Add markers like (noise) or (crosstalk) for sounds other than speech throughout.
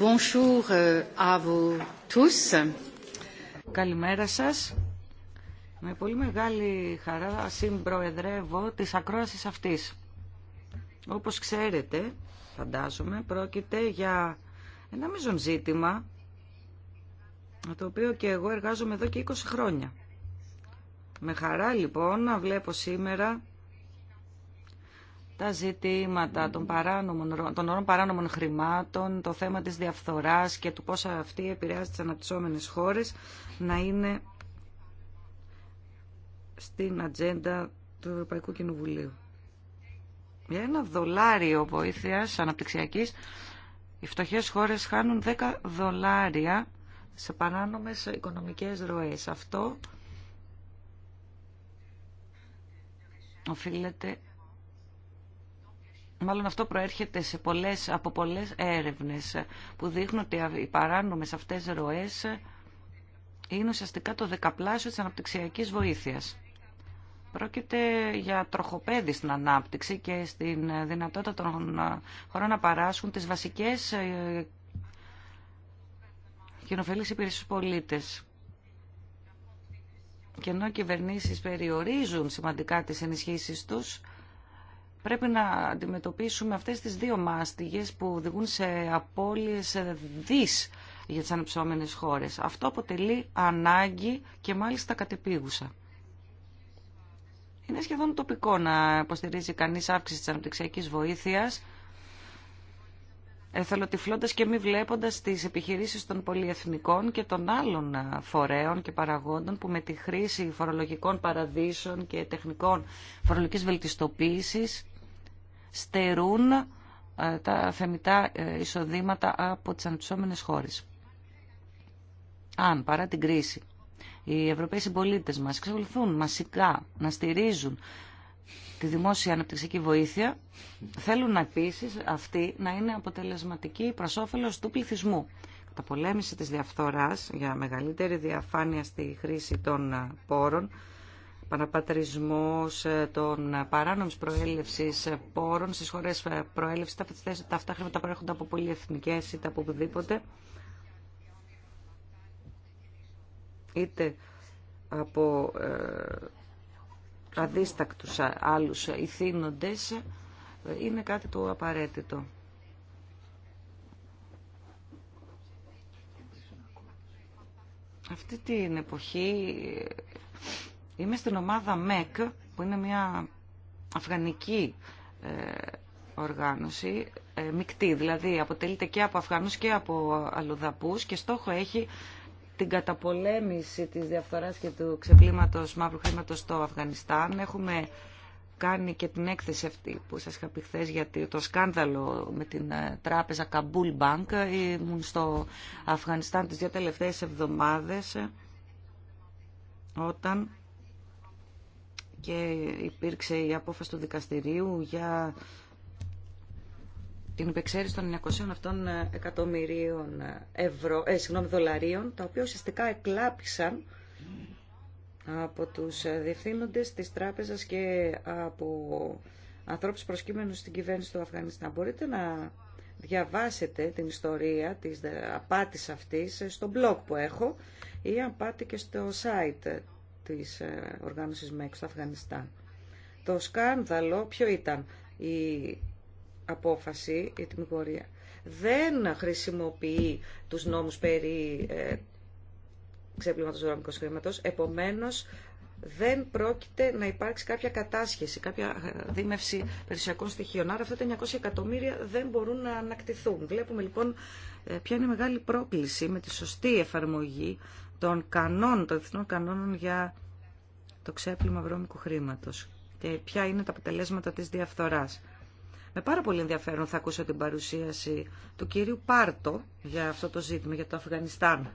Euh, Καλημέρα σας. Με πολύ μεγάλη χαρά συμπροεδρεύω της ακρόασης αυτής. Όπως ξέρετε, φαντάζομαι, πρόκειται για ένα μείζον ζήτημα, το οποίο και εγώ εργάζομαι εδώ και 20 χρόνια. Με χαρά λοιπόν να βλέπω σήμερα τα ζητήματα των, παράνομων, των όρων παράνομων χρημάτων, το θέμα της διαφθοράς και του πώς αυτή επηρεάζει τις αναπτυσσόμενες χώρες να είναι στην ατζέντα του Ευρωπαϊκού Κοινοβουλίου. Για ένα δολάριο βοήθειας αναπτυξιακής, οι φτωχές χώρες χάνουν 10 δολάρια σε παράνομες οικονομικές ροές. Αυτό οφείλεται Μάλλον αυτό προέρχεται σε πολλές, από πολλές έρευνες που δείχνουν ότι οι παράνομες αυτές ροές είναι ουσιαστικά το δεκαπλάσιο της αναπτυξιακής βοήθειας. Πρόκειται για τροχοπέδι στην ανάπτυξη και στην δυνατότητα των χωρών να παράσχουν τις βασικές ε, κοινοφελείς υπηρεσίες πολίτες. Και ενώ οι κυβερνήσεις περιορίζουν σημαντικά τις ενισχύσεις τους, πρέπει να αντιμετωπίσουμε αυτές τις δύο μάστιγες που οδηγούν σε απώλειες δις για τις ανεψόμενες χώρες. Αυτό αποτελεί ανάγκη και μάλιστα κατεπίγουσα. Είναι σχεδόν τοπικό να υποστηρίζει κανείς αύξηση της αναπτυξιακής βοήθειας, εθελοτυφλώντας και μη βλέποντας τις επιχειρήσεις των πολυεθνικών και των άλλων φορέων και παραγόντων που με τη χρήση φορολογικών παραδείσων και τεχνικών φορολογικής βελτιστοποίησης στερούν ε, τα θεμητά ε, εισοδήματα από τις αντισώμενες χώρες. Αν παρά την κρίση οι Ευρωπαίοι συμπολίτε μας εξακολουθούν μασικά να στηρίζουν τη δημόσια αναπτυξιακή βοήθεια, θέλουν επίσης αυτή να είναι αποτελεσματική προς όφελος του πληθυσμού. Τα πολέμηση της διαφθοράς για μεγαλύτερη διαφάνεια στη χρήση των ε, πόρων Παναπατρισμός ε, των παράνομης προέλευσης πόρων στις χώρες ε, προέλευσης, τα, τα αυτά χρήματα προέρχονται από πολυεθνικές είτε από οπουδήποτε, είτε από ε, αδίστακτους άλλους ηθήνοντες, ε, είναι κάτι το απαραίτητο. Αυτή την εποχή Είμαι στην ομάδα ΜΕΚ, που είναι μια αφγανική ε, οργάνωση, ε, μεικτή, δηλαδή αποτελείται και από Αφγανούς και από αλλοδαπούς και στόχο έχει την καταπολέμηση της διαφθοράς και του ξεπλήματος μαύρου χρήματος στο Αφγανιστάν. Έχουμε κάνει και την έκθεση αυτή που σας είχα πει χθε γιατί το σκάνδαλο με την ε, τράπεζα Καμπούλ Μπάνκ ήμουν στο Αφγανιστάν τις δύο τελευταίες εβδομάδες όταν και υπήρξε η απόφαση του δικαστηρίου για την υπεξαίρεση των 900 αυτών ε, εκατομμυρίων ε, ευρώ, ε, συγγνώμη, δολαρίων, τα οποία ουσιαστικά εκλάπησαν από τους ε, διευθύνοντες της τράπεζας και από ανθρώπους προσκύμενους στην κυβέρνηση του Αφγανιστάν. Μπορείτε να διαβάσετε την ιστορία της απάτης αυτής στο blog που έχω ή αν πάτε και στο site της ε, οργάνωσης ΜΕΚ στο Αφγανιστάν. Το σκάνδαλο ποιο ήταν η απόφαση, η τιμιγορία. Δεν χρησιμοποιεί τους νόμους περί ε, ξέπλυματος δρόμικος χρήματος, επομένως δεν πρόκειται να υπάρξει κάποια κατάσχεση, κάποια ε, δίμευση περισσιακών στοιχείων. Άρα αυτά τα 900 εκατομμύρια δεν μπορούν να ανακτηθούν. Βλέπουμε λοιπόν ε, ποια είναι η μεγάλη πρόκληση με τη σωστή εφαρμογή των κανόνων, των διεθνών κανόνων για το ξέπλυμα βρώμικου χρήματος και ποια είναι τα αποτελέσματα της διαφθοράς. Με πάρα πολύ ενδιαφέρον θα ακούσω την παρουσίαση του κυρίου Πάρτο για αυτό το ζήτημα, για το Αφγανιστάν.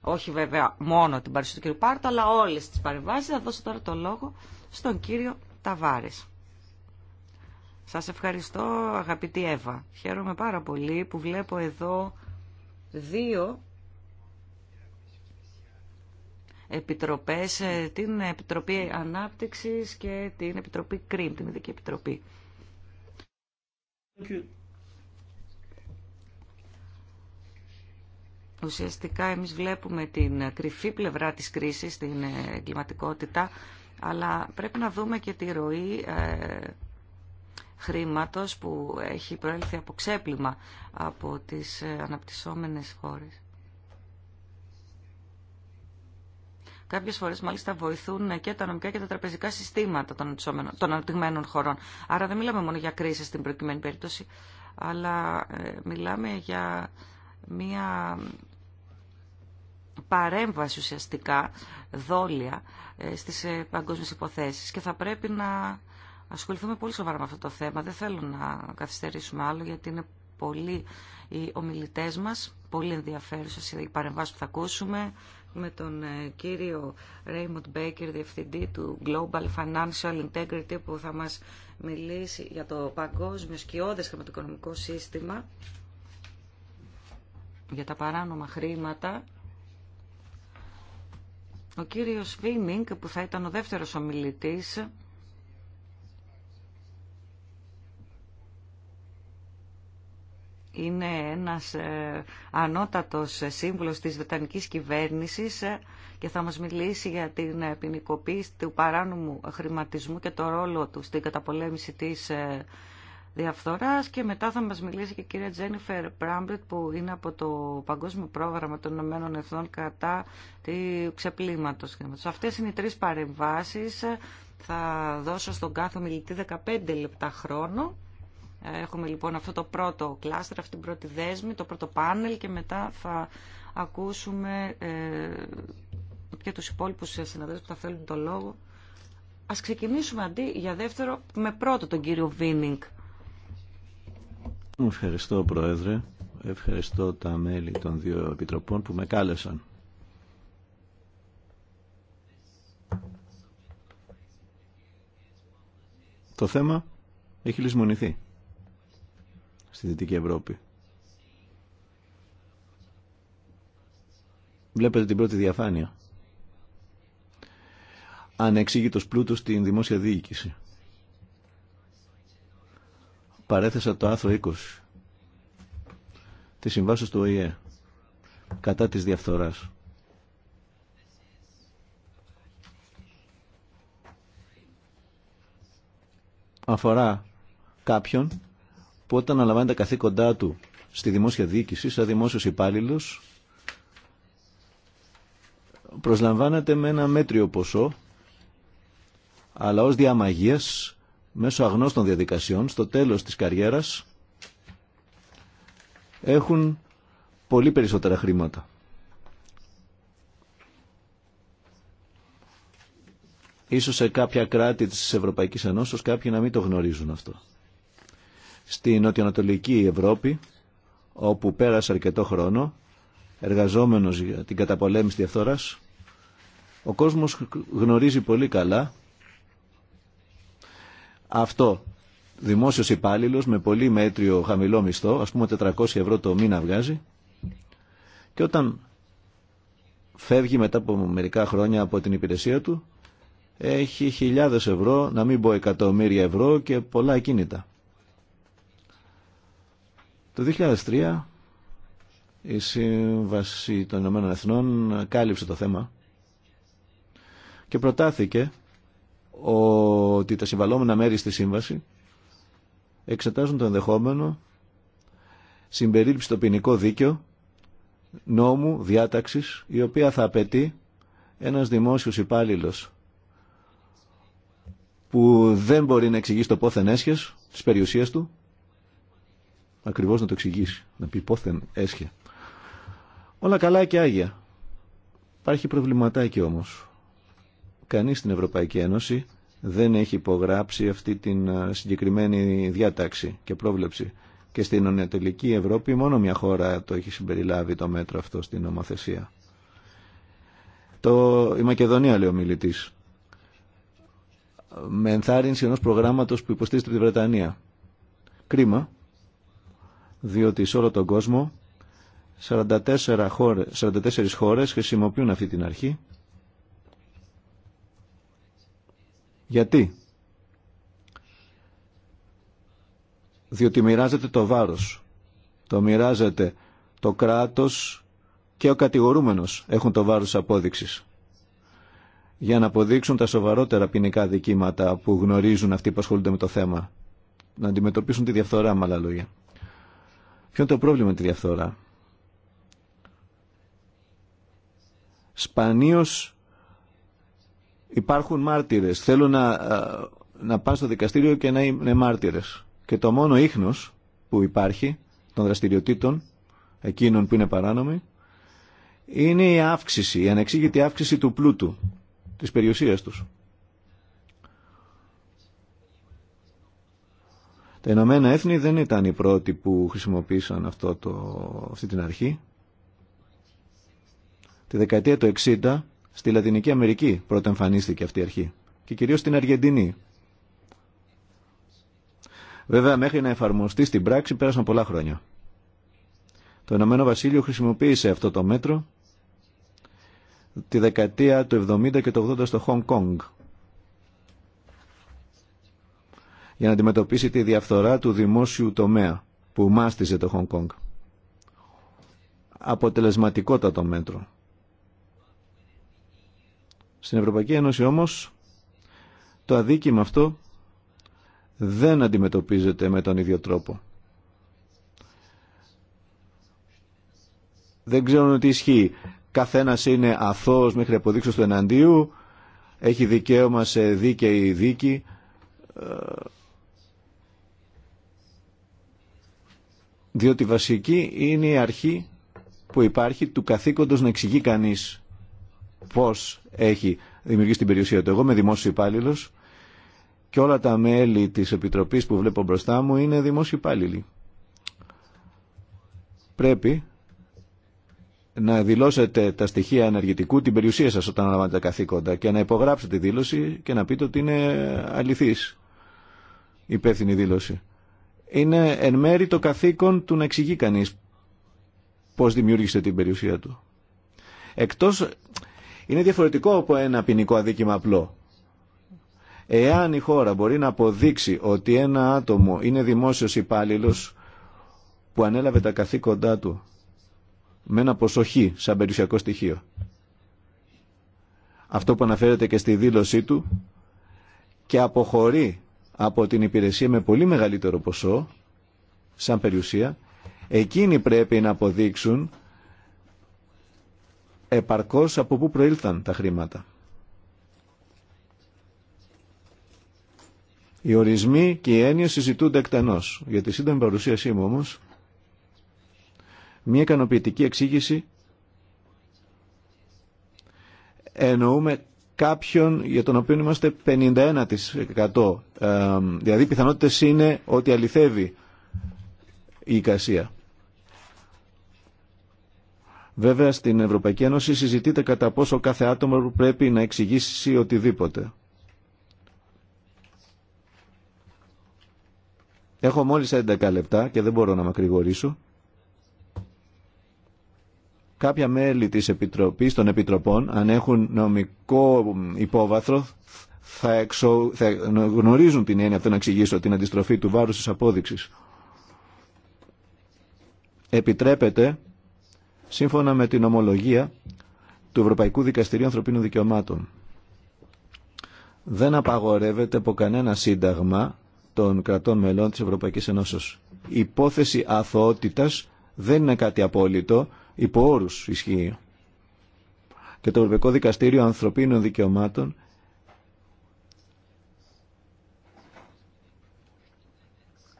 Όχι βέβαια μόνο την παρουσίαση του κύριου Πάρτο, αλλά όλες τις παρεμβάσεις. Θα δώσω τώρα το λόγο στον κύριο Ταβάρης. Σας ευχαριστώ αγαπητή Εύα. Χαίρομαι πάρα πολύ που βλέπω εδώ δύο επιτροπές, ε, την Επιτροπή Ανάπτυξης και την Επιτροπή ΚΡΙΜ, την Ειδική Επιτροπή. Ουσιαστικά εμείς βλέπουμε την κρυφή πλευρά της κρίσης, την ε, εγκληματικότητα, αλλά πρέπει να δούμε και τη ροή ε, χρήματος που έχει προέλθει από ξέπλυμα από τις αναπτυσσόμενες χώρες. Κάποιε φορέ μάλιστα βοηθούν και τα νομικά και τα τραπεζικά συστήματα των, των αναπτυγμένων χωρών. Άρα δεν μιλάμε μόνο για κρίση στην προκειμένη περίπτωση, αλλά ε, μιλάμε για μια παρέμβαση ουσιαστικά δόλια ε, στις ε, παγκόσμιες υποθέσεις και θα πρέπει να ασχοληθούμε πολύ σοβαρά με αυτό το θέμα. Δεν θέλω να καθυστερήσουμε άλλο γιατί είναι πολλοί οι ομιλητές μας, πολύ ενδιαφέρουσες οι παρεμβάσεις που θα ακούσουμε με τον ε, κύριο Raymond Baker, διευθυντή του Global Financial Integrity, που θα μας μιλήσει για το παγκόσμιο σκιώδες χρηματοοικονομικό σύστημα, για τα παράνομα χρήματα. Ο κύριος Βίμινγκ, που θα ήταν ο δεύτερος ομιλητής, είναι ένας ε, ανώτατος σύμβουλος της Βρετανικής κυβέρνησης ε, και θα μας μιλήσει για την ε, ποινικοποίηση του παράνομου χρηματισμού και το ρόλο του στην καταπολέμηση της διαφθοράς και μετά θα μας μιλήσει και η κυρία Τζένιφερ Πράμπλετ που είναι από το Παγκόσμιο Πρόγραμμα των Ηνωμένων Εθνών κατά του ξεπλήματος. Αυτές είναι οι τρεις παρεμβάσεις. Θα δώσω στον κάθε μιλητή 15 λεπτά χρόνο. Έχουμε λοιπόν αυτό το πρώτο κλάστερ, αυτή την πρώτη δέσμη, το πρώτο πάνελ και μετά θα ακούσουμε ε, και τους υπόλοιπους συναδέλφους που θα θέλουν το λόγο. Ας ξεκινήσουμε αντί για δεύτερο με πρώτο τον κύριο Βίνινγκ. Ευχαριστώ Πρόεδρε. Ευχαριστώ τα μέλη των δύο επιτροπών που με κάλεσαν. Το θέμα έχει λησμονηθεί στη Δυτική Ευρώπη. Βλέπετε την πρώτη διαφάνεια. Ανεξήγητος πλούτος στην δημόσια διοίκηση. Παρέθεσα το άθρο 20 της συμβάσεως του ΟΗΕ κατά της διαφθοράς. Αφορά κάποιον που όταν αναλαμβάνει τα καθήκοντά του στη δημόσια διοίκηση, σαν δημόσιος υπάλληλο, προσλαμβάνεται με ένα μέτριο ποσό, αλλά ως διαμαγείας, μέσω αγνώστων διαδικασιών, στο τέλος της καριέρας, έχουν πολύ περισσότερα χρήματα. Ίσως σε κάποια κράτη της Ευρωπαϊκής Ενώσεως κάποιοι να μην το γνωρίζουν αυτό στη νοτιοανατολική Ευρώπη, όπου πέρασε αρκετό χρόνο, εργαζόμενος για την καταπολέμηση διαφθοράς, ο κόσμος γνωρίζει πολύ καλά αυτό. Δημόσιος υπάλληλος με πολύ μέτριο χαμηλό μισθό, ας πούμε 400 ευρώ το μήνα βγάζει, και όταν φεύγει μετά από μερικά χρόνια από την υπηρεσία του, έχει χιλιάδες ευρώ, να μην πω εκατομμύρια ευρώ και πολλά ακίνητα. Το 2003 η Σύμβαση των Ηνωμένων Εθνών κάλυψε το θέμα και προτάθηκε ότι τα συμβαλόμενα μέρη στη Σύμβαση εξετάζουν το ενδεχόμενο συμπερίληψη στο ποινικό δίκαιο νόμου διάταξης η οποία θα απαιτεί ένας δημόσιος υπάλληλος που δεν μπορεί να εξηγήσει το πόθεν έσχες της περιουσίας του ακριβώς να το εξηγήσει, να πει πόθεν έσχε. Όλα καλά και άγια. Υπάρχει προβληματάκι όμως. Κανείς στην Ευρωπαϊκή Ένωση δεν έχει υπογράψει αυτή την ε, συγκεκριμένη διάταξη και πρόβλεψη. Και στην Ανατολική Ευρώπη μόνο μια χώρα το έχει συμπεριλάβει το μέτρο αυτό στην νομοθεσία. Το, η Μακεδονία, λέει ο μιλητή. με ενθάρρυνση ενό προγράμματο που υποστήριζε τη Βρετανία. Κρίμα διότι σε όλο τον κόσμο 44 χώρες, 44 χρησιμοποιούν αυτή την αρχή. Γιατί? Διότι μοιράζεται το βάρος. Το μοιράζεται το κράτος και ο κατηγορούμενος έχουν το βάρος απόδειξης. Για να αποδείξουν τα σοβαρότερα ποινικά δικήματα που γνωρίζουν αυτοί που ασχολούνται με το θέμα. Να αντιμετωπίσουν τη διαφθορά με άλλα λόγια. Ποιο είναι το πρόβλημα με τη διαφθορά. Σπανίως υπάρχουν μάρτυρες. Θέλουν να, να πάνε στο δικαστήριο και να είναι μάρτυρες. Και το μόνο ίχνος που υπάρχει των δραστηριοτήτων, εκείνων που είναι παράνομοι, είναι η αύξηση, η ανεξήγητη αύξηση του πλούτου, της περιουσίας τους. Τα Ηνωμένα Έθνη δεν ήταν οι πρώτοι που χρησιμοποίησαν αυτό το, αυτή την αρχή. Τη δεκαετία του 60 στη Λατινική Αμερική πρώτα εμφανίστηκε αυτή η αρχή και κυρίως στην Αργεντινή. Βέβαια μέχρι να εφαρμοστεί στην πράξη πέρασαν πολλά χρόνια. Το Ηνωμένο Βασίλειο χρησιμοποίησε αυτό το μέτρο τη δεκαετία του 70 και του 80 στο Χονγκ Κόνγκ. για να αντιμετωπίσει τη διαφθορά του δημόσιου τομέα που μάστιζε το Χονγκ Κονγκ. Αποτελεσματικότατο μέτρο. Στην Ευρωπαϊκή Ένωση όμως το αδίκημα αυτό δεν αντιμετωπίζεται με τον ίδιο τρόπο. Δεν ξέρουν τι ισχύει. Καθένας είναι αθώος μέχρι αποδείξεις του εναντίου, έχει δικαίωμα σε δίκαιη δίκη, ε, διότι βασική είναι η αρχή που υπάρχει του καθήκοντος να εξηγεί κανείς πώς έχει δημιουργήσει την περιουσία του. Εγώ είμαι δημόσιο υπάλληλο και όλα τα μέλη της Επιτροπής που βλέπω μπροστά μου είναι δημόσιο υπάλληλοι. Πρέπει να δηλώσετε τα στοιχεία ενεργητικού, την περιουσία σας όταν αναλαμβάνετε τα καθήκοντα και να υπογράψετε τη δήλωση και να πείτε ότι είναι αληθής υπεύθυνη δήλωση είναι εν μέρη το καθήκον του να εξηγεί κανεί πώς δημιούργησε την περιουσία του. Εκτός, είναι διαφορετικό από ένα ποινικό αδίκημα απλό. Εάν η χώρα μπορεί να αποδείξει ότι ένα άτομο είναι δημόσιος υπάλληλο που ανέλαβε τα καθήκοντά του με ένα ποσοχή σαν περιουσιακό στοιχείο. Αυτό που αναφέρεται και στη δήλωσή του και αποχωρεί από την υπηρεσία με πολύ μεγαλύτερο ποσό, σαν περιουσία, εκείνοι πρέπει να αποδείξουν επαρκώς από πού προήλθαν τα χρήματα. Οι ορισμοί και οι έννοιες συζητούνται εκτενώς. Για τη σύντομη παρουσίασή μου όμως, μια ικανοποιητική εξήγηση εννοούμε κάποιον για τον οποίο είμαστε 51%. Ε, δηλαδή οι πιθανότητες είναι ότι αληθεύει η εικασία. Βέβαια στην Ευρωπαϊκή Ένωση συζητείται κατά πόσο κάθε άτομο πρέπει να εξηγήσει οτιδήποτε. Έχω μόλις 11 λεπτά και δεν μπορώ να μακρηγορήσω κάποια μέλη της Επιτροπής των Επιτροπών, αν έχουν νομικό υπόβαθρο, θα, γνωρίζουν την έννοια αυτό να εξηγήσω την αντιστροφή του βάρους της απόδειξης. Επιτρέπεται, σύμφωνα με την ομολογία του Ευρωπαϊκού Δικαστηρίου Ανθρωπίνων Δικαιωμάτων, δεν απαγορεύεται από κανένα σύνταγμα των κρατών μελών της Ευρωπαϊκής Ενώσης. Η υπόθεση αθωότητας δεν είναι κάτι απόλυτο, υπό όρους ισχύει. Και το Ευρωπαϊκό Δικαστήριο Ανθρωπίνων Δικαιωμάτων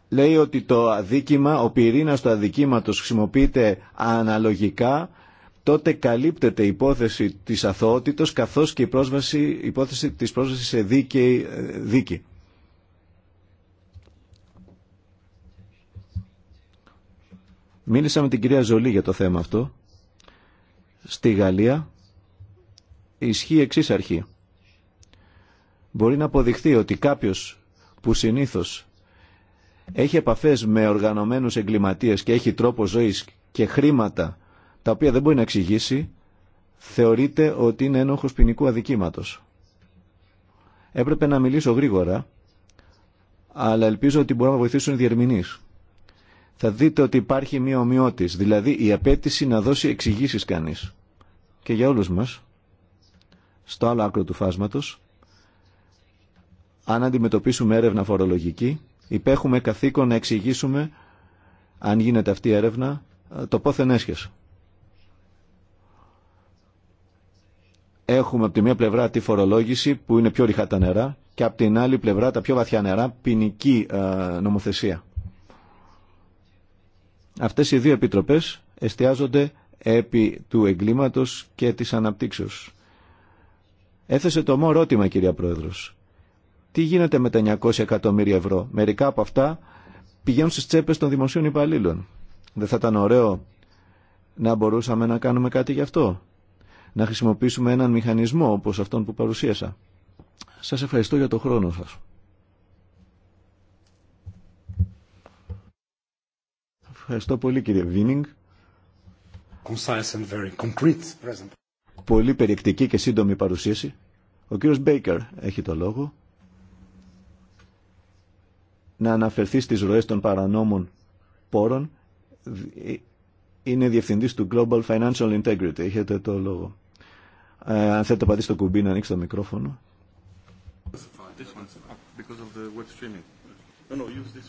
λέει ότι το αδίκημα, ο πυρήνας του αδικήματος χρησιμοποιείται αναλογικά, τότε καλύπτεται η υπόθεση της αθωότητος καθώς και η, πρόσβαση, η υπόθεση της πρόσβασης σε δίκαιη ε, δίκη. Μίλησα με την κυρία Ζολή για το θέμα αυτό. Στη Γαλλία ισχύει εξής αρχή. Μπορεί να αποδειχθεί ότι κάποιος που συνήθως έχει επαφές με οργανωμένους εγκληματίες και έχει τρόπο ζωής και χρήματα τα οποία δεν μπορεί να εξηγήσει, θεωρείται ότι είναι ένοχος ποινικού αδικήματος. Έπρεπε να μιλήσω γρήγορα, αλλά ελπίζω ότι μπορώ να βοηθήσουν οι διερμηνείς θα δείτε ότι υπάρχει μία ομοιότης, δηλαδή η απέτηση να δώσει εξηγήσει κανείς. Και για όλους μας, στο άλλο άκρο του φάσματος, αν αντιμετωπίσουμε έρευνα φορολογική, υπέχουμε καθήκον να εξηγήσουμε, αν γίνεται αυτή η έρευνα, το πόθεν έσχεσαι. έχουμε από τη μία πλευρά τη φορολόγηση που είναι πιο ριχά τα νερά και από την άλλη πλευρά τα πιο βαθιά νερά ποινική ε, νομοθεσία. Αυτές οι δύο επιτροπές εστιάζονται επί του εγκλήματος και της αναπτύξεως. Έθεσε το μόνο ερώτημα, κυρία Πρόεδρος. Τι γίνεται με τα 900 εκατομμύρια ευρώ. Μερικά από αυτά πηγαίνουν στις τσέπες των δημοσίων υπαλλήλων. Δεν θα ήταν ωραίο να μπορούσαμε να κάνουμε κάτι γι' αυτό. Να χρησιμοποιήσουμε έναν μηχανισμό όπως αυτόν που παρουσίασα. Σας ευχαριστώ για το χρόνο σας. Ευχαριστώ πολύ κύριε Βίνινγκ. Πολύ περιεκτική και σύντομη παρουσίαση. Ο κύριος Μπέικερ έχει το λόγο να αναφερθεί στις ροές των παρανόμων πόρων. Είναι διευθυντής του Global Financial Integrity. Έχετε το λόγο. Ε, αν θέλετε πατήστε το κουμπί να ανοίξετε το μικρόφωνο. This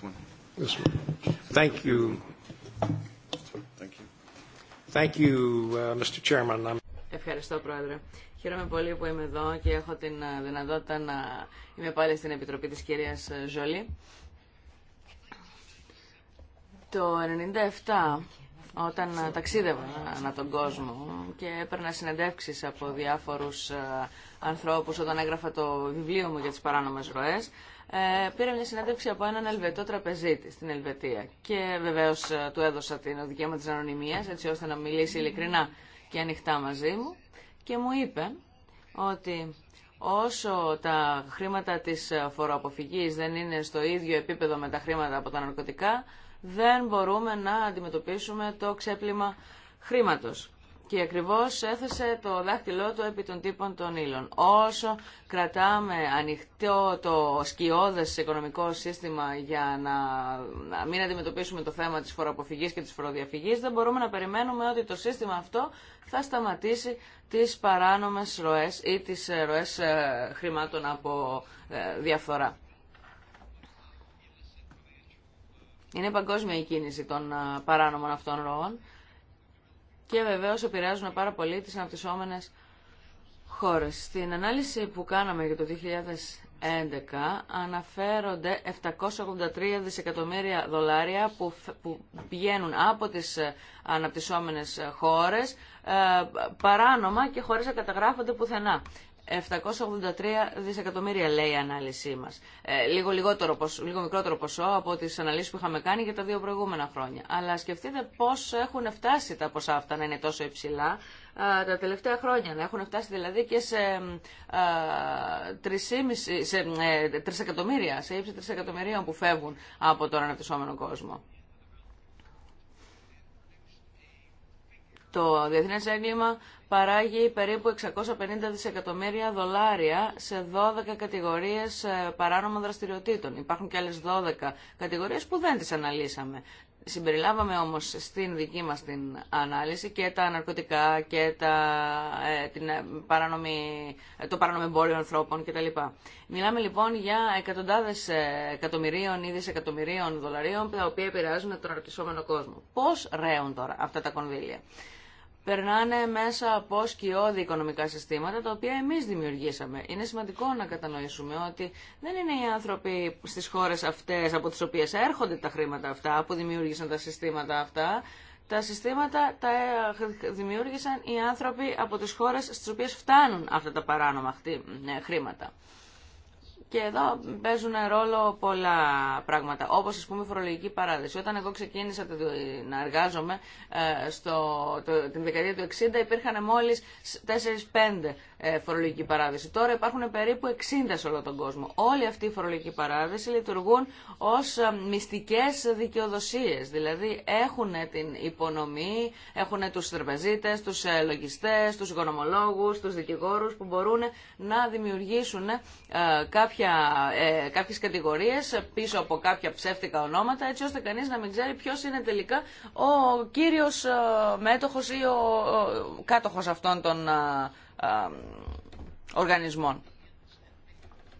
one, Thank you. Thank you. Uh, Mr. Chairman. Ευχαριστώ, Πρόεδρε. Χαίρομαι πολύ που είμαι εδώ και έχω την ε, δυνατότητα να είμαι πάλι στην Επιτροπή της κυρίας ε, Ζολή. Το 1997 όταν ε, ταξίδευα να τον κόσμο και έπαιρνα συνεντεύξεις από διάφορους ανθρώπους όταν έγραφα το βιβλίο μου για τις παράνομες ροές ε, πήρα μια συνέντευξη από έναν Ελβετό τραπεζίτη στην Ελβετία και βεβαίως ε, του έδωσα την δικαίωμα τη ανωνυμία, έτσι ώστε να μιλήσει ειλικρινά και ανοιχτά μαζί μου και μου είπε ότι όσο τα χρήματα της ε, φοροαποφυγής δεν είναι στο ίδιο επίπεδο με τα χρήματα από τα ναρκωτικά δεν μπορούμε να αντιμετωπίσουμε το ξέπλυμα χρήματος και ακριβώς έθεσε το δάχτυλό του επί των τύπων των ύλων. Όσο κρατάμε ανοιχτό το σκιώδες οικονομικό σύστημα για να, να μην αντιμετωπίσουμε το θέμα της φοροαποφυγής και της φοροδιαφυγής, δεν μπορούμε να περιμένουμε ότι το σύστημα αυτό θα σταματήσει τις παράνομες ροές ή τις ε, ροές ε, χρημάτων από ε, διαφθορά. Είναι παγκόσμια η κίνηση των παράνομων αυτών ροών και βεβαίω επηρεάζουν πάρα πολύ τι αναπτυσσόμενες χώρες. Στην ανάλυση που κάναμε για το 2011 αναφέρονται 783 δισεκατομμύρια δολάρια που, που πηγαίνουν από τις ε, αναπτυσσόμενες χώρες ε, παράνομα και χωρίς να καταγράφονται πουθενά. 783 δισεκατομμύρια λέει η ανάλυση μας. Ε, λίγο, λιγότερο, λίγο μικρότερο ποσό από τις αναλύσεις που είχαμε κάνει για τα δύο προηγούμενα χρόνια. Αλλά σκεφτείτε πώς έχουν φτάσει τα ποσά αυτά να είναι τόσο υψηλά ε, τα τελευταία χρόνια. Να έχουν φτάσει δηλαδή και σε, ε, σε, 3 εκατομμύρια, σε 3 που φεύγουν από τον αναπτυσσόμενο κόσμο. Το Διεθνέ έγκλημα παράγει περίπου 650 δισεκατομμύρια δολάρια σε 12 κατηγορίες ε, παράνομων δραστηριοτήτων. Υπάρχουν και άλλε 12 κατηγορίες που δεν τι αναλύσαμε. Συμπεριλάβαμε όμως στην δική μας την ανάλυση και τα ναρκωτικά και τα, ε, την ε, παρανομή, το παράνομο εμπόριο ανθρώπων κτλ. Μιλάμε λοιπόν για εκατοντάδες εκατομμυρίων ή δισεκατομμυρίων δολαρίων τα οποία επηρεάζουν τον αναπτυσσόμενο κόσμο. Πώς ρέουν τώρα αυτά τα κονδύλια περνάνε μέσα από σκιώδη οικονομικά συστήματα, τα οποία εμείς δημιουργήσαμε. Είναι σημαντικό να κατανοήσουμε ότι δεν είναι οι άνθρωποι στις χώρες αυτές από τις οποίες έρχονται τα χρήματα αυτά, που δημιούργησαν τα συστήματα αυτά, τα συστήματα τα ε, δημιούργησαν οι άνθρωποι από τις χώρες στις οποίες φτάνουν αυτά τα παράνομα ε, χρήματα. Και εδώ παίζουν ρόλο πολλά πράγματα, όπως ας πούμε φορολογική παράδειση. Όταν εγώ ξεκίνησα να εργάζομαι ε, στο, το, την δεκαετία του 60 υπήρχαν μόλις 4-5 ε, φορολογική παράδειση. Τώρα υπάρχουν περίπου 60 σε όλο τον κόσμο. Όλοι αυτοί οι φορολογικοί παράδειση λειτουργούν ως ε, μυστικές δικαιοδοσίες. Δηλαδή έχουν την υπονομή, έχουν τους τραπεζίτες, τους ε, λογιστές, τους οικονομολόγους, τους δικηγόρους που μπορούν να δημιουργήσουν κάποια κάποια, ε, κάποιες κατηγορίες πίσω από κάποια ψεύτικα ονόματα έτσι ώστε κανείς να μην ξέρει ποιος είναι τελικά ο κύριος ε, μέτοχος ή ο, ο κάτοχος αυτών των ε, ε, οργανισμών.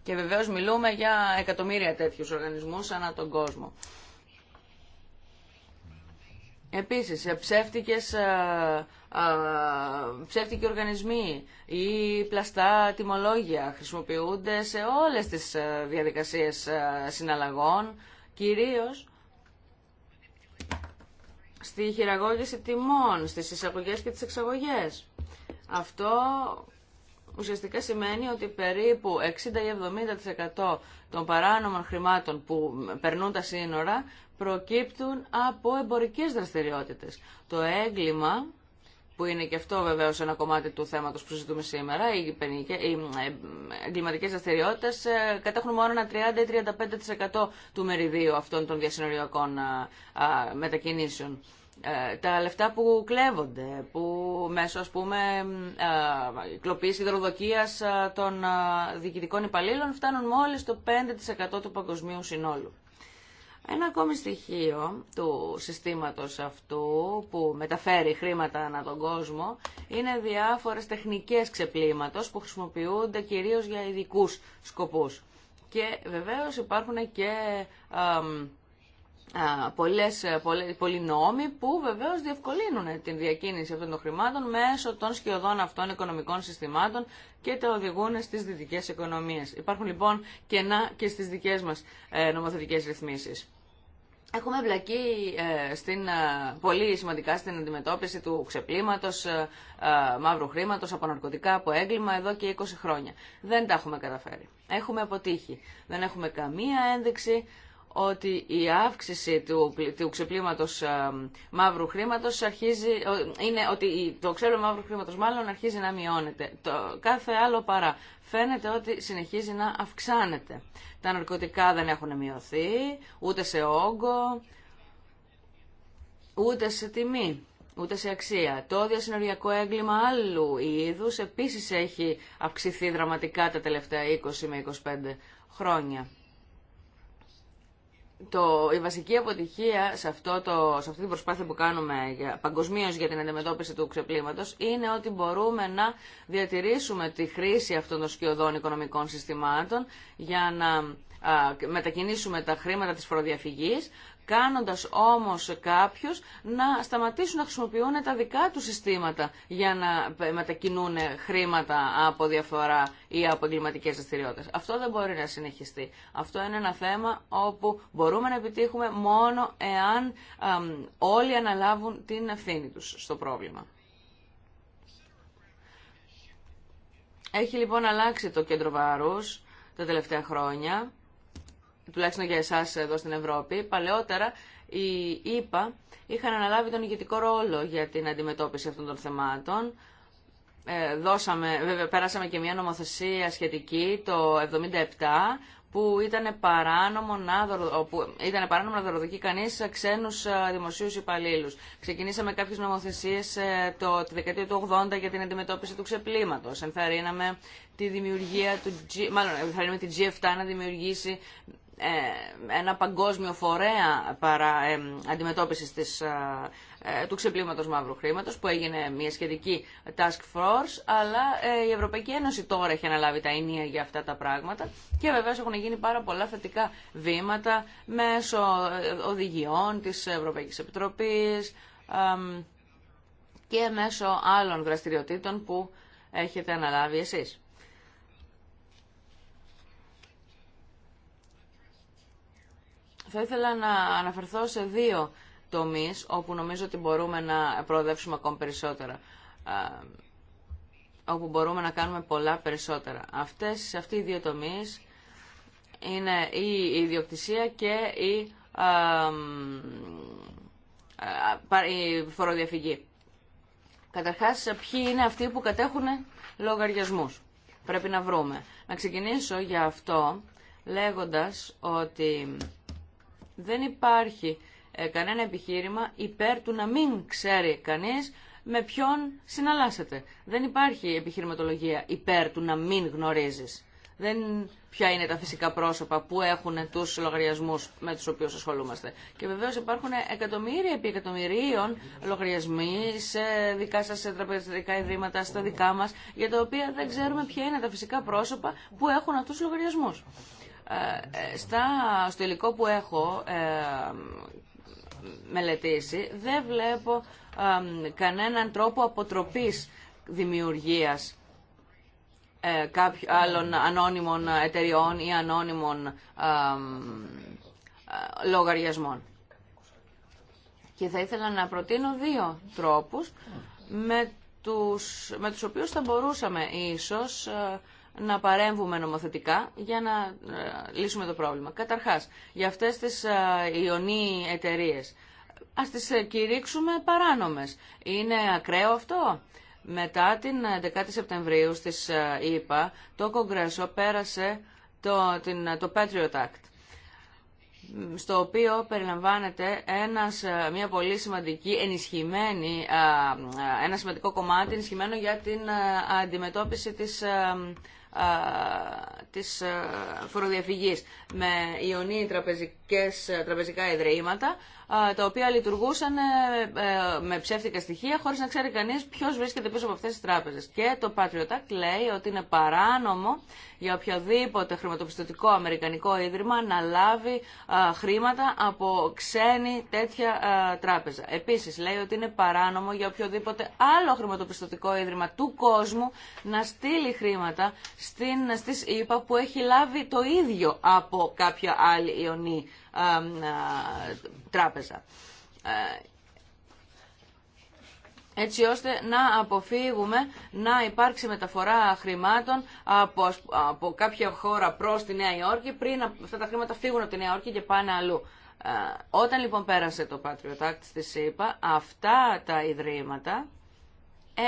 Και βεβαίως μιλούμε για εκατομμύρια τέτοιους οργανισμούς ανά τον κόσμο. Επίσης, ε, ψεύτικες ψεύτικοι οργανισμοί ή πλαστά τιμολόγια χρησιμοποιούνται σε όλες τις ε, διαδικασίες ε, συναλλαγών, κυρίως στη χειραγώγηση τιμών, στις εισαγωγές και τις εξαγωγές. Αυτό ουσιαστικά σημαίνει ότι περίπου 60-70% των παράνομων χρημάτων που περνούν τα σύνορα προκύπτουν από εμπορικές δραστηριότητες. Το έγκλημα που είναι και αυτό βεβαίως ένα κομμάτι του θέματος που συζητούμε σήμερα, οι, οι ε, εγκληματικέ δραστηριότητε ε, κατέχουν μόνο ένα 30-35% του μεριδίου αυτών των διασυνοριακών ε, μετακινήσεων. Τα λεφτά που κλέβονται, που μέσω ας πούμε κλοπής υδροδοκίας των διοικητικών υπαλλήλων φτάνουν μόλις το 5% του παγκοσμίου συνόλου. Ένα ακόμη στοιχείο του συστήματος αυτού που μεταφέρει χρήματα ανά τον κόσμο είναι διάφορες τεχνικές ξεπλήματος που χρησιμοποιούνται κυρίως για ειδικού σκοπούς. Και βεβαίως υπάρχουν και πολλές, πολλοί νόμοι που βεβαίως διευκολύνουν την διακίνηση αυτών των χρημάτων μέσω των σχεδόν αυτών οικονομικών συστημάτων και τα οδηγούν στις δυτικές οικονομίες. Υπάρχουν λοιπόν κενά και στις δικές μας ε, νομοθετικές ρυθμίσεις. Έχουμε βλακεί ε, στην, ε, πολύ σημαντικά στην αντιμετώπιση του ξεπλήματος, μαύρου χρήματος, από ναρκωτικά, από έγκλημα εδώ και 20 χρόνια. Δεν τα έχουμε καταφέρει. Έχουμε αποτύχει. Δεν έχουμε καμία ένδειξη ότι η αύξηση του, του ε, μαύρου χρήματος αρχίζει, είναι ότι το ξέπλυμα μαύρου χρήματος μάλλον αρχίζει να μειώνεται. Το κάθε άλλο παρά. Φαίνεται ότι συνεχίζει να αυξάνεται. Τα ναρκωτικά δεν έχουν μειωθεί, ούτε σε όγκο, ούτε σε τιμή, ούτε σε αξία. Το διασυνοριακό έγκλημα άλλου είδου επίσης έχει αυξηθεί δραματικά τα τελευταία 20 με 25 χρόνια το, η βασική αποτυχία σε, αυτό το, σε αυτή την προσπάθεια που κάνουμε παγκοσμίω για την αντιμετώπιση του ξεπλήματος είναι ότι μπορούμε να διατηρήσουμε τη χρήση αυτών των σκιωδών οικονομικών συστημάτων για να μετακινήσουμε τα χρήματα της φοροδιαφυγής κάνοντας όμως κάποιους να σταματήσουν να χρησιμοποιούν τα δικά του συστήματα για να μετακινούν χρήματα από διαφορά ή από εγκληματικέ δραστηριότητε. Αυτό δεν μπορεί να συνεχιστεί. Αυτό είναι ένα θέμα όπου μπορούμε να επιτύχουμε μόνο εάν όλοι αναλάβουν την ευθύνη τους στο πρόβλημα. Έχει λοιπόν αλλάξει το κέντρο βάρους τα τελευταία χρόνια τουλάχιστον για εσά εδώ στην Ευρώπη, παλαιότερα οι ΙΠΑ είχαν αναλάβει τον ηγετικό ρόλο για την αντιμετώπιση αυτών των θεμάτων. Ε, πέρασαμε και μια νομοθεσία σχετική το 1977 που ήταν παράνομο να, που ήταν παράνομο δωροδοκεί κανεί ξένου ε, δημοσίου υπαλλήλους. Ξεκινήσαμε κάποιες νομοθεσίε ε, το, τη δεκαετία του 80 για την αντιμετώπιση του ξεπλήματο. Ενθαρρύναμε τη δημιουργία του G, μάλλον G7 να δημιουργήσει ε, ένα παγκόσμιο φορέα παρά, ε, αντιμετώπισης της, ε, του ξεπλήματος μαύρου χρήματος που έγινε μια σχετική task force αλλά η Ευρωπαϊκή Ένωση τώρα έχει αναλάβει τα ενία για αυτά τα πράγματα και βεβαίως έχουν γίνει πάρα πολλά θετικά βήματα μέσω οδηγιών της Ευρωπαϊκής Επιτροπής και μέσω άλλων δραστηριοτήτων που έχετε αναλάβει εσείς. Θα ήθελα να αναφερθώ σε δύο τομείς όπου νομίζω ότι μπορούμε να προοδεύσουμε ακόμη περισσότερα όπου μπορούμε να κάνουμε πολλά περισσότερα. Αυτές, αυτοί οι δύο τομείς είναι η ιδιοκτησία και η, η φοροδιαφυγή. Καταρχάς, ποιοι είναι αυτοί που κατέχουν λογαριασμούς. Πρέπει να βρούμε. Να ξεκινήσω για αυτό λέγοντας ότι δεν υπάρχει ε, κανένα επιχείρημα υπέρ του να μην ξέρει κανείς με ποιον συναλλάσσεται. Δεν υπάρχει επιχειρηματολογία υπέρ του να μην γνωρίζεις. Δεν ποια είναι τα φυσικά πρόσωπα που έχουν τους λογαριασμούς με τους οποίους ασχολούμαστε. Και βεβαίως υπάρχουν εκατομμύρια επί εκατομμυρίων λογαριασμοί σε δικά σας σε τραπεζικά ιδρύματα, στα δικά μας, για τα οποία δεν ξέρουμε ποια είναι τα φυσικά πρόσωπα που έχουν αυτούς τους λογαριασμούς. Ε, ε, στα, στο υλικό που έχω ε, μελετήσει δεν βλέπω κανέναν τρόπο αποτροπής δημιουργίας κάποιων άλλων ανώνυμων εταιριών ή ανώνυμων λογαριασμών. Και θα ήθελα να προτείνω δύο τρόπους με τους, με τους οποίους θα μπορούσαμε ίσως να παρέμβουμε νομοθετικά για να ε, λύσουμε το πρόβλημα. Καταρχάς, για αυτές τις ε, ιονί εταιρείε. Ας τις ε, κηρύξουμε παράνομες. Είναι ακραίο αυτό. Μετά την 11η Σεπτεμβρίου στις ΗΠΑ, το Κογκρέσο πέρασε το, την, το Patriot Act στο οποίο περιλαμβάνεται ένας, μια πολύ σημαντική ενισχυμένη, ένα σημαντικό κομμάτι ενισχυμένο για την αντιμετώπιση της της φοροδιαφυγής με Ιωνίοι τραπεζικές, τραπεζικά ιδρύματα τα οποία λειτουργούσαν ε, ε, με ψεύτικα στοιχεία χωρίς να ξέρει κανείς ποιος βρίσκεται πίσω από αυτές τις τράπεζες. Και το Patriot Act λέει ότι είναι παράνομο για οποιοδήποτε χρηματοπιστωτικό αμερικανικό ίδρυμα να λάβει χρήματα από ξένη τέτοια τράπεζα. Επίσης λέει ότι είναι παράνομο για οποιοδήποτε άλλο χρηματοπιστωτικό ίδρυμα του κόσμου να στείλει χρήματα στην, στις ΗΠΑ που έχει λάβει το ίδιο από κάποια άλλη ιονή τράπεζα ε, έτσι ώστε να αποφύγουμε να υπάρξει μεταφορά χρημάτων από, από κάποια χώρα προς τη Νέα Υόρκη πριν αυτά τα χρήματα φύγουν από τη Νέα Υόρκη και πάνε αλλού. Ε, όταν λοιπόν πέρασε το Patriot Act στη ΣΥΠΑ, αυτά τα ιδρύματα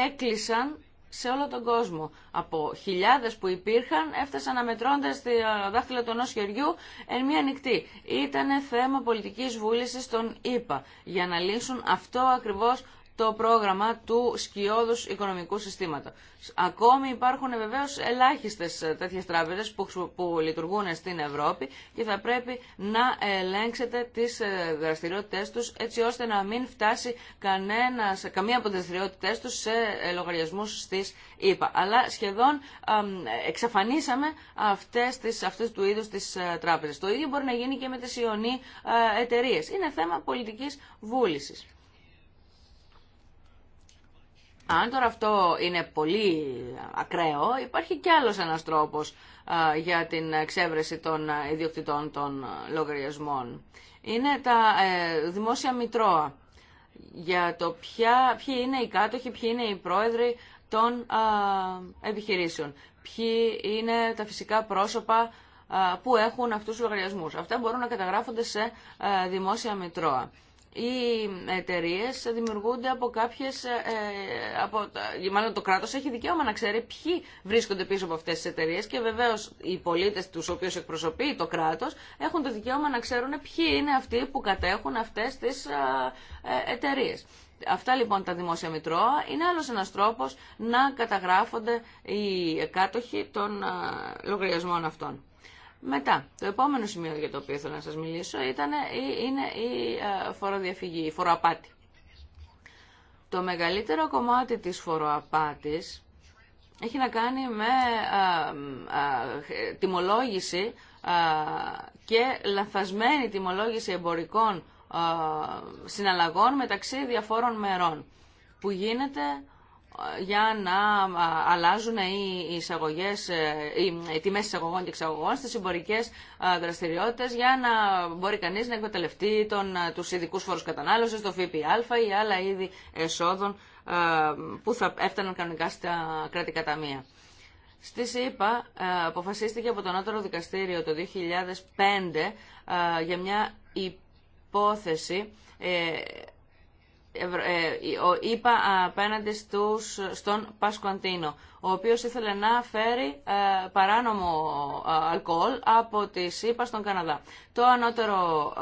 έκλεισαν σε όλο τον κόσμο. Από χιλιάδε που υπήρχαν, έφτασαν να μετρώνται στη ε, δάχτυλα του ενό χεριού εν μία νυχτή. Ήταν θέμα πολιτική βούληση των ΗΠΑ για να λύσουν αυτό ακριβώ το πρόγραμμα του σκιώδους οικονομικού συστήματος. Ακόμη υπάρχουν βεβαίως ελάχιστες τέτοιες τράπεζες που, που λειτουργούν στην Ευρώπη και θα πρέπει να ελέγξετε τις ε, δραστηριότητες τους έτσι ώστε να μην φτάσει κανένας, καμία από τις δραστηριότητες τους σε ε, λογαριασμούς στις ΕΠΑ. Αλλά σχεδόν εξαφανίσαμε αυτές, αυτές του είδους τις ε, τράπεζες. Το ίδιο μπορεί να γίνει και με τις ιονί εταιρείε. Είναι θέμα πολιτικής βούλησης. Αν τώρα αυτό είναι πολύ ακραίο, υπάρχει κι άλλος ένας τρόπος για την εξέβρεση των ιδιοκτητών των λογαριασμών. Είναι τα ε, δημόσια μητρώα για το ποια, ποιοι είναι οι κάτοχοι, ποιοι είναι οι πρόεδροι των επιχειρήσεων, ποιοι είναι τα φυσικά πρόσωπα που έχουν αυτούς τους λογαριασμούς. Αυτά μπορούν να καταγράφονται σε δημόσια μητρώα οι εταιρείε δημιουργούνται από κάποιε. Ε, από, μάλλον το κράτο έχει δικαίωμα να ξέρει ποιοι βρίσκονται πίσω από αυτέ τι εταιρείε και βεβαίω οι πολίτε του οποίου εκπροσωπεί το κράτο έχουν το δικαίωμα να ξέρουν ποιοι είναι αυτοί που κατέχουν αυτέ τι ε, ε, εταιρείε. Αυτά λοιπόν τα δημόσια μητρώα είναι άλλο ένας τρόπος να καταγράφονται οι κάτοχοι των λογαριασμών αυτών. Μετά, το επόμενο σημείο για το οποίο θέλω να σας μιλήσω ήταν, είναι η ε, φοροδιαφυγή, η φοροαπάτη. Το μεγαλύτερο κομμάτι της φοροαπάτης έχει να κάνει με ε, ε, τιμολόγηση και λαθασμένη τιμολόγηση εμπορικών συναλλαγών μεταξύ διαφόρων μερών που γίνεται για να αλλάζουν οι, εισαγωγές, ε, οι τιμές εισαγωγών και εξαγωγών στις συμπορικές δραστηριότητες για να μπορεί κανείς να εκμεταλλευτεί τον, τους ειδικού φόρους κατανάλωσης, το ΦΠΑ ή άλλα είδη εσόδων που θα έφταναν κανονικά στα κρατικά ταμεία. Στη ΣΥΠΑ αποφασίστηκε από το Ανώτερο Δικαστήριο το 2005 για μια υπόθεση ε, ε, είπα απέναντι στους, στον Πασκουαντίνο ο οποίος ήθελε να φέρει ε, παράνομο ε, αλκοόλ από τη ΣΥΠΑ στον Καναδά. Το ανώτερο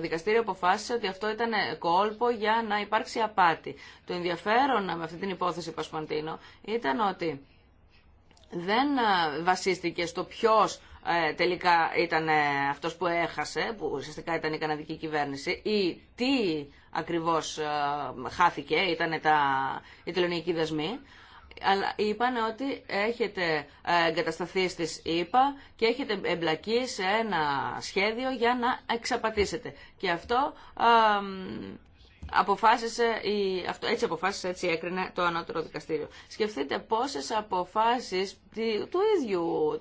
δικαστήριο αποφάσισε ότι αυτό ήταν κόλπο για να υπάρξει απάτη. Το ενδιαφέρον με αυτή την υπόθεση Πασκοντίνο ήταν ότι δεν βασίστηκε στο ποιος τελικά ήταν αυτός που έχασε, που ουσιαστικά ήταν η καναδική κυβέρνηση, ή τι ακριβώς ε, χάθηκε, ήταν τα, οι τελωνιακοί δεσμοί. αλλά είπαν ότι έχετε ε, εγκατασταθεί στις ΕΠΑ και έχετε εμπλακεί σε ένα σχέδιο για να εξαπατήσετε. Και αυτό ε, αποφάσισε, η, αυτό, έτσι αποφάσισε, έτσι έκρινε το ανώτερο δικαστήριο. Σκεφτείτε πόσες αποφάσεις του ίδιου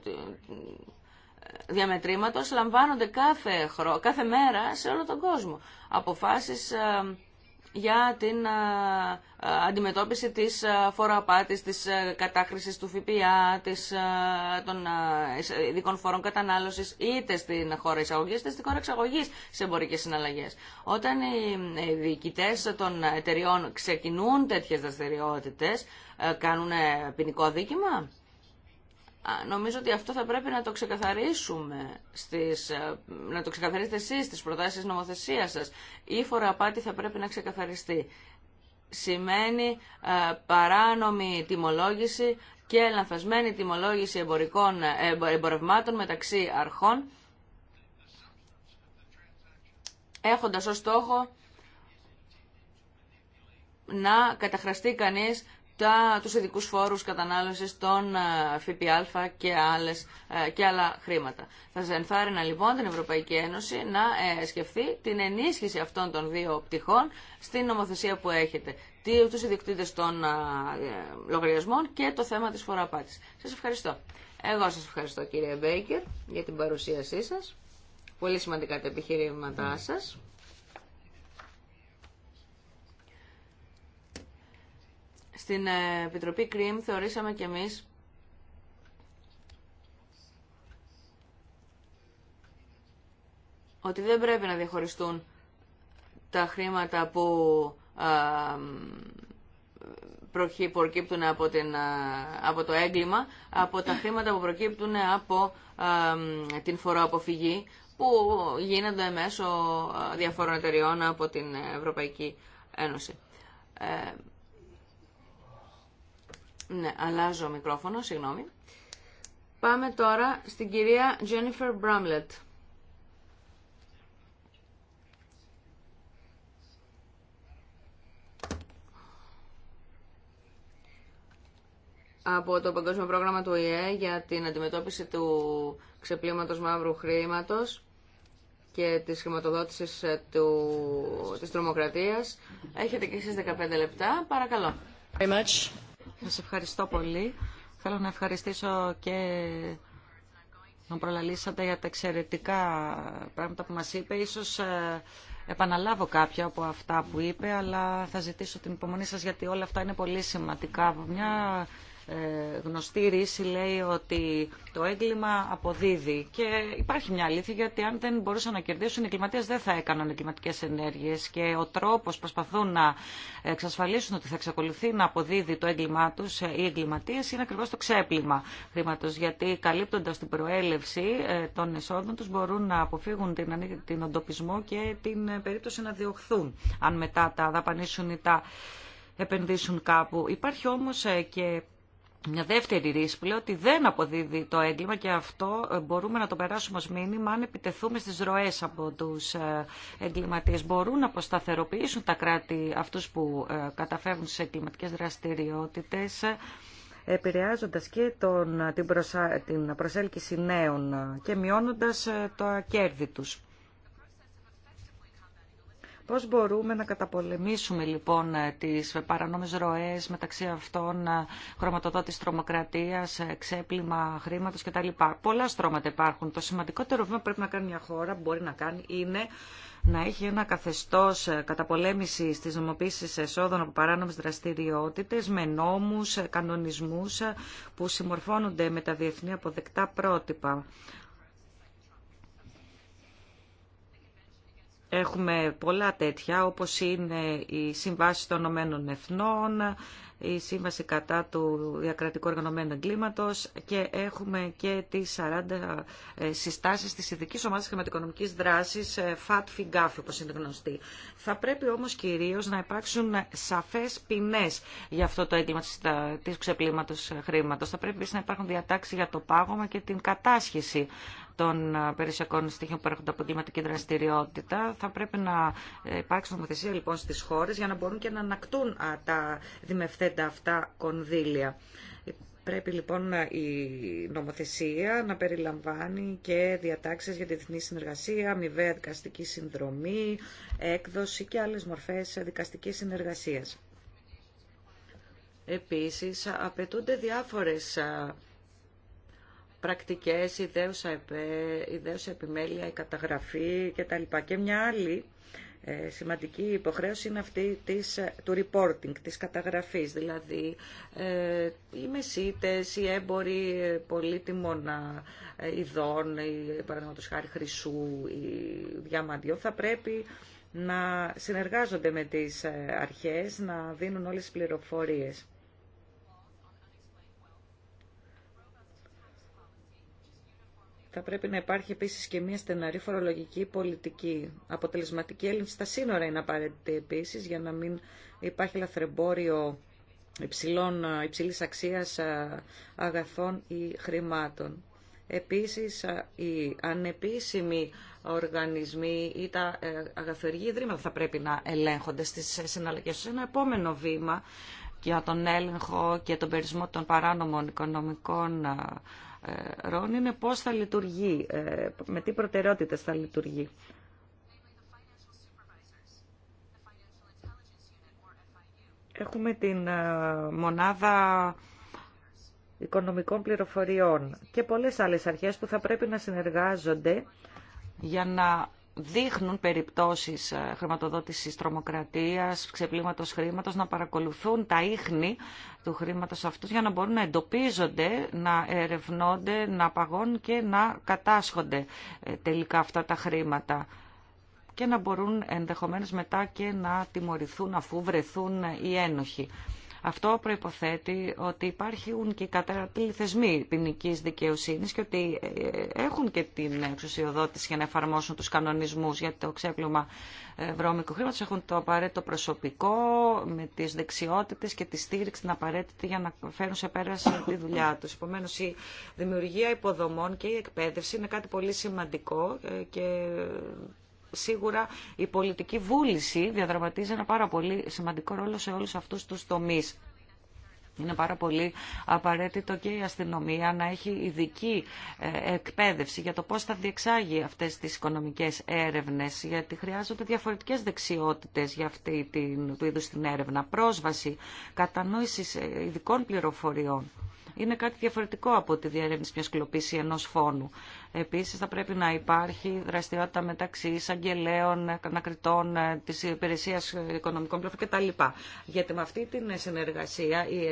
διαμετρήματος λαμβάνονται κάθε, κάθε μέρα σε όλο τον κόσμο. Αποφάσεις ε, για την ε, ε, αντιμετώπιση της φοροαπάτης, της κατάχρησης του ΦΠΑ, της, των ειδικών φορών κατανάλωσης, είτε στην χώρα εισαγωγής, είτε στην χώρα εξαγωγής σε εμπορικές συναλλαγές. Όταν οι διοικητέ των εταιριών ξεκινούν τέτοιες δραστηριότητε, κάνουν ποινικό δίκημα. Νομίζω ότι αυτό θα πρέπει να το ξεκαθαρίσουμε, στις, ε, να το ξεκαθαρίσετε εσείς στις προτάσεις νομοθεσίας σας. Η απάτη θα πρέπει να ξεκαθαριστεί. Σημαίνει ε, παράνομη τιμολόγηση και λανθασμένη τιμολόγηση εμπορικών ε, εμπορευμάτων μεταξύ αρχών, έχοντας ως στόχο να καταχραστεί κανείς τα, τους ειδικούς φόρους κατανάλωσης των ε, ΦΠΑ και, άλλες, ε, και άλλα χρήματα. Θα σας ενθάρρυνα λοιπόν την Ευρωπαϊκή Ένωση να ε, σκεφτεί την ενίσχυση αυτών των δύο πτυχών στην νομοθεσία που έχετε. Τους ιδιοκτήτες των λογαριασμών και το θέμα της φοροαπάτης. Σας ευχαριστώ. Εγώ σας ευχαριστώ κύριε Μπέικερ για την παρουσίασή σας. Πολύ σημαντικά τα επιχειρήματά σας. Στην ε, Επιτροπή ΚΡΙΜ θεωρήσαμε και εμείς ότι δεν πρέπει να διαχωριστούν τα χρήματα που ε, προκύπτουν από, την, ε, από το έγκλημα, από τα χρήματα που προκύπτουν από την φοροαποφυγή που γίνονται μέσω διαφόρων εταιριών από την Ευρωπαϊκή Ένωση. Ναι, αλλάζω μικρόφωνο, συγγνώμη. Πάμε τώρα στην κυρία Jennifer Bramlett. από το Παγκόσμιο Πρόγραμμα του ΙΕ για την αντιμετώπιση του ξεπλήματος μαύρου χρήματος και της χρηματοδότησης ε, του, της τρομοκρατίας. Έχετε και εσείς 15 λεπτά. Παρακαλώ. Σας ευχαριστώ πολύ. Θέλω να ευχαριστήσω και να προλαλήσατε για τα εξαιρετικά πράγματα που μας είπε. Ίσως ε, επαναλάβω κάποια από αυτά που είπε, αλλά θα ζητήσω την υπομονή σας γιατί όλα αυτά είναι πολύ σημαντικά. Μια ε, γνωστή ρίση λέει ότι το έγκλημα αποδίδει. Και υπάρχει μια αλήθεια γιατί αν δεν μπορούσαν να κερδίσουν οι εγκληματίε δεν θα έκαναν εγκληματικέ ενέργειε. Και ο τρόπο προσπαθούν να εξασφαλίσουν ότι θα εξακολουθεί να αποδίδει το έγκλημά του ε, οι εγκληματίε είναι ακριβώ το ξέπλυμα χρήματο. Γιατί καλύπτοντα την προέλευση ε, των εσόδων του μπορούν να αποφύγουν την, την οντοπισμό και την περίπτωση να διωχθούν αν μετά τα δαπανίσουν ή τα επενδύσουν κάπου. Υπάρχει όμως και μια δεύτερη ρίση ότι δεν αποδίδει το έγκλημα και αυτό ε, μπορούμε να το περάσουμε ως μήνυμα αν επιτεθούμε στις ροές από τους ε, εγκληματίες. Μπορούν να αποσταθεροποιήσουν τα κράτη αυτούς που ε, καταφεύγουν στις εγκληματικές δραστηριότητες επηρεάζοντας και τον, την, την προσέλκυση νέων και μειώνοντας το κέρδη τους. Πώς μπορούμε να καταπολεμήσουμε λοιπόν ε, τις παρανόμες ροές μεταξύ αυτών ε, χρωματοδότης τρομοκρατίας, ε, ξέπλυμα χρήματος κτλ. Πολλά στρώματα υπάρχουν. Το σημαντικότερο βήμα που πρέπει να κάνει μια χώρα, που μπορεί να κάνει, είναι να έχει ένα καθεστώς καταπολέμησης της νομοποίησης εσόδων από παράνομες δραστηριότητες με νόμους, κανονισμούς που συμμορφώνονται με τα διεθνή αποδεκτά πρότυπα. Έχουμε πολλά τέτοια, όπως είναι η Σύμβαση των Ηνωμένων Εθνών, η Σύμβαση κατά του διακρατικού οργανωμένου εγκλήματος και έχουμε και τις 40 ε, συστάσεις της Ειδικής Ομάδας Χρηματοοικονομικής Δράσης, ε, FAT FIGAF, όπως είναι γνωστή. Θα πρέπει όμως κυρίως να υπάρξουν σαφές ποινές για αυτό το έγκλημα της ξεπλήματος χρήματος. Θα πρέπει να υπάρχουν διατάξεις για το πάγωμα και την κατάσχεση των ε, περιουσιακών στοιχείων που έρχονται από και δραστηριότητα. Θα πρέπει να ε, υπάρξει νομοθεσία λοιπόν στις χώρες για να μπορούν και να ανακτούν τα δημευθέντα αυτά κονδύλια. Πρέπει λοιπόν η νομοθεσία να περιλαμβάνει και διατάξεις για τη διεθνή συνεργασία, αμοιβαία δικαστική συνδρομή, έκδοση και άλλες μορφές δικαστικής συνεργασίας. Επίσης, απαιτούνται διάφορες πρακτικές, ιδέουσα, ιδέουσα επιμέλεια, η καταγραφή κτλ. Και μια άλλη ε, σημαντική υποχρέωση είναι αυτή της, του reporting, της καταγραφής. Δηλαδή, ε, οι μεσίτες, οι έμποροι ε, πολύτιμων ειδών, οι, παραδείγματος χάρη χρυσού, ή διαμαντιών, θα πρέπει να συνεργάζονται με τις αρχές, να δίνουν όλες τις πληροφορίες. Θα πρέπει να υπάρχει επίση και μια στεναρή φορολογική πολιτική. Αποτελεσματική έλλειψη στα σύνορα είναι απαραίτητη επίση για να μην υπάρχει λαθρεμπόριο υψηλών, υψηλής αξίας αγαθών ή χρημάτων. Επίσης, οι ανεπίσημοι οργανισμοί ή τα ε, αγαθοεργή ιδρύματα θα πρέπει να ελέγχονται στις συναλλαγές. ένα επόμενο βήμα για τον έλεγχο και τον περισμό των παράνομων οικονομικών ε, Ρόν είναι πώς θα λειτουργεί, ε, με τι προτεραιότητες θα λειτουργεί. Έχουμε την ε, μονάδα οικονομικών πληροφοριών και πολλές άλλες αρχές που θα πρέπει να συνεργάζονται για να δείχνουν περιπτώσεις ε, χρηματοδότησης τρομοκρατίας, ξεπλήματος χρήματος, να παρακολουθούν τα ίχνη του χρήματος αυτούς για να μπορούν να εντοπίζονται, να ερευνώνται, να παγώνουν και να κατάσχονται ε, τελικά αυτά τα χρήματα και να μπορούν ενδεχομένως μετά και να τιμωρηθούν αφού βρεθούν οι ένοχοι. Αυτό προϋποθέτει ότι υπάρχουν και οι κατάλληλοι θεσμοί ποινική δικαιοσύνη και ότι ε, έχουν και την εξουσιοδότηση για να εφαρμόσουν του κανονισμού για το ξέπλωμα ε, βρώμικου χρήματο. Έχουν το απαραίτητο προσωπικό με τι δεξιότητε και τη στήριξη την απαραίτητη για να φέρουν σε πέρα τη δουλειά του. Επομένω, η δημιουργία υποδομών και η εκπαίδευση είναι κάτι πολύ σημαντικό ε, και σίγουρα η πολιτική βούληση διαδραματίζει ένα πάρα πολύ σημαντικό ρόλο σε όλους αυτούς τους τομείς. Είναι πάρα πολύ απαραίτητο και η αστυνομία να έχει ειδική ε, εκπαίδευση για το πώς θα διεξάγει αυτές τις οικονομικές έρευνες, γιατί χρειάζονται διαφορετικές δεξιότητες για αυτή την, του είδους την έρευνα, πρόσβαση, κατανόηση ε, ειδικών πληροφοριών είναι κάτι διαφορετικό από τη διαρρεύνηση μια κλοπή ή ενός φόνου. Επίση θα πρέπει να υπάρχει δραστηριότητα μεταξύ εισαγγελέων, ανακριτών, ε, τη υπηρεσία οικονομικών πλοίων κτλ. Γιατί με αυτή τη συνεργασία οι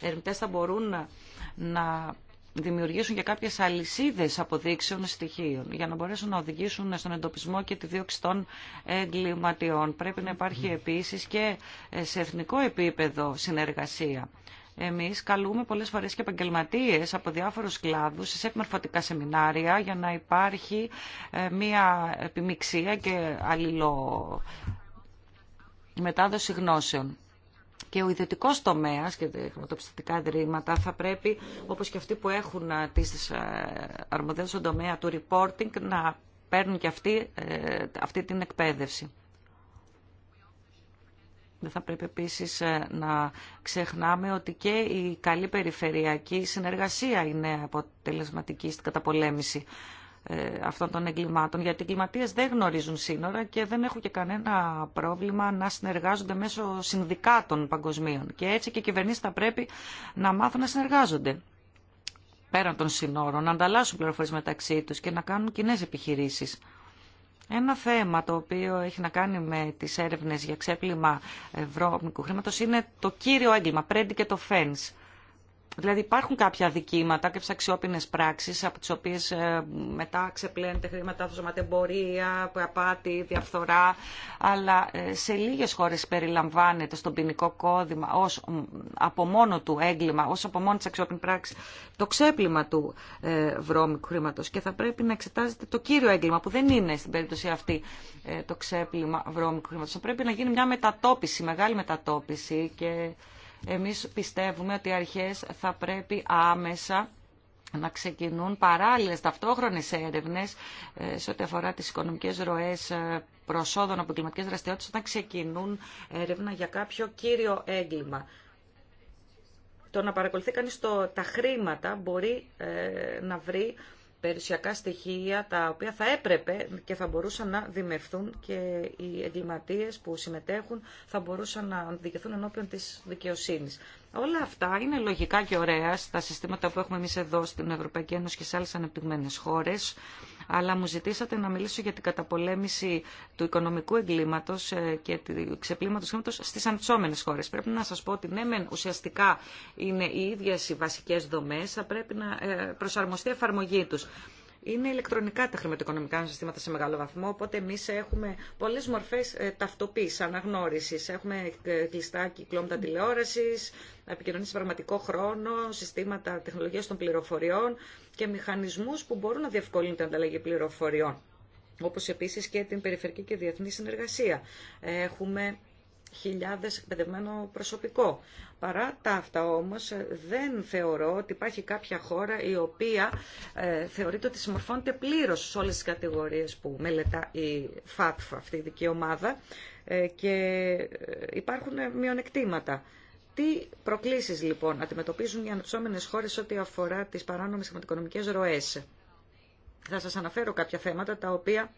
ερευνητέ ε, θα μπορούν να δημιουργήσουν και κάποιες αλυσίδες αποδείξεων στοιχείων για να μπορέσουν να οδηγήσουν στον εντοπισμό και τη δίωξη των εγκληματιών. Πρέπει να υπάρχει επίσης και ε, σε εθνικό επίπεδο συνεργασία εμείς καλούμε πολλές φορές και επαγγελματίε από διάφορους κλάδους σε επιμορφωτικά σεμινάρια για να υπάρχει ε, μία επιμηξία και αλληλό μετάδοση γνώσεων. Και ο ιδιωτικό τομέα και τα χρηματοπιστωτικά ιδρύματα θα πρέπει, όπω και αυτοί που έχουν ε, τι ε, αρμοδιότητε στον τομέα του reporting, να παίρνουν και αυτοί αυτή την εκπαίδευση. Δεν θα πρέπει επίσης ε, να ξεχνάμε ότι και η καλή περιφερειακή συνεργασία είναι αποτελεσματική στην καταπολέμηση ε, αυτών των εγκλημάτων, γιατί οι εγκληματίες δεν γνωρίζουν σύνορα και δεν έχουν και κανένα πρόβλημα να συνεργάζονται μέσω συνδικάτων παγκοσμίων. Και έτσι και οι κυβερνήσεις θα πρέπει να μάθουν να συνεργάζονται πέραν των σύνορων, να ανταλλάσσουν πληροφορίες μεταξύ τους και να κάνουν κοινέ επιχειρήσεις. Ένα θέμα το οποίο έχει να κάνει με τις έρευνες για ξέπλυμα βρώμικου χρήματο είναι το κύριο έγκλημα, πρέντι και το φένς. Δηλαδή υπάρχουν κάποια δικήματα, κάποιε αξιόπινε πράξει από τι οποίε ε, μετά ξεπλένεται χρήματα από απάτη, διαφθορά. Αλλά ε, σε λίγε χώρε περιλαμβάνεται στον ποινικό κώδημα ω από μόνο του έγκλημα, ω από μόνο τη αξιόπινη πράξη, το ξέπλυμα του ε, βρώμικου χρήματο. Και θα πρέπει να εξετάζεται το κύριο έγκλημα που δεν είναι στην περίπτωση αυτή το ξέπλυμα βρώμικου χρήματο. Θα πρέπει να γίνει μια μετατόπιση, μεγάλη μετατόπιση και εμείς πιστεύουμε ότι οι αρχές θα πρέπει άμεσα να ξεκινούν παράλληλες ταυτόχρονες έρευνες ε, σε ό,τι αφορά τις οικονομικές ροές ε, προσόδων από κλιματικές δραστηριότητες να ξεκινούν έρευνα για κάποιο κύριο έγκλημα. Το να παρακολουθεί κανείς τα χρήματα μπορεί ε, να βρει περιουσιακά στοιχεία τα οποία θα έπρεπε και θα μπορούσαν να δημευθούν και οι εγκληματίες που συμμετέχουν θα μπορούσαν να δικαιωθούν ενώπιον της δικαιοσύνης. Όλα αυτά είναι λογικά και ωραία στα συστήματα που έχουμε εμείς εδώ στην Ευρωπαϊκή Ένωση και σε άλλες ανεπτυγμένες χώρες αλλά μου ζητήσατε να μιλήσω για την καταπολέμηση του οικονομικού εγκλήματος ε, και του ξεπλήματο χρήματο στι ανεψόμενες χώρες. Πρέπει να σας πω ότι ναι, ουσιαστικά είναι οι ίδιες οι βασικές δομές, θα πρέπει να ε, προσαρμοστεί η εφαρμογή του είναι ηλεκτρονικά τα χρηματοοικονομικά συστήματα σε μεγάλο βαθμό, οπότε εμείς έχουμε πολλές μορφές ε, ταυτοποίησης, αναγνώρισης. Έχουμε ε, κλειστά κυκλώματα τηλεόρασης, επικοινωνία σε πραγματικό χρόνο, συστήματα τεχνολογίας των πληροφοριών και μηχανισμούς που μπορούν να διευκολύνουν την ανταλλαγή πληροφοριών όπως επίσης και την περιφερική και διεθνή συνεργασία. Έχουμε χιλιάδες εκπαιδευμένο προσωπικό. Παρά τα αυτά όμως ε, δεν θεωρώ ότι υπάρχει κάποια χώρα η οποία ε, θεωρείται ότι συμμορφώνεται πλήρως σε όλες τις κατηγορίες που μελετά η ΦΑΤΦ αυτή η δική ομάδα ε, και ε, υπάρχουν μειονεκτήματα. Τι προκλήσεις λοιπόν αντιμετωπίζουν οι ανεψόμενες χώρες ό,τι αφορά τις παράνομες χρηματοοικονομικές ροές. Θα σας αναφέρω κάποια θέματα τα οποία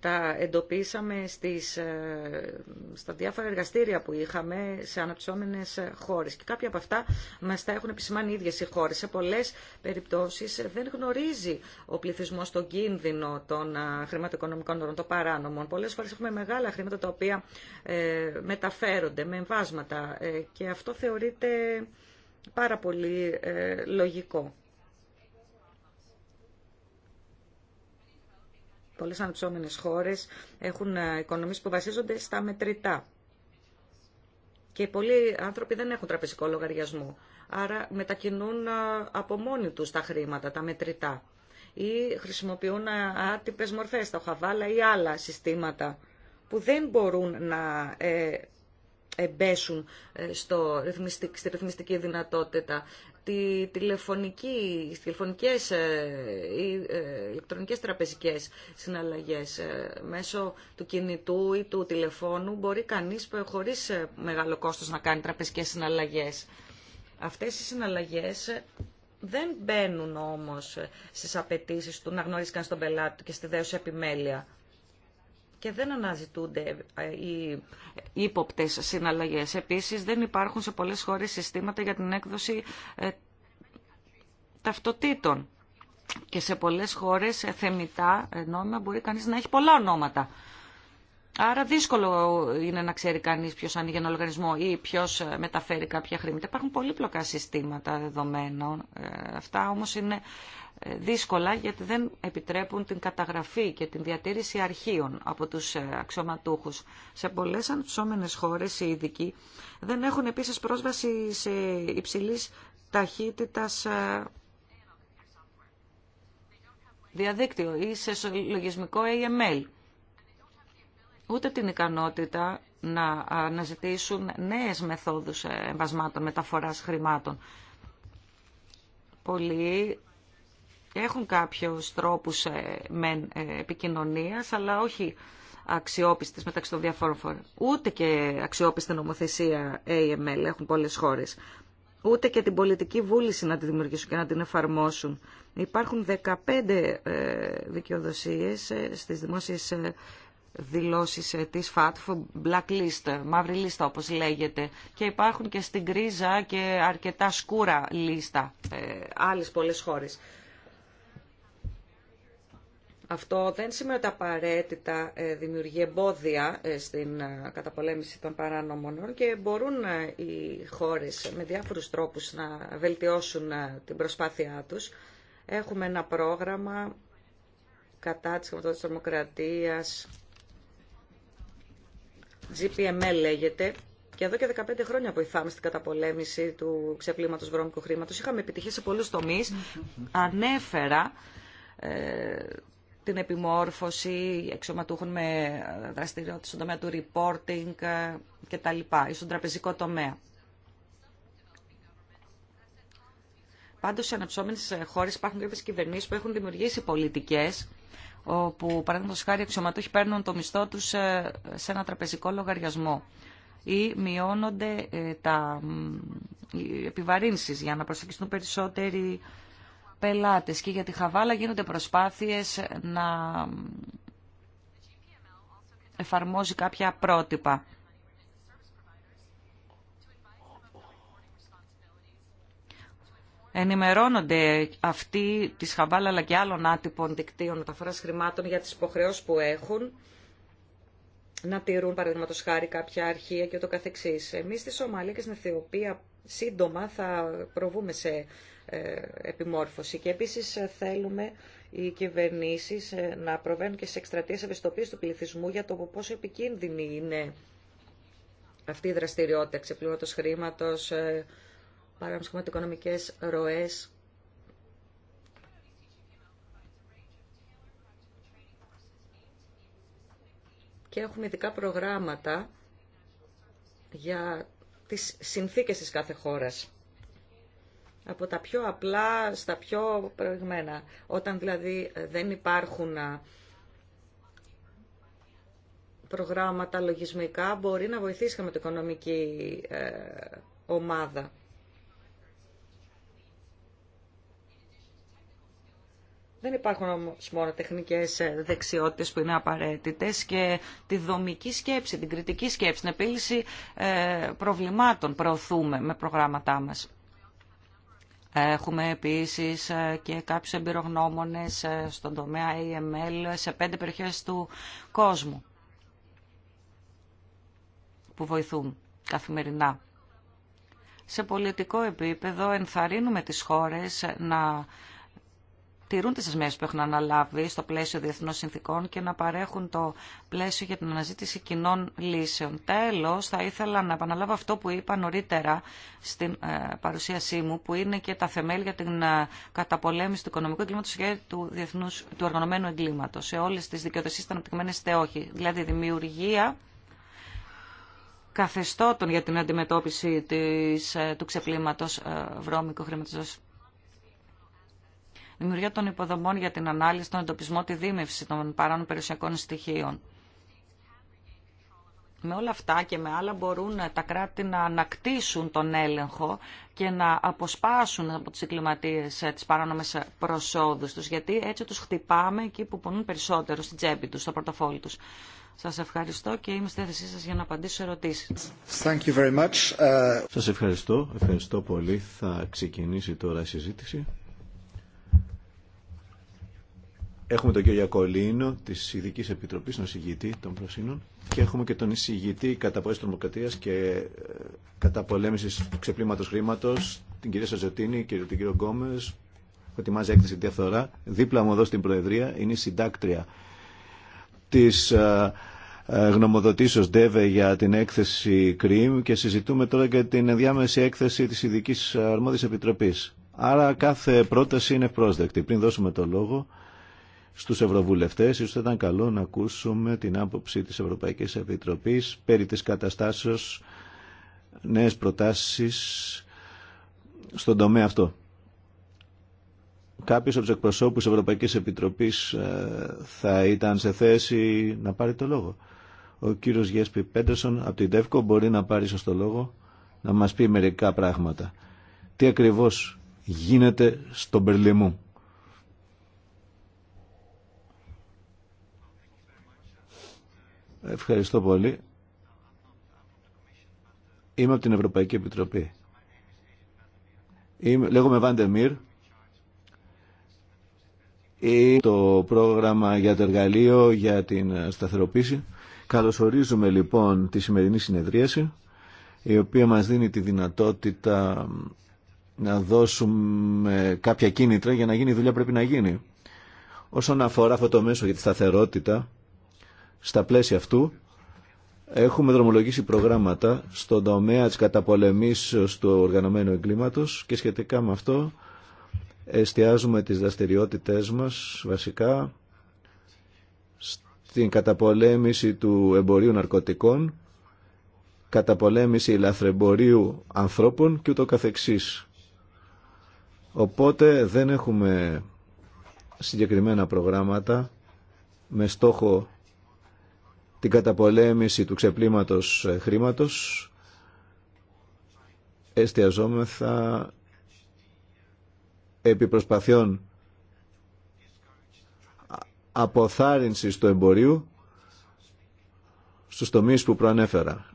τα εντοπίσαμε στις, ε, στα διάφορα εργαστήρια που είχαμε σε αναπτυσσόμενες χώρες. Και κάποια από αυτά μας τα έχουν επισημάνει οι ίδιες οι χώρες. Σε πολλές περιπτώσεις δεν γνωρίζει ο πληθυσμός τον κίνδυνο των ε, χρηματοοικονομικών όρων, των παράνομων. Πολλές φορές έχουμε μεγάλα χρήματα τα οποία ε, μεταφέρονται με εμβάσματα και αυτό θεωρείται πάρα πολύ λογικό. Πολλές ανεψόμενες χώρες έχουν ε, οικονομίες που βασίζονται στα μετρητά. Και πολλοί άνθρωποι δεν έχουν τραπεζικό λογαριασμό. Άρα μετακινούν ε, από μόνοι τους τα χρήματα, τα μετρητά. Ή χρησιμοποιούν ε, άτυπες μορφές, τα χαβάλα ή άλλα συστήματα που δεν μπορούν να εμπέσουν στο, στη ρυθμιστική δυνατότητα τη τηλεφωνική, στις τηλεφωνικές ή ε, ε, ε, ηλεκτρονικές τραπεζικές συναλλαγές μέσω του κινητού ή του τηλεφώνου μπορεί κανείς χωρίς μεγάλο κόστος να κάνει τραπεζικές συναλλαγές. Αυτές οι συναλλαγές δεν μπαίνουν όμως στις απαιτήσει του να γνωρίσει κανείς τον πελάτη και στη δέωση επιμέλεια και δεν αναζητούνται ε, οι ύποπτες συναλλαγές. Επίσης δεν υπάρχουν σε πολλές χώρες συστήματα για την έκδοση ε, ταυτοτήτων. Και σε πολλές χώρες ε, θεμητά νόμιμα μπορεί κανείς να έχει πολλά ονόματα. Άρα δύσκολο είναι να ξέρει κανείς ποιος ανοίγει ένα οργανισμό ή ποιος ε, μεταφέρει κάποια χρήματα. Υπάρχουν πολύπλοκα συστήματα δεδομένων. Ε, αυτά όμως είναι ε, δύσκολα γιατί δεν επιτρέπουν την καταγραφή και την διατήρηση αρχείων από τους αξιωματούχους. Σε πολλές ανθρώμενες χώρες οι ειδικοί δεν έχουν επίσης πρόσβαση σε υψηλής ταχύτητας διαδίκτυο ή σε λογισμικό AML ούτε την ικανότητα να αναζητήσουν νέες μεθόδους εμβασμάτων μεταφοράς χρημάτων. Πολλοί έχουν κάποιους τρόπους ε, μεν ε, επικοινωνίας, αλλά όχι αξιόπιστες μεταξύ των διαφόρων φορών. Ούτε και αξιόπιστη νομοθεσία AML έχουν πολλές χώρες. Ούτε και την πολιτική βούληση να τη δημιουργήσουν και να την εφαρμόσουν. Υπάρχουν 15 ε, δικαιοδοσίες στις δημόσιες δηλώσεις ε, της FATF, blacklist, μαύρη λίστα όπως λέγεται. Και υπάρχουν και στην κρίζα και αρκετά σκούρα λίστα ε, άλλες πολλές χώρες. Αυτό δεν σημαίνει ότι απαραίτητα ε, δημιουργεί εμπόδια στην καταπολέμηση των παράνομων και μπορούν οι χώρες με διάφορους τρόπους να βελτιώσουν την προσπάθειά τους. Έχουμε ένα πρόγραμμα κατά της χρηματοδότησης της GPML λέγεται, και εδώ και 15 χρόνια βοηθάμε στην καταπολέμηση του ξεπλήματο βρώμικου χρήματο. Είχαμε επιτυχίε σε πολλούς τομείς. Ανέφερα ε, την επιμόρφωση εξωματούχων με ε, δραστηριότητα στον τομέα του reporting ε, κτλ. ή στον τραπεζικό τομέα. Πάντω σε αναψώμενες χώρε υπάρχουν κάποιε κυβερνήσεις που έχουν δημιουργήσει πολιτικέ όπου παραδείγματος χάρη οι αξιωματούχοι παίρνουν το μισθό τους ε, σε ένα τραπεζικό λογαριασμό ή μειώνονται ε, τα οι επιβαρύνσεις για να προσεγγιστούν περισσότεροι πελάτες και για τη Χαβάλα γίνονται προσπάθειες να εφαρμόζει κάποια πρότυπα. ενημερώνονται αυτοί της Χαβάλα αλλά και άλλων άτυπων δικτύων μεταφοράς χρημάτων για τις υποχρεώσεις που έχουν να τηρούν παραδείγματο χάρη κάποια αρχεία και ούτω καθεξής. Εμείς στη Σομαλία και στην Αιθιοπία σύντομα θα προβούμε σε ε, επιμόρφωση και επίσης ε, θέλουμε οι κυβερνήσεις ε, να προβαίνουν και σε εκστρατείες ευαισθητοποίησης του πληθυσμού για το πόσο επικίνδυνη είναι αυτή η δραστηριότητα ξεπλήματος χρήματος, το οικονομικές ροές. Και έχουμε ειδικά προγράμματα για τις συνθήκες της κάθε χώρας. Από τα πιο απλά στα πιο προηγμένα. Όταν δηλαδή ε, δεν υπάρχουν ε, προγράμματα λογισμικά μπορεί να βοηθήσει με την οικονομική ε, ομάδα Δεν υπάρχουν όμως μόνο τεχνικές ε, δεξιότητες που είναι απαραίτητες και τη δομική σκέψη, την κριτική σκέψη, την επίλυση ε, προβλημάτων προωθούμε με προγράμματά μας. Έχουμε επίσης ε, και κάποιους εμπειρογνώμονες στον τομέα AML σε πέντε περιοχές του κόσμου που βοηθούν καθημερινά. Σε πολιτικό επίπεδο ενθαρρύνουμε τις χώρες να τηρούν τις δεσμεύσεις που έχουν αναλάβει στο πλαίσιο διεθνών συνθήκων και να παρέχουν το πλαίσιο για την αναζήτηση κοινών λύσεων. Τέλος, θα ήθελα να επαναλάβω αυτό που είπα νωρίτερα στην ε, παρουσίασή μου, που είναι και τα θεμέλια για την ε, καταπολέμηση του οικονομικού εγκλήματος και του, διεθνούς, του οργανωμένου εγκλήματος σε όλες τις δικαιοδοσίε των αναπτυγμένες όχι. Δηλαδή, δημιουργία καθεστώτων για την αντιμετώπιση της, ε, του ξεπλήματος βρώμικου χρηματιστώσεων δημιουργία των υποδομών για την ανάλυση, τον εντοπισμό, τη δίμευση των παράνομων περιουσιακών στοιχείων. Με όλα αυτά και με άλλα μπορούν τα κράτη να ανακτήσουν τον έλεγχο και να αποσπάσουν από τις εγκληματίες ε, τις παράνομες προσόδους τους, γιατί έτσι τους χτυπάμε εκεί που πονούν περισσότερο, στην τσέπη τους, στο πορτοφόλι τους. Σας ευχαριστώ και είμαι στη θέση σας για να απαντήσω σε ερωτήσεις. Thank you very much. Ε, σας ευχαριστώ. Ευχαριστώ πολύ. Θα ξεκινήσει τώρα η συζήτηση. Έχουμε τον κύριο Γιακολίνο τη Ειδική Επιτροπή, τον εισηγητή των Προσύνων, και έχουμε και τον εισηγητή πόλη τρομοκρατία και ε, κατά πολέμηση ξεπλήματο χρήματο, την κυρία Σαζωτίνη και τον κύριο Γκόμε, που ετοιμάζει έκθεση διαφθορά. Δίπλα μου εδώ στην Προεδρία είναι η συντάκτρια τη ε, ε, γνωμοδοτήσεω ΔΕΒΕ για την έκθεση ΚΡΙΜ και συζητούμε τώρα για την διάμεση έκθεση τη ειδική Αρμόδης Επιτροπή. Άρα κάθε πρόταση είναι πρόσδεκτη. Πριν δώσουμε το λόγο, στους ευρωβουλευτές. Ίσως θα ήταν καλό να ακούσουμε την άποψη της Ευρωπαϊκής Επιτροπής περί της καταστάσεως νέες προτάσεις στον τομέα αυτό. Κάποιος από τους εκπροσώπους της Ευρωπαϊκής Επιτροπής ε, θα ήταν σε θέση να πάρει το λόγο. Ο κύριος Γέσπι Πέντερσον από την ΤΕΦΚΟ μπορεί να πάρει στο λόγο να μας πει μερικά πράγματα. Τι ακριβώς γίνεται στον Περλιμού. Ευχαριστώ πολύ. Είμαι από την Ευρωπαϊκή Επιτροπή. Είμαι, λέγομαι Βαντεμίρ. Είμαι το πρόγραμμα για το εργαλείο για την σταθεροποίηση. Καλωσορίζουμε λοιπόν τη σημερινή συνεδρίαση η οποία μας δίνει τη δυνατότητα να δώσουμε κάποια κίνητρα για να γίνει η δουλειά πρέπει να γίνει. Όσον αφορά αυτό το μέσο για τη σταθερότητα, στα πλαίσια αυτού έχουμε δρομολογήσει προγράμματα στον τομέα της καταπολεμήσεως του οργανωμένου εγκλήματος και σχετικά με αυτό εστιάζουμε τις δραστηριότητές μας βασικά στην καταπολέμηση του εμπορίου ναρκωτικών, καταπολέμηση λαθρεμπορίου ανθρώπων και ούτω καθεξής. Οπότε δεν έχουμε συγκεκριμένα προγράμματα με στόχο την καταπολέμηση του ξεπλήματος ε, χρήματος, εστιαζόμεθα επί προσπαθειών αποθάρρυνσης του εμπορίου στους τομείς που προανέφερα.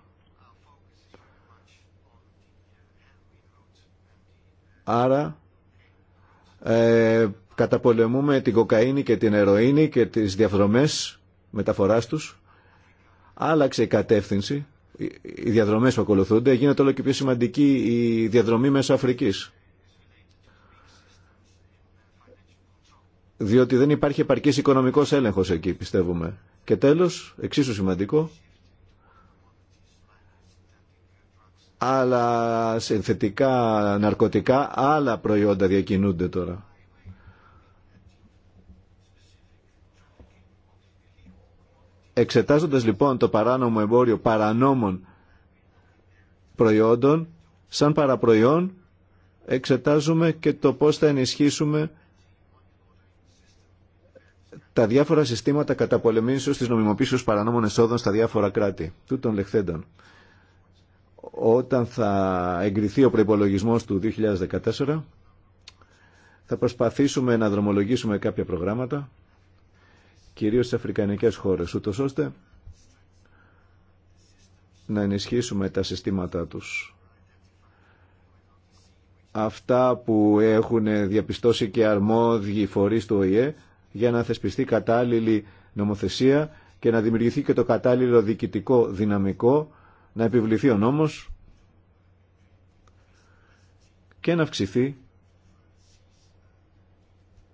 Άρα ε, καταπολεμούμε την κοκαίνη και την ερωίνη και τις διαφρομές μεταφοράς τους Άλλαξε η κατεύθυνση, οι διαδρομέ που ακολουθούνται, γίνεται όλο και πιο σημαντική η διαδρομή μέσω Αφρικής. Διότι δεν υπάρχει επαρκής οικονομικός έλεγχος εκεί, πιστεύουμε. Και τέλος, εξίσου σημαντικό, άλλα συνθετικά ναρκωτικά, άλλα προϊόντα διακινούνται τώρα. Εξετάζοντας λοιπόν το παράνομο εμπόριο παρανόμων προϊόντων, σαν παραπροϊόν εξετάζουμε και το πώς θα ενισχύσουμε τα διάφορα συστήματα καταπολεμήσεως της νομιμοποίησης παρανόμων εσόδων στα διάφορα κράτη, τούτων λεχθέντων. Όταν θα εγκριθεί ο προϋπολογισμός του 2014, θα προσπαθήσουμε να δρομολογήσουμε κάποια προγράμματα κυρίως στις αφρικανικές χώρες, ούτως ώστε να ενισχύσουμε τα συστήματά τους. Αυτά που έχουν διαπιστώσει και αρμόδιοι φορείς του ΟΗΕ για να θεσπιστεί κατάλληλη νομοθεσία και να δημιουργηθεί και το κατάλληλο διοικητικό δυναμικό, να επιβληθεί ο νόμος και να αυξηθεί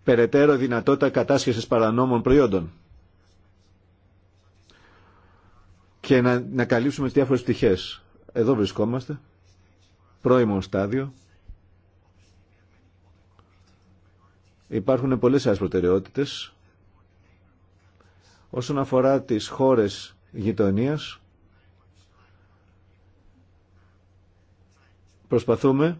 περαιτέρω δυνατότητα κατάσχεσης παρανόμων προϊόντων και να, να καλύψουμε τις διάφορες πτυχές. Εδώ βρισκόμαστε, πρώιμο στάδιο. Υπάρχουν πολλές άλλες προτεραιότητες. Όσον αφορά τις χώρες γειτονίας, προσπαθούμε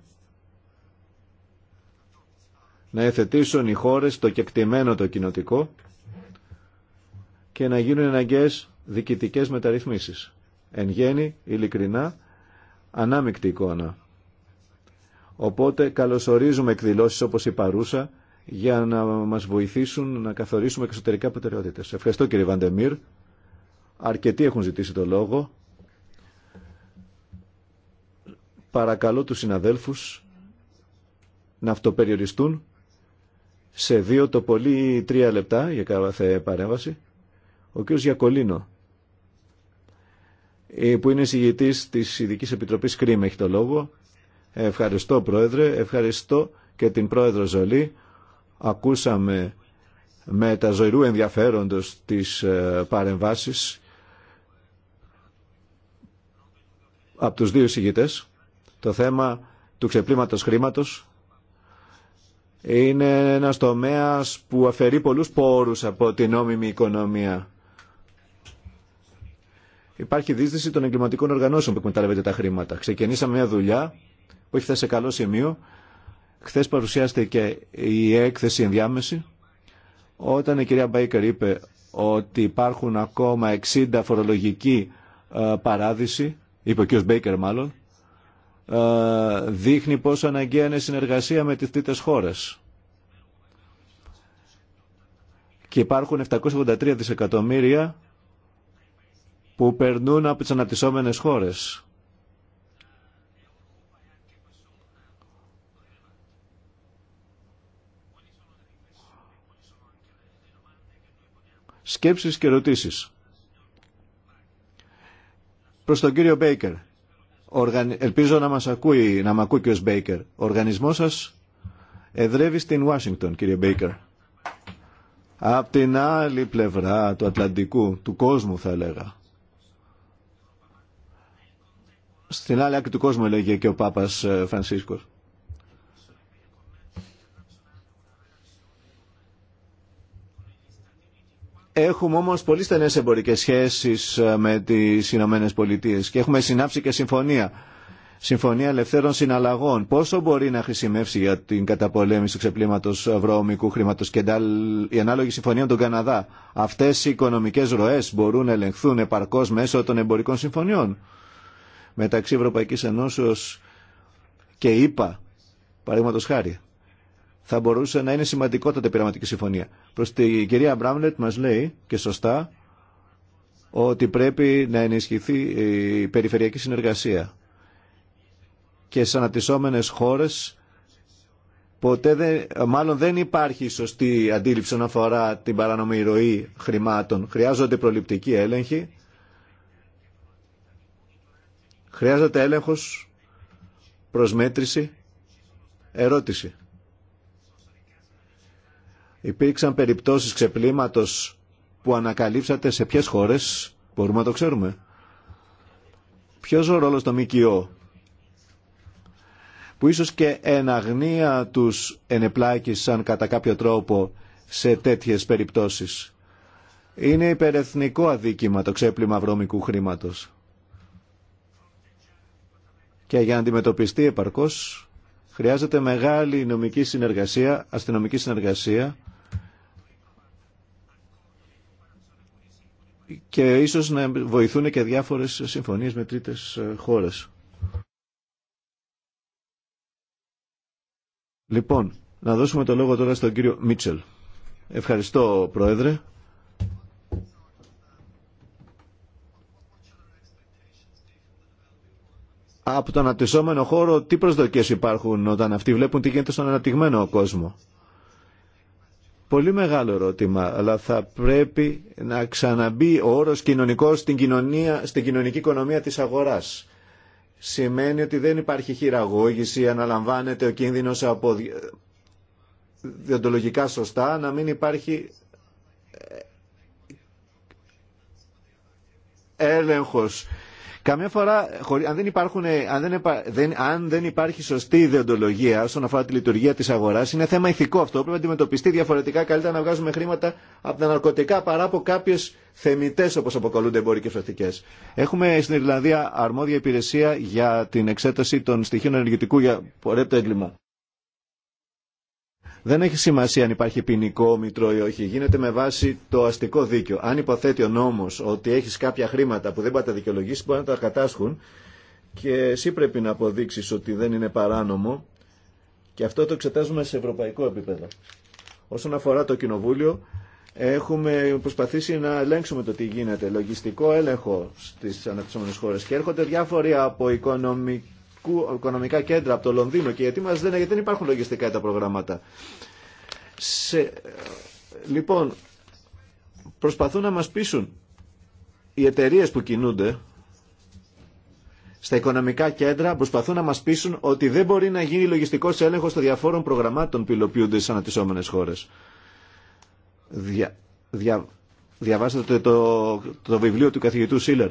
να εθετήσουν οι χώρες το κεκτημένο το κοινοτικό και να γίνουν εναγκαίες διοικητικές μεταρρυθμίσεις. Εν γέννη, ειλικρινά, ανάμεικτη εικόνα. Οπότε καλωσορίζουμε εκδηλώσεις όπως η παρούσα για να μας βοηθήσουν να καθορίσουμε εξωτερικά προτεραιότητες. Ευχαριστώ κύριε Βαντεμίρ. Αρκετοί έχουν ζητήσει το λόγο. Παρακαλώ τους συναδέλφους να αυτοπεριοριστούν σε δύο το πολύ τρία λεπτά για κάθε παρέμβαση. Ο κ. Γιακολίνο, ε, που είναι συγητής της Ειδική Επιτροπής ΚΡΙΜ, έχει το λόγο. Ευχαριστώ, Πρόεδρε. Ευχαριστώ και την Πρόεδρο Ζολή. Ακούσαμε με τα ζωηρού ενδιαφέροντος τις ε, παρεμβάσεις από τους δύο συγητές. Το θέμα του ξεπλήματος χρήματος είναι ένας τομέας που αφαιρεί πολλούς πόρους από την νόμιμη οικονομία. Υπάρχει δίσδυση των εγκληματικών οργανώσεων που εκμεταλλεύεται τα χρήματα. Ξεκινήσαμε μια δουλειά που έχει φτάσει σε καλό σημείο. Χθε παρουσιάστηκε η έκθεση ενδιάμεση. Όταν η κυρία Μπέικερ είπε ότι υπάρχουν ακόμα 60 φορολογικοί ε, παράδεισοι, είπε ο κ. Μπέικερ μάλλον, ε, δείχνει πόσο αναγκαία είναι συνεργασία με τις τρίτες χώρες. Και υπάρχουν 783 δισεκατομμύρια που περνούν από τις αναπτυσσόμενες χώρες. Σκέψεις και ερωτήσεις. Προς τον κύριο Μπέικερ Ελπίζω να μας ακούει, να μ' ακούει και ο Μπέικερ. Ο οργανισμός σας εδρεύει στην Ουάσιγκτον, κύριε Μπέικερ. Απ' την άλλη πλευρά του Ατλαντικού, του κόσμου θα έλεγα. Στην άλλη άκρη του κόσμου έλεγε και ο Πάπας ε, Φρανσίσκος. Έχουμε όμως πολύ στενές εμπορικές σχέσεις ε, με τις Ηνωμένε Πολιτείες και έχουμε συνάψει και συμφωνία. Συμφωνία Ελευθέρων Συναλλαγών. Πόσο μπορεί να χρησιμεύσει για την καταπολέμηση του ξεπλήματο βρώμικου χρήματο και η ανάλογη συμφωνία με τον Καναδά. Αυτέ οι οικονομικέ ροέ μπορούν να ελεγχθούν επαρκώ μέσω των εμπορικών συμφωνιών μεταξύ Ευρωπαϊκή Ενώσεω και ΗΠΑ, παραδείγματο χάρη θα μπορούσε να είναι σημαντικότατη πειραματική συμφωνία. Προς τη κυρία Μπράμλετ μας λέει και σωστά ότι πρέπει να ενισχυθεί η περιφερειακή συνεργασία. Και στι αναπτυσσόμενε χώρες ποτέ δεν, μάλλον δεν υπάρχει σωστή αντίληψη όσον αφορά την παρανομή ροή χρημάτων. Χρειάζονται προληπτικοί έλεγχοι. Χρειάζεται έλεγχος, προσμέτρηση, ερώτηση. Υπήρξαν περιπτώσεις ξεπλήματος που ανακαλύψατε σε ποιες χώρες, μπορούμε να το ξέρουμε. Ποιος ο ρόλος των ΜΚΟ που ίσως και εν αγνία τους ενεπλάκησαν κατά κάποιο τρόπο σε τέτοιες περιπτώσεις. Είναι υπερεθνικό αδίκημα το ξέπλυμα βρώμικου χρήματος. Και για να αντιμετωπιστεί επαρκώς χρειάζεται μεγάλη νομική συνεργασία, αστυνομική συνεργασία και ίσως να βοηθούν και διάφορες συμφωνίες με τρίτες ε, χώρες. Λοιπόν, να δώσουμε το λόγο τώρα στον κύριο Μίτσελ. Ευχαριστώ, Πρόεδρε. Από τον αναπτυσσόμενο χώρο, τι προσδοκίες υπάρχουν όταν αυτοί βλέπουν τι γίνεται στον αναπτυγμένο κόσμο. Πολύ μεγάλο ερώτημα, αλλά θα πρέπει να ξαναμπεί ο όρος κοινωνικός στην, κοινωνία, στην κοινωνική οικονομία της αγοράς. Σημαίνει ότι δεν υπάρχει χειραγώγηση, αναλαμβάνεται ο κίνδυνος από διοντολογικά σωστά, να μην υπάρχει ε, έλεγχος Καμιά φορά, αν δεν, υπάρχουν, αν δεν, δεν, αν δεν υπάρχει σωστή ιδεοντολογία όσον αφορά τη λειτουργία τη αγορά, είναι θέμα ηθικό αυτό. Πρέπει να αντιμετωπιστεί διαφορετικά. Καλύτερα να βγάζουμε χρήματα από τα ναρκωτικά παρά από κάποιε θεμητέ, όπω αποκαλούνται εμπορικέ πρακτικέ. Έχουμε στην Ιρλανδία αρμόδια υπηρεσία για την εξέταση των στοιχείων ενεργητικού για πορέπτο έγκλημα. Δεν έχει σημασία αν υπάρχει ποινικό μητρό ή όχι. Γίνεται με βάση το αστικό δίκαιο. Αν υποθέτει ο νόμο ότι έχει κάποια χρήματα που δεν πάει τα δικαιολογήσει, μπορεί να τα κατάσχουν και εσύ πρέπει να αποδείξει ότι δεν είναι παράνομο. Και αυτό το εξετάζουμε σε ευρωπαϊκό επίπεδο. Όσον αφορά το Κοινοβούλιο, έχουμε προσπαθήσει να ελέγξουμε το τι γίνεται. Λογιστικό έλεγχο στι αναπτυσσόμενε χώρε. Και έρχονται διάφοροι από οικονομική οικονομικά κέντρα από το Λονδίνο και γιατί μας λένε γιατί δεν υπάρχουν λογιστικά τα προγράμματα. Σε... Λοιπόν, προσπαθούν να μας πείσουν οι εταιρείε που κινούνται στα οικονομικά κέντρα προσπαθούν να μας πείσουν ότι δεν μπορεί να γίνει λογιστικός έλεγχος των διαφόρων προγραμμάτων που υλοποιούνται στι αναπτυσσόμενες χώρε. Δια, δια, διαβάσατε το, το βιβλίο του καθηγητού Σίλερ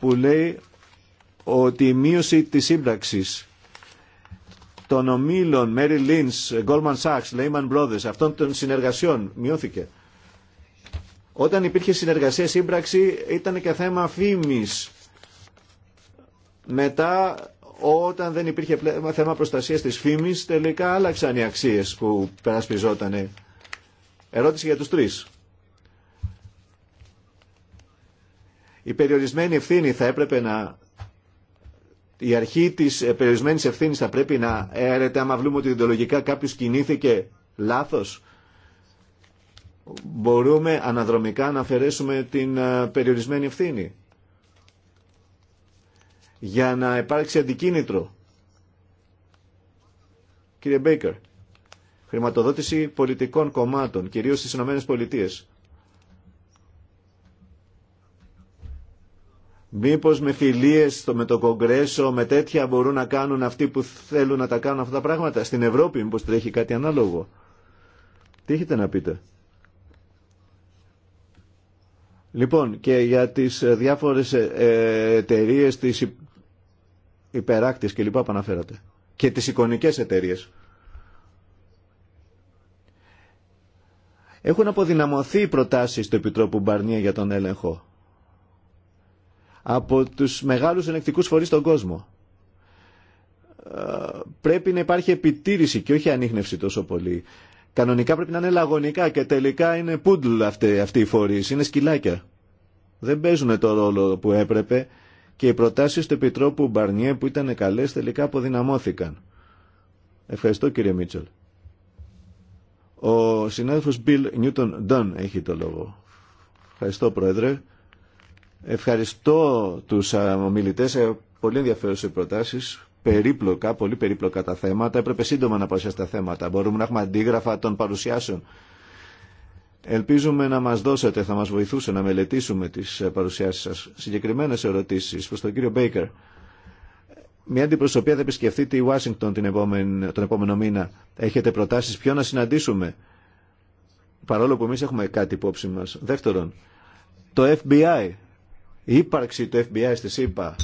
που λέει ότι η μείωση της σύμπραξης των ομίλων Mary Lynch, Goldman Sachs, Lehman Brothers, αυτών των συνεργασιών μειώθηκε. Όταν υπήρχε συνεργασία σύμπραξη ήταν και θέμα φήμης. Μετά όταν δεν υπήρχε θέμα προστασίας της φήμης τελικά άλλαξαν οι αξίες που περασπιζόταν. Ερώτηση για τους τρεις. Η περιορισμένη ευθύνη θα έπρεπε να η αρχή τη ε, περιορισμένη ευθύνη θα πρέπει να έρεται άμα βλέπουμε ότι ιδεολογικά κάποιο κινήθηκε λάθο. Μπορούμε αναδρομικά να αφαιρέσουμε την ε, περιορισμένη ευθύνη για να υπάρξει αντικίνητρο. Κύριε Μπέικερ, χρηματοδότηση πολιτικών κομμάτων, κυρίως στις ΗΠΑ. Μήπως με φιλίες με το Κογκρέσο, με τέτοια μπορούν να κάνουν αυτοί που θέλουν να τα κάνουν αυτά τα πράγματα. Στην Ευρώπη μήπως τρέχει κάτι ανάλογο. Τι έχετε να πείτε. Λοιπόν, και για τις ε, διάφορες ε, ε, εταιρείε της υπεράκτης και λοιπά που αναφέρατε. Και τις εικονικές εταιρείε. Έχουν αποδυναμωθεί οι προτάσεις του Επιτρόπου Μπαρνία για τον έλεγχο από τους μεγάλους ενεκτικούς φορείς στον κόσμο. Ε, πρέπει να υπάρχει επιτήρηση και όχι ανείχνευση τόσο πολύ. Κανονικά πρέπει να είναι λαγωνικά και τελικά είναι πούντλ αυτοί, αυτοί οι φορείς, είναι σκυλάκια. Δεν παίζουν το ρόλο που έπρεπε και οι προτάσεις του Επιτρόπου Μπαρνιέ που ήταν καλές τελικά αποδυναμώθηκαν. Ευχαριστώ κύριε Μίτσελ. Ο συνάδελφος Bill Newton Dunn έχει το λόγο. Ευχαριστώ πρόεδρε. Ευχαριστώ τους ομιλητές. Ε, πολύ ενδιαφέρουσες προτάσεις. Περίπλοκα, πολύ περίπλοκα τα θέματα. Έπρεπε σύντομα να παρουσιάσετε τα θέματα. Μπορούμε να έχουμε αντίγραφα των παρουσιάσεων. Ελπίζουμε να μας δώσετε, θα μας βοηθούσε να μελετήσουμε τις ε, παρουσιάσεις σας. Συγκεκριμένες ερωτήσεις προς τον κύριο Μπέικερ. Μια αντιπροσωπεία θα επισκεφτεί τη Ουάσιγκτον τον επόμενο μήνα. Έχετε προτάσεις ποιο να συναντήσουμε. Παρόλο που εμείς έχουμε κάτι υπόψη μας. Δεύτερον, το FBI η ύπαρξη του FBI στη ΣΥΠΑ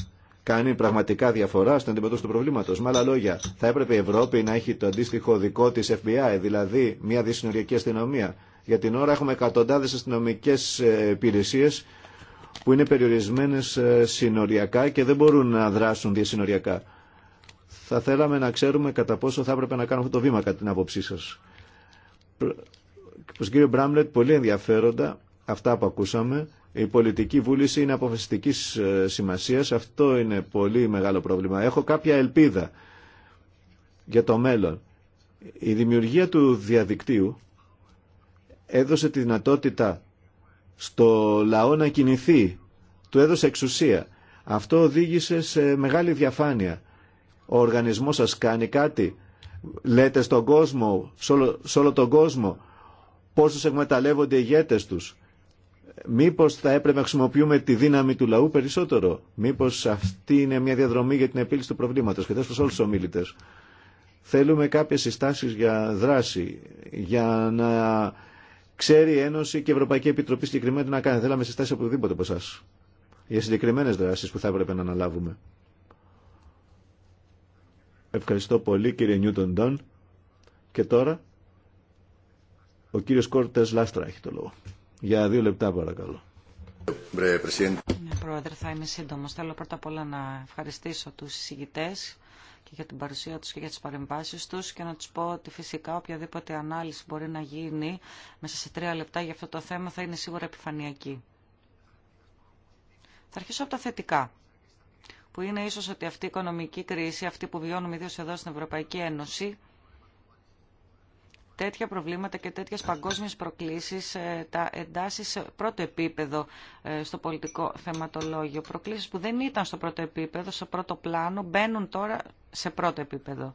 κάνει πραγματικά διαφορά στην αντιμετώπιση του προβλήματο. Με άλλα λόγια, θα έπρεπε η Ευρώπη να έχει το αντίστοιχο δικό τη FBI, δηλαδή μια διασυνοριακή αστυνομία. Για την ώρα έχουμε εκατοντάδε αστυνομικέ ε, υπηρεσίε που είναι περιορισμένε ε, συνοριακά και δεν μπορούν να δράσουν διασυνοριακά. Θα θέλαμε να ξέρουμε κατά πόσο θα έπρεπε να κάνουμε αυτό το βήμα, κατά την άποψή σα. Προ τον κύριο Μπράμλετ, πολύ ενδιαφέροντα αυτά που ακούσαμε η πολιτική βούληση είναι αποφασιστική ε, σημασία. Αυτό είναι πολύ μεγάλο πρόβλημα. Έχω κάποια ελπίδα για το μέλλον. Η δημιουργία του διαδικτύου έδωσε τη δυνατότητα στο λαό να κινηθεί. Του έδωσε εξουσία. Αυτό οδήγησε σε μεγάλη διαφάνεια. Ο οργανισμός σας κάνει κάτι. Λέτε στον κόσμο, σε όλο, τον κόσμο, πόσου εκμεταλλεύονται οι ηγέτες τους Μήπως θα έπρεπε να χρησιμοποιούμε τη δύναμη του λαού περισσότερο. Μήπως αυτή είναι μια διαδρομή για την επίλυση του προβλήματος. Και προς όλους τους ομίλητες. Θέλουμε κάποιες συστάσεις για δράση, για να ξέρει η Ένωση και η Ευρωπαϊκή Επιτροπή συγκεκριμένα να κάνει. Θέλαμε συστάσεις από οτιδήποτε από εσάς. Για συγκεκριμένες δράσεις που θα έπρεπε να αναλάβουμε. Ευχαριστώ πολύ κύριε Νιούτον Ντόν. Και τώρα ο κύριος Κόρτες Λάστρα έχει το λόγο. Για δύο λεπτά παρακαλώ. Ναι, πρόεδρε, θα είμαι σύντομο. Θέλω πρώτα απ' όλα να ευχαριστήσω του συζητητέ και για την παρουσία του και για τι παρεμβάσει του και να του πω ότι φυσικά οποιαδήποτε ανάλυση μπορεί να γίνει μέσα σε τρία λεπτά για αυτό το θέμα θα είναι σίγουρα επιφανειακή. Θα αρχίσω από τα θετικά που είναι ίσως ότι αυτή η οικονομική κρίση, αυτή που βιώνουμε ιδίως εδώ στην Ευρωπαϊκή Ένωση, τέτοια προβλήματα και τέτοιες παγκόσμιες προκλήσεις ε, τα εντάσσει σε πρώτο επίπεδο ε, στο πολιτικό θεματολόγιο. Προκλήσεις που δεν ήταν στο πρώτο επίπεδο, στο πρώτο πλάνο, μπαίνουν τώρα σε πρώτο επίπεδο.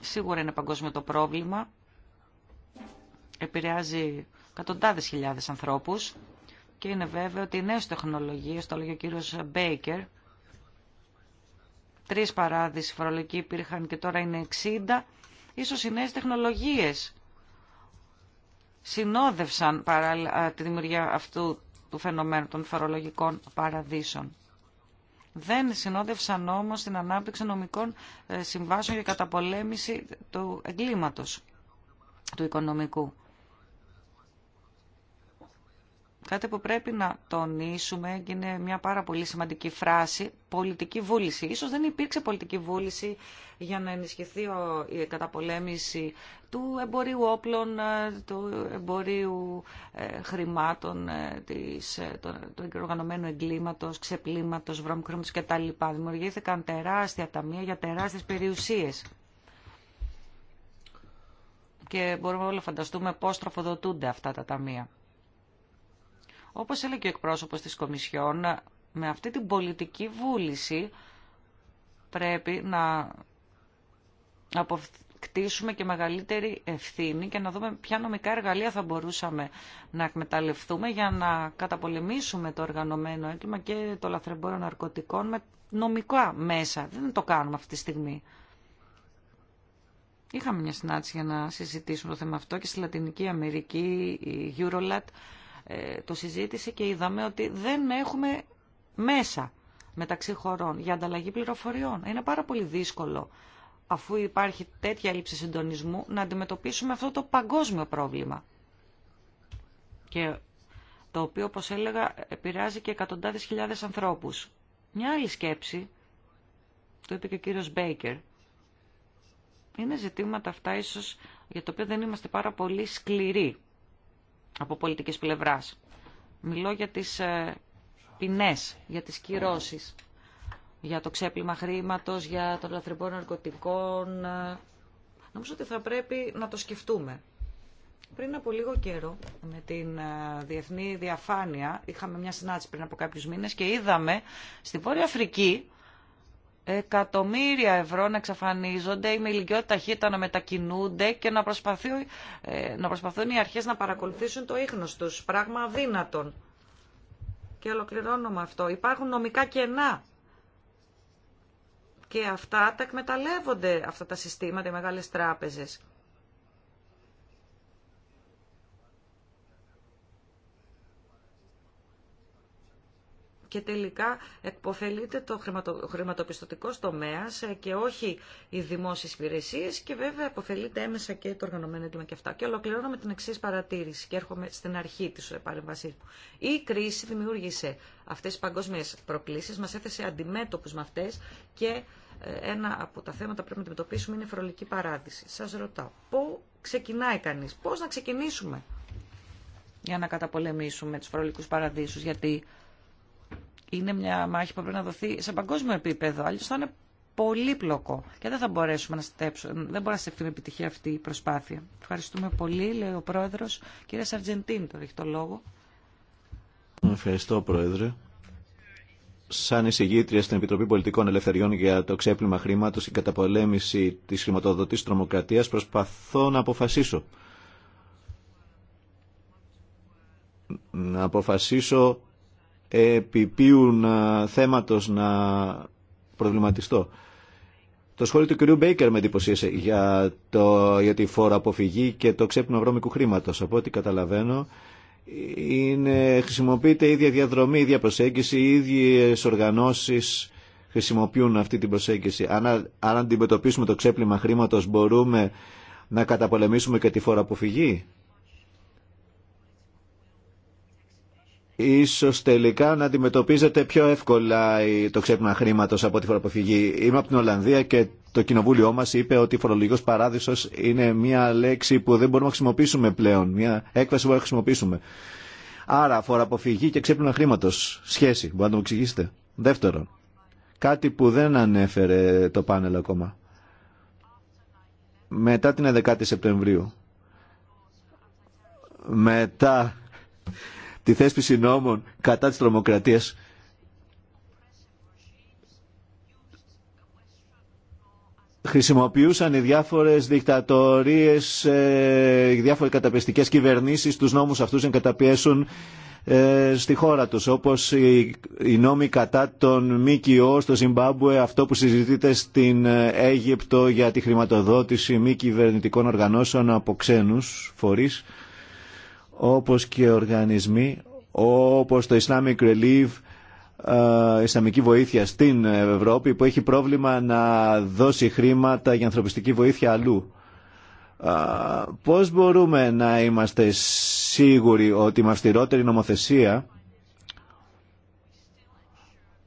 Σίγουρα είναι παγκόσμιο το πρόβλημα. Επηρεάζει εκατοντάδε χιλιάδες ανθρώπου και είναι βέβαιο ότι οι νέε τεχνολογίε το λέγει ο κύριο Μπέικερ, τρεις παράδεισοι φορολογικοί υπήρχαν και τώρα είναι 60, Ίσως οι νέες τεχνολογίες συνόδευσαν παρά τη δημιουργία αυτού του φαινομένου των φορολογικών παραδείσων. Δεν συνόδευσαν όμως την ανάπτυξη νομικών ε, συμβάσεων για καταπολέμηση του εγκλήματος του οικονομικού. Κάτι που πρέπει να τονίσουμε και είναι μια πάρα πολύ σημαντική φράση, πολιτική βούληση. Ίσως δεν υπήρξε πολιτική βούληση για να ενισχυθεί η καταπολέμηση του εμπορίου όπλων, ε, του εμπορίου ε, χρημάτων, ε, της, του οργανωμένου εγκλήματος, ξεπλήματος, βρώμικρums κτλ. Δημιουργήθηκαν τεράστια ταμεία για τεράστιες περιουσίες και μπορούμε όλα να φανταστούμε πώς τροφοδοτούνται αυτά τα ταμεία. Όπως έλεγε και ο εκπρόσωπος της Κομισιόν, με αυτή την πολιτική βούληση πρέπει να αποκτήσουμε και μεγαλύτερη ευθύνη και να δούμε ποια νομικά εργαλεία θα μπορούσαμε να εκμεταλλευτούμε για να καταπολεμήσουμε το οργανωμένο έγκλημα και το λαθρεμπόριο ναρκωτικών με νομικά μέσα. Δεν το κάνουμε αυτή τη στιγμή. Είχαμε μια συνάντηση για να συζητήσουμε το θέμα αυτό και στη Λατινική Αμερική η Eurolat ε, το συζήτησε και είδαμε ότι δεν έχουμε μέσα μεταξύ χωρών για ανταλλαγή πληροφοριών. Είναι πάρα πολύ δύσκολο αφού υπάρχει τέτοια έλλειψη συντονισμού να αντιμετωπίσουμε αυτό το παγκόσμιο πρόβλημα. Και το οποίο, όπως έλεγα, επηρεάζει και εκατοντάδες χιλιάδες ανθρώπους. Μια άλλη σκέψη, το είπε και ο κύριος Μπέικερ, είναι ζητήματα αυτά ίσως για τα οποία δεν είμαστε πάρα πολύ σκληροί από πολιτικής πλευράς. Μιλώ για τις ε, ποινές, για τις κυρώσεις, για το ξέπλυμα χρήματος, για το λαθρεμπό ναρκωτικών. Ε, νομίζω ότι θα πρέπει να το σκεφτούμε. Πριν από λίγο καιρό, με την ε, Διεθνή Διαφάνεια, είχαμε μια συνάντηση πριν από κάποιους μήνες και είδαμε στη Βόρεια Αφρική εκατομμύρια ευρώ να εξαφανίζονται ή με ηλικιότητα ταχύτητα να μετακινούνται και να, ε, να προσπαθούν οι αρχές να παρακολουθήσουν το ίχνος τους. Πράγμα αδύνατον. Και ολοκληρώνω με αυτό. Υπάρχουν νομικά κενά. Και αυτά τα εκμεταλλεύονται αυτά τα συστήματα, οι μεγάλες τράπεζες. και τελικά εκποφελείται το χρηματοπιστωτικό τομέα ε, και όχι οι δημόσιε υπηρεσίε και βέβαια εκποφελείται έμεσα και το οργανωμένο έγκλημα και αυτά. Και ολοκληρώνω με την εξή παρατήρηση και έρχομαι στην αρχή τη ε, παρέμβασή μου. Η κρίση δημιούργησε αυτέ τι παγκόσμιε προκλήσει, μα έθεσε αντιμέτωπου με αυτέ και ε, ένα από τα θέματα που πρέπει να αντιμετωπίσουμε είναι η φορολογική παράδειση. Σα ρωτάω, πού ξεκινάει κανεί, πώ να ξεκινήσουμε για να καταπολεμήσουμε του φορολογικούς παραδείσου, γιατί είναι μια μάχη που πρέπει να δοθεί σε παγκόσμιο επίπεδο. Αλλιώ θα είναι πολύπλοκο και δεν θα μπορέσουμε να στέψουμε, δεν μπορεί να στεφτεί με επιτυχία αυτή η προσπάθεια. Ευχαριστούμε πολύ, λέει ο πρόεδρο. Κύριε Σαρτζεντίνη, το έχει το λόγο. Ευχαριστώ, πρόεδρε. Σαν εισηγήτρια στην Επιτροπή Πολιτικών Ελευθεριών για το ξέπλυμα χρήματο και καταπολέμηση τη χρηματοδοτή τρομοκρατία, προσπαθώ να αποφασίσω. Να αποφασίσω επιπίουν ε, θέματος να προβληματιστώ. Το σχόλιο του κ. Μπέικερ με εντυπωσίασε για, το, για τη φόρα αποφυγή και το ξέπνο βρώμικου χρήματος. Από ό,τι καταλαβαίνω, είναι, χρησιμοποιείται η ίδια διαδρομή, η ίδια προσέγγιση, οι ίδιες οργανώσεις χρησιμοποιούν αυτή την προσέγγιση. Αν, αν αντιμετωπίσουμε το ξέπλυμα χρήματος μπορούμε να καταπολεμήσουμε και τη φόρα αποφυγή. ίσως τελικά να αντιμετωπίζεται πιο εύκολα το ξέπλυμα χρήματο από τη φοροαποφυγή. Είμαι από την Ολλανδία και το κοινοβούλιο μας είπε ότι φορολογικός παράδεισος είναι μια λέξη που δεν μπορούμε να χρησιμοποιήσουμε πλέον, μια έκφραση που μπορούμε να χρησιμοποιήσουμε. Άρα φοροαποφυγή και ξέπλυμα χρήματο. σχέση, μπορείτε να μου εξηγήσετε. Δεύτερον, κάτι που δεν ανέφερε το πάνελ ακόμα. Μετά την 11η Σεπτεμβρίου, μετά τη θέσπιση νόμων κατά της τρομοκρατίας. Χρησιμοποιούσαν οι διάφορες δικτατορίες, ε, οι διάφορες καταπιστικές κυβερνήσεις τους νόμους αυτούς να καταπιέσουν ε, στη χώρα τους όπως οι νόμοι κατά τον ΜΚΟ στο Ζιμπάμπουε αυτό που συζητείται στην ε, Αίγυπτο για τη χρηματοδότηση μη κυβερνητικών οργανώσεων από ξένους φορείς όπως και οργανισμοί όπως το Islamic Relief, η ε, Ισλαμική βοήθεια στην Ευρώπη που έχει πρόβλημα να δώσει χρήματα για ανθρωπιστική βοήθεια αλλού. Ε, πώς μπορούμε να είμαστε σίγουροι ότι με αυστηρότερη νομοθεσία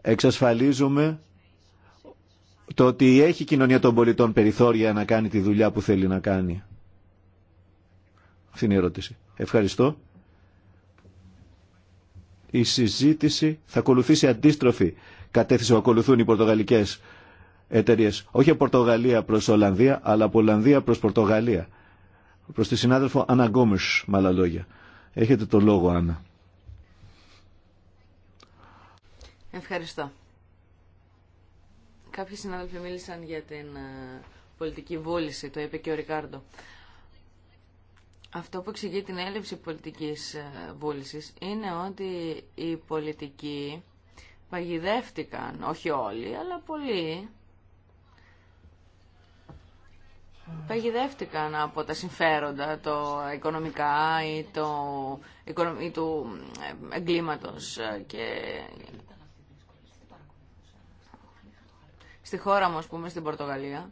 εξασφαλίζουμε το ότι έχει κοινωνία των πολιτών περιθώρια να κάνει τη δουλειά που θέλει να κάνει. Αυτή είναι η ερώτηση. Ευχαριστώ. Η συζήτηση θα ακολουθήσει αντίστροφη κατεύθυνση που ακολουθούν οι πορτογαλικές εταιρείε. Όχι από Πορτογαλία προς Ολλανδία, αλλά από Ολλανδία προς Πορτογαλία. Προς τη συνάδελφο Άννα Γκόμε, με άλλα λόγια. Έχετε το λόγο, Άννα. Ευχαριστώ. Κάποιοι συνάδελφοι μίλησαν για την ε, πολιτική βούληση, το είπε και ο Ρικάρντο. Αυτό που εξηγεί την έλλειψη πολιτικής ε, βούλησης είναι ότι οι πολιτικοί παγιδεύτηκαν, όχι όλοι, αλλά πολλοί, παγιδεύτηκαν από τα συμφέροντα, το οικονομικά ή, το, ή του ε, εγκλήματος ε, και στη χώρα μου, πούμε, στην Πορτογαλία,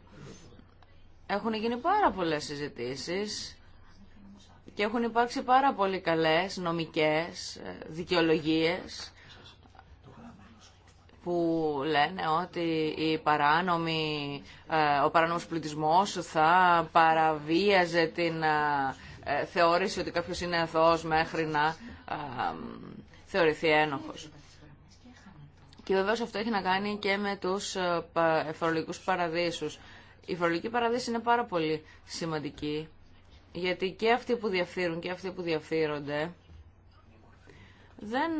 έχουν γίνει πάρα πολλές συζητήσεις και έχουν υπάρξει πάρα πολύ καλές νομικές ε, δικαιολογίες που λένε ότι η παράνομη, ε, ο παράνομος πλουτισμός θα παραβίαζε την ε, θεώρηση ότι κάποιος είναι αθώος μέχρι να θεωρηθεί ένοχος. Και βεβαίως αυτό έχει να κάνει και με τους φορολογικούς παραδείσους. Η φορολογική παραδείση είναι πάρα πολύ σημαντική γιατί και αυτοί που διαφθείρουν και αυτοί που διαφθείρονται δεν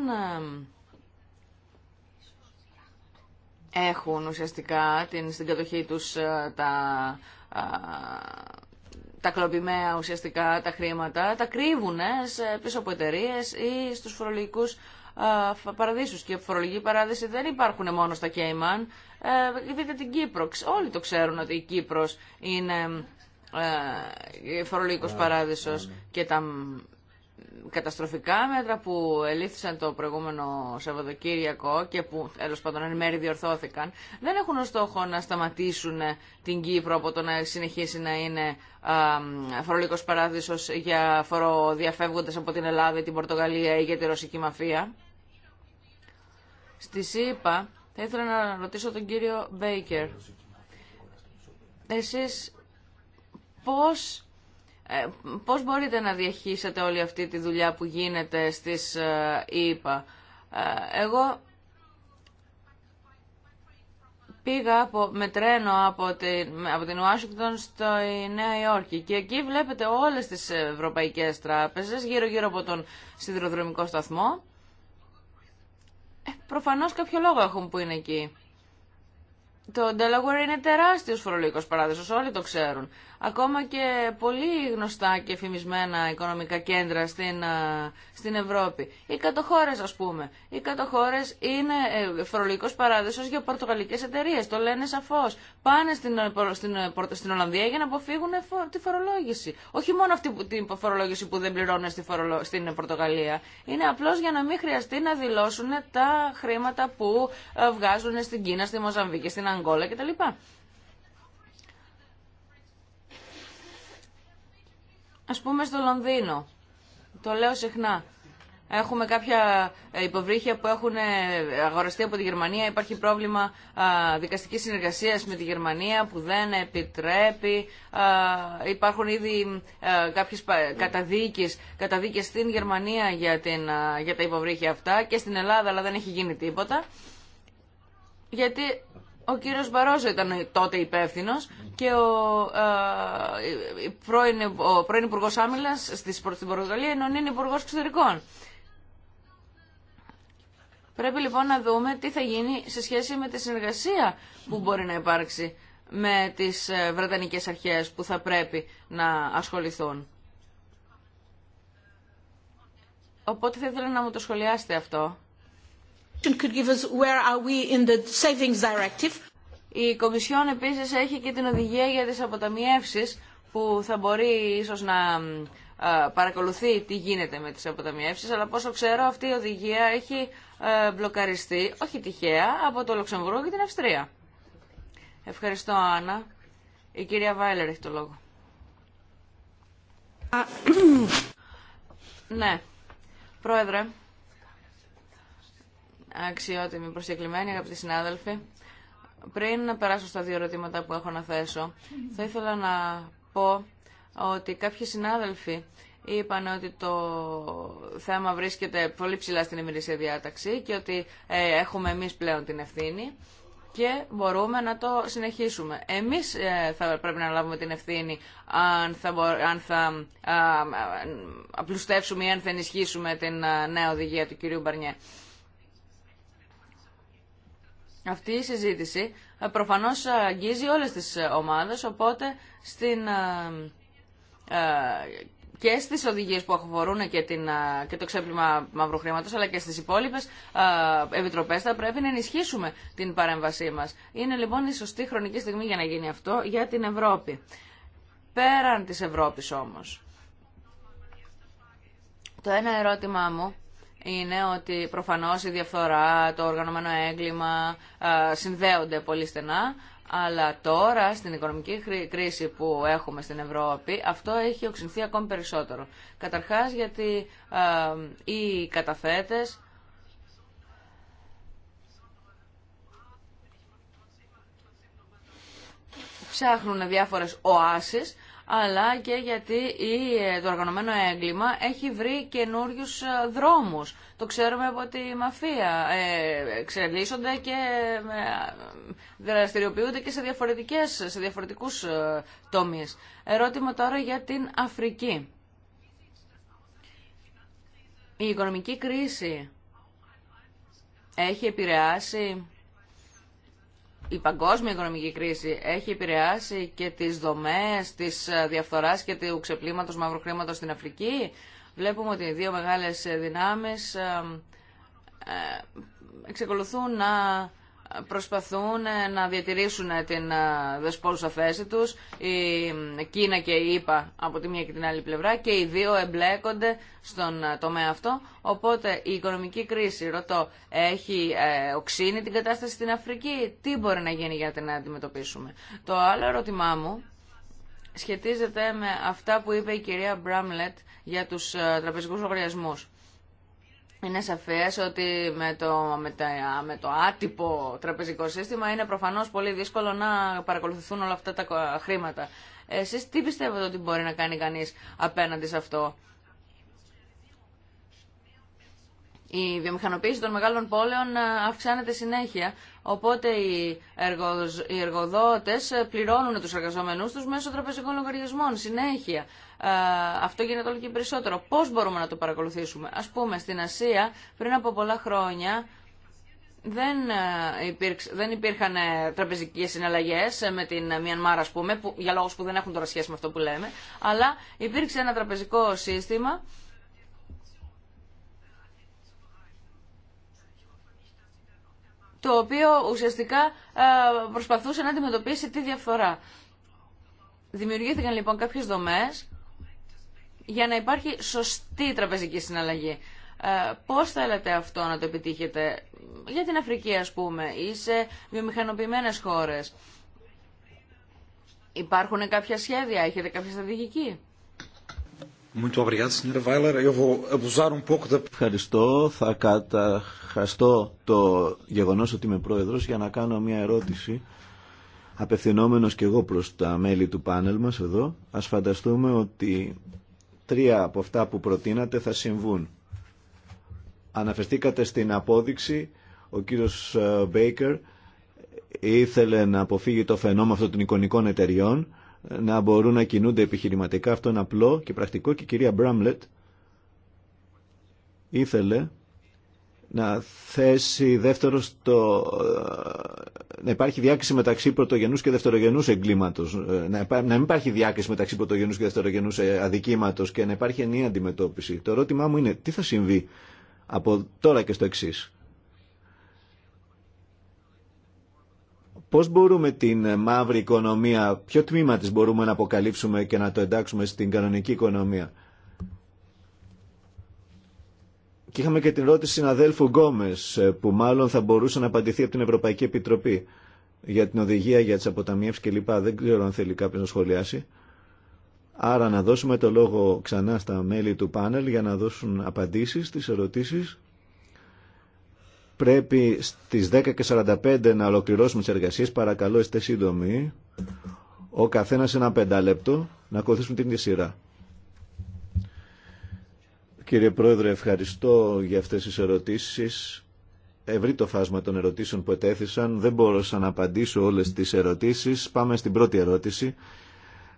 έχουν ουσιαστικά την, στην κατοχή τους ε, τα, ε, τα κλοπημαία ουσιαστικά τα χρήματα, τα κρύβουν σε, πίσω από εταιρείε ή στους φορολογικούς ε, παραδείσους. Και φορολογική παράδειση δεν υπάρχουν μόνο στα Κέιμαν, δείτε την Κύπρο. Όλοι το ξέρουν ότι η Κύπρος είναι ε, φορολογικός παράδεισος ναι, ναι. και τα καταστροφικά μέτρα που ελήφθησαν το προηγούμενο Σαββατοκύριακο και που τέλο πάντων εν μέρη διορθώθηκαν, δεν έχουν ως στόχο να σταματήσουν την Κύπρο από το να συνεχίσει να είναι φορολογικό παράδεισο για φοροδιαφεύγοντε από την Ελλάδα ή την Πορτογαλία ή για τη ρωσική μαφία. Στη ΣΥΠΑ θα ήθελα να ρωτήσω τον κύριο Μπέικερ. Εσείς πώς, ε, πώς μπορείτε να διαχείσετε όλη αυτή τη δουλειά που γίνεται στις ΕΙΠΑ. Ε, εγώ πήγα από, με τρένο από την, από την Ουάσιγκτον στο η Νέα Υόρκη και εκεί βλέπετε όλες τις ευρωπαϊκές τράπεζες γύρω-γύρω από τον σιδηροδρομικό σταθμό. Ε, προφανώς κάποιο λόγο έχουν που είναι εκεί. Το Delaware είναι τεράστιος φορολογικός παράδεισος, όλοι το ξέρουν. Ακόμα και πολύ γνωστά και φημισμένα οικονομικά κέντρα στην, στην Ευρώπη. Οι κατοχώρες ας πούμε. Οι κατοχώρες είναι ε, φορολογικός παράδεισος για πορτογαλικές εταιρείες, το λένε σαφώς. Πάνε στην, ε, στην, ε, στην Ολλανδία για να αποφύγουν τη φορολόγηση. Όχι μόνο αυτή την φορολόγηση που δεν πληρώνουν στη στην Πορτογαλία. Είναι απλώς για να μην χρειαστεί να δηλώσουν τα χρήματα που βγάζουν στην Κίνα, στη Μοζαμβίκη, στην Αγγόλα κτλ. Ας πούμε στο Λονδίνο, το λέω συχνά, Έχουμε κάποια ε, υποβρύχια που έχουν ε, αγοραστεί από τη Γερμανία. Υπάρχει πρόβλημα δικαστικής συνεργασίας με τη Γερμανία που δεν επιτρέπει. Υπάρχουν ήδη ε, κάποιες καταδίκες, καταδίκες στην Γερμανία για, την, για τα υποβρύχια αυτά και στην Ελλάδα, αλλά δεν έχει γίνει τίποτα. Γιατί ο κύριος Μπαρόζο ήταν τότε υπεύθυνο και ο, ε, πρώην, ο πρώην Υπουργό Άμυλα στην Πορτογαλία ενώ είναι Υπουργό Εξωτερικών. Πρέπει λοιπόν να δούμε τι θα γίνει σε σχέση με τη συνεργασία που μπορεί να υπάρξει με τις ε, Βρετανικές αρχές που θα πρέπει να ασχοληθούν. Οπότε θα ήθελα να μου το σχολιάσετε αυτό. Η Κομισιόν επίσης έχει και την οδηγία για τις αποταμιεύσεις που θα μπορεί ίσως να ε, παρακολουθεί τι γίνεται με τις αποταμιεύσεις, αλλά πόσο ξέρω αυτή η οδηγία έχει ε, μπλοκαριστεί, όχι τυχαία, από το Λουξεμβούργο και την Αυστρία. Ευχαριστώ, Άννα. Η κυρία Βάιλερ έχει το λόγο. (clears throat) ναι. Πρόεδρε, αξιότιμοι προσκεκλημένη, αγαπητοί συνάδελφοι. Πριν να περάσω στα δύο ερωτήματα που έχω να θέσω, θα ήθελα να πω ότι κάποιοι συνάδελφοι είπαν ότι το θέμα βρίσκεται πολύ ψηλά στην ημερήσια διάταξη και ότι ε, έχουμε εμείς πλέον την ευθύνη και μπορούμε να το συνεχίσουμε. Εμείς ε, θα πρέπει να λάβουμε την ευθύνη αν θα, αν θα απλουστεύσουμε ή αν θα ενισχύσουμε την ε, νέα οδηγία του κυρίου Μπαρνιέ. Αυτή η συζήτηση ε, προφανώς αγγίζει όλες τις ε, ομάδες, οπότε στην, ε, και στις οδηγίες που αφορούν και, και το ξέπλυμα μαύρου χρήματος, αλλά και στις υπόλοιπες επιτροπές θα πρέπει να ενισχύσουμε την παρέμβασή μας. Είναι λοιπόν η σωστή χρονική στιγμή για να γίνει αυτό για την Ευρώπη. Πέραν της Ευρώπης όμως. Το ένα ερώτημά μου είναι ότι προφανώς η διαφθορά, το οργανωμένο έγκλημα συνδέονται πολύ στενά, αλλά τώρα στην οικονομική κρίση που έχουμε στην Ευρώπη αυτό έχει οξυνθεί ακόμη περισσότερο. Καταρχάς γιατί οι καταθέτες ψάχνουν διάφορες οάσεις αλλά και γιατί ε, το οργανωμένο έγκλημα έχει βρει καινούριου ε, δρόμους. Το ξέρουμε από τη μαφία. Ε, εξελίσσονται και δραστηριοποιούνται και σε, διαφορετικές, σε διαφορετικούς τομείς. Ερώτημα τώρα για την Αφρική. Η οικονομική κρίση έχει επηρεάσει η παγκόσμια οικονομική κρίση έχει επηρεάσει και τις δομές της διαφθοράς και του ξεπλήματος μαύρου χρήματος στην Αφρική. Βλέπουμε ότι οι δύο μεγάλες δυνάμεις ε, ε, εξεκολουθούν να προσπαθούν ε, να διατηρήσουν ε, την ε, δεσπόλουσα θέση τους η Κίνα και η ΙΠΑ από τη μία και την άλλη πλευρά και οι δύο εμπλέκονται στον τομέα αυτό οπότε η οικονομική κρίση ρωτώ έχει οξύνει την κατάσταση στην Αφρική τι μπορεί να γίνει για να την αντιμετωπίσουμε το άλλο ερώτημά μου σχετίζεται με αυτά που είπε η κυρία Μπράμλετ για τους τραπεζικούς λογαριασμούς είναι σαφέ ότι με το, με, το άτυπο τραπεζικό σύστημα είναι προφανώς πολύ δύσκολο να παρακολουθούν όλα αυτά τα χρήματα. Εσείς τι πιστεύετε ότι μπορεί να κάνει κανείς απέναντι σε αυτό. Η βιομηχανοποίηση των μεγάλων πόλεων ε, αυξάνεται συνέχεια, οπότε οι, εργοδότες ε, πληρώνουν τους εργαζόμενούς τους μέσω τραπεζικών λογαριασμών συνέχεια αυτό γίνεται όλο και περισσότερο. Πώς μπορούμε να το παρακολουθήσουμε. Ας πούμε, στην Ασία πριν από πολλά χρόνια δεν, ε, δεν υπήρχαν ε, τραπεζικέ συναλλαγέ ε, με την Μιανμάρα, πούμε, για λόγους που δεν έχουν τώρα σχέση με αυτό που λέμε, αλλά υπήρξε ένα τραπεζικό σύστημα το οποίο ουσιαστικά προσπαθούσε να αντιμετωπίσει τη διαφθορά. Δημιουργήθηκαν λοιπόν κάποιες δομές για να υπάρχει σωστή τραπεζική συναλλαγή. Ε, πώς θέλετε αυτό να το επιτύχετε για την Αφρική ας πούμε ή σε βιομηχανοποιημένες χώρες. Υπάρχουν κάποια σχέδια, έχετε κάποια στρατηγική. Um Ευχαριστώ. Θα καταχαστώ το γεγονός ότι είμαι πρόεδρος για να κάνω μια ερώτηση απευθυνόμενος και εγώ προς τα μέλη του πάνελ μας εδώ. Ας φανταστούμε ότι Τρία από αυτά που προτείνατε θα συμβούν. Αναφερθήκατε στην απόδειξη. Ο κύριος Μπέικερ ήθελε να αποφύγει το φαινόμενο αυτό των εικονικών εταιριών, ε, να μπορούν να κινούνται επιχειρηματικά. Αυτό είναι απλό και πρακτικό. Και η κυρία Μπράμλετ ήθελε να θέσει δεύτερο στο, ε, να υπάρχει διάκριση μεταξύ πρωτογενού και δευτερογενούς εγκλήματος, ε, να, να μην υπάρχει διάκριση μεταξύ πρωτογενού και δευτερογενού ε, αδικήματος και να υπάρχει ενιαία αντιμετώπιση. Το ερώτημά μου είναι τι θα συμβεί από τώρα και στο εξή. Πώς μπορούμε την μαύρη οικονομία, ποιο τμήμα της μπορούμε να αποκαλύψουμε και να το εντάξουμε στην κανονική οικονομία Και είχαμε και την ερώτηση συναδέλφου Γκόμε, ε, που μάλλον θα μπορούσε να απαντηθεί από την Ευρωπαϊκή Επιτροπή για την οδηγία για τι αποταμιεύσει κλπ. Δεν ξέρω αν θέλει κάποιο να σχολιάσει. Άρα να δώσουμε το λόγο ξανά στα μέλη του πάνελ για να δώσουν απαντήσεις στις ερωτήσεις. Πρέπει στις 10.45 να ολοκληρώσουμε τις εργασίες. Παρακαλώ είστε σύντομοι. Ο καθένας ένα πεντάλεπτο να ακολουθήσουμε την ίδια σειρά. Κύριε Πρόεδρε, ευχαριστώ για αυτές τις ερωτήσεις. Ευρύ το φάσμα των ερωτήσεων που ετέθησαν. Δεν μπορούσα να απαντήσω όλες τις ερωτήσεις. Πάμε στην πρώτη ερώτηση,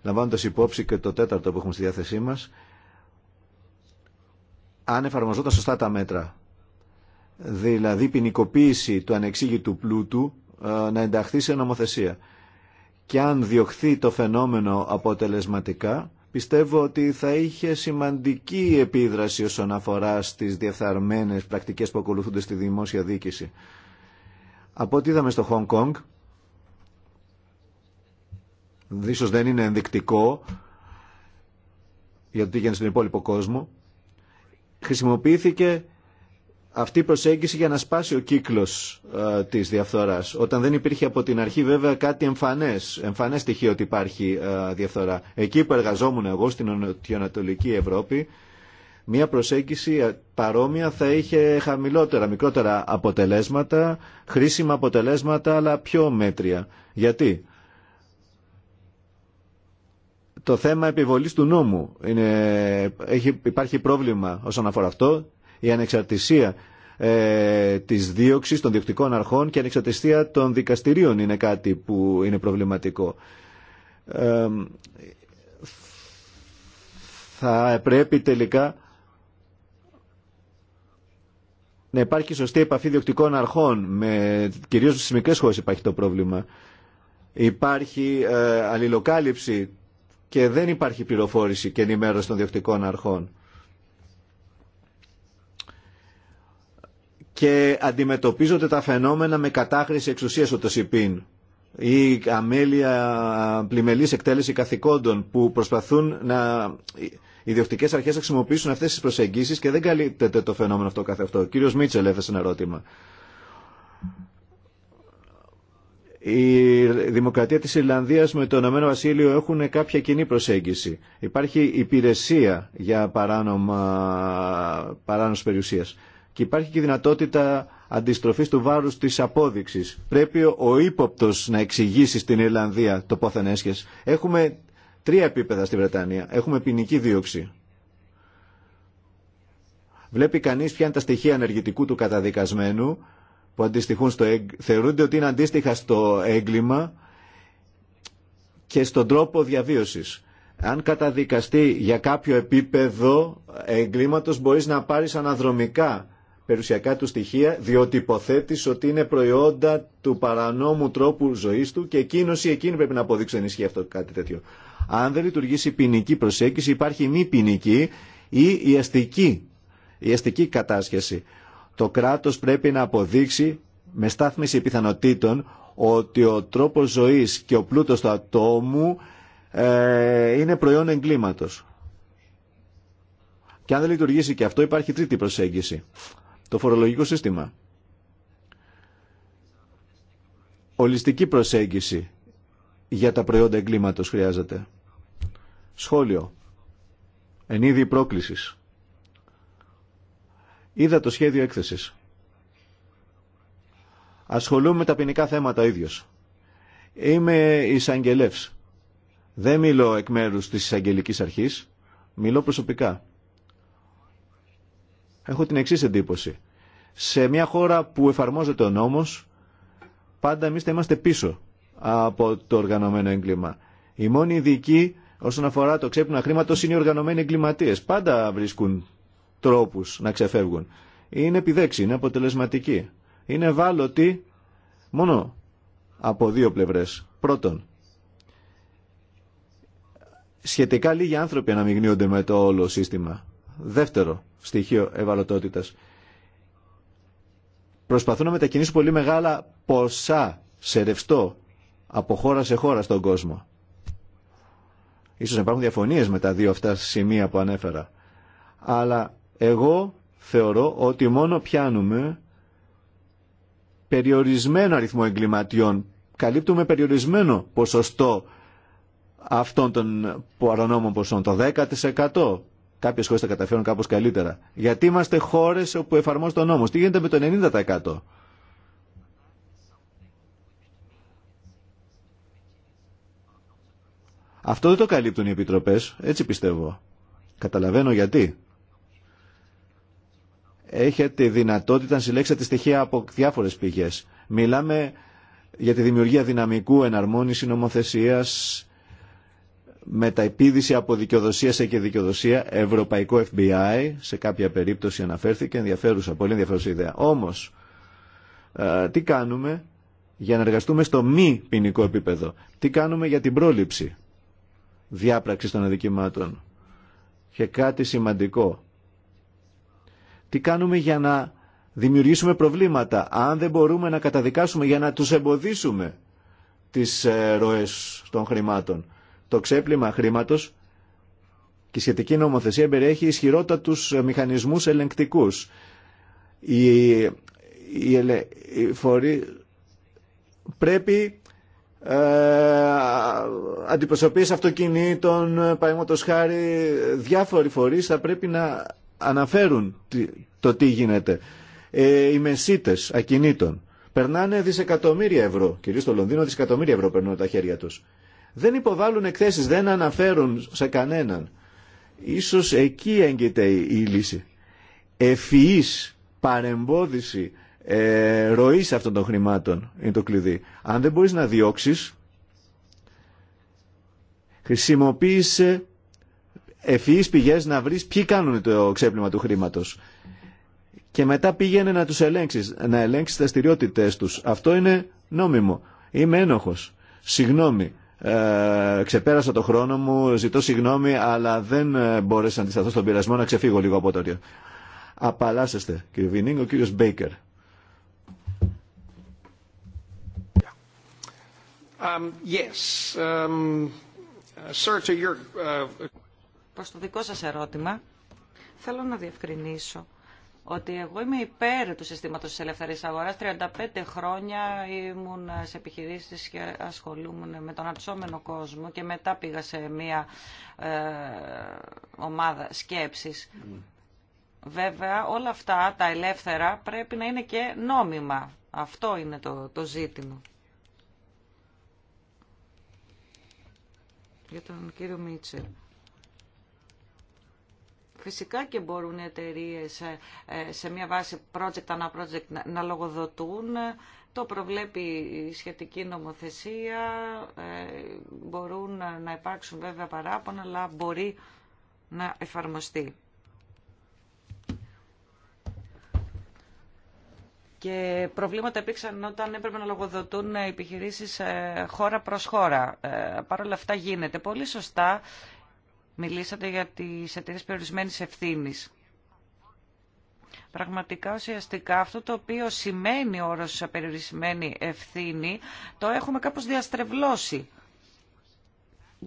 λαμβάνοντας υπόψη και το τέταρτο που έχουμε στη διάθεσή μας. Αν εφαρμοζόταν σωστά τα μέτρα, δηλαδή ποινικοποίηση του ανεξήγητου πλούτου ε, να ενταχθεί σε νομοθεσία και αν διωχθεί το φαινόμενο αποτελεσματικά, πιστεύω ότι θα είχε σημαντική επίδραση όσον αφορά στις διεφθαρμένες πρακτικές που ακολουθούνται στη δημόσια διοίκηση. Από ό,τι είδαμε στο Χονγκ Κονγκ, ίσως δεν είναι ενδεικτικό για το τι γίνεται στον υπόλοιπο κόσμο, χρησιμοποιήθηκε αυτή η προσέγγιση για να σπάσει ο κύκλος ε, της διαφθοράς. Όταν δεν υπήρχε από την αρχή βέβαια κάτι εμφανές, εμφανές στοιχείο ότι υπάρχει ε, διαφθορά. Εκεί που εργαζόμουν εγώ στην Ανατολική Ευρώπη, μια προσέγγιση ε, παρόμοια θα είχε χαμηλότερα, μικρότερα αποτελέσματα, χρήσιμα αποτελέσματα, αλλά πιο μέτρια. Γιατί? Το θέμα επιβολής του νόμου. υπάρχει πρόβλημα όσον αφορά αυτό η ανεξαρτησία ε, της δίωξης των διοκτικών αρχών και η ανεξαρτησία των δικαστηρίων είναι κάτι που είναι προβληματικό. Ε, θα πρέπει τελικά να υπάρχει σωστή επαφή διοκτικών αρχών. Με, κυρίως στις μικρές χώρες υπάρχει το πρόβλημα. Υπάρχει ε, αλληλοκάλυψη και δεν υπάρχει πληροφόρηση και ενημέρωση των διοκτικών αρχών. και αντιμετωπίζονται τα φαινόμενα με κατάχρηση εξουσίας ο ΣΥΠΗΝ ή αμέλεια πλημελής εκτέλεση καθηκόντων που προσπαθούν να... Οι αρχές να χρησιμοποιήσουν αυτές τις προσεγγίσεις και δεν καλύπτεται το φαινόμενο αυτό καθ' αυτό. Ο κύριος Μίτσελ έθεσε ένα ερώτημα. Η Δημοκρατία της Ιρλανδίας με το Ηνωμένο Βασίλειο έχουν κάποια κοινή προσέγγιση. Υπάρχει υπηρεσία για παράνομα, παράνομες και υπάρχει και η δυνατότητα αντιστροφή του βάρου τη απόδειξη. Πρέπει ο ύποπτο να εξηγήσει στην Ιρλανδία το πόθεν Έχουμε τρία επίπεδα στη Βρετανία. Έχουμε ποινική δίωξη. Βλέπει κανεί ποια είναι τα στοιχεία ενεργητικού του καταδικασμένου που αντιστοιχούν στο εγ... θεωρούνται ότι είναι αντίστοιχα στο έγκλημα και στον τρόπο διαβίωσης. Αν καταδικαστεί για κάποιο επίπεδο εγκλήματος μπορείς να πάρεις αναδρομικά περιουσιακά του στοιχεία, διότι υποθέτει ότι είναι προϊόντα του παρανόμου τρόπου ζωή του και εκείνο ή εκείνη πρέπει να αποδείξει ενισχύει αυτό κάτι τέτοιο. Αν δεν λειτουργήσει ποινική προσέγγιση, υπάρχει μη ποινική ή η αστική, η αστική κατάσχεση. Το κράτο πρέπει να αποδείξει με στάθμιση πιθανότητων ότι ο τρόπο ζωή και ο πλούτο του ατόμου ε, είναι προϊόν εγκλήματο. Και αν δεν λειτουργήσει και αυτό υπάρχει τρίτη προσέγγιση το φορολογικό σύστημα. Ολιστική προσέγγιση για τα προϊόντα εγκλήματος χρειάζεται. Σχόλιο. Εν είδη πρόκλησης. Είδα το σχέδιο έκθεσης. Ασχολούμαι με τα ποινικά θέματα ίδιος. Είμαι εισαγγελεύς. Δεν μιλώ εκ μέρους της εισαγγελικής αρχής. Μιλώ προσωπικά έχω την εξή εντύπωση. Σε μια χώρα που εφαρμόζεται ο νόμος, πάντα εμείς θα είμαστε πίσω από το οργανωμένο έγκλημα. Η μόνοι ειδικοί όσον αφορά το ξέπνο χρήματο είναι οι οργανωμένοι εγκληματίε. Πάντα βρίσκουν τρόπου να ξεφεύγουν. Είναι επιδέξι, είναι αποτελεσματική. Είναι ευάλωτοι μόνο από δύο πλευρέ. Πρώτον, σχετικά λίγοι άνθρωποι αναμειγνύονται με το όλο σύστημα. Δεύτερο στοιχείο ευαλωτότητας. Προσπαθούν να μετακινήσουν πολύ μεγάλα ποσά σε ρευστό από χώρα σε χώρα στον κόσμο. Ίσως να υπάρχουν διαφωνίες με τα δύο αυτά σημεία που ανέφερα. Αλλά εγώ θεωρώ ότι μόνο πιάνουμε περιορισμένο αριθμό εγκληματιών. Καλύπτουμε περιορισμένο ποσοστό αυτών των παρανόμων ποσών, το 10%. Κάποιε χώρε τα καταφέρουν κάπω καλύτερα. Γιατί είμαστε χώρε όπου εφαρμόζεται ο νόμο. Τι γίνεται με το 90%. Αυτό δεν το καλύπτουν οι επιτροπές, έτσι πιστεύω. Καταλαβαίνω γιατί. Έχετε δυνατότητα να συλλέξετε στοιχεία από διάφορες πηγές. Μιλάμε για τη δημιουργία δυναμικού εναρμόνιση νομοθεσίας, επίδυση από δικαιοδοσία σε και δικαιοδοσία, ευρωπαϊκό FBI, σε κάποια περίπτωση αναφέρθηκε, ενδιαφέρουσα, πολύ ενδιαφέρουσα ιδέα. Όμως, τι κάνουμε για να εργαστούμε στο μη ποινικό επίπεδο. Τι κάνουμε για την πρόληψη διάπραξη των αδικημάτων. Και κάτι σημαντικό. Τι κάνουμε για να δημιουργήσουμε προβλήματα, αν δεν μπορούμε να καταδικάσουμε για να τους εμποδίσουμε τις ε, ροές των χρημάτων. Το ξέπλυμα χρήματος και η σχετική νομοθεσία περιέχει ισχυρότατους μηχανισμούς ελεγκτικούς. Οι, οι, ελε, φορεί πρέπει ε, αντιπροσωπείς αυτοκινήτων, παραδείγματος χάρη, διάφοροι φορείς θα πρέπει να αναφέρουν το τι γίνεται. Ε, οι μεσίτες ακινήτων περνάνε δισεκατομμύρια ευρώ, κυρίως στο Λονδίνο δισεκατομμύρια ευρώ περνούν τα χέρια τους δεν υποβάλλουν εκθέσεις, δεν αναφέρουν σε κανέναν. Ίσως εκεί έγκυται η, η λύση. Ευφυής παρεμπόδιση ε, ροής αυτών των χρημάτων είναι το κλειδί. Αν δεν μπορείς να διώξεις, χρησιμοποίησε ευφυείς πηγές να βρεις ποιοι κάνουν το ξέπλυμα του χρήματος. Και μετά πήγαινε να τους ελέγξεις, να ελέγξεις τα στηριότητες τους. Αυτό είναι νόμιμο. Είμαι ένοχος. Συγγνώμη. Ε, ξεπέρασα το χρόνο μου, ζητώ συγγνώμη, αλλά δεν ε, μπόρεσα να αντισταθώ στον πειρασμό να ξεφύγω λίγο από το όριο. Απαλλάσσεστε, κύριε Βινίνγκ, ο κύριος Μπέικερ. Um, um, uh, Προς το δικό σας ερώτημα, θέλω να διευκρινίσω ότι εγώ είμαι υπέρ του συστήματος της ελευθερής αγοράς. 35 χρόνια ήμουν σε επιχειρήσεις και ασχολούμουν με τον αψόμενο κόσμο και μετά πήγα σε μια ε, ομάδα σκέψης. Βέβαια όλα αυτά τα ελεύθερα πρέπει να είναι και νόμιμα. Αυτό είναι το, το ζήτημα. Για τον κύριο Μίτσελ. Φυσικά και μπορούν οι εταιρείε ε, ε, σε μια βάση project ανά project να λογοδοτούν. Το προβλέπει η σχετική νομοθεσία. Ε, μπορούν να υπάρξουν βέβαια παράπονα, αλλά μπορεί να εφαρμοστεί. και προβλήματα υπήρξαν όταν έπρεπε να λογοδοτούν επιχειρήσεις χώρα προς χώρα. Παρ' όλα αυτά γίνεται. Πολύ σωστά Μιλήσατε για τις εταιρείε περιορισμένη ευθύνη. Πραγματικά ουσιαστικά αυτό το οποίο σημαίνει όρος περιορισμένη ευθύνη το έχουμε κάπως διαστρεβλώσει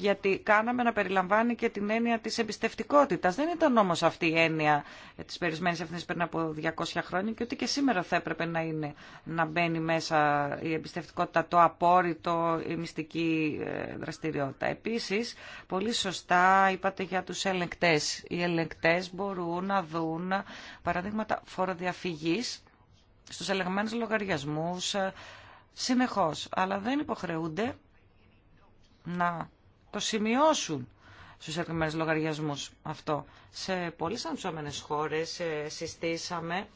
γιατί κάναμε να περιλαμβάνει και την έννοια της εμπιστευτικότητας. Δεν ήταν όμως αυτή η έννοια της περισμένης ευθύνης πριν από 200 χρόνια και ότι και σήμερα θα έπρεπε να είναι να μπαίνει μέσα η εμπιστευτικότητα, το απόρριτο, η μυστική ε, δραστηριότητα. Επίσης, πολύ σωστά είπατε για τους ελεγκτές. Οι ελεγκτές μπορούν να δουν παραδείγματα φοροδιαφυγής στους ελεγμένους λογαριασμούς ε, συνεχώς, αλλά δεν υποχρεούνται να το σημειώσουν στους εκκριμένους λογαριασμούς αυτό. Σε πολλές αντισόμενες χώρες ε, συστήσαμε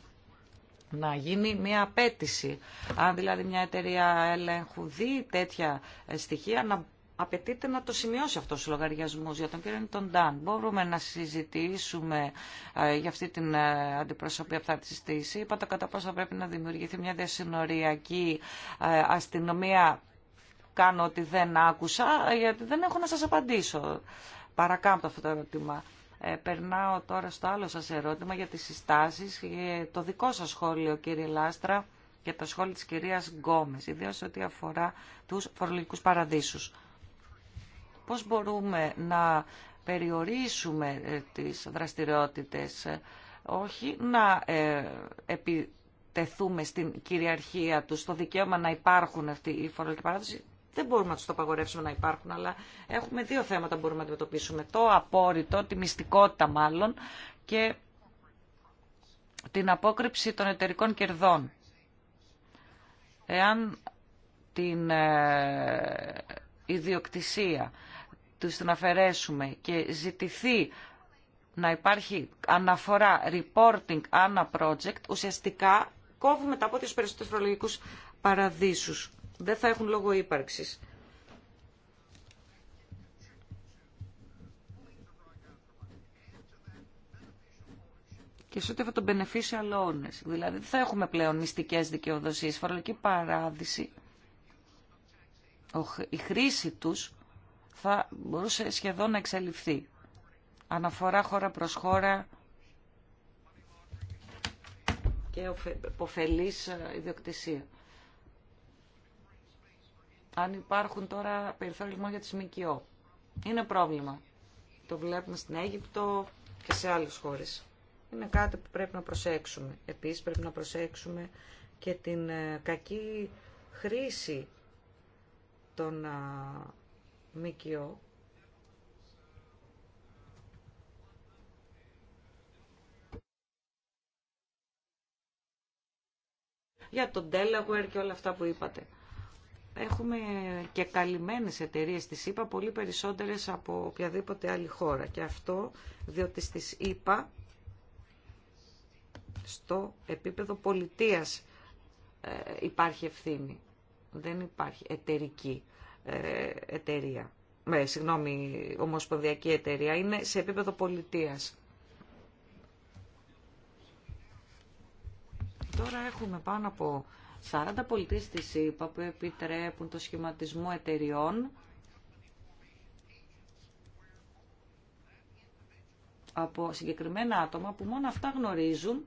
να γίνει μια απέτηση. Αν δηλαδή μια εταιρεία ελέγχου δει τέτοια ε, στοιχεία, να απαιτείται να το σημειώσει αυτό ο λογαριασμό για τον κύριο τον Ντάν. Μπορούμε να συζητήσουμε ε, για αυτή την αντιπροσωπεία που θα τη συστήση, Είπατε κατά πόσο πρέπει να δημιουργηθεί μια διασυνοριακή αστυνομία κάνω ότι δεν άκουσα, γιατί δεν έχω να σας απαντήσω. Παρακάμπτω αυτό το ερώτημα. Ε, περνάω τώρα στο άλλο σας ερώτημα για τις συστάσεις ε, το δικό σας σχόλιο, κύριε Λάστρα, και το σχόλιο της κυρίας Γκόμες, ιδίως ό,τι αφορά τους φορολογικούς παραδείσους. Πώς μπορούμε να περιορίσουμε ε, τις δραστηριότητες, όχι να επιτεθούμε στην κυριαρχία του στο δικαίωμα να υπάρχουν αυτοί οι φορολογικοί παράδεισοι, δεν μπορούμε να του το απαγορεύσουμε να υπάρχουν, αλλά έχουμε δύο θέματα που μπορούμε να αντιμετωπίσουμε. Το απόρριτο, τη μυστικότητα μάλλον και την απόκρυψη των εταιρικών κερδών. Εάν την ε, ιδιοκτησία τους την αφαιρέσουμε και ζητηθεί να υπάρχει αναφορά reporting ανά project, ουσιαστικά κόβουμε τα πόδια στους περισσότερους φορολογικούς παραδείσους δεν θα έχουν λόγο ύπαρξης. και σε ό,τι τον beneficial owners. Δηλαδή δεν θα έχουμε πλέον μυστικές δικαιοδοσίες, φορολογική παράδειση. Η χρήση τους θα μπορούσε σχεδόν να εξελιχθεί. Αναφορά χώρα προς χώρα και υποφελής ε, ιδιοκτησία αν υπάρχουν τώρα περιθώρια μόνο για τις ΜΚΟ. Είναι πρόβλημα. Το βλέπουμε στην Αίγυπτο και σε άλλες χώρες. Είναι κάτι που πρέπει να προσέξουμε. Επίσης πρέπει να προσέξουμε και την ε, κακή χρήση των ΜΚΟ. για τον Delaware και όλα αυτά που είπατε έχουμε και καλυμμένες εταιρείε της ΕΠΑ πολύ περισσότερες από οποιαδήποτε άλλη χώρα. Και αυτό διότι στις ΗΠΑ στο επίπεδο πολιτείας ε, υπάρχει ευθύνη. Δεν υπάρχει εταιρική ε, εταιρεία. Με, συγγνώμη, ομοσπονδιακή εταιρεία. Είναι σε επίπεδο πολιτείας. Τώρα έχουμε πάνω από 40 πολιτείες της ΕΥΠΑ που επιτρέπουν το σχηματισμό εταιριών από συγκεκριμένα άτομα που μόνο αυτά γνωρίζουν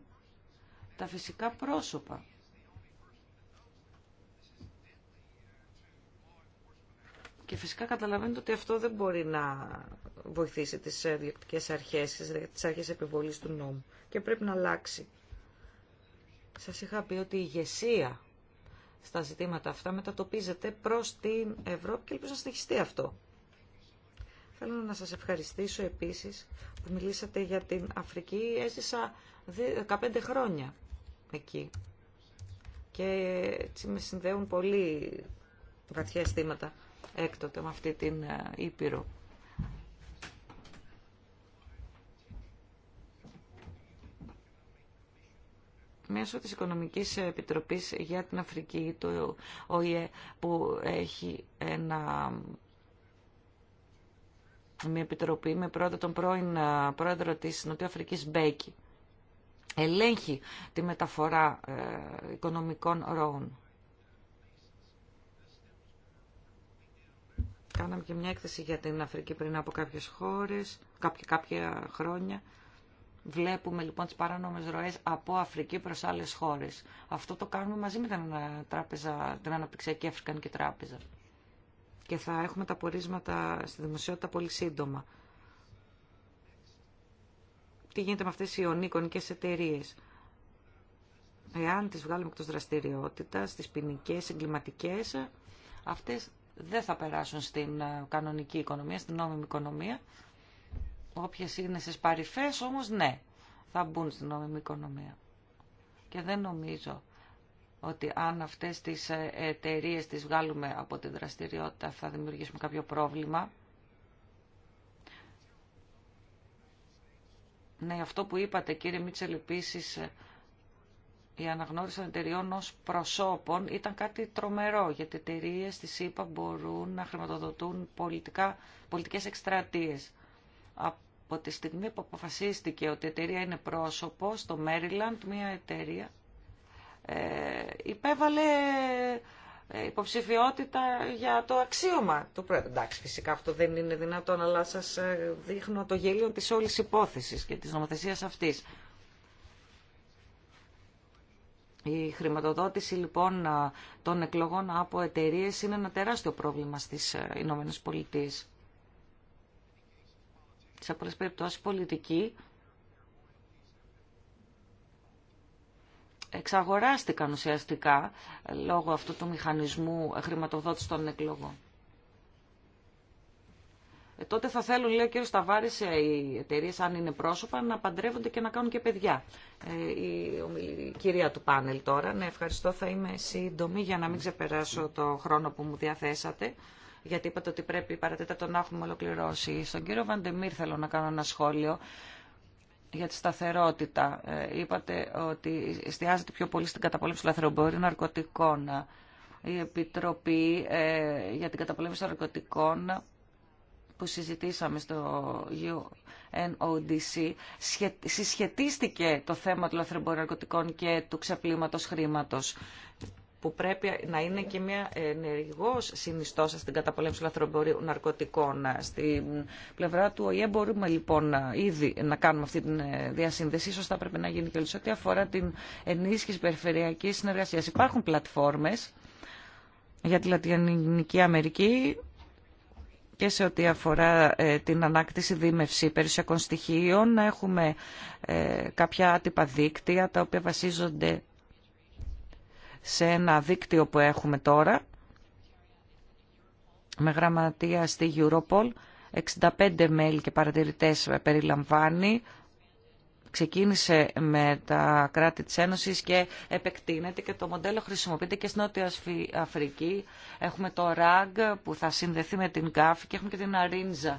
τα φυσικά πρόσωπα. Και φυσικά καταλαβαίνετε ότι αυτό δεν μπορεί να βοηθήσει τις διεκτικές αρχές, τις αρχές επιβολής του νόμου. Και πρέπει να αλλάξει. Σας είχα πει ότι η ηγεσία στα ζητήματα αυτά μετατοπίζεται προς την Ευρώπη και ελπίζω να συνεχιστεί αυτό. Θέλω να σας ευχαριστήσω επίσης που μιλήσατε για την Αφρική. Έζησα 15 χρόνια εκεί και έτσι με συνδέουν πολύ βαθιά αισθήματα έκτοτε με αυτή την ε, Ήπειρο. μέσω της Οικονομικής Επιτροπής για την Αφρική, του ΟΗΕ, που έχει ένα μια επιτροπή με πρώτα τον πρώην πρόεδρο της Νοτιοαφρικής Μπέκη. Ελέγχει τη μεταφορά ε, οικονομικών ροών. Κάναμε και μια έκθεση για την Αφρική πριν από κάποιες χώρες, κάποια, κάποια χρόνια. Βλέπουμε λοιπόν τις παράνομες ροές από Αφρική προς άλλες χώρες. Αυτό το κάνουμε μαζί με την, ε, τράπεζα, την Αναπτυξιακή Αφρικανική Τράπεζα. Και θα έχουμε τα πορίσματα στη δημοσιότητα πολύ σύντομα. Τι γίνεται με αυτές οι ιονίκονικές εταιρείε. Εάν τις βγάλουμε εκτός δραστηριότητας, τις ποινικέ, εγκληματικέ, αυτές δεν θα περάσουν στην ε, κανονική οικονομία, στην νόμιμη οικονομία Όποιες είναι στι παρυφές όμως ναι, θα μπουν στην νομιμή οικονομία. Και δεν νομίζω ότι αν αυτές τις ε, εταιρείε τις βγάλουμε από την δραστηριότητα θα δημιουργήσουμε κάποιο πρόβλημα. Ναι, αυτό που είπατε κύριε Μίτσελ επίση, ε, η αναγνώριση των εταιριών ως προσώπων ήταν κάτι τρομερό, γιατί εταιρείε τη είπα, μπορούν να χρηματοδοτούν πολιτικά, πολιτικές εκστρατείες από τη στιγμή που αποφασίστηκε ότι η εταιρεία είναι πρόσωπο στο Μέριλαντ, μια εταιρεία, ε, υπέβαλε ε, υποψηφιότητα για το αξίωμα του πρόεδρου. Εντάξει, φυσικά αυτό δεν είναι δυνατόν, αλλά σας ε, δείχνω το γέλιο της όλης υπόθεσης και της νομοθεσίας αυτής. Η χρηματοδότηση λοιπόν ε, των εκλογών από εταιρείε είναι ένα τεράστιο πρόβλημα στις Ηνωμένες Πολιτείες σε πολλέ περιπτώσει πολιτικοί εξαγοράστηκαν ουσιαστικά λόγω αυτού του μηχανισμού χρηματοδότηση των εκλογών. Ε, τότε θα θέλουν, λέει ο κύριο Σταβάρη, ε, οι εταιρείε, αν είναι πρόσωπα, να παντρεύονται και να κάνουν και παιδιά. Ε, η, η, κυρία του πάνελ τώρα. Ναι, ευχαριστώ. Θα είμαι σύντομη για να μην ξεπεράσω το χρόνο που μου διαθέσατε γιατί είπατε ότι πρέπει παρατέταρτο να έχουμε ολοκληρώσει. Στον κύριο Βαντεμίρ θέλω να κάνω ένα σχόλιο για τη σταθερότητα. Ε, είπατε ότι εστιάζεται πιο πολύ στην καταπολέμηση του λαθρομπόριου ναρκωτικών. Η Επιτροπή ε, για την καταπολέμηση των ναρκωτικών που συζητήσαμε στο UNODC συσχετίστηκε το θέμα του λαθρεμπορίου ναρκωτικών και του ξεπλήματος χρήματος που πρέπει να είναι και μια ενεργό συνιστόσα στην καταπολέμηση του λαθρομπορίου ναρκωτικών. Στην πλευρά του ΟΗΕ μπορούμε λοιπόν ήδη να κάνουμε αυτή τη ε, διασύνδεση. Ίσως θα πρέπει να γίνει και ό,τι αφορά την ενίσχυση περιφερειακή συνεργασία. Υπάρχουν πλατφόρμε για τη Λατινική Αμερική και σε ό,τι αφορά ε, την ανάκτηση δίμευση περιουσιακών στοιχείων. Έχουμε ε, κάποια άτυπα δίκτυα τα οποία βασίζονται σε ένα δίκτυο που έχουμε τώρα με γραμματεία στη Europol. 65 μέλη και παρατηρητές περιλαμβάνει. Ξεκίνησε με τα κράτη της Ένωσης και επεκτείνεται και το μοντέλο χρησιμοποιείται και στην Νότια Αφρική. Έχουμε το RAG που θα συνδεθεί με την GAF και έχουμε και την ARINZA.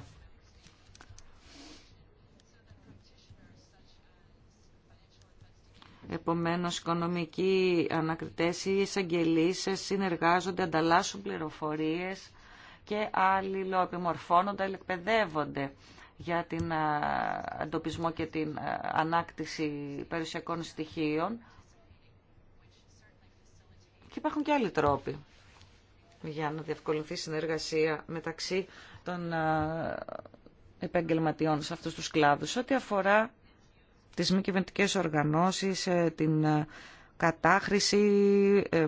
Επομένως, οικονομικοί ανακριτές ή εισαγγελείς συνεργάζονται, ανταλλάσσουν πληροφορίες και άλλοι επιμορφώνονται, εκπαιδεύονται για την εντοπισμό και την ανάκτηση περιουσιακών στοιχείων. Και υπάρχουν και άλλοι τρόποι για να διευκολυνθεί συνεργασία μεταξύ των επαγγελματιών σε αυτούς τους κλάδους. Ό,τι αφορά τις μη κυβερνητικέ οργανώσεις, ε, την ε, κατάχρηση, ε,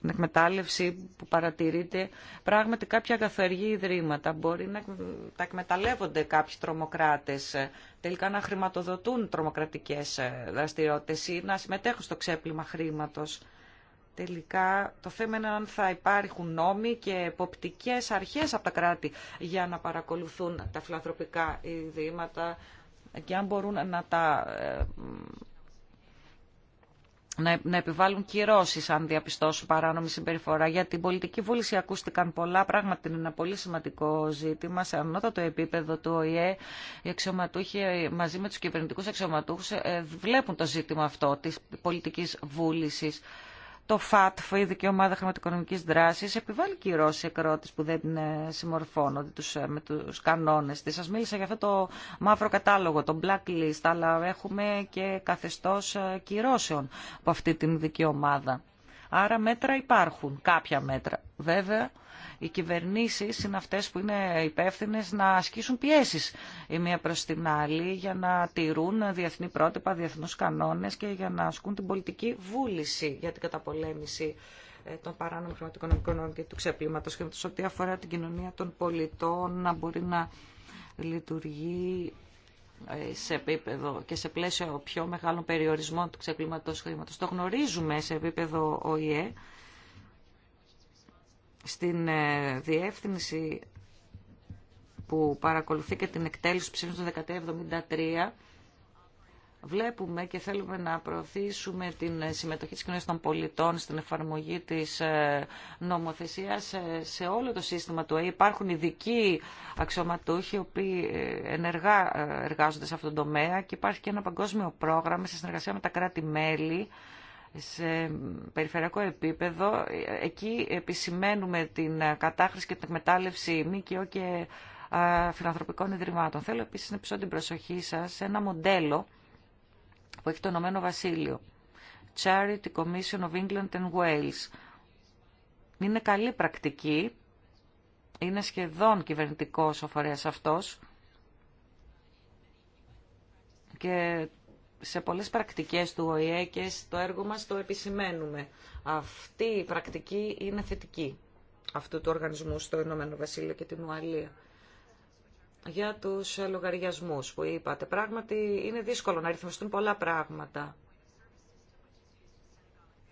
την εκμετάλλευση που παρατηρείται. Πράγματι κάποια αγαθαργή ιδρύματα μπορεί να τα εκμεταλλεύονται κάποιοι τρομοκράτες, τελικά να χρηματοδοτούν τρομοκρατικές δραστηριότητες ή να συμμετέχουν στο ξέπλυμα χρήματος. Τελικά το θέμα είναι αν θα υπάρχουν νόμοι και εποπτικές αρχές από τα κράτη για να παρακολουθούν τα φιλανθρωπικά ιδρύματα, και αν μπορούν να τα ε, να επιβάλλουν κυρώσει αν διαπιστώσουν παράνομη συμπεριφορά. Για την πολιτική βούληση ακούστηκαν πολλά πράγματα. Είναι ένα πολύ σημαντικό ζήτημα. Σε ανώτατο επίπεδο του ΟΗΕ, οι αξιωματούχοι μαζί με του κυβερνητικού αξιωματούχου ε, ε, βλέπουν το ζήτημα αυτό τη πολιτική βούληση το ΦΑΤΦ, η Ειδική Ομάδα Χρηματοοικονομικής Δράσης, επιβάλλει κυρώσεις σε που δεν ε, συμμορφώνονται τους, ε, με τους κανόνες της. Σας μίλησα για αυτό το μαύρο κατάλογο, το blacklist, αλλά έχουμε και καθεστώς ε, κυρώσεων από αυτή την δικαιομάδα. Ομάδα. Άρα μέτρα υπάρχουν, κάποια μέτρα. Βέβαια, οι κυβερνήσει είναι αυτέ που είναι υπεύθυνε να ασκήσουν πιέσει η μία προ την άλλη για να τηρούν διεθνή πρότυπα, διεθνού κανόνε και για να ασκούν την πολιτική βούληση για την καταπολέμηση ε, των παράνομων χρηματοοικονομικών και του ξεπλήματος χρήματος ό,τι αφορά την κοινωνία των πολιτών να μπορεί να λειτουργεί ε, σε επίπεδο και σε πλαίσιο πιο μεγάλων περιορισμών του ξεπλήματος χρήματος. Το γνωρίζουμε σε επίπεδο ΟΗΕ στην ε, διεύθυνση που παρακολουθεί και την εκτέλεση ψήφου του 1973 βλέπουμε και θέλουμε να προωθήσουμε την συμμετοχή της κοινωνίας των πολιτών στην εφαρμογή της ε, νομοθεσίας ε, σε όλο το σύστημα του Υπάρχουν ειδικοί αξιωματούχοι, οι οποίοι ενεργά εργάζονται σε αυτόν τον τομέα και υπάρχει και ένα παγκόσμιο πρόγραμμα σε συνεργασία με τα κράτη-μέλη σε περιφερειακό επίπεδο, εκεί επισημαίνουμε την κατάχρηση και την εκμετάλλευση ΜΚΟ και φιλανθρωπικών ιδρυμάτων. Θέλω επίσης να επισώ την προσοχή σας σε ένα μοντέλο που έχει το Ηνωμένο Βασίλειο. Charity Commission of England and Wales. Είναι καλή πρακτική, είναι σχεδόν κυβερνητικός ο φορέας αυτός και σε πολλές πρακτικές του ΟΗΕ και στο έργο μας το επισημαίνουμε. Αυτή η πρακτική είναι θετική αυτού του οργανισμού στο Ηνωμένο Βασίλειο και την Ουαλία. Για τους λογαριασμούς που είπατε, πράγματι είναι δύσκολο να ρυθμιστούν πολλά πράγματα.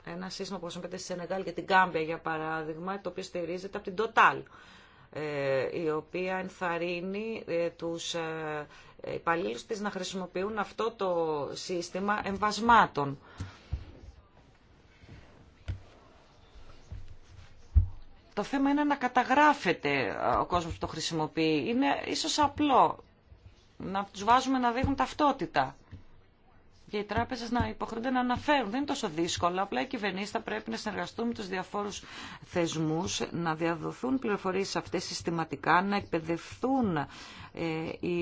Ένα σύστημα που χρησιμοποιείται στη Σενεγάλ και την Κάμπια, για παράδειγμα, το οποίο στηρίζεται από την Total ε, η οποία ενθαρρύνει ε, τους ε, υπαλλήλου της να χρησιμοποιούν αυτό το σύστημα εμβασμάτων. Το θέμα είναι να καταγράφεται ε, ο κόσμος που το χρησιμοποιεί. Είναι ίσως απλό να τους βάζουμε να δείχνουν ταυτότητα και οι τράπεζες να υποχρεούνται να αναφέρουν. Δεν είναι τόσο δύσκολο, απλά οι κυβερνήσεις θα πρέπει να συνεργαστούν με τους διαφόρους θεσμούς, να διαδοθούν πληροφορίες αυτές συστηματικά, να εκπαιδευτούν ε, οι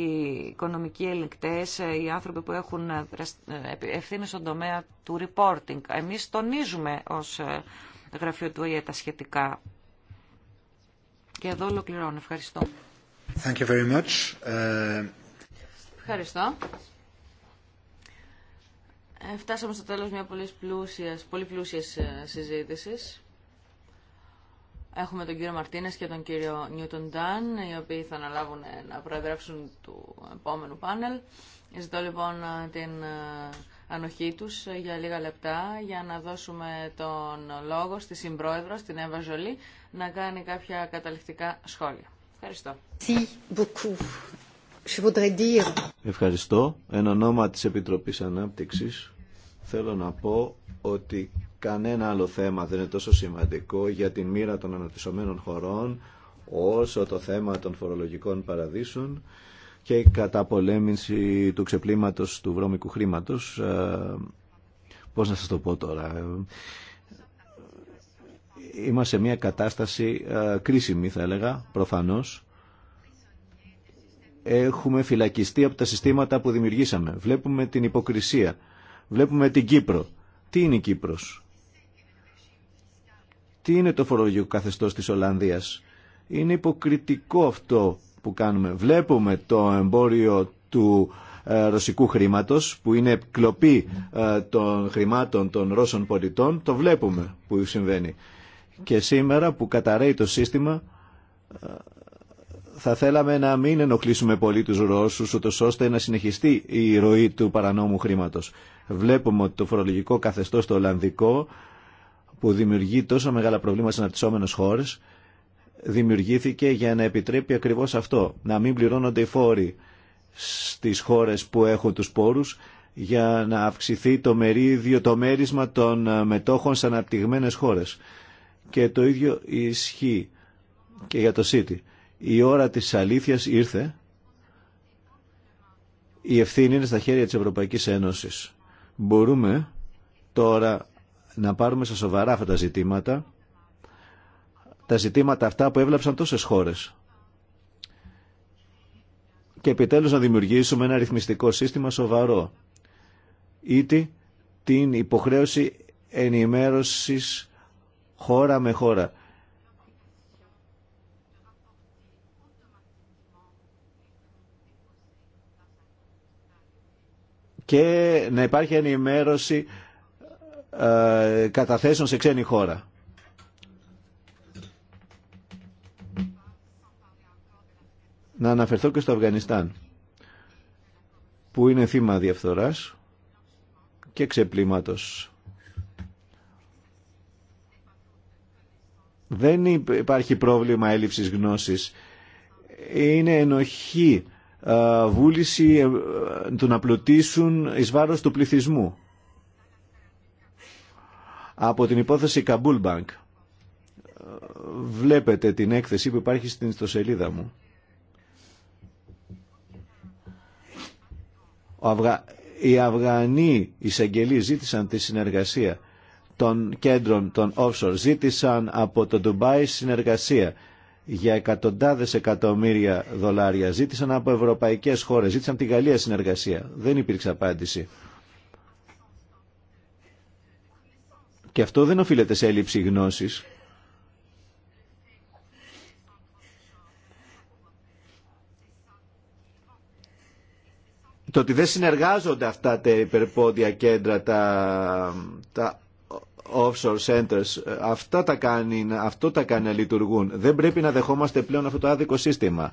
οικονομικοί ελεγκτές, ε, οι άνθρωποι που έχουν ε, ευθύνη στον τομέα του reporting. Εμείς τονίζουμε ως γραφείο του ΟΗΕ τα σχετικά. Και εδώ ολοκληρώνω. Ευχαριστώ. Thank you very much. Ευχαριστώ. Ε, φτάσαμε στο τέλος μια πολύ πλούσια πολύ ε, Έχουμε τον κύριο Μαρτίνες και τον κύριο Νιούτον Ντάν, οι οποίοι θα αναλάβουν ε, να προεδρεύσουν του επόμενου πάνελ. Ζητώ λοιπόν την ανοχή τους για λίγα λεπτά για να δώσουμε τον λόγο στη συμπρόεδρο, στην Εύα Ζολή, να κάνει κάποια καταληκτικά σχόλια. Ευχαριστώ. Ευχαριστώ. Εν ονόμα της Επιτροπής Ανάπτυξης θέλω να πω ότι κανένα άλλο θέμα δεν είναι τόσο σημαντικό για την μοίρα των αναπτυσσομένων χωρών όσο το θέμα των φορολογικών παραδείσων και η καταπολέμηση του ξεπλήματος του βρώμικου χρήματος. Ε, πώς να σας το πω τώρα. Είμαστε σε μια κατάσταση ε, κρίσιμη θα έλεγα, προφανώς. Έχουμε φυλακιστεί από τα συστήματα που δημιουργήσαμε. Βλέπουμε την υποκρισία Βλέπουμε την Κύπρο. Τι είναι η Κύπρος. Τι είναι το φορολογικό καθεστώς της Ολλανδίας. Είναι υποκριτικό αυτό που κάνουμε. Βλέπουμε το εμπόριο του ε, ρωσικού χρήματος που είναι κλοπή ε, των χρημάτων των Ρώσων πολιτών. Το βλέπουμε που συμβαίνει. Και σήμερα που καταραίει το σύστημα ε, θα θέλαμε να μην ενοχλήσουμε πολύ τους Ρώσους ώστε να συνεχιστεί η ροή του παρανόμου χρήματος. Βλέπουμε ότι το φορολογικό καθεστώς το Ολλανδικό που δημιουργεί τόσο μεγάλα προβλήματα στι αναπτυσσόμενε χώρες δημιουργήθηκε για να επιτρέπει ακριβώς αυτό, να μην πληρώνονται οι φόροι στις χώρες που έχουν τους πόρους για να αυξηθεί το μερίδιο, το μέρισμα των μετόχων σε αναπτυγμένες χώρες. Και το ίδιο ισχύει και για το ΣΥΤΙ. Η ώρα της αλήθεια ήρθε. Η ευθύνη είναι στα χέρια της Ευρωπαϊκής Ένωσης μπορούμε τώρα να πάρουμε στα σοβαρά αυτά τα ζητήματα, τα ζητήματα αυτά που έβλαψαν τόσες χώρες. Και επιτέλους να δημιουργήσουμε ένα ρυθμιστικό σύστημα σοβαρό. Ήτι την υποχρέωση ενημέρωσης χώρα με χώρα. και να υπάρχει ενημέρωση ε, καταθέσεων σε ξένη χώρα. Να αναφερθώ και στο Αφγανιστάν, που είναι θύμα διαφθοράς και ξεπλήματος. Δεν υπάρχει πρόβλημα έλλειψης γνώσης. Είναι ενοχή ε, βούληση ε, του να πλουτίσουν εις βάρος του πληθυσμού από την υπόθεση Καμπούλ Bank. Ε, βλέπετε την έκθεση που υπάρχει στην ιστοσελίδα μου. Ο Αυγα... Οι Αυγανοί ζήτησαν τη συνεργασία των κέντρων των offshore, ζήτησαν από το Ντουμπάι συνεργασία για εκατοντάδες εκατομμύρια δολάρια. Ζήτησαν από ευρωπαϊκές χώρες, ζήτησαν τη Γαλλία συνεργασία. Δεν υπήρξε απάντηση. Και αυτό δεν οφείλεται σε έλλειψη γνώσης. Το ότι δεν συνεργάζονται αυτά τα υπερπόδια κέντρα, τα, τα offshore centers. Ε, αυτά τα κάνει, αυτό τα κάνει να λειτουργούν. Δεν πρέπει να δεχόμαστε πλέον αυτό το άδικο σύστημα.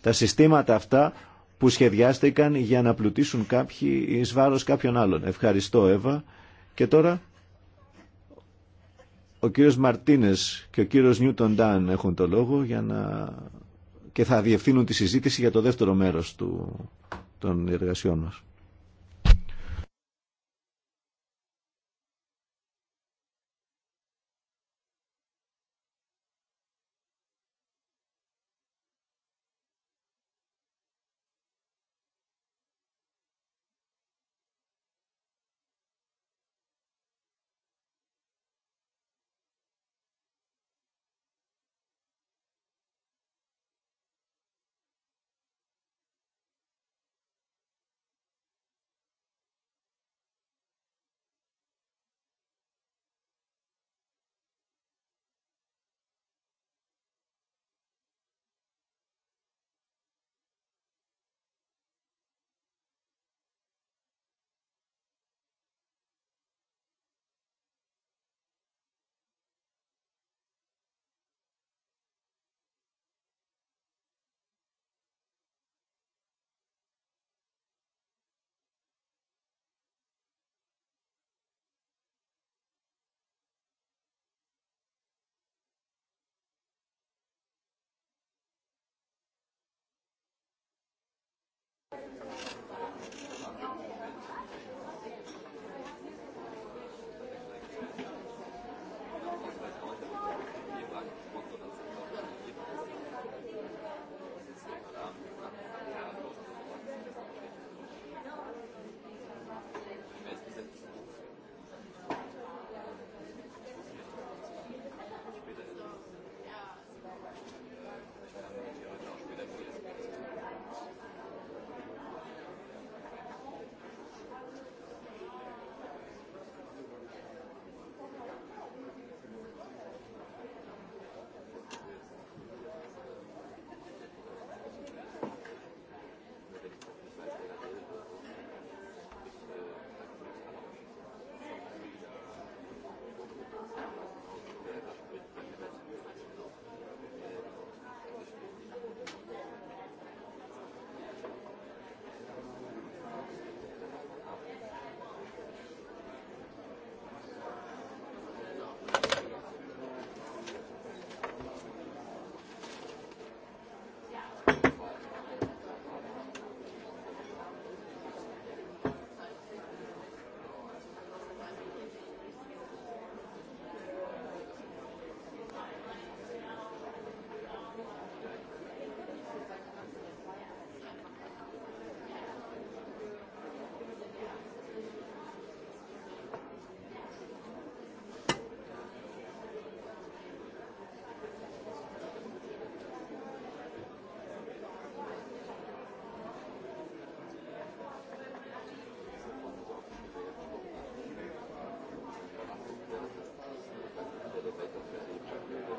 Τα συστήματα αυτά που σχεδιάστηκαν για να πλουτίσουν κάποιοι εις βάρος κάποιων άλλων. Ευχαριστώ Εύα. Και τώρα ο κύριος Μαρτίνες και ο κύριος Νιούτον Ντάν έχουν το λόγο για να... και θα διευθύνουν τη συζήτηση για το δεύτερο μέρος του... των εργασιών μας. Ευχαριστώ.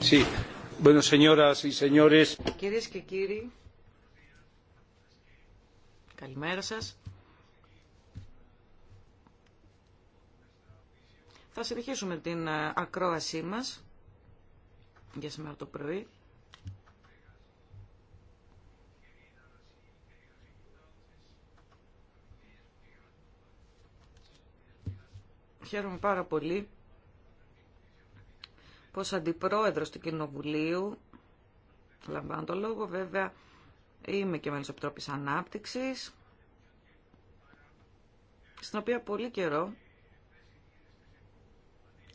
Sí. señoras y και κύριοι, καλημέρα σας. Θα συνεχίσουμε την ε, ακρόασή μας για σήμερα το πρωί. Χαίρομαι πάρα πολύ πως αντιπρόεδρος του Κοινοβουλίου, λαμβάνω το λόγο βέβαια, είμαι και μέλος Επιτρόπης Ανάπτυξης, στην οποία πολύ καιρό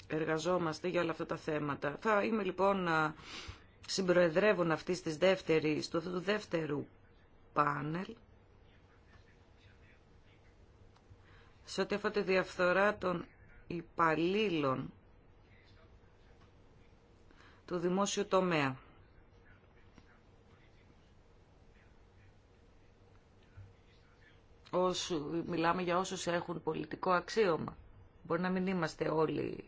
εργαζόμαστε για όλα αυτά τα θέματα. Θα είμαι λοιπόν συμπροεδρεύων αυτή της δεύτερης, του, του δεύτερου πάνελ σε ό,τι αφορά τη διαφθορά των υπαλλήλων του δημόσιου τομέα. Όσου, μιλάμε για όσους έχουν πολιτικό αξίωμα. Μπορεί να μην είμαστε όλοι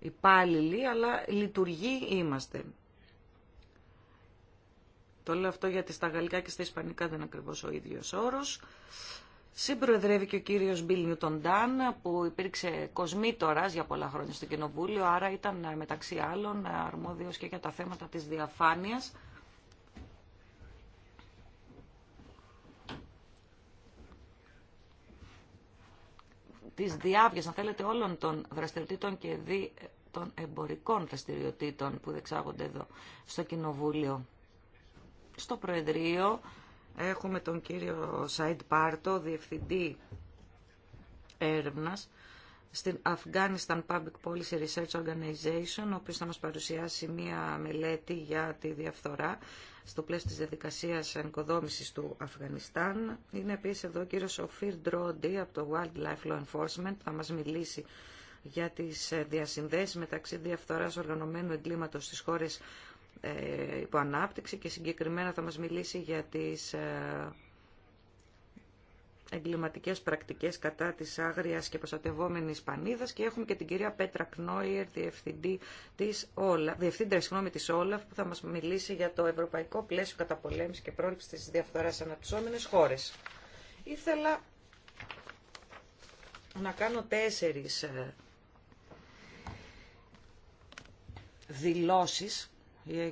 υπάλληλοι, αλλά λειτουργοί είμαστε. Το λέω αυτό γιατί στα γαλλικά και στα ισπανικά δεν είναι ακριβώς ο ίδιος όρος. Συμπροεδρεύει και ο κύριος Μπίλ Νιούτον Ντάν που υπήρξε κοσμήτορα για πολλά χρόνια στο Κοινοβούλιο, άρα ήταν ε, μεταξύ άλλων ε, αρμόδιος και για τα θέματα της διαφάνειας. Της διάβγεια, αν θέλετε, όλων των δραστηριοτήτων και δι ε, των εμπορικών δραστηριοτήτων που δεξάγονται εδώ στο Κοινοβούλιο. Στο Προεδρείο Έχουμε τον κύριο Σαϊντ Πάρτο, διευθυντή έρευνας στην Afghanistan Public Policy Research Organization, ο οποίος θα μας παρουσιάσει μία μελέτη για τη διαφθορά στο πλαίσιο της διαδικασίας ανοικοδόμησης του Αφγανιστάν. Είναι επίσης εδώ ο κύριος Σοφίρ Ντρόντι από το Wildlife Law Enforcement, θα μας μιλήσει για τις διασυνδέσεις μεταξύ διαφθοράς οργανωμένου εγκλήματος στις χώρες ε, ανάπτυξη και συγκεκριμένα θα μας μιλήσει για τις ε, εγκληματικές πρακτικές κατά της άγριας και προστατευόμενης πανίδας και έχουμε και την κυρία Πέτρα Κνόιερ, της Όλα, διευθύντρια συγγνώμη της Όλαφ, που θα μας μιλήσει για το ευρωπαϊκό πλαίσιο καταπολέμησης και πρόληψης της διαφθοράς αναπτυσσόμενες χώρες. Ήθελα να κάνω τέσσερις ε, δηλώσεις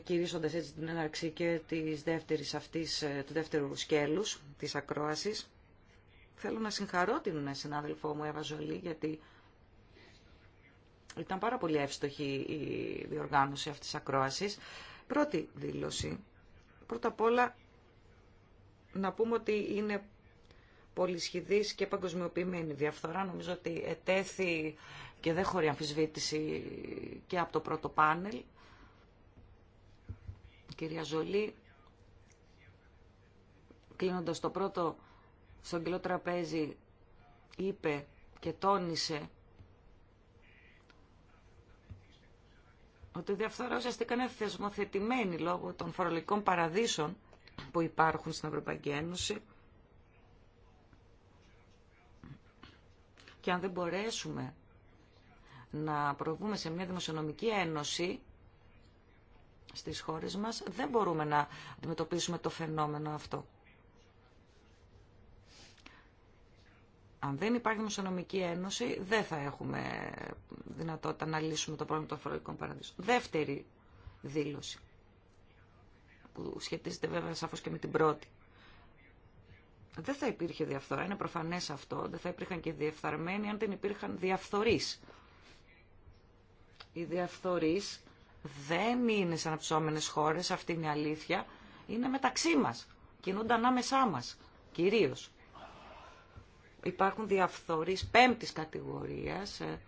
κηρύσσοντας έτσι την έναρξη και της δεύτερης αυτής, ε, του δεύτερου σκέλους της ακρόασης. Θέλω να συγχαρώ την συνάδελφό μου Εύα Ζολή γιατί ήταν πάρα πολύ εύστοχη η διοργάνωση αυτής της ακρόασης. Πρώτη δήλωση. Πρώτα απ' όλα να πούμε ότι είναι πολυσχηδής και παγκοσμιοποιημένη διαφθορά. Νομίζω ότι ετέθη και δεν χωρεί αμφισβήτηση και από το πρώτο πάνελ κυρία Ζολή, κλείνοντας το πρώτο στρογγυλό τραπέζι, είπε και τόνισε ότι η διαφθορά ουσιαστικά είναι θεσμοθετημένη λόγω των φορολογικών παραδείσων που υπάρχουν στην Ευρωπαϊκή Ένωση. Και αν δεν μπορέσουμε να προβούμε σε μια δημοσιονομική ένωση στις χώρες μας, δεν μπορούμε να αντιμετωπίσουμε το φαινόμενο αυτό. Αν δεν υπάρχει δημοσιονομική ένωση, δεν θα έχουμε δυνατότητα να λύσουμε το πρόβλημα των φορολογικών παραδείσων. Δεύτερη δήλωση, που σχετίζεται βέβαια σαφώς και με την πρώτη. Δεν θα υπήρχε διαφθορά, είναι προφανές αυτό, δεν θα υπήρχαν και διεφθαρμένοι αν δεν υπήρχαν διαφθορείς. Οι διαφθορείς δεν είναι σαν αναψώμενες χώρες, αυτή είναι η αλήθεια. Είναι μεταξύ μας. Κινούνται ανάμεσά μας, κυρίως. Υπάρχουν διαφθορείς πέμπτης κατηγορίας ε,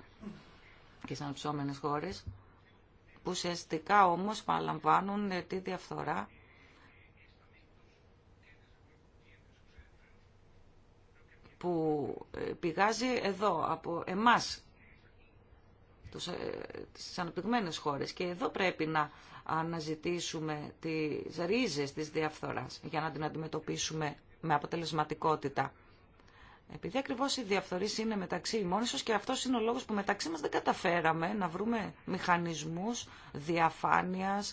και σαν αναψώμενες χώρες, που ουσιαστικά όμως παραλαμβάνουν ε, τη διαφθορά που ε, πηγάζει εδώ από εμάς στις ε, αναπτυγμένες χώρες. Και εδώ πρέπει να αναζητήσουμε τις ρίζες της διαφθοράς για να την αντιμετωπίσουμε με αποτελεσματικότητα. Επειδή ακριβώ οι διαφθορή είναι μεταξύ ημών, ίσω και αυτός είναι ο λόγο που μεταξύ μα δεν καταφέραμε να βρούμε μηχανισμούς διαφάνεια,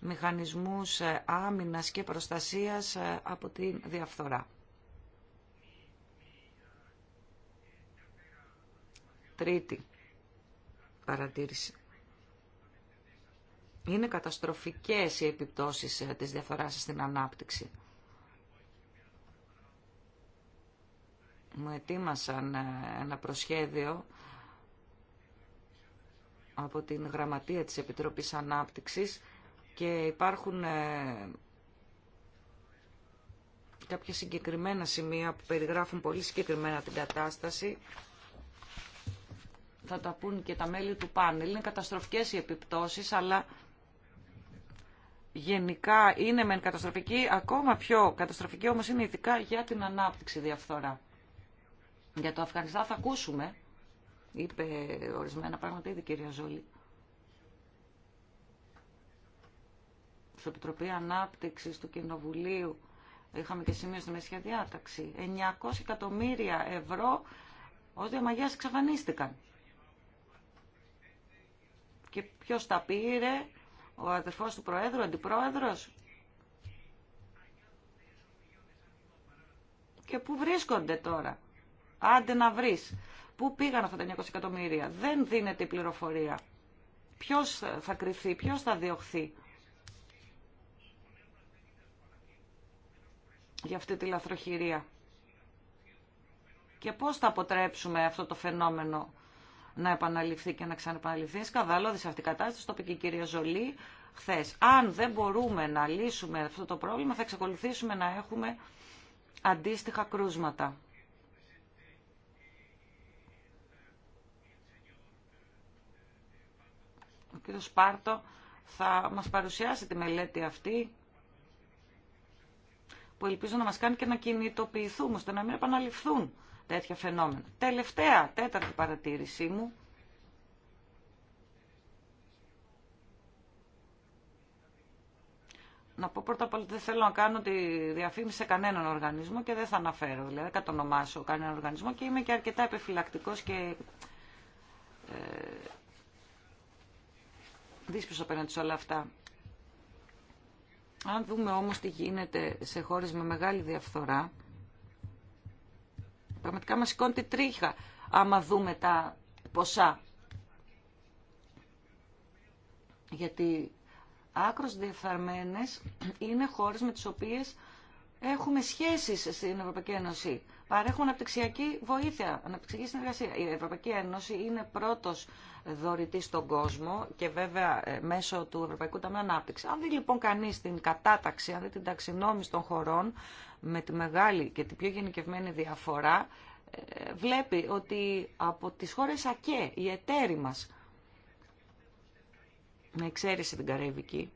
μηχανισμούς ε, άμυνα και προστασία ε, από την διαφθορά. Τρίτη παρατήρηση. Είναι καταστροφικές οι επιπτώσεις ε, της διαφοράς στην ανάπτυξη. Μου ετοίμασαν ε, ένα προσχέδιο από την Γραμματεία της Επιτροπής Ανάπτυξης και υπάρχουν ε, κάποια συγκεκριμένα σημεία που περιγράφουν πολύ συγκεκριμένα την κατάσταση θα τα πούν και τα μέλη του πάνελ. Είναι καταστροφικές οι επιπτώσεις, αλλά γενικά είναι μεν καταστροφική, ακόμα πιο καταστροφική όμως είναι ειδικά για την ανάπτυξη διαφθορά. Για το Αφγανιστάν θα ακούσουμε, είπε ορισμένα πράγματα ήδη κυρία Ζόλη. στο Επιτροπή Ανάπτυξης του Κοινοβουλίου είχαμε και σημείο στη Μεσιά Διάταξη. 900 εκατομμύρια ευρώ ως διαμαγιάς εξαφανίστηκαν. Και ποιος τα πήρε, ο αδερφός του Προέδρου, ο Αντιπρόεδρος. Και πού βρίσκονται τώρα. Άντε να βρεις. Πού πήγαν αυτά τα 900 εκατομμύρια. Δεν δίνεται η πληροφορία. Ποιος θα κρυφθεί, ποιος θα διωχθεί. για αυτή τη λαθροχειρία. Και πώς θα αποτρέψουμε αυτό το φαινόμενο να επαναληφθεί και να ξαναεπαναληφθεί. Σκανδαλώδη αυτή η κατάσταση, το είπε και η κυρία Ζολή χθε. Αν δεν μπορούμε να λύσουμε αυτό το πρόβλημα, θα εξακολουθήσουμε να έχουμε αντίστοιχα κρούσματα. Ο κύριος Σπάρτο θα μας παρουσιάσει τη μελέτη αυτή που ελπίζω να μας κάνει και να κινητοποιηθούμε ώστε να μην επαναληφθούν τέτοια φαινόμενα. Τελευταία, τέταρτη παρατήρησή μου. Να πω πρώτα απ' όλα ότι δεν θέλω να κάνω τη διαφήμιση σε κανέναν οργανισμό και δεν θα αναφέρω, δηλαδή δεν κατονομάσω κανέναν οργανισμό και είμαι και αρκετά επιφυλακτικός και ε, απέναντι σε όλα αυτά. Αν δούμε όμως τι γίνεται σε χώρες με μεγάλη διαφθορά, Πραγματικά μας σηκώνει τη τρίχα άμα δούμε τα ποσά. Γιατί άκρος διεφθαρμένες είναι χώρες με τις οποίες έχουμε σχέσεις στην Ευρωπαϊκή Ένωση παρέχουν αναπτυξιακή βοήθεια, αναπτυξιακή συνεργασία. Η Ευρωπαϊκή Ένωση είναι πρώτος δωρητή στον κόσμο και βέβαια ε, μέσω του Ευρωπαϊκού Ταμείου Ανάπτυξη. Αν δει λοιπόν κανεί την κατάταξη, αν δει την ταξινόμηση των χωρών με τη μεγάλη και την πιο γενικευμένη διαφορά, ε, βλέπει ότι από τις χώρες ΑΚΕ, οι εταίροι μας, με εξαίρεση την Καραϊβική,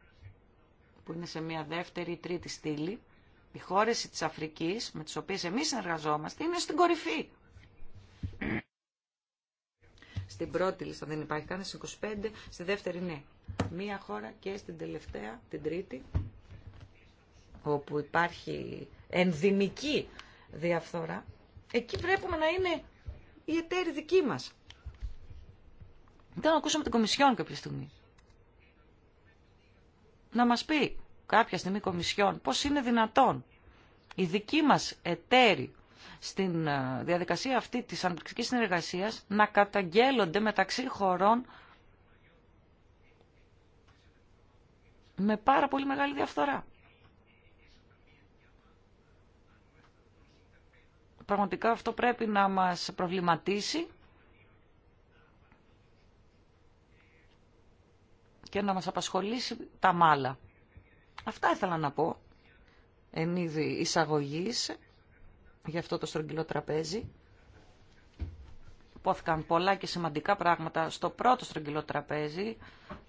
που είναι σε μια δεύτερη ή τρίτη στήλη, οι χώρε της Αφρικής με τις οποίες εμείς συνεργαζόμαστε είναι στην κορυφή. Στην πρώτη λίστα δεν υπάρχει κανένα, 25, στη δεύτερη ναι. Μία χώρα και στην τελευταία, την τρίτη, όπου υπάρχει ενδυμική διαφθορά, εκεί βλέπουμε να είναι η εταίροι δική μας. Θέλω να ακούσουμε την Κομισιόν κάποια στιγμή. Να μας πει κάποια στιγμή Κομισιόν πώς είναι δυνατόν οι δικοί μας εταίροι στην ε, διαδικασία αυτή της αναπτυξικής συνεργασίας να καταγγέλλονται μεταξύ χωρών με πάρα πολύ μεγάλη διαφθορά. Πραγματικά αυτό πρέπει να μας προβληματίσει και να μας απασχολήσει τα μάλα. Αυτά ήθελα να πω εν είδη εισαγωγή για αυτό το στρογγυλό τραπέζι. Υπόθηκαν πολλά και σημαντικά πράγματα στο πρώτο στρογγυλό τραπέζι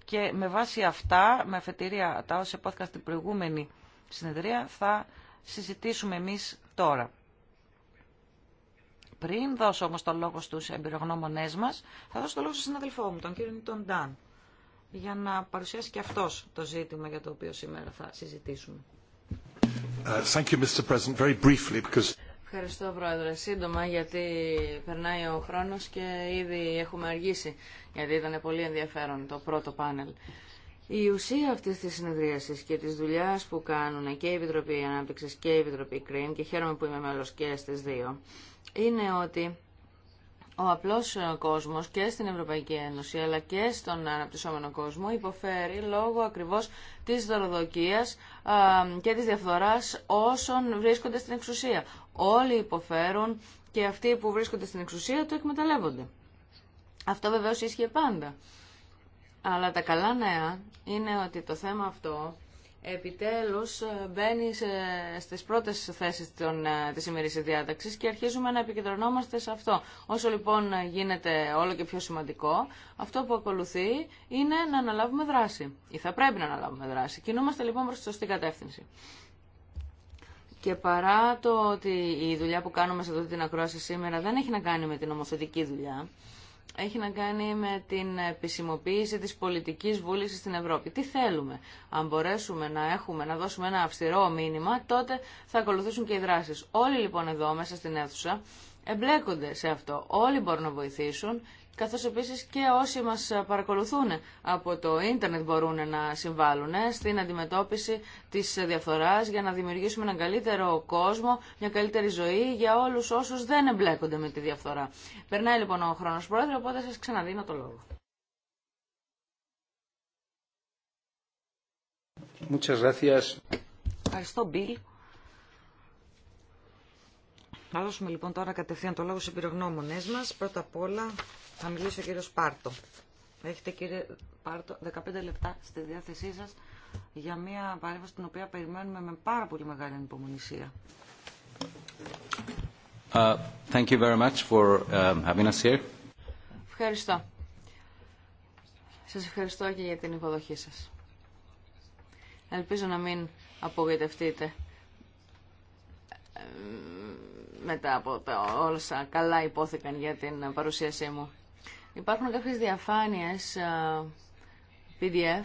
και με βάση αυτά, με αφετηρία τα όσα υπόθηκαν στην προηγούμενη συνεδρία, θα συζητήσουμε εμείς τώρα. Πριν δώσω όμως το λόγο στους εμπειρογνώμονές μας, θα δώσω το λόγο στον συναδελφό μου, τον κύριο Νιτον Ντάν για να παρουσιάσει και αυτός το ζήτημα για το οποίο σήμερα θα συζητήσουμε. Uh, thank you, Mr. President. Very briefly, because... Ευχαριστώ, Πρόεδρε. Σύντομα, γιατί περνάει ο χρόνος και ήδη έχουμε αργήσει, γιατί ήταν πολύ ενδιαφέρον το πρώτο πάνελ. Η ουσία αυτή τη συνεδρίαση και τη δουλειά που κάνουν και η Επιτροπή Ανάπτυξη και η Επιτροπή Κριν και χαίρομαι που είμαι μέλο και στι δύο, είναι ότι ο απλός ε, κόσμος και στην Ευρωπαϊκή Ένωση αλλά και στον αναπτυσσόμενο κόσμο υποφέρει λόγω ακριβώς της δωροδοκίας και της διαφθοράς όσων βρίσκονται στην εξουσία. Όλοι υποφέρουν και αυτοί που βρίσκονται στην εξουσία το εκμεταλλεύονται. Αυτό βεβαίως ίσχυε πάντα. Αλλά τα καλά νέα είναι ότι το θέμα αυτό επιτέλους ε, μπαίνει σε, στις πρώτες θέσεις των, ε, της ημερής διάταξης και αρχίζουμε να επικεντρωνόμαστε σε αυτό. Όσο λοιπόν γίνεται όλο και πιο σημαντικό, αυτό που ακολουθεί είναι να αναλάβουμε δράση. Ή θα πρέπει να αναλάβουμε δράση. Κινούμαστε λοιπόν προς τη σωστή κατεύθυνση. Και παρά το ότι η δουλειά που κάνουμε σε αυτή την ακρόαση σήμερα δεν έχει να κάνει με την ομοθετική δουλειά, έχει να κάνει με την επισημοποίηση της πολιτικής βούλησης στην Ευρώπη. Τι θέλουμε. Αν μπορέσουμε να έχουμε, να δώσουμε ένα αυστηρό μήνυμα, τότε θα ακολουθήσουν και οι δράσεις. Όλοι λοιπόν εδώ μέσα στην αίθουσα εμπλέκονται σε αυτό. Όλοι μπορούν να βοηθήσουν καθώς επίσης και όσοι μας παρακολουθούν από το ίντερνετ μπορούν να συμβάλλουν ε, στην αντιμετώπιση της διαφθοράς για να δημιουργήσουμε έναν καλύτερο κόσμο, μια καλύτερη ζωή για όλους όσους δεν εμπλέκονται με τη διαφθορά. Περνάει λοιπόν ο χρόνος πρόεδρε, οπότε σας ξαναδίνω το λόγο. Ευχαριστώ, Μπιλ. Να δώσουμε λοιπόν τώρα κατευθείαν το λόγο σε πυρογνώμονε μας. Πρώτα απ' όλα θα μιλήσει ο κύριο Πάρτο. Έχετε κύριε Πάρτο 15 λεπτά στη διάθεσή σας για μια παρέμβαση την οποία περιμένουμε με πάρα πολύ μεγάλη ανυπομονησία. Uh, thank you very much for um, us here. Ευχαριστώ. Σας ευχαριστώ και για την υποδοχή σας. Ελπίζω να μην απογοητευτείτε μετά από τα όλα καλά υπόθηκαν για την παρουσίασή μου. Υπάρχουν κάποιες διαφάνειες PDF,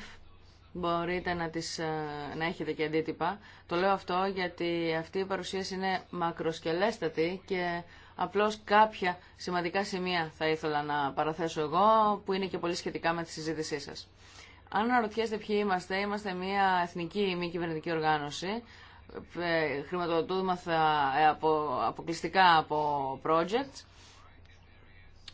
μπορείτε να, τις, να έχετε και αντίτυπα. Το λέω αυτό γιατί αυτή η παρουσίαση είναι μακροσκελέστατη και απλώς κάποια σημαντικά σημεία θα ήθελα να παραθέσω εγώ που είναι και πολύ σχετικά με τη συζήτησή σας. Αν αναρωτιέστε ποιοι είμαστε, είμαστε μια εθνική μη κυβερνητική οργάνωση ε, χρηματοδοτούμε ε, από, αποκλειστικά από projects.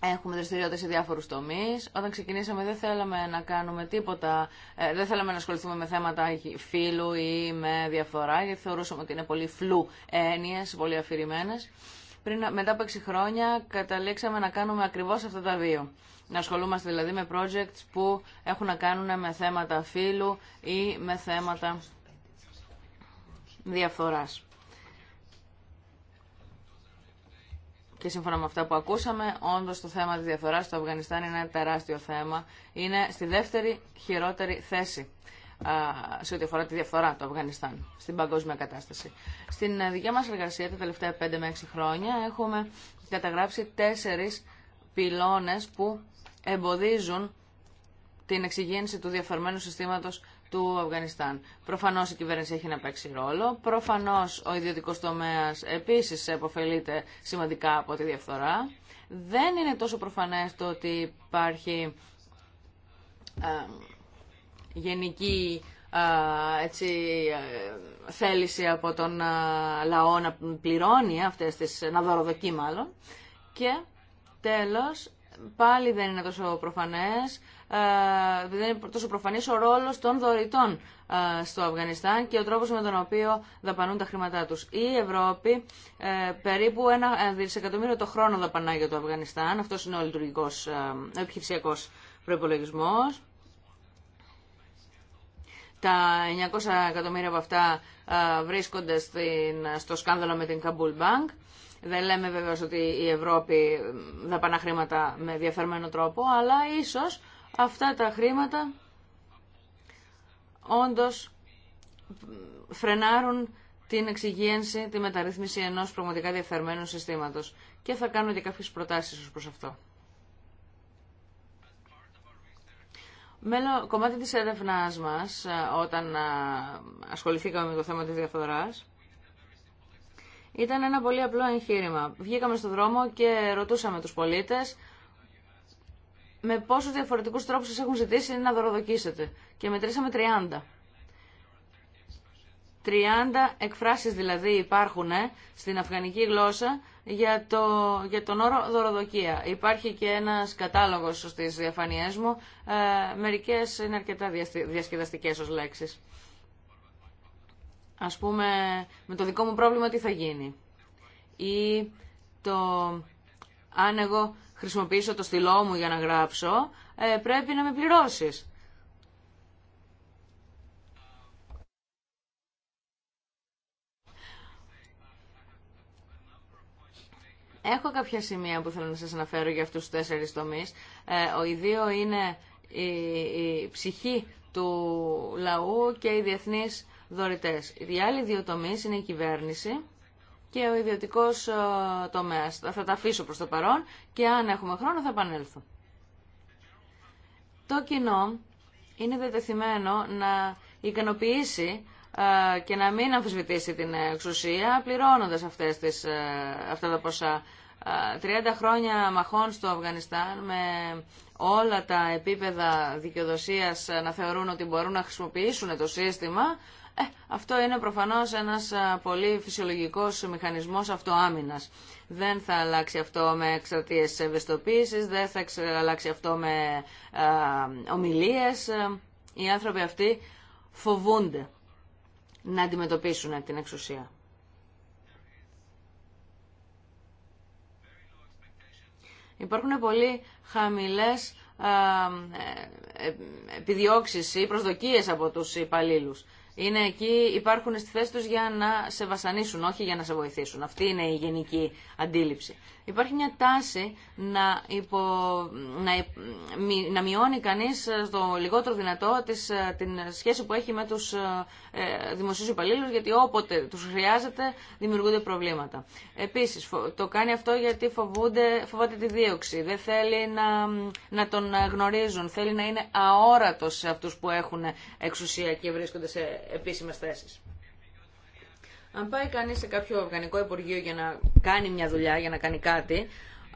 Έχουμε δραστηριότητε σε διάφορου τομεί. Όταν ξεκινήσαμε, δεν θέλαμε να κάνουμε τίποτα, ε, δεν θέλαμε να ασχοληθούμε με θέματα φύλου ή με διαφορά, γιατί θεωρούσαμε ότι είναι πολύ φλου έννοιε, πολύ αφηρημένε. Μετά από 6 χρόνια, καταλήξαμε να κάνουμε ακριβώ αυτά τα δύο. Να ασχολούμαστε δηλαδή με projects που έχουν να κάνουν με θέματα φύλου ή με θέματα διαφθοράς. Και σύμφωνα με αυτά που ακούσαμε, όντως το θέμα της διαφορά στο Αφγανιστάν είναι ένα τεράστιο θέμα. Είναι στη δεύτερη χειρότερη θέση σε ό,τι αφορά τη διαφορά του Αφγανιστάν στην παγκόσμια κατάσταση. Στην ε, δικιά μας εργασία τα τελευταία 5 με 6 χρόνια έχουμε καταγράψει τέσσερις πυλώνες που εμποδίζουν την εξυγίανση του διαφορμένου συστήματος του Αφγανιστάν. Προφανώ η κυβέρνηση έχει να παίξει ρόλο. Προφανώ ο ιδιωτικό τομέα επίση επωφελείται σημαντικά από τη διαφθορά. Δεν είναι τόσο προφανέ το ότι υπάρχει ε, γενική ε, έτσι, ε, θέληση από τον λαό να πληρώνει αυτές τις, να δωροδοκεί μάλλον. Και τέλος, πάλι δεν είναι τόσο προφανές ε, δεν είναι τόσο προφανής ο ρόλος των δωρητών ε, στο Αφγανιστάν και ο τρόπος με τον οποίο δαπανούν τα χρήματά τους. Η Ευρώπη ε, περίπου ένα δισεκατομμύριο το χρόνο δαπανά για το Αφγανιστάν. Αυτός είναι ο λειτουργικός ε, επιχειρησιακός προϋπολογισμός. Τα 900 εκατομμύρια από αυτά βρίσκονται στο σκάνδαλο με την Καμπούλ Bank. Δεν λέμε βέβαια ότι η Ευρώπη δαπανά χρήματα με διαφερμένο τρόπο, αλλά ίσως αυτά τα χρήματα όντως φρενάρουν την εξυγίανση, τη μεταρρύθμιση ενός πραγματικά διαφθαρμένου συστήματος. Και θα κάνω και κάποιες προτάσεις ως προς αυτό. Μέλο, κομμάτι της έρευνάς μας, όταν ασχοληθήκαμε με το θέμα της διαφθοράς, ήταν ένα πολύ απλό εγχείρημα. Βγήκαμε στον δρόμο και ρωτούσαμε τους πολίτες με πόσους διαφορετικούς τρόπους σας έχουν ζητήσει να δωροδοκίσετε. Και μετρήσαμε 30. 30 εκφράσεις δηλαδή υπάρχουν ε, στην αφγανική γλώσσα για, το, για τον όρο δωροδοκία. Υπάρχει και ένας κατάλογος στις διαφανίες μου. Ε, μερικές είναι αρκετά διασκεδαστικές ως λέξεις. Ας πούμε, με το δικό μου πρόβλημα τι θα γίνει. Ή το αν χρησιμοποιήσω το στυλό μου για να γράψω, ε, πρέπει να με πληρώσεις. Έχω κάποια σημεία που θέλω να σας αναφέρω για αυτούς τους τέσσερις τομείς. Ε, ο, ιδίο είναι η, η ψυχή του λαού και οι διεθνείς δωρητές. Οι άλλοι δύο τομείς είναι η κυβέρνηση και ο ιδιωτικό ε, τομέα Θα τα αφήσω προς το παρόν και αν έχουμε χρόνο θα επανέλθω. Το κοινό είναι δεδεθειμένο να ικανοποιήσει ε, και να μην αμφισβητήσει την εξουσία πληρώνοντας αυτές τις, ε, αυτά τα ποσά. 30 χρόνια μαχών στο Αφγανιστάν με όλα τα επίπεδα δικαιοδοσίας να θεωρούν ότι μπορούν να χρησιμοποιήσουν το σύστημα ε, αυτό είναι προφανώς ένας πολύ φυσιολογικός μηχανισμός αυτοάμυνας. Δεν θα αλλάξει αυτό με εξαρτίες ευαισθητοποίησης, δεν θα αλλάξει αυτό με ομιλίες. Οι άνθρωποι αυτοί φοβούνται να αντιμετωπίσουν την εξουσία. Υπάρχουν πολύ χαμηλές ε, ε, επιδιώξεις ή προσδοκίες από τους υπαλλήλους είναι εκεί, υπάρχουν στη θέση τους για να σε βασανίσουν, όχι για να σε βοηθήσουν. Αυτή είναι η γενική αντίληψη. Υπάρχει μια τάση να, υπο, να, να μειώνει κανείς ε, στο λιγότερο δυνατό της, ε, την σχέση που έχει με τους ε, ε, δημοσίους υπαλλήλους γιατί όποτε τους χρειάζεται δημιουργούνται προβλήματα. Επίσης το κάνει αυτό γιατί φοβούνται, φοβάται τη δίωξη, δεν θέλει να, να τον γνωρίζουν, θέλει να είναι αόρατος σε αυτούς που έχουν εξουσία και βρίσκονται σε επίσημες θέσεις. Αν πάει κανεί σε κάποιο οργανικό υπουργείο για να κάνει μια δουλειά, για να κάνει κάτι,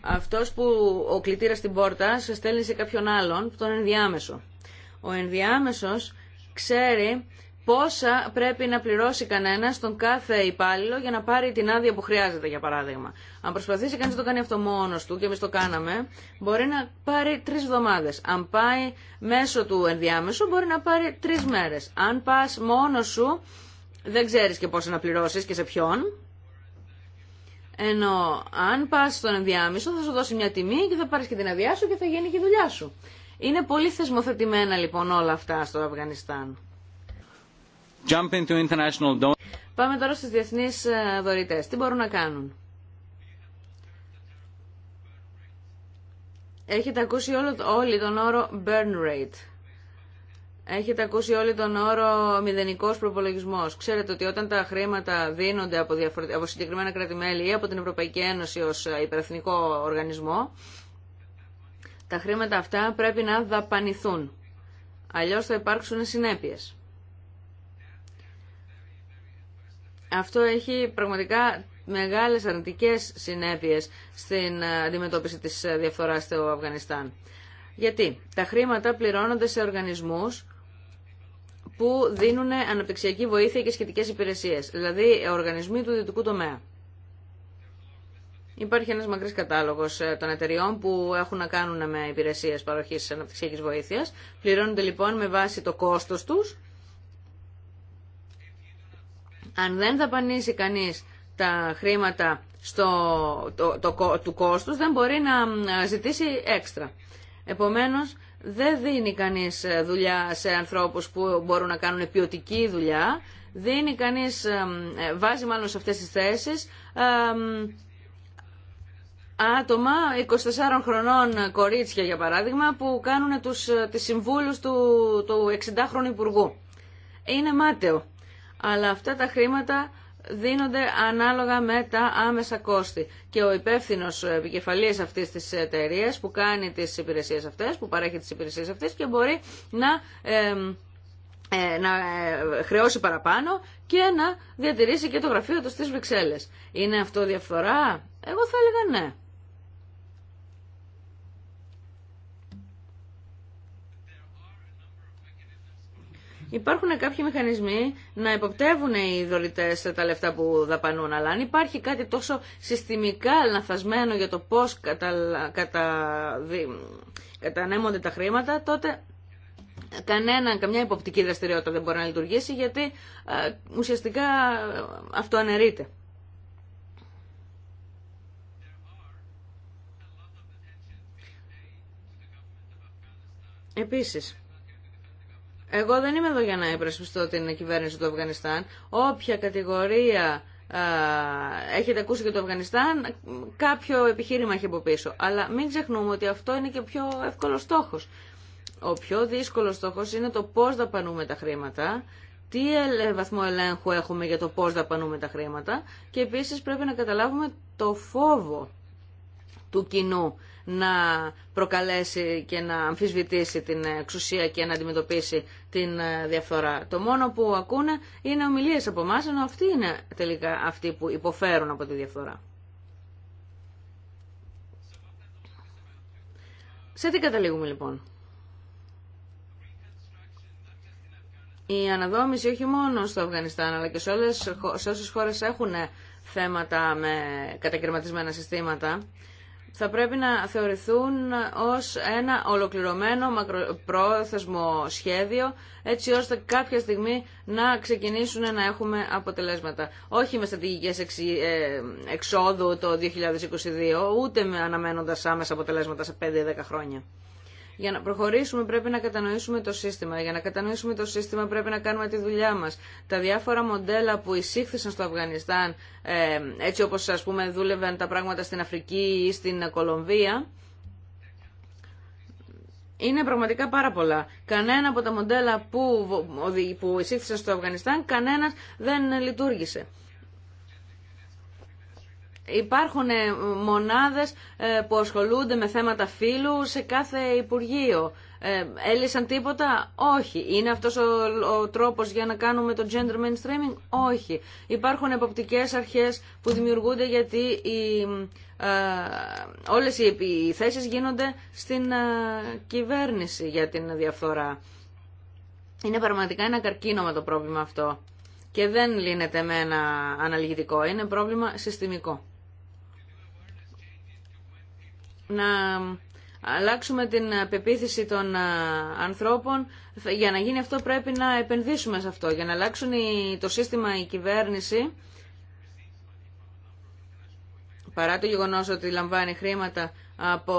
αυτό που ο κλητήρα στην πόρτα σε στέλνει σε κάποιον άλλον, τον ενδιάμεσο. Ο ενδιάμεσο ξέρει πόσα πρέπει να πληρώσει κανένα τον κάθε υπάλληλο για να πάρει την άδεια που χρειάζεται, για παράδειγμα. Αν προσπαθήσει κανεί να το κάνει αυτό μόνο του, και εμεί το κάναμε, μπορεί να πάρει τρει εβδομάδε. Αν πάει μέσω του ενδιάμεσου, μπορεί να πάρει τρει μέρε. Αν πα μόνο σου, δεν ξέρεις και πόσο να πληρώσεις και σε ποιον. Ενώ αν πας στον ενδιάμεσο θα σου δώσει μια τιμή και θα πάρεις και την αδειά σου και θα γίνει και η δουλειά σου. Είναι πολύ θεσμοθετημένα λοιπόν όλα αυτά στο Αφγανιστάν. international... Πάμε τώρα στους διεθνείς ε, δωρητές. Τι μπορούν να κάνουν. Έχετε ακούσει όλο, όλοι τον όρο burn rate. Έχετε ακούσει όλοι τον όρο μηδενικό προπολογισμό. Ξέρετε ότι όταν τα χρήματα δίνονται από, διαφορε... από συγκεκριμένα κράτη-μέλη ή από την Ευρωπαϊκή Ένωση ω υπερεθνικό οργανισμό, τα χρήματα αυτά πρέπει να δαπανηθούν. Αλλιώ θα υπάρξουν συνέπειε. Αυτό έχει πραγματικά μεγάλε αρνητικές συνέπειε στην ε, αντιμετώπιση τη ε, διαφθοράς στο Αφγανιστάν. Γιατί τα χρήματα πληρώνονται σε οργανισμούς που δίνουν αναπτυξιακή βοήθεια και σχετικές υπηρεσίες, δηλαδή οργανισμοί του ιδιωτικού τομέα. Υπάρχει ένας μακρύς κατάλογος ε, των εταιριών που έχουν να κάνουν με υπηρεσίες παροχής αναπτυξιακής βοήθειας. Πληρώνονται λοιπόν με βάση το κόστος τους. Αν δεν δαπανίσει κανείς τα χρήματα στο, το, το, το, του κόστους, δεν μπορεί να ε, ζητήσει έξτρα. Επομένως, δεν δίνει κανείς ε, δουλειά σε ανθρώπους που μπορούν να κάνουν ποιοτική δουλειά, δίνει κανείς, ε, ε, βάζει μάλλον σε αυτές τις θέσεις άτομα 24 χρονών κορίτσια για παράδειγμα που κάνουν τους, τις συμβούλους του, του 60χρονου υπουργού. Είναι μάταιο. Αλλά αυτά τα χρήματα δίνονται ανάλογα με τα άμεσα κόστη. Και ο υπεύθυνο επικεφαλής αυτή τη εταιρεία που κάνει τι υπηρεσίε αυτέ, που παρέχει τι υπηρεσίε αυτέ και μπορεί να, ε, να ε, χρεώσει παραπάνω και να διατηρήσει και το γραφείο του στις Βρυξέλλες. Είναι αυτό διαφθορά? Εγώ θα έλεγα ναι. Υπάρχουν κάποιοι μηχανισμοί να υποπτεύουν οι δολητέ τα λεφτά που δαπανούν, αλλά αν υπάρχει κάτι τόσο συστημικά λαθασμένο για το πώ κατα... κατα... κατανέμονται τα χρήματα, τότε κανένα, καμιά υποπτική δραστηριότητα δεν μπορεί να λειτουργήσει γιατί ε, ουσιαστικά ε, αυτό αναιρείται. Επίσης, εγώ δεν είμαι εδώ για να υπερασπιστώ την κυβέρνηση του Αφγανιστάν. Όποια κατηγορία α, έχετε ακούσει για το Αφγανιστάν, κάποιο επιχείρημα έχει από πίσω. Αλλά μην ξεχνούμε ότι αυτό είναι και ο πιο εύκολο στόχο. Ο πιο δύσκολο στόχο είναι το πώ δαπανούμε τα χρήματα, τι βαθμό ελέγχου έχουμε για το πώ δαπανούμε τα χρήματα και επίση πρέπει να καταλάβουμε το φόβο του κοινού να προκαλέσει και να αμφισβητήσει την εξουσία και να αντιμετωπίσει την ε, διαφθορά. Το μόνο που ακούνε είναι ομιλίες από εμά, ενώ αυτοί είναι τελικά αυτοί που υποφέρουν από τη διαφθορά. Σε τι καταλήγουμε λοιπόν. Η αναδόμηση όχι μόνο στο Αφγανιστάν αλλά και σε, όλες, σε όσες χώρες έχουν θέματα με κατακαιρματισμένα συστήματα θα πρέπει να θεωρηθούν ως ένα ολοκληρωμένο μακροπρόθεσμο σχέδιο έτσι ώστε κάποια στιγμή να ξεκινήσουν να έχουμε αποτελέσματα. Όχι με στρατηγικές ε, εξόδου το 2022 ούτε με αναμένοντας άμεσα αποτελέσματα σε 5-10 χρόνια. Για να προχωρήσουμε πρέπει να κατανοήσουμε το σύστημα. Για να κατανοήσουμε το σύστημα πρέπει να κάνουμε τη δουλειά μας. Τα διάφορα μοντέλα που εισήχθησαν στο Αφγανιστάν, ε, έτσι όπως ας πούμε δούλευαν τα πράγματα στην Αφρική ή στην Κολομβία, είναι πραγματικά πάρα πολλά. Κανένα από τα μοντέλα που, που εισήχθησαν στο Αφγανιστάν, κανένας δεν λειτουργήσε. Υπάρχουν ε, μονάδες ε, που ασχολούνται με θέματα φύλου σε κάθε Υπουργείο. Ε, έλυσαν τίποτα? Όχι. Είναι αυτός ο, τρόπος για να κάνουμε το gender mainstreaming? Όχι. Υπάρχουν εποπτικές αρχές που δημιουργούνται γιατί οι, όλες οι θέσεις γίνονται στην κυβέρνηση για την διαφθορά. Είναι πραγματικά ένα με το πρόβλημα αυτό και δεν λύνεται με ένα αναλυγητικό, Είναι πρόβλημα συστημικό να αλλάξουμε την πεποίθηση των ανθρώπων. Για να γίνει αυτό πρέπει να επενδύσουμε σε αυτό. Για να αλλάξουν το σύστημα η κυβέρνηση, παρά το γεγονός ότι λαμβάνει χρήματα από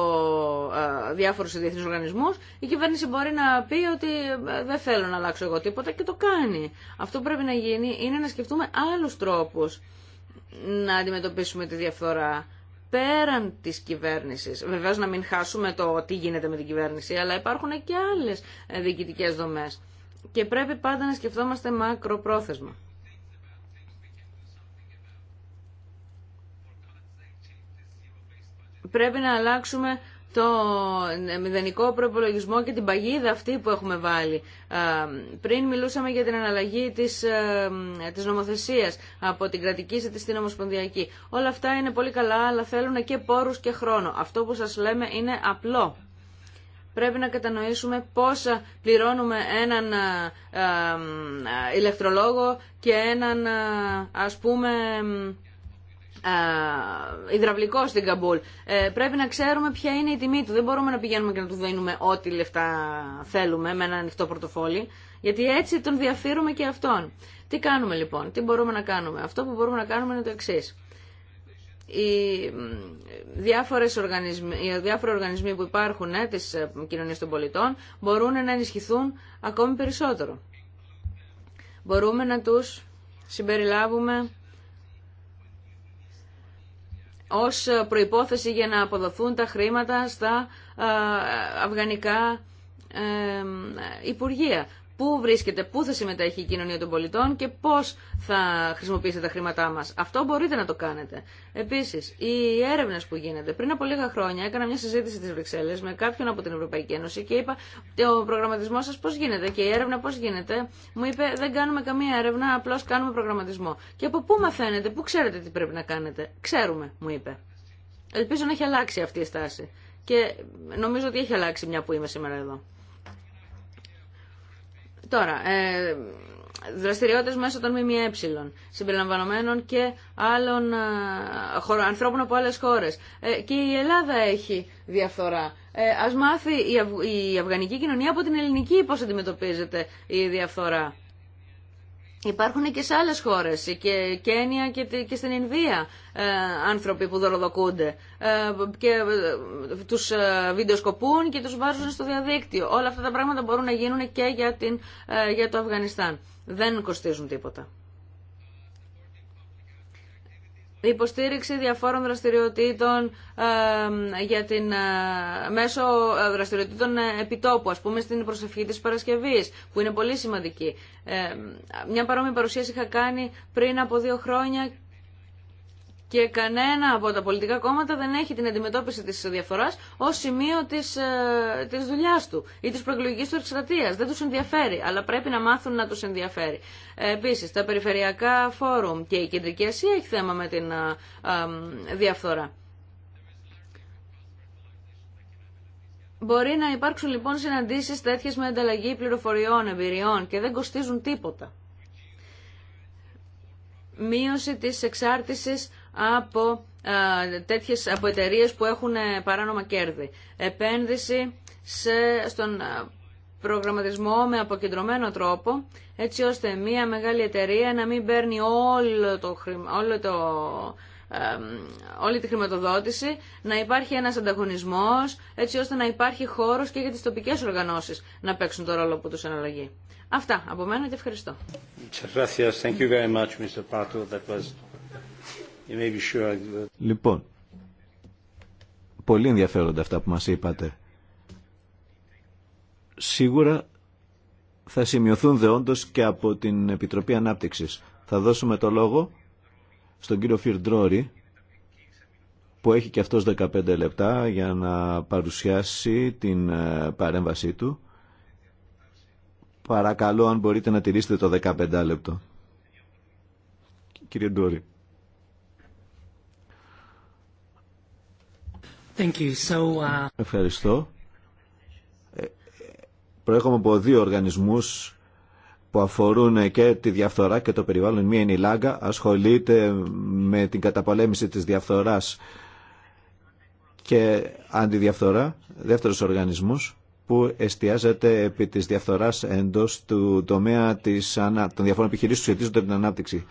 διάφορους διεθνείς οργανισμούς, η κυβέρνηση μπορεί να πει ότι δεν θέλω να αλλάξω εγώ τίποτα και το κάνει. Αυτό που πρέπει να γίνει είναι να σκεφτούμε άλλους τρόπους να αντιμετωπίσουμε τη διαφθορά πέραν της κυβέρνησης. Βεβαίως να μην χάσουμε το τι γίνεται με την κυβέρνηση, αλλά υπάρχουν και άλλες διοικητικές δομές. Και πρέπει πάντα να σκεφτόμαστε μακροπρόθεσμα. Πρέπει να αλλάξουμε το μηδενικό προπολογισμό και την παγίδα αυτή που έχουμε βάλει. Πριν μιλούσαμε για την αναλλαγή της, ε, της νομοθεσίας από την κρατική σε την ομοσπονδιακή. Όλα αυτά είναι πολύ καλά, αλλά θέλουν και πόρους και χρόνο. Αυτό που σας λέμε είναι απλό. Πρέπει να κατανοήσουμε πόσα πληρώνουμε έναν ε, ε, ηλεκτρολόγο και έναν, ας πούμε υδραυλικό στην Καμπούλ. Ε, πρέπει να ξέρουμε ποια είναι η τιμή του. Δεν μπορούμε να πηγαίνουμε και να του δίνουμε ό,τι λεφτά θέλουμε με ένα ανοιχτό πορτοφόλι, γιατί έτσι τον διαφύρουμε και αυτόν. Τι κάνουμε λοιπόν, τι μπορούμε να κάνουμε. Αυτό που μπορούμε να κάνουμε είναι το εξή. Οι, διάφορες οργανισμοί, οι διάφοροι οργανισμοί που υπάρχουν τη ε, της ε, των πολιτών μπορούν να ενισχυθούν ακόμη περισσότερο. Μπορούμε να τους συμπεριλάβουμε ως προϋπόθεση για να αποδοθούν τα χρήματα στα ε, αφγανικά ε, υπουργεία πού βρίσκεται, πού θα συμμετέχει η κοινωνία των πολιτών και πώς θα χρησιμοποιήσετε τα χρήματά μας. Αυτό μπορείτε να το κάνετε. Επίσης, οι έρευνες που γίνεται. Πριν από λίγα χρόνια έκανα μια συζήτηση στις Βρυξέλλες με κάποιον από την Ευρωπαϊκή Ένωση και είπα ο προγραμματισμό σας πώς γίνεται και η έρευνα πώς γίνεται. Μου είπε δεν κάνουμε καμία έρευνα, απλώς κάνουμε προγραμματισμό. Και από πού μαθαίνετε, πού ξέρετε τι πρέπει να κάνετε. Ξέρουμε, μου είπε. Ελπίζω να έχει αλλάξει αυτή η στάση. Και νομίζω ότι έχει αλλάξει μια που είμαι σήμερα εδώ. Τώρα, ε, δραστηριότητες μέσω των ΜΜΕ, συμπεριλαμβανομένων και άλλων ε, ανθρώπων από άλλες χώρες. Ε, και η Ελλάδα έχει διαφθορά. Ε, μάθει η, αυγανική η κοινωνία από την ελληνική πώ αντιμετωπίζεται η διαφθορά. Υπάρχουν και σε άλλες χώρες, και Κένια και, και στην Ινδία ε, άνθρωποι που δωροδοκούνται ε, και ε, τους βιντεοσκοπούν και τους βάζουν στο διαδίκτυο. Όλα αυτά τα πράγματα μπορούν να γίνουν και για, την, για το Αφγανιστάν. Δεν κοστίζουν τίποτα υποστήριξη διαφόρων δραστηριοτήτων ε, για την, ε, μέσω ε, δραστηριοτήτων ε, επιτόπου, ας πούμε στην προσευχή της Παρασκευής, που είναι πολύ σημαντική. Ε, μια παρόμοια παρουσίαση είχα κάνει πριν από δύο χρόνια και κανένα από τα πολιτικά κόμματα δεν έχει την αντιμετώπιση της διαφοράς ως σημείο της, ε, της δουλειάς του ή της προεκλογικής του εκστρατείας. Δεν τους ενδιαφέρει, αλλά πρέπει να μάθουν να του ενδιαφέρει. Ε, επίσης, τα περιφερειακά φόρουμ και η Κεντρική Ασία έχει θέμα με την ε, ε, διαφθορά. Μπορεί να υπάρξουν λοιπόν συναντήσεις τέτοιες με ανταλλαγή πληροφοριών, εμπειριών και δεν κοστίζουν τίποτα. Μείωση της εξάρτησης από, τέτοιες, από εταιρείες που έχουν ε, παράνομα κέρδη. Επένδυση σε, στον προγραμματισμό με αποκεντρωμένο τρόπο, έτσι ώστε μια μεγάλη εταιρεία να μην παίρνει όλο το, όλο το, όλη τη χρηματοδότηση, να υπάρχει ένας ανταγωνισμός, έτσι ώστε να υπάρχει χώρος και για τις τοπικές οργανώσεις να παίξουν το ρόλο που τους αναλογεί. Αυτά από μένα και ευχαριστώ. Λοιπόν, πολύ ενδιαφέροντα αυτά που μας είπατε. Σίγουρα θα σημειωθούν δεόντως και από την Επιτροπή Ανάπτυξης. Θα δώσουμε το λόγο στον κύριο Φιρντρόρη, που έχει και αυτός 15 λεπτά για να παρουσιάσει την ε, παρέμβασή του. Παρακαλώ αν μπορείτε να τηρήσετε το 15 λεπτό. Κύριε Ντόρη. Uh, Ευχαριστώ. Ε, ε, προέρχομαι από δύο οργανισμούς που αφορούν και τη διαφθορά και το περιβάλλον. Μία είναι η Λάγκα, ασχολείται με την καταπολέμηση της διαφθοράς και αντιδιαφθορά, δεύτερος οργανισμός που εστιάζεται επί της διαφθοράς εντός του τομέα της, ανα... των διαφόρων επιχειρήσεων που σχετίζονται με την ανάπτυξη.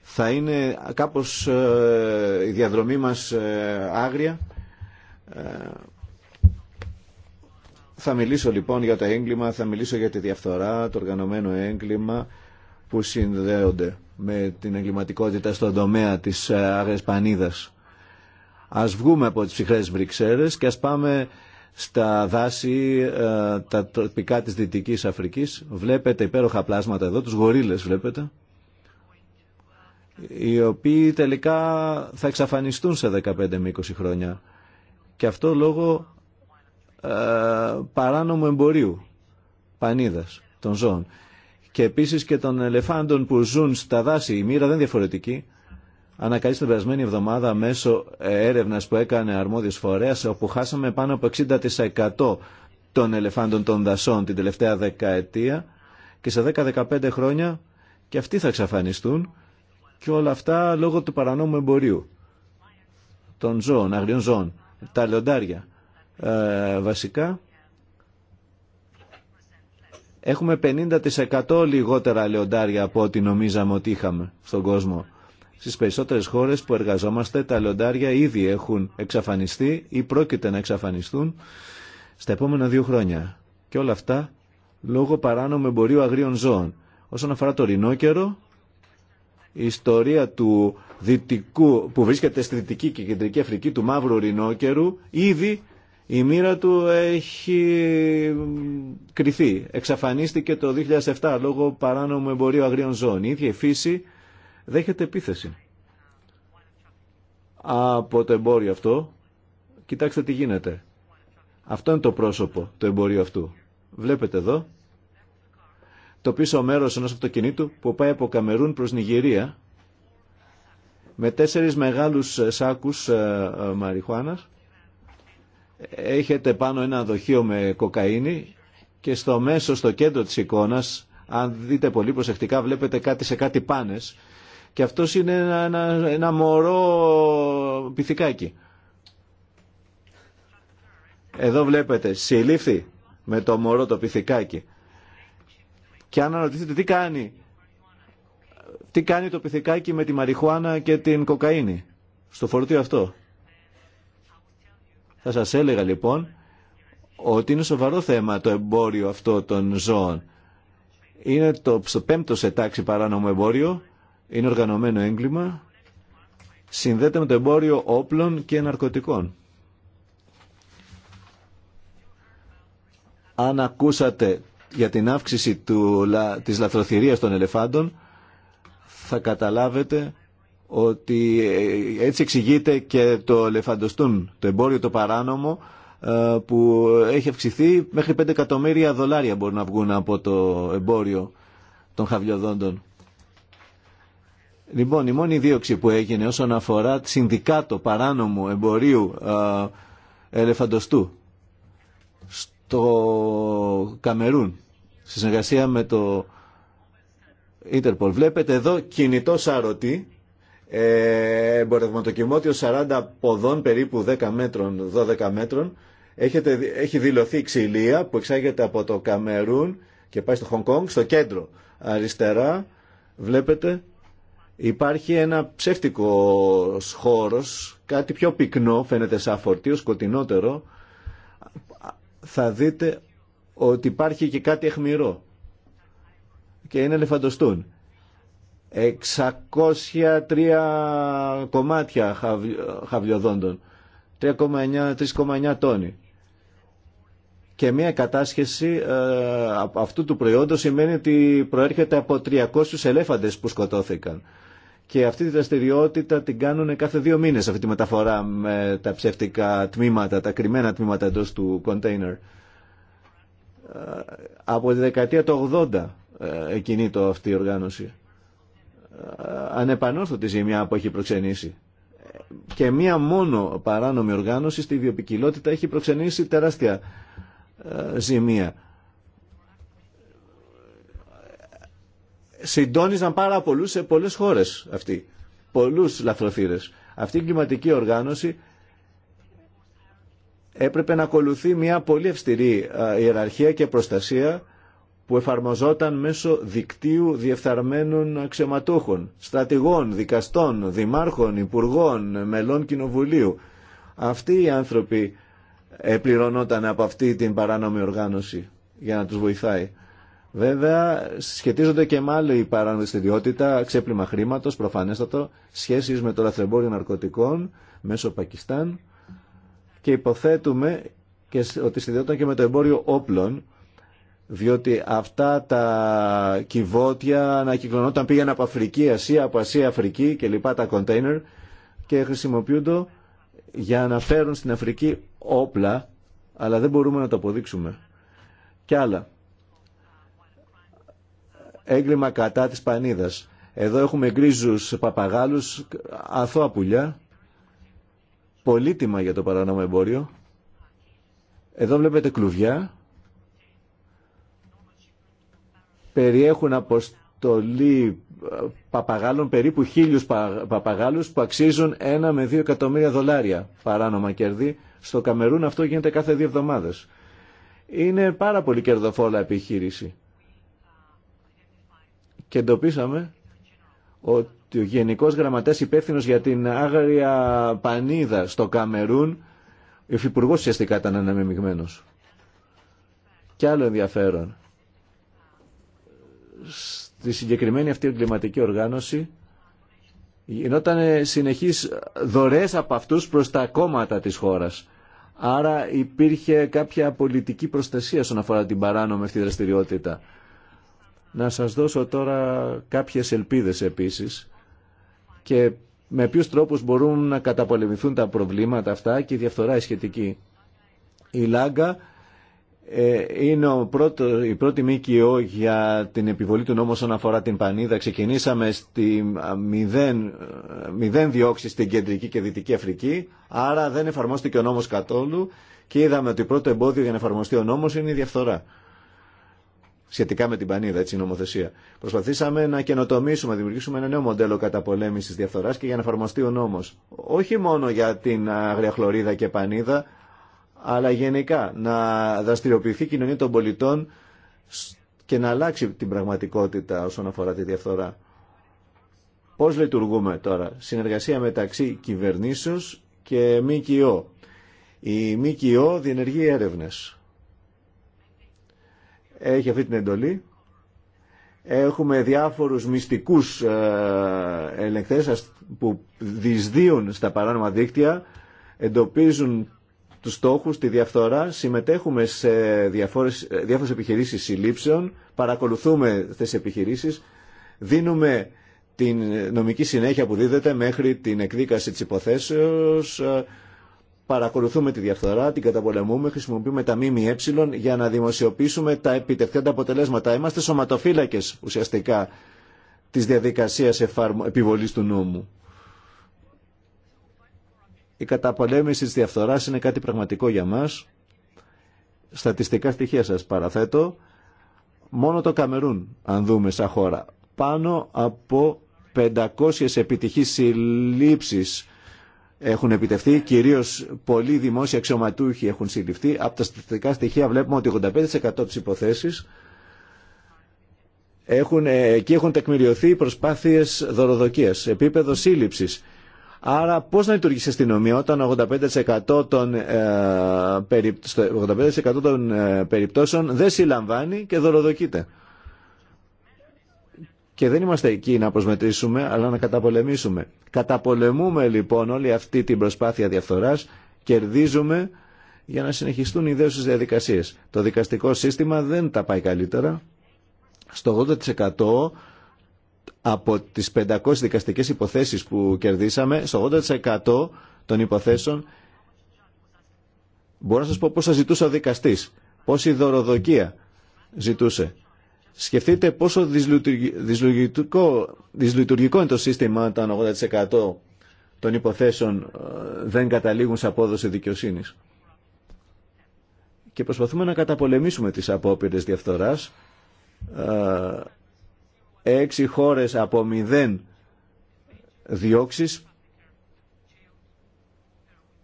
Θα είναι κάπως ε, η διαδρομή μας άγρια ε, θα μιλήσω λοιπόν για το έγκλημα, θα μιλήσω για τη διαφθορά, το οργανωμένο έγκλημα που συνδέονται με την εγκληματικότητα στον τομέα της ε, Άγρες Πανίδας. Ας βγούμε από τις ψυχρές βρύξερες και ας πάμε στα δάση ε, τα τοπικά της Δυτικής Αφρικής. Βλέπετε υπέροχα πλάσματα εδώ, τους γορίλες βλέπετε, οι οποίοι τελικά θα εξαφανιστούν σε 15 με 20 χρόνια. Και αυτό λόγω ε, παράνομου εμπορίου πανίδας των ζώων. Και επίσης και των ελεφάντων που ζουν στα δάση. Η μοίρα δεν είναι διαφορετική. Ανακαλύψαμε την περασμένη εβδομάδα μέσω ε, έρευνας που έκανε αρμόδιος φορέας όπου χάσαμε πάνω από 60% των ελεφάντων των δασών την τελευταία δεκαετία και σε 10-15 χρόνια και αυτοί θα εξαφανιστούν και όλα αυτά λόγω του παρανόμου εμπορίου των ζώων, αγριών ζώων τα λιοντάρια. Ε, βασικά έχουμε 50% λιγότερα λιοντάρια από ό,τι νομίζαμε ότι είχαμε στον κόσμο. Στις περισσότερες χώρες που εργαζόμαστε τα λιοντάρια ήδη έχουν εξαφανιστεί ή πρόκειται να εξαφανιστούν στα επόμενα δύο χρόνια. Και όλα αυτά λόγω παράνομου εμπορίου αγρίων ζώων. Όσον αφορά το ρινόκερο, η ιστορία του δυτικού, που βρίσκεται στη Δυτική και Κεντρική Αφρική του Μαύρου Ρινόκερου, ήδη η μοίρα του έχει κρυθεί. Εξαφανίστηκε το 2007 λόγω παράνομου εμπορίου αγρίων ζώων. Η ίδια η φύση δέχεται επίθεση από το εμπόριο αυτό. Κοιτάξτε τι γίνεται. Αυτό είναι το πρόσωπο του εμπορίου αυτού. Βλέπετε εδώ το πίσω μέρος ενός αυτοκινήτου που πάει από Καμερούν προς Νιγηρία με τέσσερις μεγάλους ε, σάκους ε, ε, μαριχουάνας. Έχετε πάνω ένα δοχείο με κοκαίνη και στο μέσο, στο κέντρο της εικόνας, αν δείτε πολύ προσεκτικά, βλέπετε κάτι σε κάτι πάνες και αυτό είναι ένα, ένα, ένα μωρό πυθικάκι. Εδώ βλέπετε, συλλήφθη με το μωρό το πυθικάκι. Και αν αναρωτηθείτε τι κάνει τι κάνει το πιθηκάκι με τη μαριχουάνα και την κοκαίνη στο φορτίο αυτό. Θα σας έλεγα λοιπόν ότι είναι σοβαρό θέμα το εμπόριο αυτό των ζώων. Είναι το πέμπτο σε τάξη παράνομο εμπόριο, είναι οργανωμένο έγκλημα, συνδέεται με το εμπόριο όπλων και ναρκωτικών. Αν ακούσατε για την αύξηση του, της λαθροθυρίας των ελεφάντων, θα καταλάβετε ότι ε, έτσι εξηγείται και το ελεφαντοστούν, το εμπόριο το παράνομο ε, που έχει αυξηθεί μέχρι 5 εκατομμύρια δολάρια μπορούν να βγουν από το εμπόριο των χαβλιοδόντων. Λοιπόν, η μόνη δίωξη που έγινε όσον αφορά συνδικάτο παράνομου εμπορίου ε, ελεφαντοστού στο Καμερούν, στη συνεργασία με το Interpol. Βλέπετε εδώ κινητό σαρωτή, ε, εμπορευματοκιμώτιο 40 ποδών περίπου 10 μέτρων, 12 μέτρων. Έχετε, έχει δηλωθεί ξυλία που εξάγεται από το Καμερούν και πάει στο Χονγκ Κόνγκ, στο κέντρο. Αριστερά βλέπετε υπάρχει ένα ψεύτικο χώρος, κάτι πιο πυκνό φαίνεται σαν φορτίο, σκοτεινότερο. Θα δείτε ότι υπάρχει και κάτι αιχμηρό και είναι ελεφαντοστούν. 603 κομμάτια χαβλιοδόντων, 3,9 τόνοι. Και μια κατάσχεση ε, αυτού του προϊόντος σημαίνει ότι προέρχεται από 300 ελέφαντες που σκοτώθηκαν. Και αυτή τη δραστηριότητα την κάνουν κάθε δύο μήνες αυτή τη μεταφορά με τα ψεύτικα τμήματα, τα κρυμμένα τμήματα εντός του κοντέινερ. Από τη δεκαετία του 80 ε, το αυτή η οργάνωση. Ε, ανεπανόρθωτη ζημιά που έχει προξενήσει. Και μία μόνο παράνομη οργάνωση στη βιοπικιλότητα έχει προξενήσει τεράστια ε, ζημία. Συντόνιζαν πάρα πολλούς σε πολλές χώρες αυτοί. Πολλούς λαθροθύρες. Αυτή η κλιματική οργάνωση έπρεπε να ακολουθεί μια πολύ παρα πολλου σε πολλες χωρες αυτοι πολλου λαθροθυρες αυτη η ιεραρχία και προστασία που εφαρμοζόταν μέσω δικτύου διεφθαρμένων αξιωματούχων, στρατηγών, δικαστών, δημάρχων, υπουργών, μελών κοινοβουλίου. Αυτοί οι άνθρωποι επληρωνόταν από αυτή την παράνομη οργάνωση για να τους βοηθάει. Βέβαια, σχετίζονται και με άλλη παράνομη συνδυότητα ξέπλυμα χρήματο, προφανέστατο, σχέσει με το λαθρεμπόριο ναρκωτικών μέσω Πακιστάν και υποθέτουμε και ότι συνδυόταν και με το εμπόριο όπλων διότι αυτά τα κυβότια ανακυκλωνόταν πήγαν από Αφρική, Ασία, από Ασία, Αφρική και λοιπά τα κοντέινερ και χρησιμοποιούνται για να φέρουν στην Αφρική όπλα, αλλά δεν μπορούμε να το αποδείξουμε. Και άλλα. Έγκλημα κατά της πανίδας. Εδώ έχουμε γκρίζους παπαγάλους, αθώα πουλιά, πολύτιμα για το παράνομο εμπόριο. Εδώ βλέπετε κλουβιά, περιέχουν αποστολή ε, παπαγάλων, περίπου χίλιους παπαγάλους που αξίζουν ένα με δύο εκατομμύρια δολάρια παράνομα κερδί. Στο Καμερούν αυτό γίνεται κάθε δύο εβδομάδες. Είναι πάρα πολύ κερδοφολα επιχείρηση. Και εντοπίσαμε ότι ο Γενικός Γραμματέας υπεύθυνο για την άγρια πανίδα στο Καμερούν, ο Υφυπουργός ουσιαστικά ήταν αναμειγμένος. Και άλλο ενδιαφέρον στη συγκεκριμένη αυτή εγκληματική οργάνωση γινόταν συνεχείς δωρές από αυτούς προς τα κόμματα της χώρας. Άρα υπήρχε κάποια πολιτική προστασία στον αφορά την παράνομη αυτή δραστηριότητα. Να σας δώσω τώρα κάποιες ελπίδες επίσης και με ποιους τρόπους μπορούν να καταπολεμηθούν τα προβλήματα αυτά και η διαφθορά σχετική. Η Λάγκα ε, είναι ο πρώτο, η πρώτη ΜΚΟ για την επιβολή του νόμου όσον αφορά την Πανίδα. Ξεκινήσαμε στη μηδέν, μηδέν διώξη στην Κεντρική και Δυτική Αφρική, άρα δεν εφαρμόστηκε ο νόμος καθόλου και είδαμε ότι το πρώτο εμπόδιο για να εφαρμοστεί ο νόμος είναι η διαφθορά. Σχετικά με την Πανίδα, έτσι η νομοθεσία. Προσπαθήσαμε να καινοτομήσουμε, να δημιουργήσουμε ένα νέο μοντέλο καταπολέμησης διαφθοράς και για να εφαρμοστεί ο νόμος. Όχι μόνο για την αγριαχλωρίδα και Πανίδα, αλλά γενικά να δραστηριοποιηθεί η κοινωνία των πολιτών και να αλλάξει την πραγματικότητα όσον αφορά τη διαφθορά. Πώς λειτουργούμε τώρα. Συνεργασία μεταξύ κυβερνήσεως και ΜΚΟ. Η ΜΚΟ διενεργεί έρευνες. Έχει αυτή την εντολή. Έχουμε διάφορους μυστικούς ε, ελεγκτές που δυσδύουν στα παράνομα δίκτυα, εντοπίζουν τους στόχους, τη διαφθορά, συμμετέχουμε σε διάφορες, διάφορες επιχειρήσεις συλλήψεων, παρακολουθούμε τις επιχειρήσεις, δίνουμε την νομική συνέχεια που δίδεται μέχρι την εκδίκαση της υποθέσεως, ε, παρακολουθούμε τη διαφθορά, την καταπολεμούμε, χρησιμοποιούμε τα ΜΜΕ για να δημοσιοποιήσουμε τα επιτευχθέντα αποτελέσματα. Είμαστε σωματοφύλακες ουσιαστικά της διαδικασίας επιβολής του νόμου. Η καταπολέμηση της διαφθοράς είναι κάτι πραγματικό για μας. Στατιστικά στοιχεία σας παραθέτω. Μόνο το Καμερούν, αν δούμε σαν χώρα, πάνω από 500 επιτυχείς συλλήψεις έχουν επιτευχθεί, κυρίως πολλοί δημόσιοι αξιωματούχοι έχουν συλληφθεί. Από τα στατιστικά στοιχεία βλέπουμε ότι 85% της υποθέσεις έχουν, ε, εκεί έχουν τεκμηριωθεί προσπάθειες δωροδοκίας. Επίπεδο σύλληψης Άρα πώς να λειτουργήσει η αστυνομία όταν 85% των, 85 ε, των ε, περιπτώσεων δεν συλλαμβάνει και δωροδοκείται. Και δεν είμαστε εκεί να προσμετρήσουμε, αλλά να καταπολεμήσουμε. Καταπολεμούμε λοιπόν όλη αυτή την προσπάθεια διαφθοράς, κερδίζουμε για να συνεχιστούν οι ιδέες διαδικασίες. Το δικαστικό σύστημα δεν τα πάει καλύτερα. Στο 80% από τις 500 δικαστικές υποθέσεις που κερδίσαμε, στο 80% των υποθέσεων μπορώ να σας πω πώς θα ζητούσε ο δικαστής, πόση δωροδοκία ζητούσε. Σκεφτείτε πόσο δυσλειτουργικό, δυσλειτουργικό είναι το σύστημα όταν 80% των υποθέσεων ε, δεν καταλήγουν σε απόδοση δικαιοσύνης. Και προσπαθούμε να καταπολεμήσουμε τις απόπειρες διαφθοράς ε, έξι χώρες από μηδέν διώξεις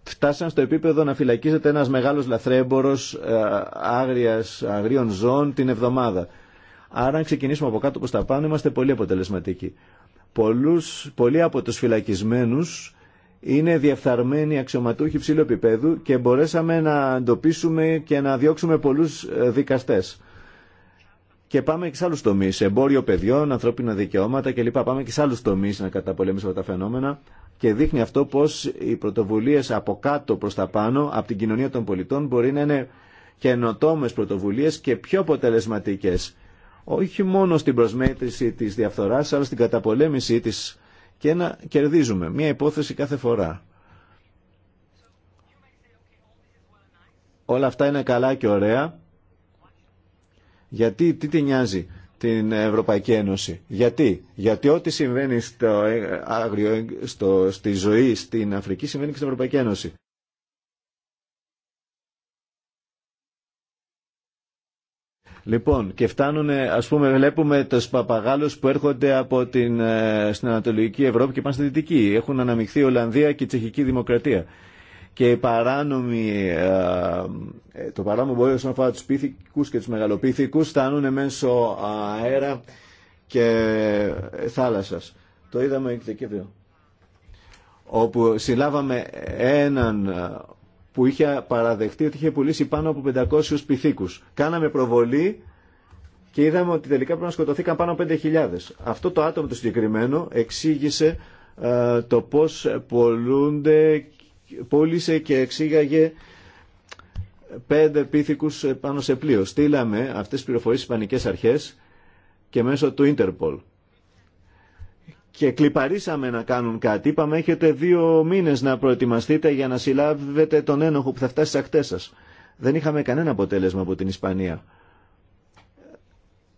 φτάσαν στο επίπεδο να φυλακίζεται ένας μεγάλος λαθρέμπορος ε, άγριας, αγρίων ζώων την εβδομάδα. Άρα αν ξεκινήσουμε από κάτω προς τα πάνω είμαστε πολύ αποτελεσματικοί. Πολλούς, πολλοί από τους φυλακισμένους είναι διεφθαρμένοι αξιωματούχοι ψηλού επίπεδου και μπορέσαμε να εντοπίσουμε και να διώξουμε πολλούς ε, δικαστές. Και πάμε και σε άλλου τομεί. Εμπόριο παιδιών, ανθρώπινα δικαιώματα κλπ. Πάμε και σε άλλου τομεί να καταπολεμήσουμε αυτά τα φαινόμενα. Και δείχνει αυτό πώ οι πρωτοβουλίε από κάτω προ τα πάνω, από την κοινωνία των πολιτών, μπορεί να είναι καινοτόμε πρωτοβουλίε και πιο αποτελεσματικέ. Όχι μόνο στην προσμέτρηση τη διαφθορά, αλλά στην καταπολέμησή τη και να κερδίζουμε μία υπόθεση κάθε φορά. Όλα αυτά είναι καλά και ωραία γιατί, τι τη νοιάζει την Ευρωπαϊκή Ένωση. Γιατί, γιατί ό,τι συμβαίνει στο, άγριο, στο, στη ζωή στην Αφρική συμβαίνει και στην Ευρωπαϊκή Ένωση. Λοιπόν, και φτάνουν, ας πούμε, βλέπουμε του παπαγάλου που έρχονται από την, ε, στην Ανατολική Ευρώπη και πάνε στη Δυτική. Έχουν αναμειχθεί η Ολλανδία και η Τσεχική Δημοκρατία και ε, ε, το παράνομο μπορεί όσον αφορά τους πίθηκους και τους μεγαλοπίθηκους φτάνουν μέσω αέρα και θάλασσας. Το είδαμε και εδώ. Όπου συλλάβαμε έναν ε, που είχε παραδεχτεί ότι είχε πουλήσει πάνω από 500 πυθίκους. Κάναμε προβολή και είδαμε ότι τελικά πρέπει να σκοτωθήκαν πάνω από 5.000. Αυτό το άτομο το συγκεκριμένο εξήγησε το πώς πολλούνται πούλησε και εξήγαγε πέντε πίθηκους πάνω σε πλοίο. Στείλαμε αυτές τις πληροφορίες στις Ισπανικές Αρχές και μέσω του Ίντερπολ. Και κλιπαρίσαμε να κάνουν κάτι. Είπαμε έχετε δύο μήνες να προετοιμαστείτε για να συλλάβετε τον ένοχο που θα φτάσει στις ακτές σας. Δεν είχαμε κανένα αποτέλεσμα από την Ισπανία.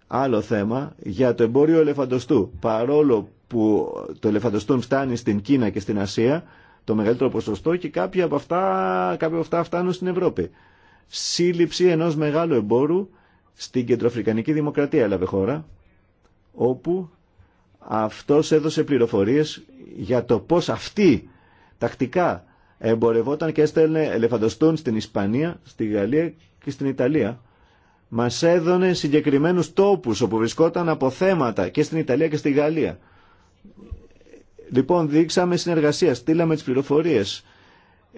Άλλο θέμα για το εμπόριο ελεφαντοστού. Παρόλο που το ελεφαντοστούν φτάνει στην Κίνα και στην Ασία, το μεγαλύτερο ποσοστό και κάποια από αυτά, κάποια από αυτά φτάνουν στην Ευρώπη. Σύλληψη ενός μεγάλου εμπόρου στην Κεντροαφρικανική Δημοκρατία έλαβε χώρα, όπου αυτός έδωσε πληροφορίες για το πώς αυτοί τακτικά εμπορευόταν και έστελνε ελεφαντοστούν στην Ισπανία, στη Γαλλία και στην Ιταλία. Μας έδωνε συγκεκριμένους τόπους όπου βρισκόταν αποθέματα και στην Ιταλία και στη Γαλλία Λοιπόν, δείξαμε συνεργασία, στείλαμε τις πληροφορίες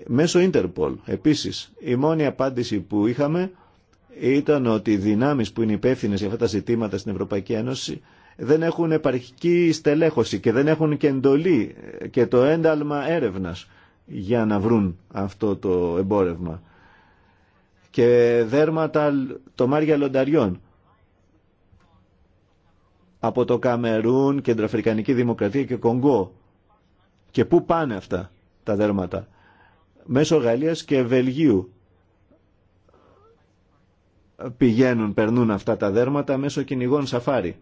μέσω Interpol Επίσης, η μόνη απάντηση που είχαμε ήταν ότι οι δυνάμεις που είναι υπεύθυνε για αυτά τα ζητήματα στην Ευρωπαϊκή Ένωση δεν έχουν επαρχική στελέχωση και δεν έχουν και εντολή και το ένταλμα έρευνας για να βρουν αυτό το εμπόρευμα. Και δέρματα τομάρια λονταριών από το Καμερούν, Κεντροαφρικανική Δημοκρατία και Κονγκό και πού πάνε αυτά τα δέρματα. Μέσω Γαλλίας και Βελγίου πηγαίνουν, περνούν αυτά τα δέρματα μέσω κυνηγών σαφάρι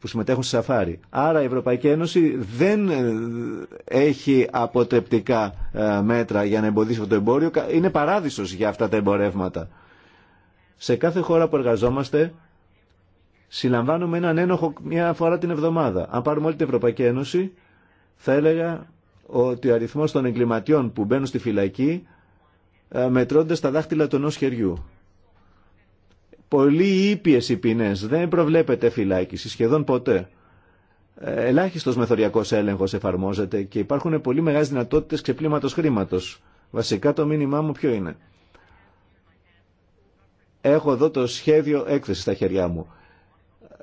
που συμμετέχουν στη σαφάρι. Άρα η Ευρωπαϊκή Ένωση δεν ε, έχει αποτρεπτικά ε, μέτρα για να εμποδίσει το εμπόριο. Είναι παράδεισος για αυτά τα εμπορεύματα. Σε κάθε χώρα που εργαζόμαστε συλλαμβάνουμε έναν ένοχο μια φορά την εβδομάδα. Αν πάρουμε όλη την Ευρωπαϊκή Ένωση θα έλεγα ότι ο αριθμός των εγκληματιών που μπαίνουν στη φυλακή ε, μετρώνται στα δάχτυλα του ενός χεριού. Πολύ ήπιες οι ποινές, δεν προβλέπεται φυλάκιση, σχεδόν ποτέ. Ε, ελάχιστος μεθοριακός έλεγχος εφαρμόζεται και υπάρχουν πολύ μεγάλες δυνατότητες ξεπλήματος χρήματος. Βασικά το μήνυμά μου ποιο είναι. Έχω εδώ το σχέδιο έκθεση στα χέρια μου.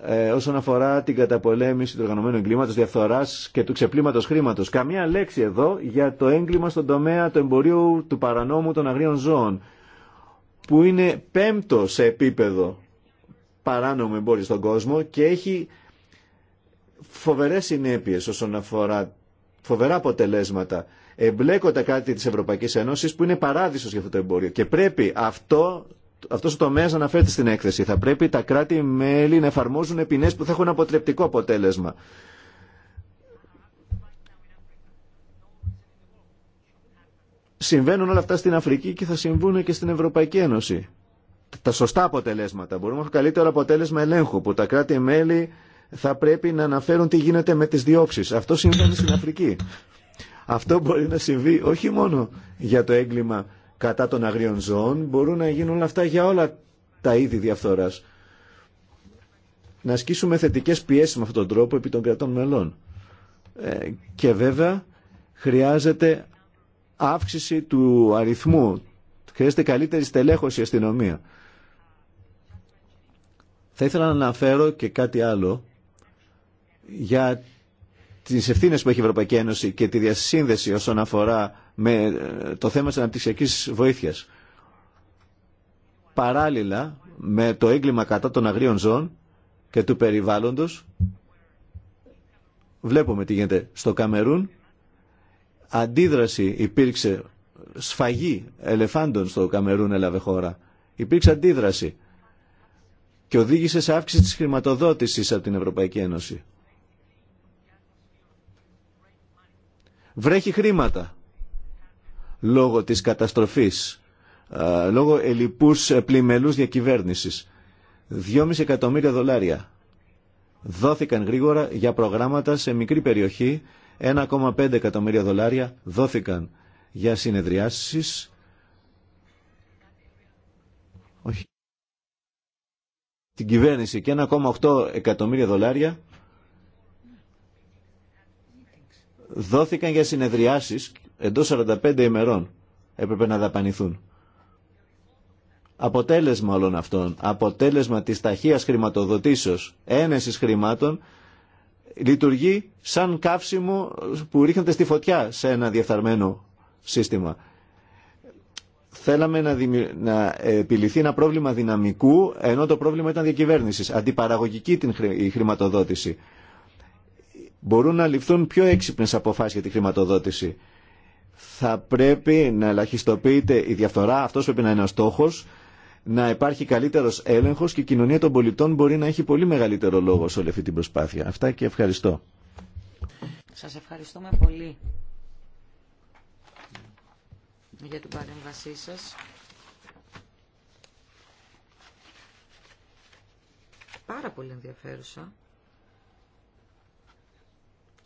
Ε, όσον αφορά την καταπολέμηση του οργανωμένου εγκλήματος, διαφθοράς και του ξεπλήματος χρήματος. Καμία λέξη εδώ για το έγκλημα στον τομέα του εμπορίου του παρανόμου των αγρίων ζώων, που είναι πέμπτο σε επίπεδο παράνομου εμπόριο στον κόσμο και έχει φοβερές συνέπειες όσον αφορά φοβερά αποτελέσματα. Εμπλέκονται κάτι της Ευρωπαϊκής Ένωσης που είναι παράδεισος για αυτό το εμπόριο και πρέπει αυτό αυτός ο τομέας αναφέρεται στην έκθεση. Θα πρέπει τα κράτη-μέλη να εφαρμόζουν ποινές που θα έχουν αποτρεπτικό αποτέλεσμα. Συμβαίνουν όλα αυτά στην Αφρική και θα συμβούν και στην Ευρωπαϊκή Ένωση. Τα σωστά αποτελέσματα. Μπορούμε να έχουμε καλύτερο αποτέλεσμα ελέγχου που τα κράτη-μέλη θα πρέπει να αναφέρουν τι γίνεται με τις διώξεις. Αυτό συμβαίνει στην Αφρική. Αυτό μπορεί να συμβεί όχι μόνο για το έγκλημα κατά των αγρίων ζώων, μπορούν να γίνουν όλα αυτά για όλα τα είδη διαφθοράς. Να ασκήσουμε θετικές πιέσεις με αυτόν τον τρόπο επί των κρατών μελών. Ε, και βέβαια χρειάζεται αύξηση του αριθμού. Χρειάζεται καλύτερη στελέχωση αστυνομία. Θα ήθελα να αναφέρω και κάτι άλλο για τι ευθύνε που έχει η Ευρωπαϊκή Ένωση και τη διασύνδεση όσον αφορά με ε, το θέμα τη αναπτυξιακή βοήθειας. Παράλληλα με το έγκλημα κατά των αγρίων ζώων και του περιβάλλοντος, βλέπουμε τι γίνεται στο Καμερούν, αντίδραση υπήρξε σφαγή ελεφάντων στο Καμερούν έλαβε χώρα. Υπήρξε αντίδραση και οδήγησε σε αύξηση της χρηματοδότησης από την Ευρωπαϊκή Ένωση. βρέχει χρήματα λόγω της καταστροφής, λόγω ελλειπούς ε, πλημελούς διακυβέρνησης. 2,5 εκατομμύρια δολάρια δόθηκαν γρήγορα για προγράμματα σε μικρή περιοχή, 1,5 εκατομμύρια δολάρια δόθηκαν για συνεδριάσεις, όχι, την κυβέρνηση και 1,8 εκατομμύρια δολάρια δόθηκαν για συνεδριάσεις εντός 45 ημερών έπρεπε να δαπανηθούν. Αποτέλεσμα όλων αυτών, αποτέλεσμα της ταχείας χρηματοδοτήσεως, ένεσης χρημάτων, λειτουργεί σαν καύσιμο που ρίχνεται στη φωτιά σε ένα διεφθαρμένο σύστημα. Θέλαμε να, να επιληθεί ένα πρόβλημα δυναμικού, ενώ το πρόβλημα ήταν διακυβέρνησης. Αντιπαραγωγική την η χρηματοδότηση μπορούν να ληφθούν πιο έξυπνες αποφάσεις για τη χρηματοδότηση. Θα πρέπει να ελαχιστοποιείται η διαφθορά, αυτός πρέπει να είναι ο στόχος, να υπάρχει καλύτερος έλεγχος και η κοινωνία των πολιτών μπορεί να έχει πολύ μεγαλύτερο λόγο σε όλη αυτή την προσπάθεια. Αυτά και ευχαριστώ. Σας ευχαριστούμε πολύ για την παρέμβασή σας. Πάρα πολύ ενδιαφέρουσα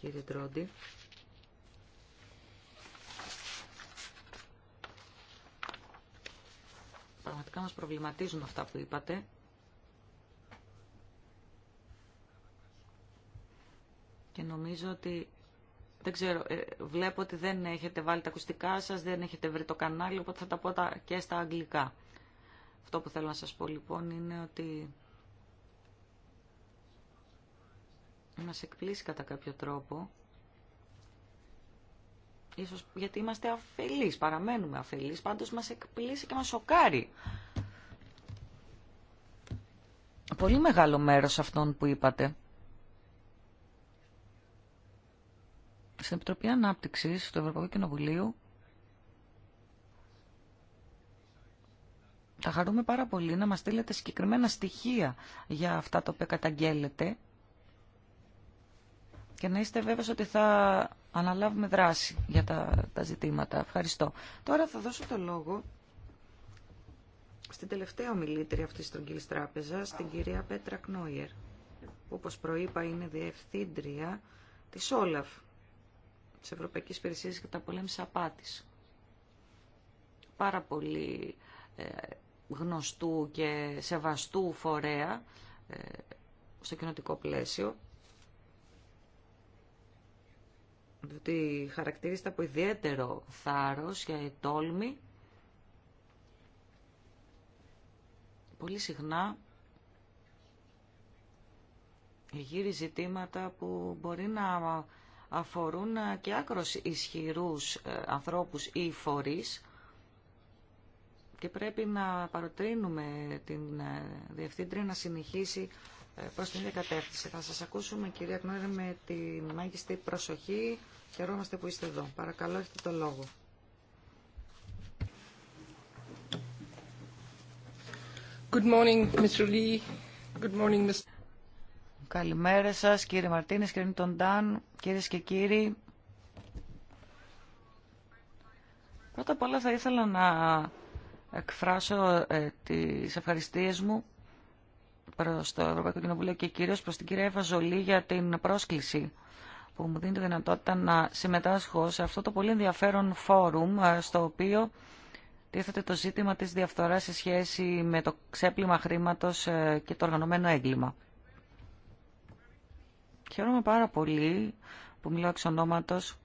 κύριε Τρόντι, Πραγματικά μας προβληματίζουν αυτά που είπατε. Και νομίζω ότι, δεν ξέρω, ε, βλέπω ότι δεν έχετε βάλει τα ακουστικά σας, δεν έχετε βρει το κανάλι, οπότε θα τα πω και στα αγγλικά. Αυτό που θέλω να σας πω λοιπόν είναι ότι μας εκπλήσει κατά κάποιο τρόπο. Ίσως γιατί είμαστε αφελείς, παραμένουμε αφελείς, πάντως μας εκπλήσει και μας σοκάρει. Πολύ μεγάλο μέρος αυτών που είπατε. Στην Επιτροπή Ανάπτυξης του Ευρωπαϊκού Κοινοβουλίου θα χαρούμε πάρα πολύ να μας στείλετε συγκεκριμένα στοιχεία για αυτά τα οποία καταγγέλλετε και να είστε βέβαιος ότι θα αναλάβουμε δράση για τα, τα ζητήματα. Ευχαριστώ. Τώρα θα δώσω το λόγο στην τελευταία ομιλήτρια αυτής της Τρογγυλής Τράπεζα, την κυρία Πέτρα Κνόιερ, που όπως προείπα είναι διευθύντρια της Όλαφ, της Ευρωπαϊκής Υπηρεσίας και τα πολέμης απάτης. Πάρα πολύ ε, γνωστού και σεβαστού φορέα ε, στο κοινοτικό πλαίσιο διότι χαρακτηρίζεται από ιδιαίτερο θάρρος και τόλμη. Πολύ συχνά γύρει ζητήματα που μπορεί να αφορούν και άκρος ισχυρούς ε, ανθρώπους ή φορείς και πρέπει να παροτρύνουμε την ε, Διευθύντρια να συνεχίσει ε, προς την κατεύθυνση. Θα σας ακούσουμε κυρία Κνόρη με τη μάγιστη προσοχή. Χαιρόμαστε που είστε εδώ. Παρακαλώ, έχετε το λόγο. Good morning, Mr. Lee. Good morning, Mr. Καλημέρα σας, κύριε Μαρτίνες, κύριε Νιτοντάν, κυρίες και κύριοι. Πρώτα απ' όλα θα ήθελα να εκφράσω ε, τις ευχαριστίες μου προς το Ευρωπαϊκό Κοινοβούλιο και κυρίως προς την κυρία Εύα Ζολή για την πρόσκληση που μου δίνει τη δυνατότητα να συμμετάσχω σε αυτό το πολύ ενδιαφέρον φόρουμ ε, στο οποίο τίθεται το ζήτημα της διαφθοράς σε σχέση με το ξέπλυμα χρήματος ε, και το οργανωμένο έγκλημα. Χαίρομαι πάρα πολύ που μιλώ εξ ονόματος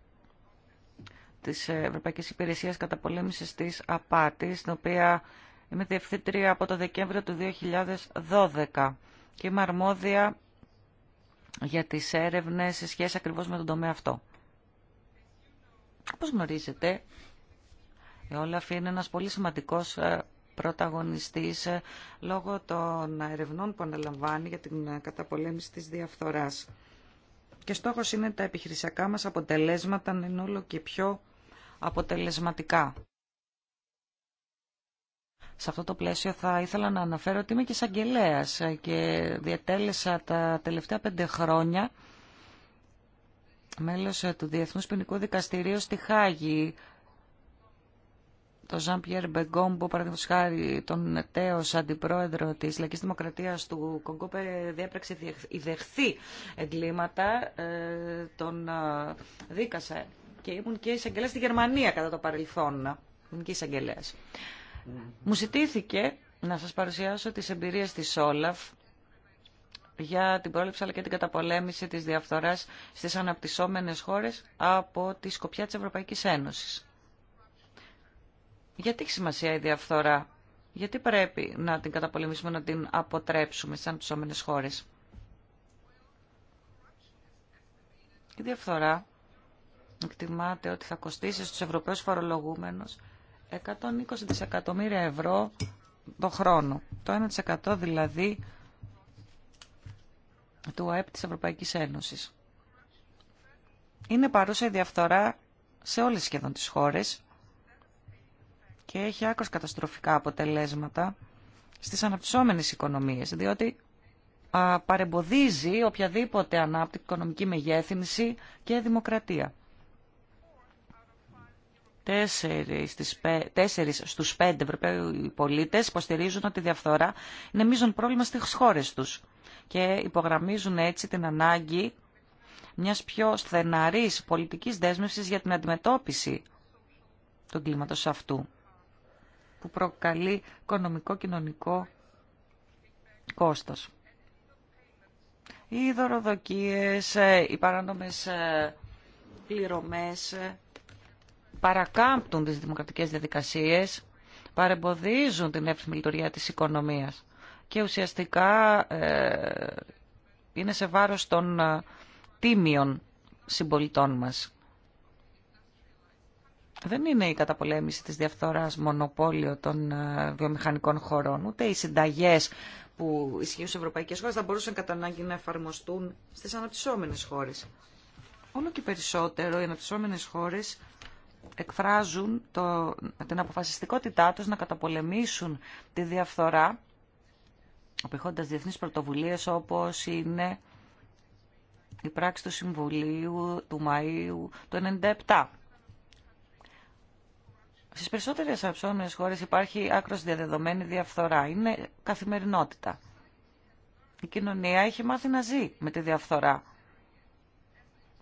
της ε, Ευρωπαϊκής Υπηρεσίας Καταπολέμησης της ΑΠΑΤΗ την οποία είμαι διευθύντρια από το Δεκέμβριο του 2012 και είμαι αρμόδια για τις έρευνες σε σχέση ακριβώς με τον τομέα αυτό. Όπως γνωρίζετε, η Όλαφ είναι ένας πολύ σημαντικός ε, πρωταγωνιστής ε, λόγω των ερευνών που αναλαμβάνει για την ε, καταπολέμηση της διαφθοράς. Και στόχος είναι τα επιχειρησιακά μας αποτελέσματα να είναι όλο και πιο αποτελεσματικά. Σε αυτό το πλαίσιο θα ήθελα να αναφέρω ότι είμαι και εισαγγελέα και διατέλεσα τα τελευταία πέντε χρόνια μέλος του Διεθνούς Ποινικού Δικαστηρίου στη Χάγη. Το Ζαν Πιέρ Μπεγκόμπο, παραδείγματος χάρη, τον τέος αντιπρόεδρο της Λαϊκής Δημοκρατίας του Κονγκό, διέπραξε ιδεχθή εγκλήματα, ε, τον ε, δίκασε και ήμουν και εισαγγελέας στη Γερμανία κατά το παρελθόν. Ήμουν και εισαγγελέας. Μου ζητήθηκε να σας παρουσιάσω τις εμπειρίες της Όλαφ για την πρόληψη αλλά και την καταπολέμηση της διαφθοράς στις αναπτυσσόμενες χώρες από τη σκοπιά της Ευρωπαϊκής Ένωσης. Γιατί έχει σημασία η διαφθορά, γιατί πρέπει να την καταπολεμήσουμε, να την αποτρέψουμε στις αναπτυσσόμενες χώρες. Η διαφθορά εκτιμάται ότι θα κοστίσει στους Ευρωπαίους φορολογούμενους 120 δισεκατομμύρια ευρώ το χρόνο. Το 1% δηλαδή του ΑΕΠ της Ευρωπαϊκής Ένωσης. Είναι παρούσα η διαφθορά σε όλες σχεδόν τις χώρες και έχει άκρως καταστροφικά αποτελέσματα στις αναπτυσσόμενες οικονομίες, διότι παρεμποδίζει οποιαδήποτε ανάπτυξη, οικονομική μεγέθυνση και δημοκρατία. Τέσσερις, στους πέντε Ευρωπαίοι πολίτες υποστηρίζουν ότι η διαφθορά είναι μείζον πρόβλημα στις χώρες τους και υπογραμμίζουν έτσι την ανάγκη μιας πιο στεναρής πολιτικής δέσμευσης για την αντιμετώπιση του κλίματος αυτού που προκαλεί οικονομικό-κοινωνικό κόστος. Οι δωροδοκίες, ε, οι παράνομες ε, πληρωμές ε, παρακάμπτουν τις δημοκρατικές διαδικασίες, παρεμποδίζουν την εύθυμη λειτουργία της οικονομίας και ουσιαστικά ε, είναι σε βάρος των ε, τίμιων συμπολιτών μας. Δεν είναι η καταπολέμηση της διαφθοράς μονοπόλιο των ε, βιομηχανικών χωρών, ούτε οι συνταγές που ισχύουν σε ευρωπαϊκές χώρες θα μπορούσαν κατά ανάγκη να εφαρμοστούν στις αναπτυσσόμενες χώρες. Όλο και περισσότερο οι αναπτυσσόμενες χώρες εκφράζουν το, την αποφασιστικότητά τους να καταπολεμήσουν τη διαφθορά, απηχώντας διεθνείς πρωτοβουλίες όπως είναι η πράξη του Συμβουλίου του Μαΐου του 1997. Στις περισσότερες αψώνες χώρες υπάρχει άκρος διαδεδομένη διαφθορά. Είναι καθημερινότητα. Η κοινωνία έχει μάθει να ζει με τη διαφθορά.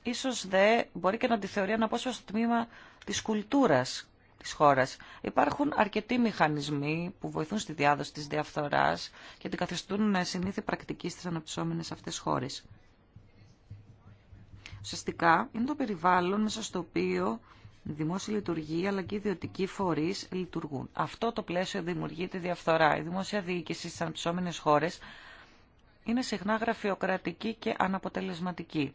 Ίσως δε μπορεί και να τη θεωρεί ένα στο τμήμα της κουλτούρας της χώρας. Υπάρχουν αρκετοί μηχανισμοί που βοηθούν στη διάδοση της διαφθοράς και την καθιστούν ε, συνήθη πρακτική στις αναπτυσσόμενες αυτές χώρες. Ουσιαστικά είναι το περιβάλλον μέσα στο οποίο δημόσια λειτουργία αλλά και ιδιωτικοί φορεί λειτουργούν. Αυτό το πλαίσιο δημιουργεί τη διαφθορά. Η δημόσια διοίκηση στι αναπτυσσόμενε χώρε είναι συχνά γραφειοκρατική και αναποτελεσματική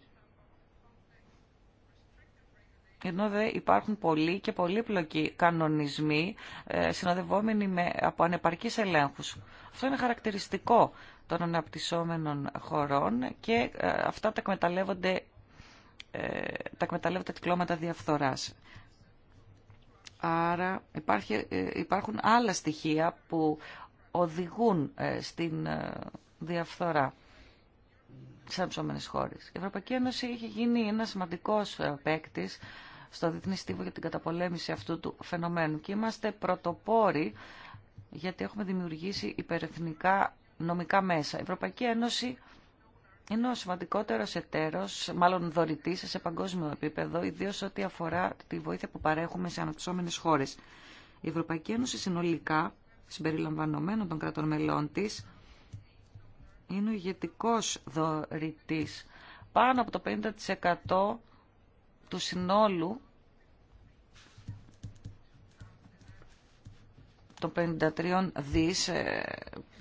ενώ δε υπάρχουν πολλοί και πολύπλοκοι κανονισμοί ε, συνοδευόμενοι με, από ανεπαρκείς ελέγχους. Αυτό είναι χαρακτηριστικό των αναπτυσσόμενων χωρών και ε, αυτά τα εκμεταλλεύονται, ε, τα εκμεταλλεύονται κυκλώματα διαφθοράς. Άρα υπάρχουν άλλα στοιχεία που οδηγούν στην διαφθορά σε αναπτυσσόμενες χώρες. Η Ευρωπαϊκή Ένωση έχει γίνει ένα σημαντικός παίκτη στο διεθνή στίβο για την καταπολέμηση αυτού του φαινομένου. Και είμαστε πρωτοπόροι γιατί έχουμε δημιουργήσει υπερεθνικά νομικά μέσα. Η Ευρωπαϊκή Ένωση είναι ο σημαντικότερο εταίρο, μάλλον δωρητή σε παγκόσμιο επίπεδο, ιδίω ό,τι αφορά τη βοήθεια που παρέχουμε σε αναπτυσσόμενε χώρε. Η Ευρωπαϊκή Ένωση συνολικά, συμπεριλαμβανομένων των κρατών μελών τη, είναι ο ηγετικό δωρητή. Πάνω από το 50% του συνόλου των 53 δις ε,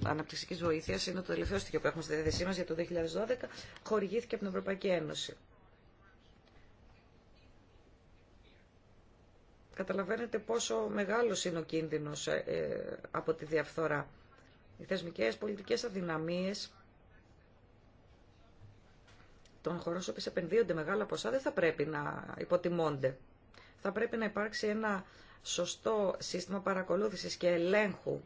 αναπτυξικής βοήθειας είναι το τελευταίο στοιχείο που έχουμε στη διάθεσή μας για το 2012, χορηγήθηκε από την Ευρωπαϊκή Ένωση. Καταλαβαίνετε πόσο μεγάλος είναι ο κίνδυνος ε, ε, από τη διαφθορά. Οι θεσμικές πολιτικές αδυναμίες των χωρών στις οποίες επενδύονται μεγάλα ποσά δεν θα πρέπει να υποτιμώνται. Θα πρέπει να υπάρξει ένα σωστό σύστημα παρακολούθησης και ελέγχου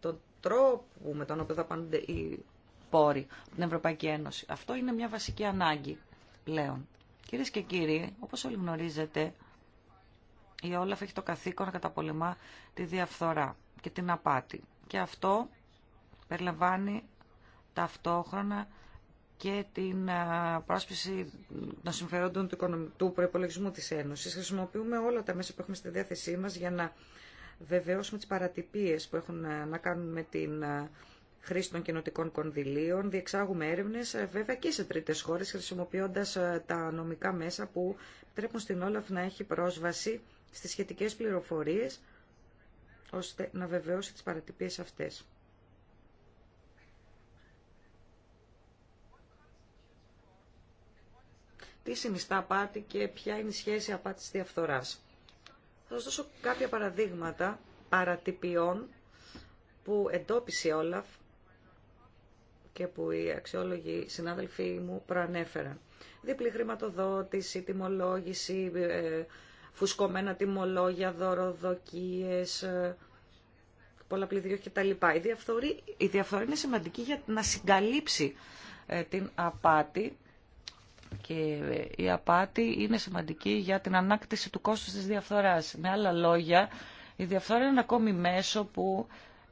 τον τρόπο με τον οποίο θα πάνε οι πόροι την Ευρωπαϊκή Ένωση. Αυτό είναι μια βασική ανάγκη πλέον. Κυρίε και κύριοι, όπως όλοι γνωρίζετε, η Όλαφ έχει το καθήκον να καταπολεμά τη διαφθορά και την απάτη. Και αυτό περιλαμβάνει ταυτόχρονα και την πρόσπιση των συμφερόντων του, του προπολογισμού της Ένωσης. Χρησιμοποιούμε όλα τα μέσα που έχουμε στη διάθεσή μας για να βεβαιώσουμε τις παρατυπίες που έχουν ε, να κάνουν με την ε, χρήση των κοινοτικών κονδυλίων. Διεξάγουμε έρευνες ε, βέβαια και σε τρίτες χώρες χρησιμοποιώντας τα νομικά μέσα που τρέπουν στην Όλαφ να έχει πρόσβαση στις σχετικές πληροφορίες ώστε να βεβαιώσει τις παρατυπίες αυτές. τι συνιστά απάτη και ποια είναι η σχέση απάτης διαφθοράς. Θα σας δώσω κάποια παραδείγματα παρατυπιών που εντόπισε η Όλαφ και που οι αξιόλογοι συνάδελφοί μου προανέφεραν. Δίπλη χρηματοδότηση, τιμολόγηση, ε, φουσκωμένα τιμολόγια, δωροδοκίες, ε, πολλαπλή διόχη κτλ. Η διαφθορά, η διαφθορή είναι σημαντική για να συγκαλύψει ε, την απάτη και η απάτη είναι σημαντική για την ανάκτηση του κόστου της διαφθοράς. Με άλλα λόγια, η διαφθορά είναι ένα ακόμη μέσο που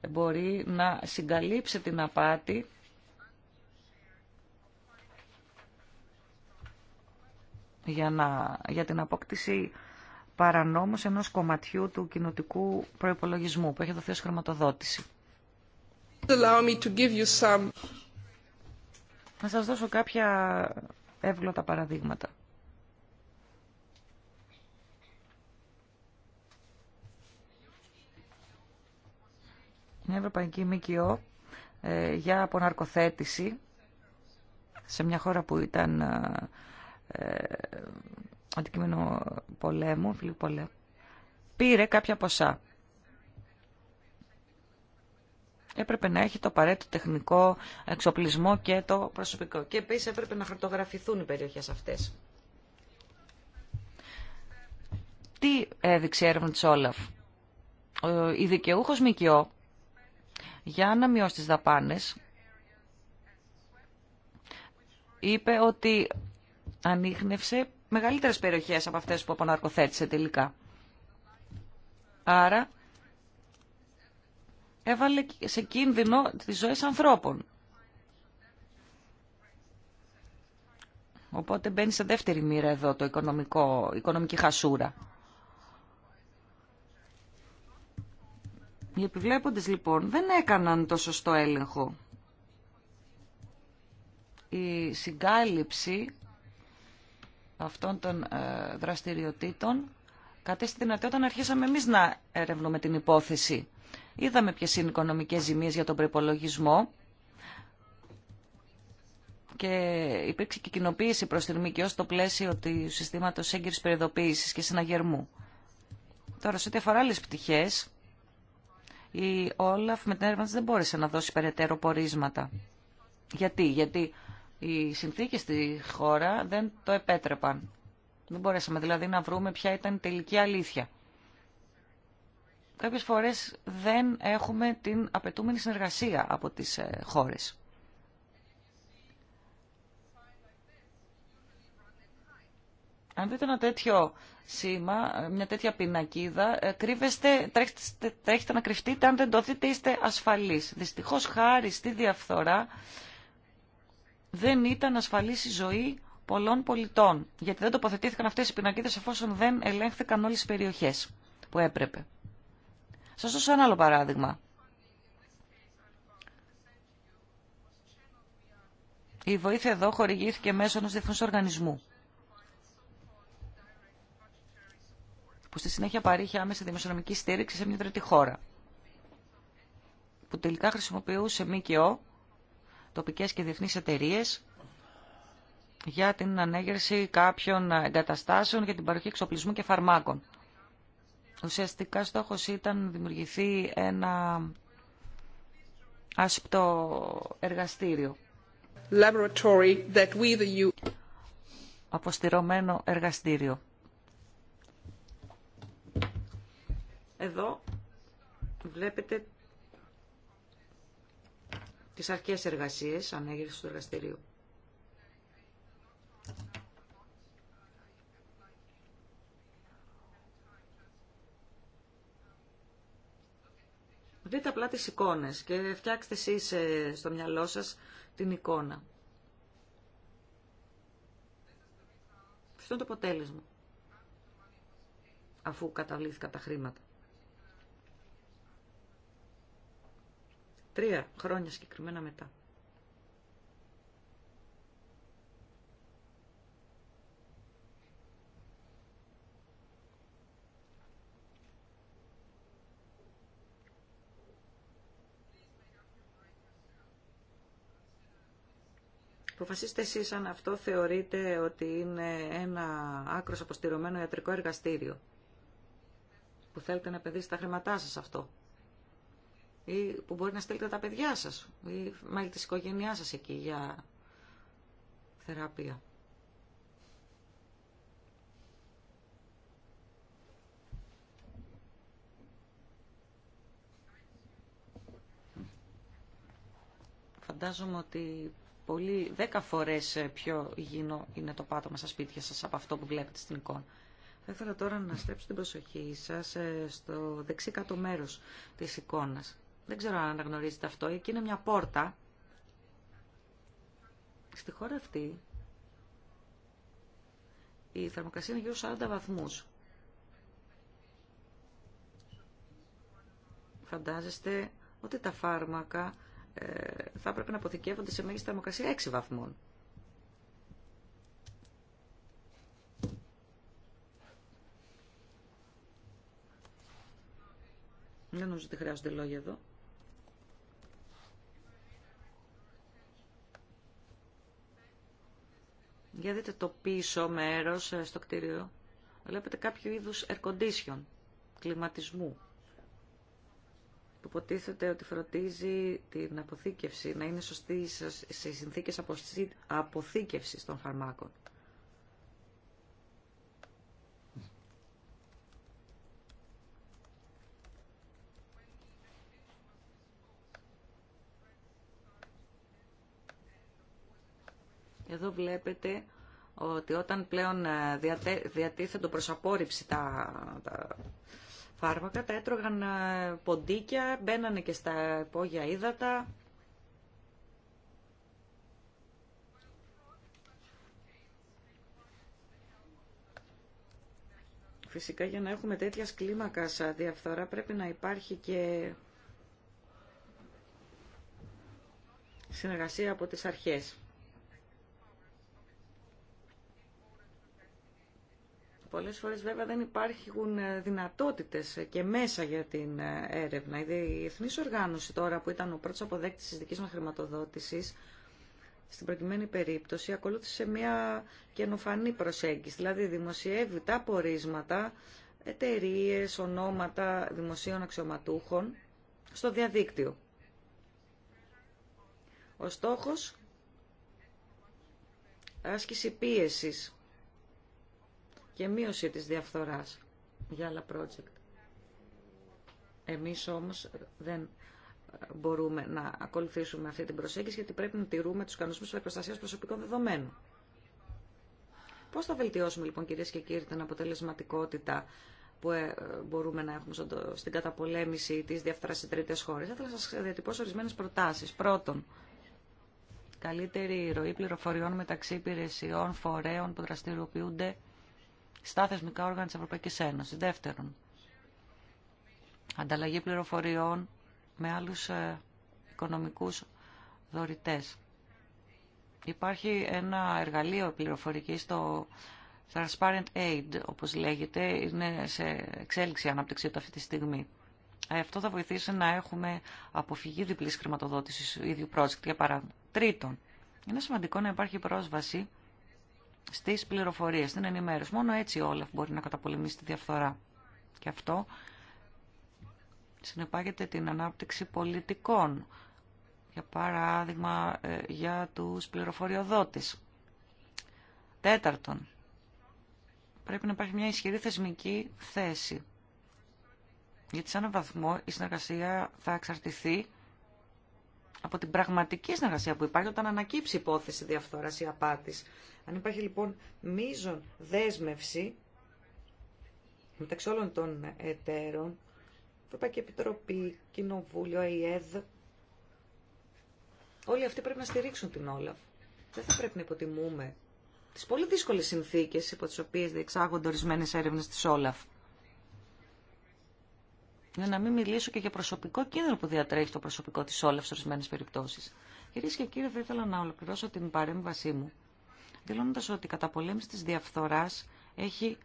μπορεί να συγκαλύψει την απάτη για, να, για την απόκτηση παρανόμως ενός κομματιού του κοινοτικού προϋπολογισμού που έχει δοθεί ως χρηματοδότηση. Να σας δώσω κάποια εύγλωτα παραδείγματα. Μια Ευρωπαϊκή ΜΚΟ ε, για αποναρκοθέτηση σε μια χώρα που ήταν ε, ε, αντικείμενο πολέμου, φιλικού πολέμου, πήρε κάποια ποσά έπρεπε να έχει το απαραίτητο τεχνικό εξοπλισμό και το προσωπικό. Και επίση έπρεπε να χαρτογραφηθούν οι περιοχές αυτές. Τι έδειξε η έρευνα τη Όλαφ. Η δικαιούχος ΜΚΟ για να μειώσει τις δαπάνες είπε ότι ανείχνευσε μεγαλύτερες περιοχές από αυτές που αποναρκοθέτησε τελικά. Άρα έβαλε σε κίνδυνο τις ζωές ανθρώπων. Οπότε μπαίνει σε δεύτερη μοίρα εδώ το οικονομικό, οικονομική χασούρα. Οι επιβλέποντες λοιπόν δεν έκαναν το σωστό έλεγχο. Η συγκάλυψη αυτών των ε, δραστηριοτήτων κατέστη δυνατότητα να αρχίσαμε εμείς να ερευνούμε την υπόθεση. Είδαμε ποιε είναι οι οικονομικέ ζημίες για τον προπολογισμό και υπήρξε και κοινοποίηση προ την ΜΚΟ στο πλαίσιο του συστήματο έγκυρη περιοδοποίηση και συναγερμού. Τώρα, σε ό,τι αφορά άλλε πτυχές, η Όλαφ με την έρευνα δεν μπόρεσε να δώσει περαιτέρω πορίσματα. Γιατί, γιατί οι συνθήκε στη χώρα δεν το επέτρεπαν. Δεν μπορέσαμε δηλαδή να βρούμε ποια ήταν η τελική αλήθεια κάποιες φορές δεν έχουμε την απαιτούμενη συνεργασία από τις ε, χώρες. Αν δείτε ένα τέτοιο σήμα, μια τέτοια πινακίδα, ε, κρύβεστε, τρέχετε, τρέχετε να κρυφτείτε, αν δεν το δείτε είστε ασφαλείς. Δυστυχώς χάρη στη διαφθορά δεν ήταν ασφαλής η ζωή πολλών πολιτών, γιατί δεν τοποθετήθηκαν αυτές οι πινακίδες εφόσον δεν ελέγχθηκαν όλες τις περιοχές που έπρεπε. Σα δώσω ένα άλλο παράδειγμα. Η βοήθεια εδώ χορηγήθηκε μέσω ενό διεθνού οργανισμού που στη συνέχεια παρήχε άμεση δημοσιονομική στήριξη σε μια τρίτη χώρα που τελικά χρησιμοποιούσε ΜΚΟ, τοπικές και διεθνεί εταιρείε για την ανέγερση κάποιων εγκαταστάσεων για την παροχή εξοπλισμού και φαρμάκων. Ουσιαστικά στόχος ήταν να δημιουργηθεί ένα άσπτο εργαστήριο. that we the... Αποστηρωμένο εργαστήριο. Εδώ βλέπετε τις αρχές εργασίες ανέγερσης του εργαστηρίου. Δείτε απλά τις εικόνες και φτιάξτε εσείς ε, στο μυαλό σας την εικόνα. Αυτό είναι το αποτέλεσμα. Αφού καταβλήθηκα τα χρήματα. Τρία χρόνια συγκεκριμένα μετά. Αποφασίστε εσείς αν αυτό θεωρείτε ότι είναι ένα άκρος αποστηρωμένο ιατρικό εργαστήριο που θέλετε να επενδύσετε τα χρήματά σας αυτό ή που μπορεί να στείλετε τα παιδιά σας ή μέλη της οικογένειάς σας εκεί για θεραπεία. Φαντάζομαι ότι πολύ, δέκα φορές ε, πιο υγιεινό είναι το πάτωμα στα σπίτια σας από αυτό που βλέπετε στην εικόνα. Θα ήθελα τώρα να στρέψω την προσοχή σας ε, στο δεξί κάτω μέρος της εικόνας. Δεν ξέρω αν αναγνωρίζετε αυτό. Εκεί είναι μια πόρτα. Στη χώρα αυτή η θερμοκρασία είναι γύρω 40 βαθμούς. Φαντάζεστε ότι τα φάρμακα ε, θα έπρεπε να αποθηκεύονται σε μέγιστη θερμοκρασία 6 βαθμών. Δεν νομίζω ότι χρειάζονται λόγια εδώ. Για δείτε το πίσω μέρος ε, στο κτίριο. Βλέπετε κάποιο είδους air condition, κλιματισμού που υποτίθεται ότι φροντίζει την αποθήκευση, να είναι σωστή σε συνθήκες αποθήκευσης των φαρμάκων. Εδώ βλέπετε ότι όταν πλέον ε, διατίθεται προς απόρριψη τα, τα φάρμακα, τα έτρωγαν ε, ποντίκια, μπαίνανε και στα υπόγεια ύδατα. Φυσικά για να έχουμε τέτοια κλίμακα διαφθορά πρέπει να υπάρχει και συνεργασία από τις αρχές. Πολλές φορές βέβαια δεν υπάρχουν ε, δυνατότητες και μέσα για την ε, έρευνα. Η Εθνή Οργάνωση τώρα που ήταν ο πρώτος αποδέκτης της δικής μας χρηματοδότησης στην προκειμένη περίπτωση ακολούθησε μια καινοφανή προσέγγιση. Δηλαδή δημοσιεύει τα πορίσματα, εταιρείε, ονόματα δημοσίων αξιωματούχων στο διαδίκτυο. Ο στόχος άσκηση πίεσης και μείωση της διαφθοράς για άλλα project. Εμείς όμως δεν μπορούμε να ακολουθήσουμε αυτή την προσέγγιση γιατί πρέπει να τηρούμε τους κανονισμούς προστασίας προσωπικών δεδομένων. Πώς θα βελτιώσουμε λοιπόν κυρίες και κύριοι την αποτελεσματικότητα που ε, μπορούμε να έχουμε στην καταπολέμηση της διαφθοράς σε τρίτες χώρες. Θα ήθελα να σας διατυπώσω ορισμένες προτάσεις. Πρώτον, καλύτερη ροή πληροφοριών μεταξύ υπηρεσιών, φορέων που δραστηριοποιούνται στα θεσμικά όργανα της Ευρωπαϊκής Ένωσης. Δεύτερον, ανταλλαγή πληροφοριών με άλλους ε, οικονομικούς δωρητές. Υπάρχει ένα εργαλείο πληροφορικής, το Transparent Aid, όπως λέγεται, είναι σε εξέλιξη ανάπτυξη του αυτή τη στιγμή. Ε, αυτό θα βοηθήσει να έχουμε αποφυγή διπλής χρηματοδότησης του ίδιου project, για παράδειγμα. Τρίτον, είναι σημαντικό να υπάρχει πρόσβαση Στι πληροφορίε, στην ενημέρωση. Μόνο έτσι όλα μπορεί να καταπολεμήσει τη διαφθορά. Και αυτό συνεπάγεται την ανάπτυξη πολιτικών. Για παράδειγμα, ε, για τους πληροφοριοδότες. Τέταρτον, πρέπει να υπάρχει μια ισχυρή θεσμική θέση. Γιατί σε έναν βαθμό η συνεργασία θα εξαρτηθεί από την πραγματική συνεργασία που υπάρχει όταν ανακύψει υπόθεση διαφθοράς ή απάτης. Αν υπάρχει λοιπόν μείζον δέσμευση μεταξύ όλων των εταίρων, και Επιτροπή, Κοινοβούλιο, ΑΕΔ, όλοι αυτοί πρέπει να στηρίξουν την Όλαφ. Δεν θα πρέπει να υποτιμούμε τις πολύ δύσκολες συνθήκες υπό τις οποίες διεξάγονται ορισμένες έρευνες της Όλαφ είναι να μην μιλήσω και για προσωπικό κίνδυνο που διατρέχει το προσωπικό τη όλα σε ορισμένε περιπτώσει. Κυρίε και κύριοι, θα ήθελα να ολοκληρώσω την παρέμβασή μου δηλώνοντα ότι η καταπολέμηση τη διαφθορά έχει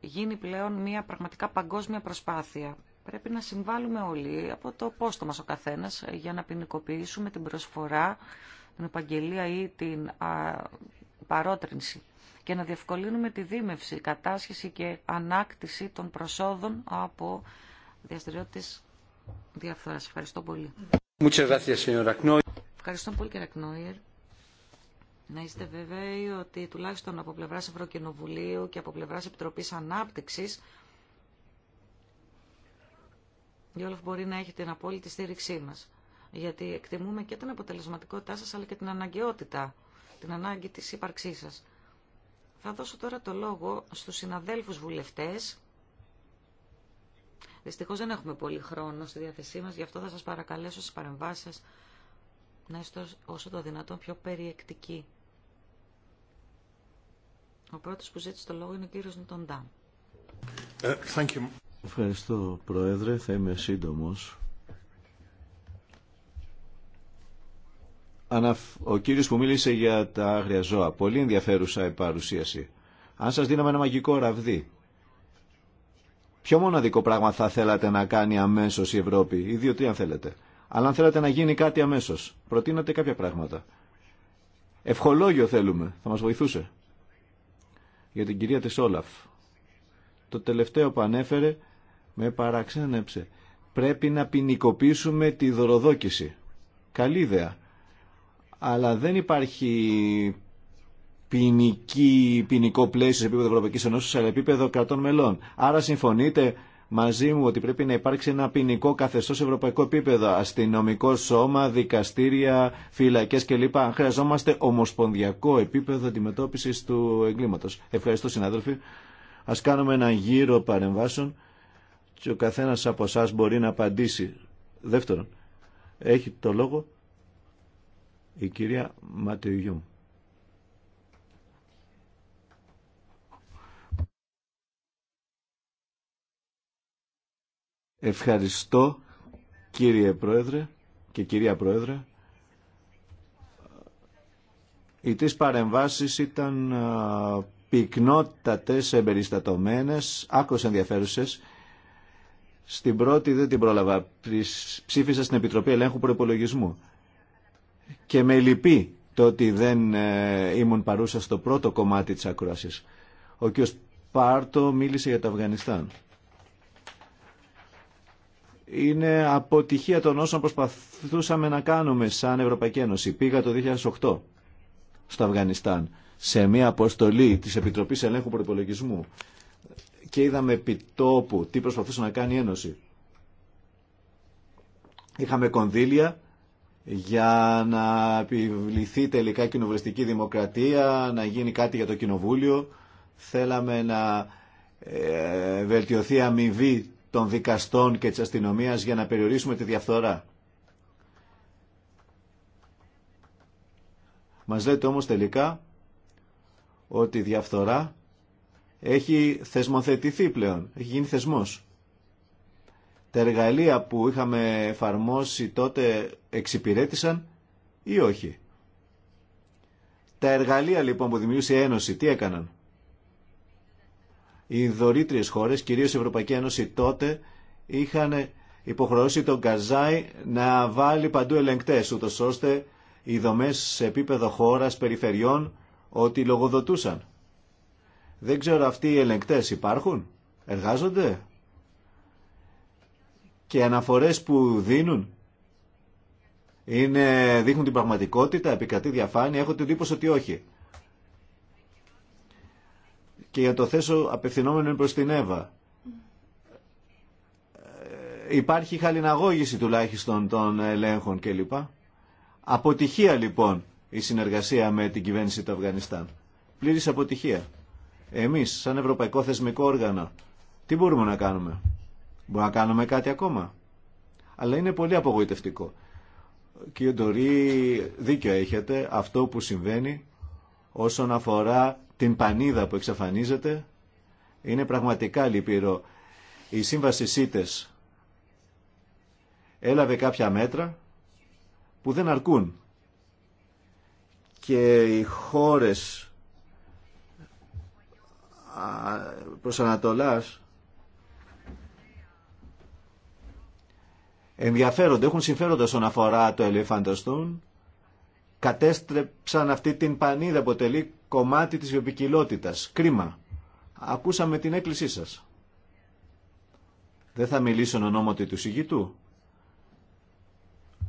γίνει πλέον μια πραγματικά παγκόσμια προσπάθεια. Πρέπει να συμβάλλουμε όλοι από το πόστο μας ο καθένας για να ποινικοποιήσουμε την προσφορά, την επαγγελία ή την α, παρότρινση και να διευκολύνουμε τη δίμευση, κατάσχεση και ανάκτηση των προσόδων από διαστηριότητες διαφθοράς. Ευχαριστώ πολύ. Ευχαριστώ πολύ κύριε Κνόιερ. Να είστε βέβαιοι ότι τουλάχιστον από πλευρά Ευρωκοινοβουλίου και από πλευρά Επιτροπής ανάπτυξη. η Όλαφ μπορεί να έχει την απόλυτη στήριξή μας. Γιατί εκτιμούμε και την αποτελεσματικότητά σας αλλά και την αναγκαιότητα, την ανάγκη της ύπαρξής σας. Θα δώσω τώρα το λόγο στους συναδέλφους βουλευτές Δυστυχώ δεν έχουμε πολύ χρόνο στη διάθεσή μα, γι' αυτό θα σα παρακαλέσω στι παρεμβάσει να είστε όσο το δυνατόν πιο περιεκτικοί. Ο πρώτο που ζήτησε το λόγο είναι ο κύριο Νιτοντάμ. Ε, Ευχαριστώ, Πρόεδρε. Θα είμαι σύντομο. Ο κύριος που μίλησε για τα άγρια ζώα, πολύ ενδιαφέρουσα η παρουσίαση. Αν σα δίναμε ένα μαγικό ραβδί Ποιο μοναδικό πράγμα θα θέλατε να κάνει αμέσω η Ευρώπη, ή δύο-τρία αν θέλετε. Αλλά αν θέλατε να γίνει κάτι αμέσω, προτείνατε κάποια πράγματα. Ευχολόγιο θέλουμε, θα μα βοηθούσε. Για την κυρία τη Όλαφ. Το τελευταίο που ανέφερε με παραξένεψε. Πρέπει να ποινικοποιήσουμε τη δωροδόκηση. Καλή ιδέα. Αλλά δεν υπάρχει ποινική, ποινικό πλαίσιο σε επίπεδο Ευρωπαϊκή Ενώση, αλλά επίπεδο κρατών μελών. Άρα συμφωνείτε μαζί μου ότι πρέπει να υπάρξει ένα ποινικό καθεστώ σε ευρωπαϊκό επίπεδο, αστυνομικό σώμα, δικαστήρια, φυλακέ κλπ. Χρειαζόμαστε ομοσπονδιακό επίπεδο αντιμετώπιση του εγκλήματο. Ευχαριστώ, συνάδελφοι. Α κάνουμε ένα γύρο παρεμβάσεων και ο καθένα από εσά μπορεί να απαντήσει. Δεύτερον, έχει το λόγο η κυρία Ματεουγιούμ. Ευχαριστώ κύριε Πρόεδρε και κυρία Πρόεδρε. Οι τρεις παρεμβάσεις ήταν πυκνότατες, εμπεριστατωμένες, άκρως ενδιαφέρουσες. Στην πρώτη δεν την πρόλαβα. Ψήφισα στην Επιτροπή Ελέγχου Προπολογισμού. Και με λυπεί το ότι δεν ε, ήμουν παρούσα στο πρώτο κομμάτι της ακρόασης. Ο κ. Πάρτο μίλησε για το Αφγανιστάν είναι αποτυχία των όσων προσπαθούσαμε να κάνουμε σαν Ευρωπαϊκή Ένωση. Πήγα το 2008 στο Αφγανιστάν σε μια αποστολή της Επιτροπής Ελέγχου Προπολογισμού και είδαμε επιτόπου τι προσπαθούσε να κάνει η Ένωση. Είχαμε κονδύλια για να επιβληθεί τελικά κοινοβουλευτική δημοκρατία, να γίνει κάτι για το κοινοβούλιο. Θέλαμε να ε, βελτιωθεί αμοιβή των δικαστών και της αστυνομίας για να περιορίσουμε τη διαφθορά. Μας λέτε όμως τελικά ότι η διαφθορά έχει θεσμοθετηθεί πλέον, έχει γίνει θεσμός. Τα εργαλεία που είχαμε εφαρμόσει τότε εξυπηρέτησαν ή όχι. Τα εργαλεία λοιπόν που δημιούργησε η Ένωση τι έκαναν οι δωρήτριε χώρε, κυρίω η Ευρωπαϊκή Ένωση τότε, είχαν υποχρεώσει τον Καζάι να βάλει παντού ελεγκτές, ούτως ώστε οι δομές σε επίπεδο χώρας, περιφερειών, ότι λογοδοτούσαν. Δεν ξέρω αυτοί οι ελεγκτές υπάρχουν, εργάζονται και οι αναφορές που δίνουν είναι, δείχνουν την πραγματικότητα, επικρατεί διαφάνεια, έχω την εντύπωση ότι όχι και για το θέσω απευθυνόμενο προς την Εύα. Ε, υπάρχει χαλιναγώγηση τουλάχιστον των ελέγχων κλπ. Αποτυχία λοιπόν η συνεργασία με την κυβέρνηση του Αφγανιστάν. Πλήρης αποτυχία. Εμείς σαν Ευρωπαϊκό Θεσμικό Όργανο τι μπορούμε να κάνουμε. Μπορούμε να κάνουμε κάτι ακόμα. Αλλά είναι πολύ απογοητευτικό. Κύριε Ντορή, δίκιο έχετε αυτό που συμβαίνει όσον αφορά την πανίδα που εξαφανίζεται. Είναι πραγματικά λυπηρό. Η σύμβαση ΣΥΤΕΣ έλαβε κάποια μέτρα που δεν αρκούν. Και οι χώρες προς Ανατολάς ενδιαφέρονται, έχουν συμφέροντα όσον αφορά το Elephant κατέστρεψαν αυτή την πανίδα που αποτελεί κομμάτι της βιοπικιλότητας. Κρίμα. Ακούσαμε την έκκλησή σας. Δεν θα μιλήσω ονόματι του συγγητού.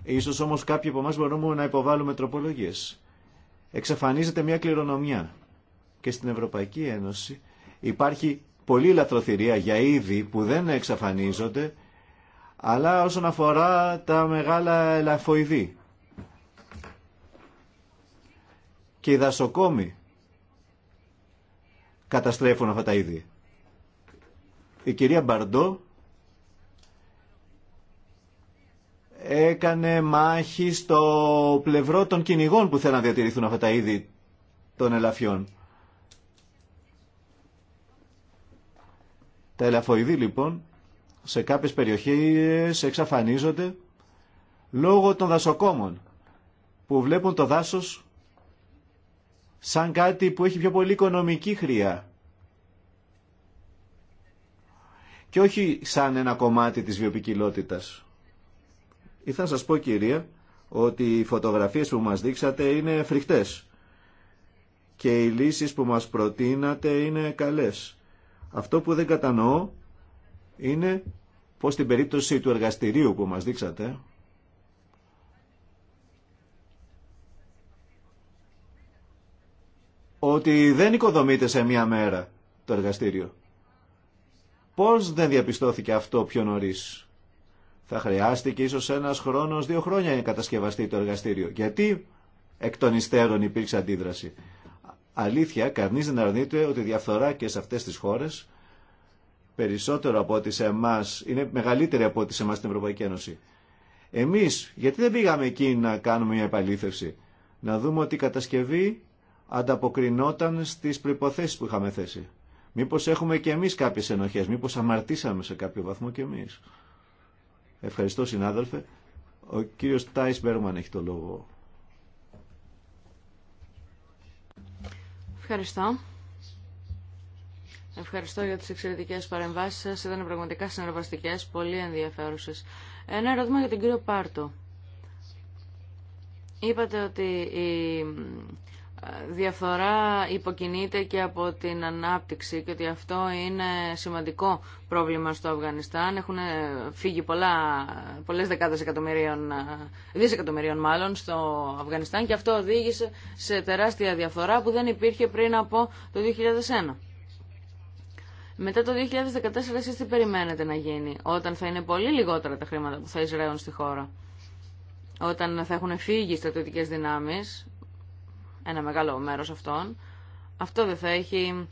Ίσως όμως κάποιοι από εμάς μπορούμε να υποβάλουμε τροπολογίες. Εξαφανίζεται μια κληρονομιά. Και στην Ευρωπαϊκή Ένωση υπάρχει πολλή λαθροθυρία για είδη που δεν εξαφανίζονται, αλλά όσον αφορά τα μεγάλα ελαφοειδή. Και οι δασοκόμοι καταστρέφουν αυτά τα είδη. Η κυρία Μπαρντό έκανε μάχη στο πλευρό των κυνηγών που θέλουν να διατηρηθούν αυτά τα είδη των ελαφιών. Τα ελαφοειδή λοιπόν σε κάποιες περιοχές εξαφανίζονται λόγω των δασοκόμων που βλέπουν το δάσος σαν κάτι που έχει πιο πολύ οικονομική χρειά και όχι σαν ένα κομμάτι της βιοπικιλότητας. Ή θα σας πω κυρία ότι οι φωτογραφίες που μας δείξατε είναι φρικτές και οι λύσεις που μας προτείνατε είναι καλές. Αυτό που δεν κατανοώ είναι πως στην περίπτωση του εργαστηρίου που μας δείξατε ότι δεν οικοδομείται σε μία μέρα το εργαστήριο. Πώς δεν διαπιστώθηκε αυτό πιο νωρίς. Θα χρειάστηκε ίσως ένας χρόνος, δύο χρόνια για να κατασκευαστεί το εργαστήριο. Γιατί εκ των υστέρων υπήρξε αντίδραση. Αλήθεια, κανεί δεν αρνείται ότι η διαφθορά και σε αυτές τις χώρες περισσότερο από ό,τι σε εμά, είναι μεγαλύτερη από ό,τι σε εμά στην Ευρωπαϊκή Ένωση. Εμείς, γιατί δεν πήγαμε εκεί να κάνουμε μια επαλήθευση. Να δούμε ότι η κατασκευή ανταποκρινόταν στις προϋποθέσεις που είχαμε θέσει. Μήπως έχουμε και εμείς κάποιες ενοχές, μήπως αμαρτήσαμε σε κάποιο βαθμό και εμείς. Ευχαριστώ συνάδελφε. Ο κύριος Τάις Μπέρμαν έχει το λόγο. Ευχαριστώ. Ευχαριστώ για τις εξαιρετικές παρεμβάσεις σας. Ήταν πραγματικά συνεργαστικές, πολύ ενδιαφέρουσες. Ένα ερώτημα για τον κύριο Πάρτο. Είπατε ότι η διαφθορά υποκινείται και από την ανάπτυξη και ότι αυτό είναι σημαντικό πρόβλημα στο Αφγανιστάν. Έχουν φύγει πολλά, πολλές δεκάδες εκατομμυρίων, δισεκατομμυρίων μάλλον στο Αφγανιστάν και αυτό οδήγησε σε τεράστια διαφθορά που δεν υπήρχε πριν από το 2001. Μετά το 2014 εσείς τι περιμένετε να γίνει, όταν θα είναι πολύ λιγότερα τα χρήματα που θα εισραίουν στη χώρα, όταν θα έχουν φύγει οι στρατιωτικές δυνάμεις, ένα μεγάλο μέρος αυτών, αυτό δεν θα έχει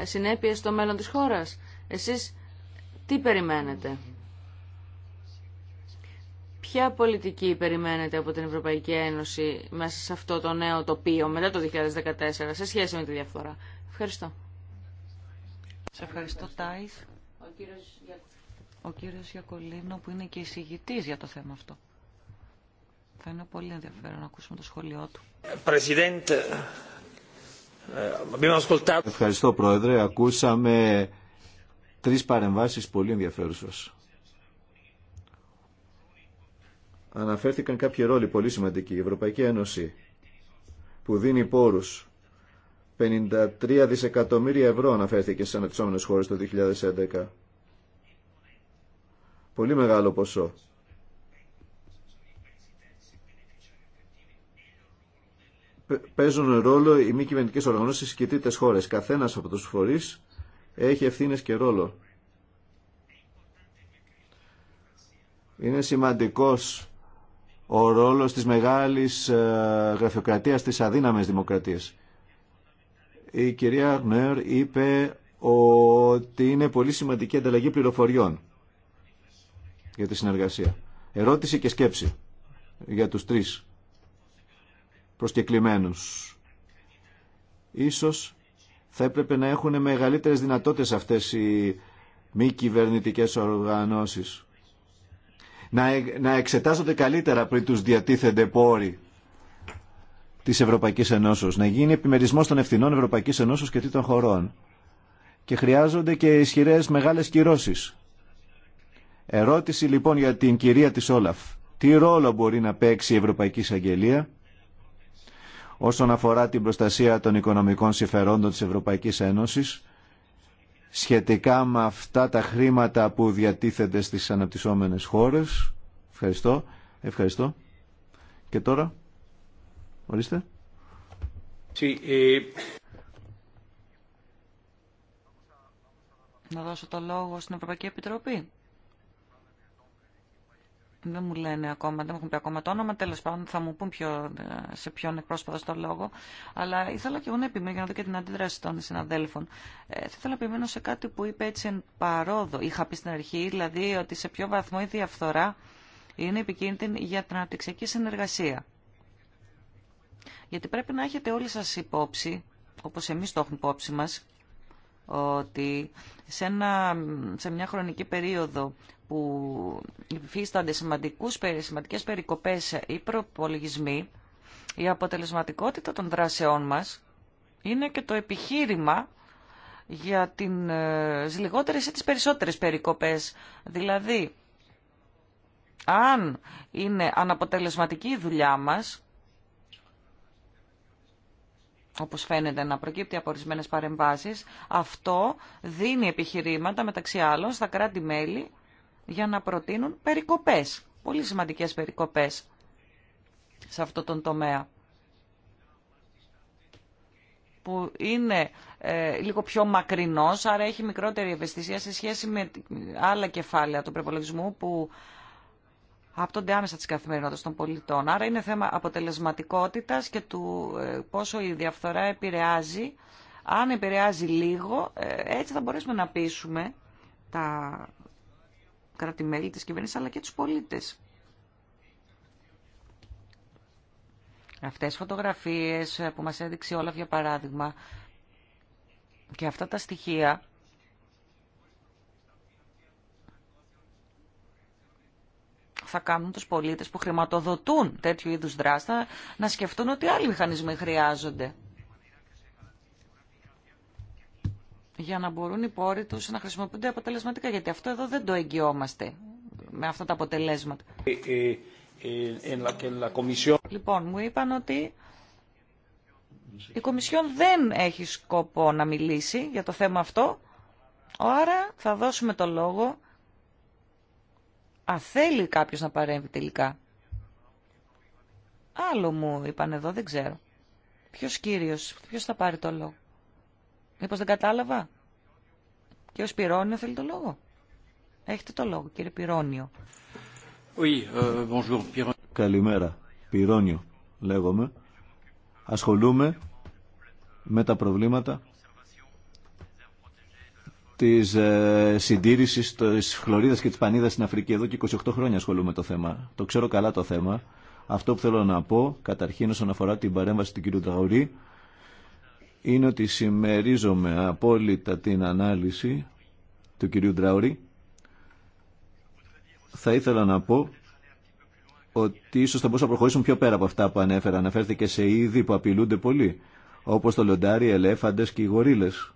ε, συνέπειες στο μέλλον της χώρας. Εσείς τι περιμένετε. Ποια πολιτική περιμένετε από την Ευρωπαϊκή Ένωση μέσα σε αυτό το νέο τοπίο μετά το 2014 σε σχέση με τη διαφθορά. Ευχαριστώ. Σε ευχαριστώ Τάις. Ο κύριος Γιακολίνο που είναι και εισηγητής για το θέμα αυτό είναι πολύ ενδιαφέρον να ακούσουμε το σχόλιο του. Ε, Ευχαριστώ Πρόεδρε. Ακούσαμε τρεις παρεμβάσεις πολύ ενδιαφέρουσες. Αναφέρθηκαν κάποιοι ρόλοι πολύ σημαντικοί. Η Ευρωπαϊκή Ένωση που δίνει πόρους 53 δισεκατομμύρια ευρώ αναφέρθηκε στις αναπτυσσόμενες χώρες το 2011. Πολύ μεγάλο ποσό. παίζουν ρόλο οι μη κυβερνητικέ οργανώσει και τρίτε χώρε. Καθένα από του φορεί έχει ευθύνε και ρόλο. Είναι σημαντικός ο ρόλος της μεγάλης ε, γραφειοκρατίας της αδύναμης δημοκρατίας. Η κυρία Γνέρ είπε ότι είναι πολύ σημαντική ανταλλαγή πληροφοριών για τη συνεργασία. Ερώτηση και σκέψη για τους τρεις προσκεκλημένους. Ίσως θα έπρεπε να έχουν μεγαλύτερες δυνατότητες αυτές οι μη κυβερνητικέ οργανώσεις. Να, ε, να εξετάζονται καλύτερα πριν τους διατίθενται πόροι της Ευρωπαϊκής Ενώσεως. Να γίνει επιμερισμός των ευθυνών Ευρωπαϊκής Ενώσεως και των χωρών. Και χρειάζονται και ισχυρές μεγάλες κυρώσεις. Ερώτηση λοιπόν για την κυρία της Όλαφ. Τι ρόλο μπορεί να παίξει η Ευρωπαϊκή Εισαγγελία όσον αφορά την προστασία των οικονομικών συμφερόντων της Ευρωπαϊκής Ένωσης σχετικά με αυτά τα χρήματα που διατίθενται στις αναπτυσσόμενες χώρες. Ευχαριστώ. Ευχαριστώ. Και τώρα, ορίστε. Eh, Να δώσω το λόγο στην Ευρωπαϊκή Επιτροπή δεν μου λένε ακόμα, δεν μου έχουν πει ακόμα το όνομα, τέλο πάντων θα μου πούν ε, σε ποιον εκπρόσωπο δώσω το λόγο, αλλά ήθελα και εγώ να επιμείνω για να δω και την αντίδραση των συναδέλφων. Ε, θα ήθελα να επιμείνω σε κάτι που είπε έτσι εν παρόδο, είχα πει στην αρχή, δηλαδή ότι σε ποιο βαθμό η διαφθορά είναι επικίνδυνη για την αναπτυξιακή συνεργασία. Γιατί πρέπει να έχετε όλοι σας υπόψη, όπως εμείς το έχουμε υπόψη μας, ότι σε, ένα, σε μια χρονική περίοδο που υφίστανται σημαντικούς, σημαντικές περικοπές ή προπολογισμοί, η αποτελεσματικότητα των δράσεών μας είναι και το επιχείρημα για την, ε, τις λιγότερες ή τις περισσότερες περικοπές. Δηλαδή, αν είναι αναποτελεσματική η δουλειά μας, όπως φαίνεται να προκύπτει από ορισμένε παρεμβάσεις, αυτό δίνει επιχειρήματα μεταξύ άλλων στα κράτη-μέλη για να προτείνουν περικοπές, πολύ σημαντικές περικοπές σε αυτό τον τομέα που είναι ε, λίγο πιο μακρινός, άρα έχει μικρότερη ευαισθησία σε σχέση με άλλα κεφάλαια του προπολογισμού που άπτονται άμεσα τη καθημερινότητα των πολιτών. Άρα είναι θέμα αποτελεσματικότητα και του ε, πόσο η διαφθορά επηρεάζει. Αν επηρεάζει λίγο, ε, έτσι θα μπορέσουμε να πείσουμε τα κράτη-μέλη της κυβέρνησης, αλλά και τους πολίτες. Αυτές οι φωτογραφίες που μας έδειξε όλα, για παράδειγμα, και αυτά τα στοιχεία θα κάνουν τους πολίτες που χρηματοδοτούν τέτοιου είδους δράστα να σκεφτούν ότι άλλοι μηχανισμοί χρειάζονται. για να μπορούν οι πόροι τους να χρησιμοποιούνται αποτελεσματικά, γιατί αυτό εδώ δεν το εγγυόμαστε με αυτά τα αποτελέσματα. Ε, ε, ε, λοιπόν, μου είπαν ότι η Κομισιόν δεν έχει σκοπό να μιλήσει για το θέμα αυτό, άρα θα δώσουμε το λόγο Α, θέλει κάποιος να παρέμβει τελικά. Άλλο μου είπαν εδώ, δεν ξέρω. Ποιος κύριος, ποιος θα πάρει το λόγο. Μήπως δεν κατάλαβα. Και ο Σπυρόνιο θέλει το λόγο. Έχετε το λόγο, κύριε Πυρόνιο. Oui, euh, Καλημέρα. Πυρόνιο λέγομαι. Ασχολούμαι με τα προβλήματα Τη ε, συντήρησης της χλωρίδας και της πανίδας στην Αφρική. Εδώ και 28 χρόνια ασχολούμαι το θέμα. Το ξέρω καλά το θέμα. Αυτό που θέλω να πω, καταρχήν όσον αφορά την παρέμβαση του κ. Ταουρή, είναι ότι συμμερίζομαι απόλυτα την ανάλυση του κυρίου Ντραουρή. Θα ήθελα να πω ότι ίσως θα μπορούσαμε να προχωρήσουν πιο πέρα από αυτά που ανέφερα. Αναφέρθηκε σε είδη που απειλούνται πολύ, όπως το λοντάρι, ελέφαντες και οι γορίλες.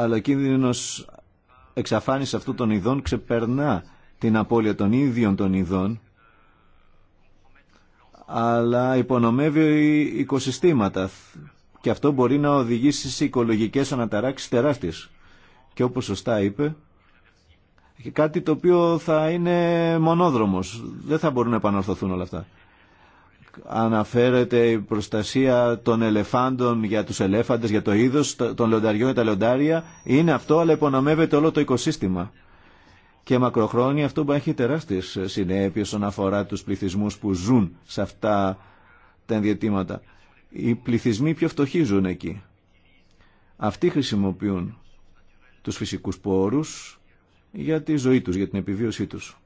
αλλά ο κίνδυνος εξαφάνισης αυτού των ειδών ξεπερνά την απώλεια των ίδιων των ειδών αλλά υπονομεύει οικοσυστήματα και αυτό μπορεί να οδηγήσει σε οικολογικές αναταράξεις τεράστιες. Και όπως σωστά είπε, κάτι το οποίο θα είναι μονόδρομος. Δεν θα μπορούν να επαναρθωθούν όλα αυτά αναφέρεται η προστασία των ελεφάντων για τους ελέφαντες, για το είδος, των λονταριών και τα λοντάρια Είναι αυτό, αλλά υπονομεύεται όλο το οικοσύστημα. Και μακροχρόνια αυτό που έχει τεράστιες συνέπειες όσον αφορά τους πληθυσμούς που ζουν σε αυτά τα ενδιατήματα. Οι πληθυσμοί πιο φτωχοί ζουν εκεί. Αυτοί χρησιμοποιούν τους φυσικούς πόρους για τη ζωή τους, για την επιβίωσή τους.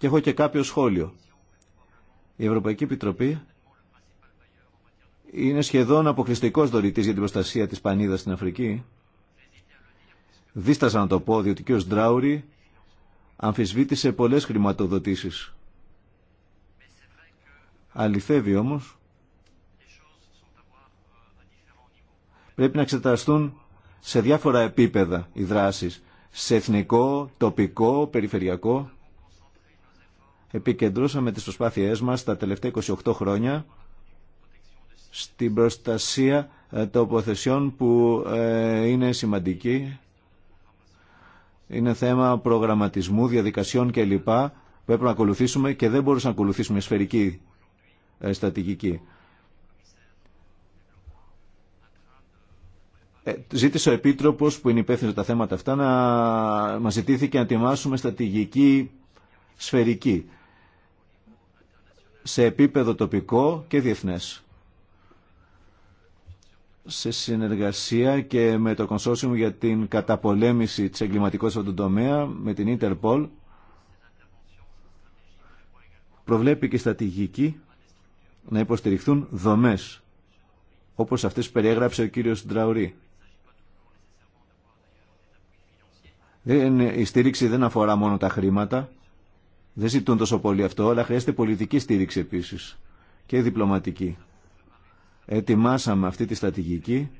Και έχω και κάποιο σχόλιο. Η Ευρωπαϊκή Επιτροπή είναι σχεδόν αποκλειστικό δωρητή για την προστασία της πανίδας στην Αφρική. Δίστασα να το πω, διότι και ο Σντράουρη αμφισβήτησε πολλές χρηματοδοτήσεις. Αληθεύει όμω, Πρέπει να εξεταστούν σε διάφορα επίπεδα οι δράσεις. Σε εθνικό, τοπικό, περιφερειακό επικεντρώσαμε τις προσπάθειές μας τα τελευταία 28 χρόνια στην προστασία ε, τοποθεσιών που ε, είναι σημαντική. Είναι θέμα προγραμματισμού, διαδικασιών κλπ. έπρεπε να ακολουθήσουμε και δεν μπορούσαμε να ακολουθήσουμε σφαιρική ε, στρατηγική. Ζήτησε ο Επίτροπος που είναι υπεύθυνο τα θέματα αυτά να μας ζητήθηκε να ετοιμάσουμε στρατηγική σφαιρική σε επίπεδο τοπικό και διεθνές. Σε συνεργασία και με το Consortium για την καταπολέμηση της εγκληματικότητας του τομέα, με την Interpol, προβλέπει και στρατηγική να υποστηριχθούν δομές, όπως αυτές περιέγραψε ο κύριος Ντραουρή. Η στήριξη δεν αφορά μόνο τα χρήματα, δεν ζητούν τόσο πολύ αυτό, αλλά χρειάζεται πολιτική στήριξη επίση και διπλωματική. Ετοιμάσαμε αυτή τη στρατηγική.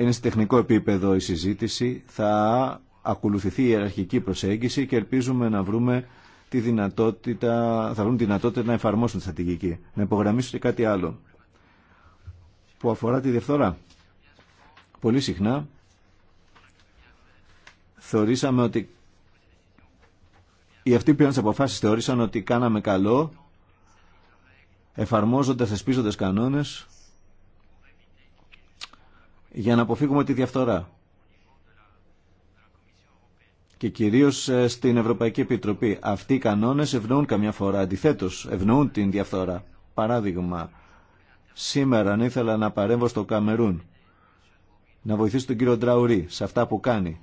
Είναι σε τεχνικό επίπεδο η συζήτηση. Θα ακολουθηθεί η ιεραρχική προσέγγιση και ελπίζουμε να βρούμε τη δυνατότητα, θα τη δυνατότητα να εφαρμόσουν τη στρατηγική. Να υπογραμμίσω και κάτι άλλο που αφορά τη διαφθορά. Πολύ συχνά θεωρήσαμε ότι οι αυτοί που πήραν τι αποφάσει θεώρησαν ότι κάναμε καλό εφαρμόζοντα εσπίζοντα κανόνε για να αποφύγουμε τη διαφθορά. Και κυρίω ε, στην Ευρωπαϊκή Επιτροπή. Αυτοί οι κανόνε ευνοούν καμιά φορά, αντιθέτω, ευνοούν την διαφθορά. Παράδειγμα, σήμερα αν ήθελα να παρέμβω στο Καμερούν, να βοηθήσω τον κύριο Ντραουρί σε αυτά που κάνει,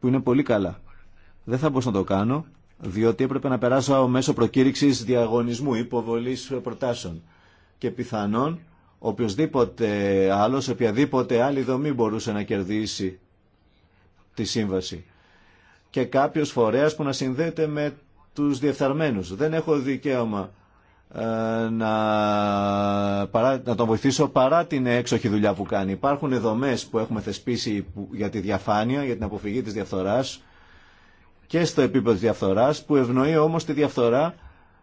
που είναι πολύ καλά. Δεν θα μπορούσα να το κάνω διότι έπρεπε να περάσω μέσω προκήρυξης διαγωνισμού, υποβολής προτάσεων. Και πιθανόν οποιοδήποτε άλλος, οποιαδήποτε άλλη δομή μπορούσε να κερδίσει τη σύμβαση. Και κάποιος φορέας που να συνδέεται με τους διεφθαρμένους. Δεν έχω δικαίωμα ε, να, παρά, να τον βοηθήσω παρά την έξοχη δουλειά που κάνει. Υπάρχουν δομές που έχουμε θεσπίσει για τη διαφάνεια, για την αποφυγή της διαφθοράς, και στο επίπεδο της διαφθοράς που ευνοεί όμως τη διαφθορά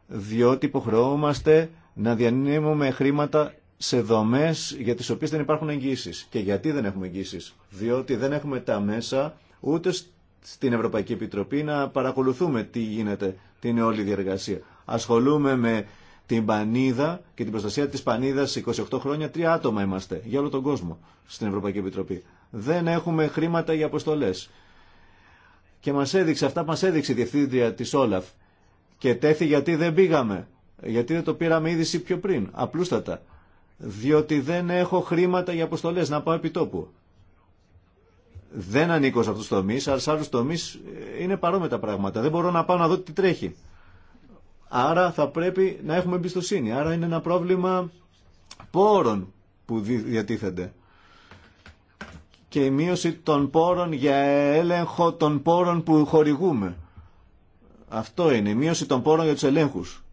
διότι υποχρεώμαστε να διανύμουμε χρήματα σε δομές για τις οποίες δεν υπάρχουν εγγύσεις. Και γιατί δεν έχουμε εγγύσεις. Διότι δεν έχουμε τα μέσα ούτε στην Ευρωπαϊκή Επιτροπή να παρακολουθούμε τι γίνεται, την όλη διεργασία. Ασχολούμε με την πανίδα και την προστασία της πανίδας 28 χρόνια, τρία άτομα είμαστε για όλο τον κόσμο στην Ευρωπαϊκή Επιτροπή. Δεν έχουμε χρήματα για αποστολέ. Και μας έδειξε αυτά, μας έδειξε η διευθύντρια της Όλαφ. Και τέθη γιατί δεν πήγαμε. Γιατί δεν το πήραμε είδηση πιο πριν, απλούστατα. Διότι δεν έχω χρήματα για αποστολές να πάω επί τόπου. Δεν ανήκω σε αυτούς τους τομείς, αλλά σε άλλους τομείς ε, είναι παρόμοια τα πράγματα. Δεν μπορώ να πάω να δω τι τρέχει. Άρα θα πρέπει να έχουμε εμπιστοσύνη. Άρα είναι ένα πρόβλημα πόρων που διατίθενται και η μείωση των πόρων για έλεγχο των πόρων που χορηγούμε. Αυτό είναι, η μείωση των πόρων για τους ελέγχους.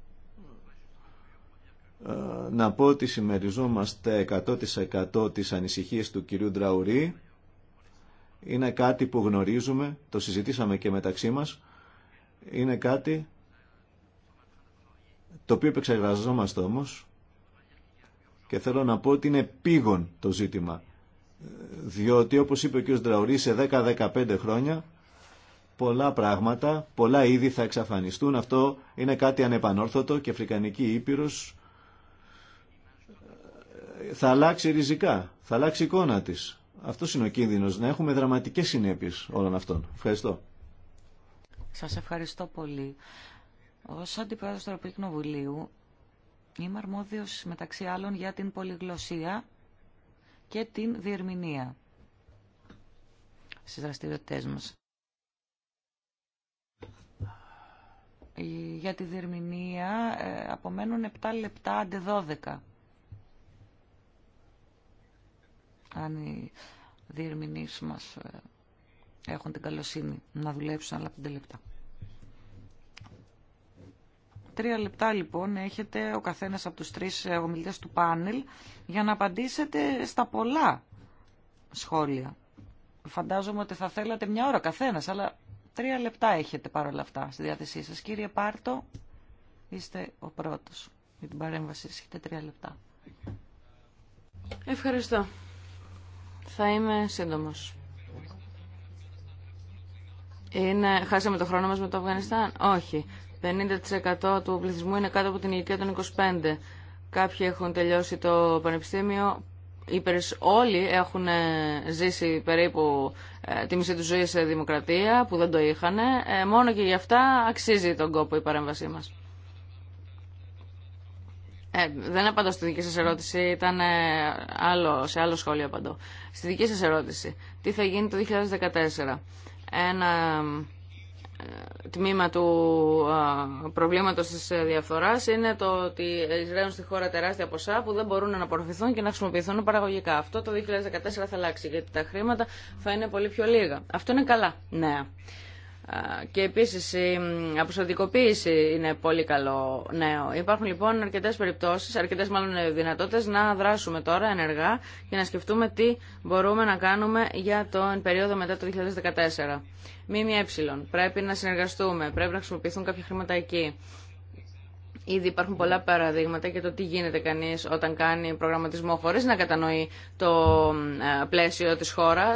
Ε, να πω ότι συμμεριζόμαστε 100% της ανησυχίες του κυρίου Ντραουρή. Είναι κάτι που γνωρίζουμε, το συζητήσαμε και μεταξύ μας. Είναι κάτι το οποίο επεξεργαζόμαστε όμως και θέλω να πω ότι είναι πήγον το ζήτημα διότι όπως είπε ο κ. Ντραουρή σε 10-15 χρόνια πολλά πράγματα, πολλά είδη θα εξαφανιστούν. Αυτό είναι κάτι ανεπανόρθωτο και Αφρικανική Ήπειρος ε, θα αλλάξει ριζικά, θα αλλάξει η εικόνα της. Αυτό είναι ο κίνδυνος, να έχουμε δραματικές συνέπειες όλων αυτών. Ευχαριστώ. Σας ευχαριστώ πολύ. Ως Αντιπρόεδρος του Ευρωπαϊκού Κοινοβουλίου είμαι αρμόδιος μεταξύ άλλων για την πολυγλωσία και την διερμηνία στις δραστηριότητές μας. Για τη διερμηνία ε, απομένουν 7 λεπτά αντε 12. Αν οι διερμηνείς μας ε, έχουν την καλοσύνη να δουλέψουν άλλα 5 λεπτά. Τρία λεπτά λοιπόν έχετε ο καθένας από τους τρεις ε, ομιλητές του πάνελ για να απαντήσετε στα πολλά σχόλια. Φαντάζομαι ότι θα θέλατε μια ώρα καθένας, αλλά τρία λεπτά έχετε παρόλα αυτά στη διάθεσή σας. Κύριε Πάρτο, είστε ο πρώτος για την παρέμβαση. Έχετε τρία λεπτά. Ευχαριστώ. Θα είμαι σύντομος. Χάσαμε το χρόνο μας με το Αφγανιστάν. Όχι. 50% του πληθυσμού είναι κάτω από την ηλικία των 25. Κάποιοι έχουν τελειώσει το πανεπιστήμιο, όλοι έχουν ε, ζήσει περίπου ε, τη μισή του ζωή σε δημοκρατία που δεν το είχαν. Ε, μόνο και γι' αυτά αξίζει τον κόπο η παρέμβασή μας. Ε, δεν απαντώ στη δική σας ερώτηση, ήταν άλλο, σε άλλο σχόλιο απαντώ. Στη δική σας ερώτηση, τι θα γίνει το 2014. Ένα τμήμα του προβλήματος της ε, διαφθοράς είναι το ότι εισραίουν στη χώρα τεράστια ποσά που δεν μπορούν να απορροφηθούν και να χρησιμοποιηθούν παραγωγικά. Αυτό το 2014 θα αλλάξει γιατί τα χρήματα θα είναι πολύ πιο λίγα. Αυτό είναι καλά νέα. Και επίση η αποστατικοποίηση είναι πολύ καλό νέο. Υπάρχουν λοιπόν αρκετέ περιπτώσει, αρκετέ μάλλον δυνατότητε, να δράσουμε τώρα ενεργά και να σκεφτούμε τι μπορούμε να κάνουμε για τον περίοδο μετά το 2014. ΜΜΕ. Πρέπει να συνεργαστούμε, πρέπει να χρησιμοποιηθούν κάποια χρήματα εκεί. Ήδη υπάρχουν πολλά παραδείγματα για το τι γίνεται κανεί όταν κάνει προγραμματισμό χωρί να κατανοεί το ε, πλαίσιο τη χώρα.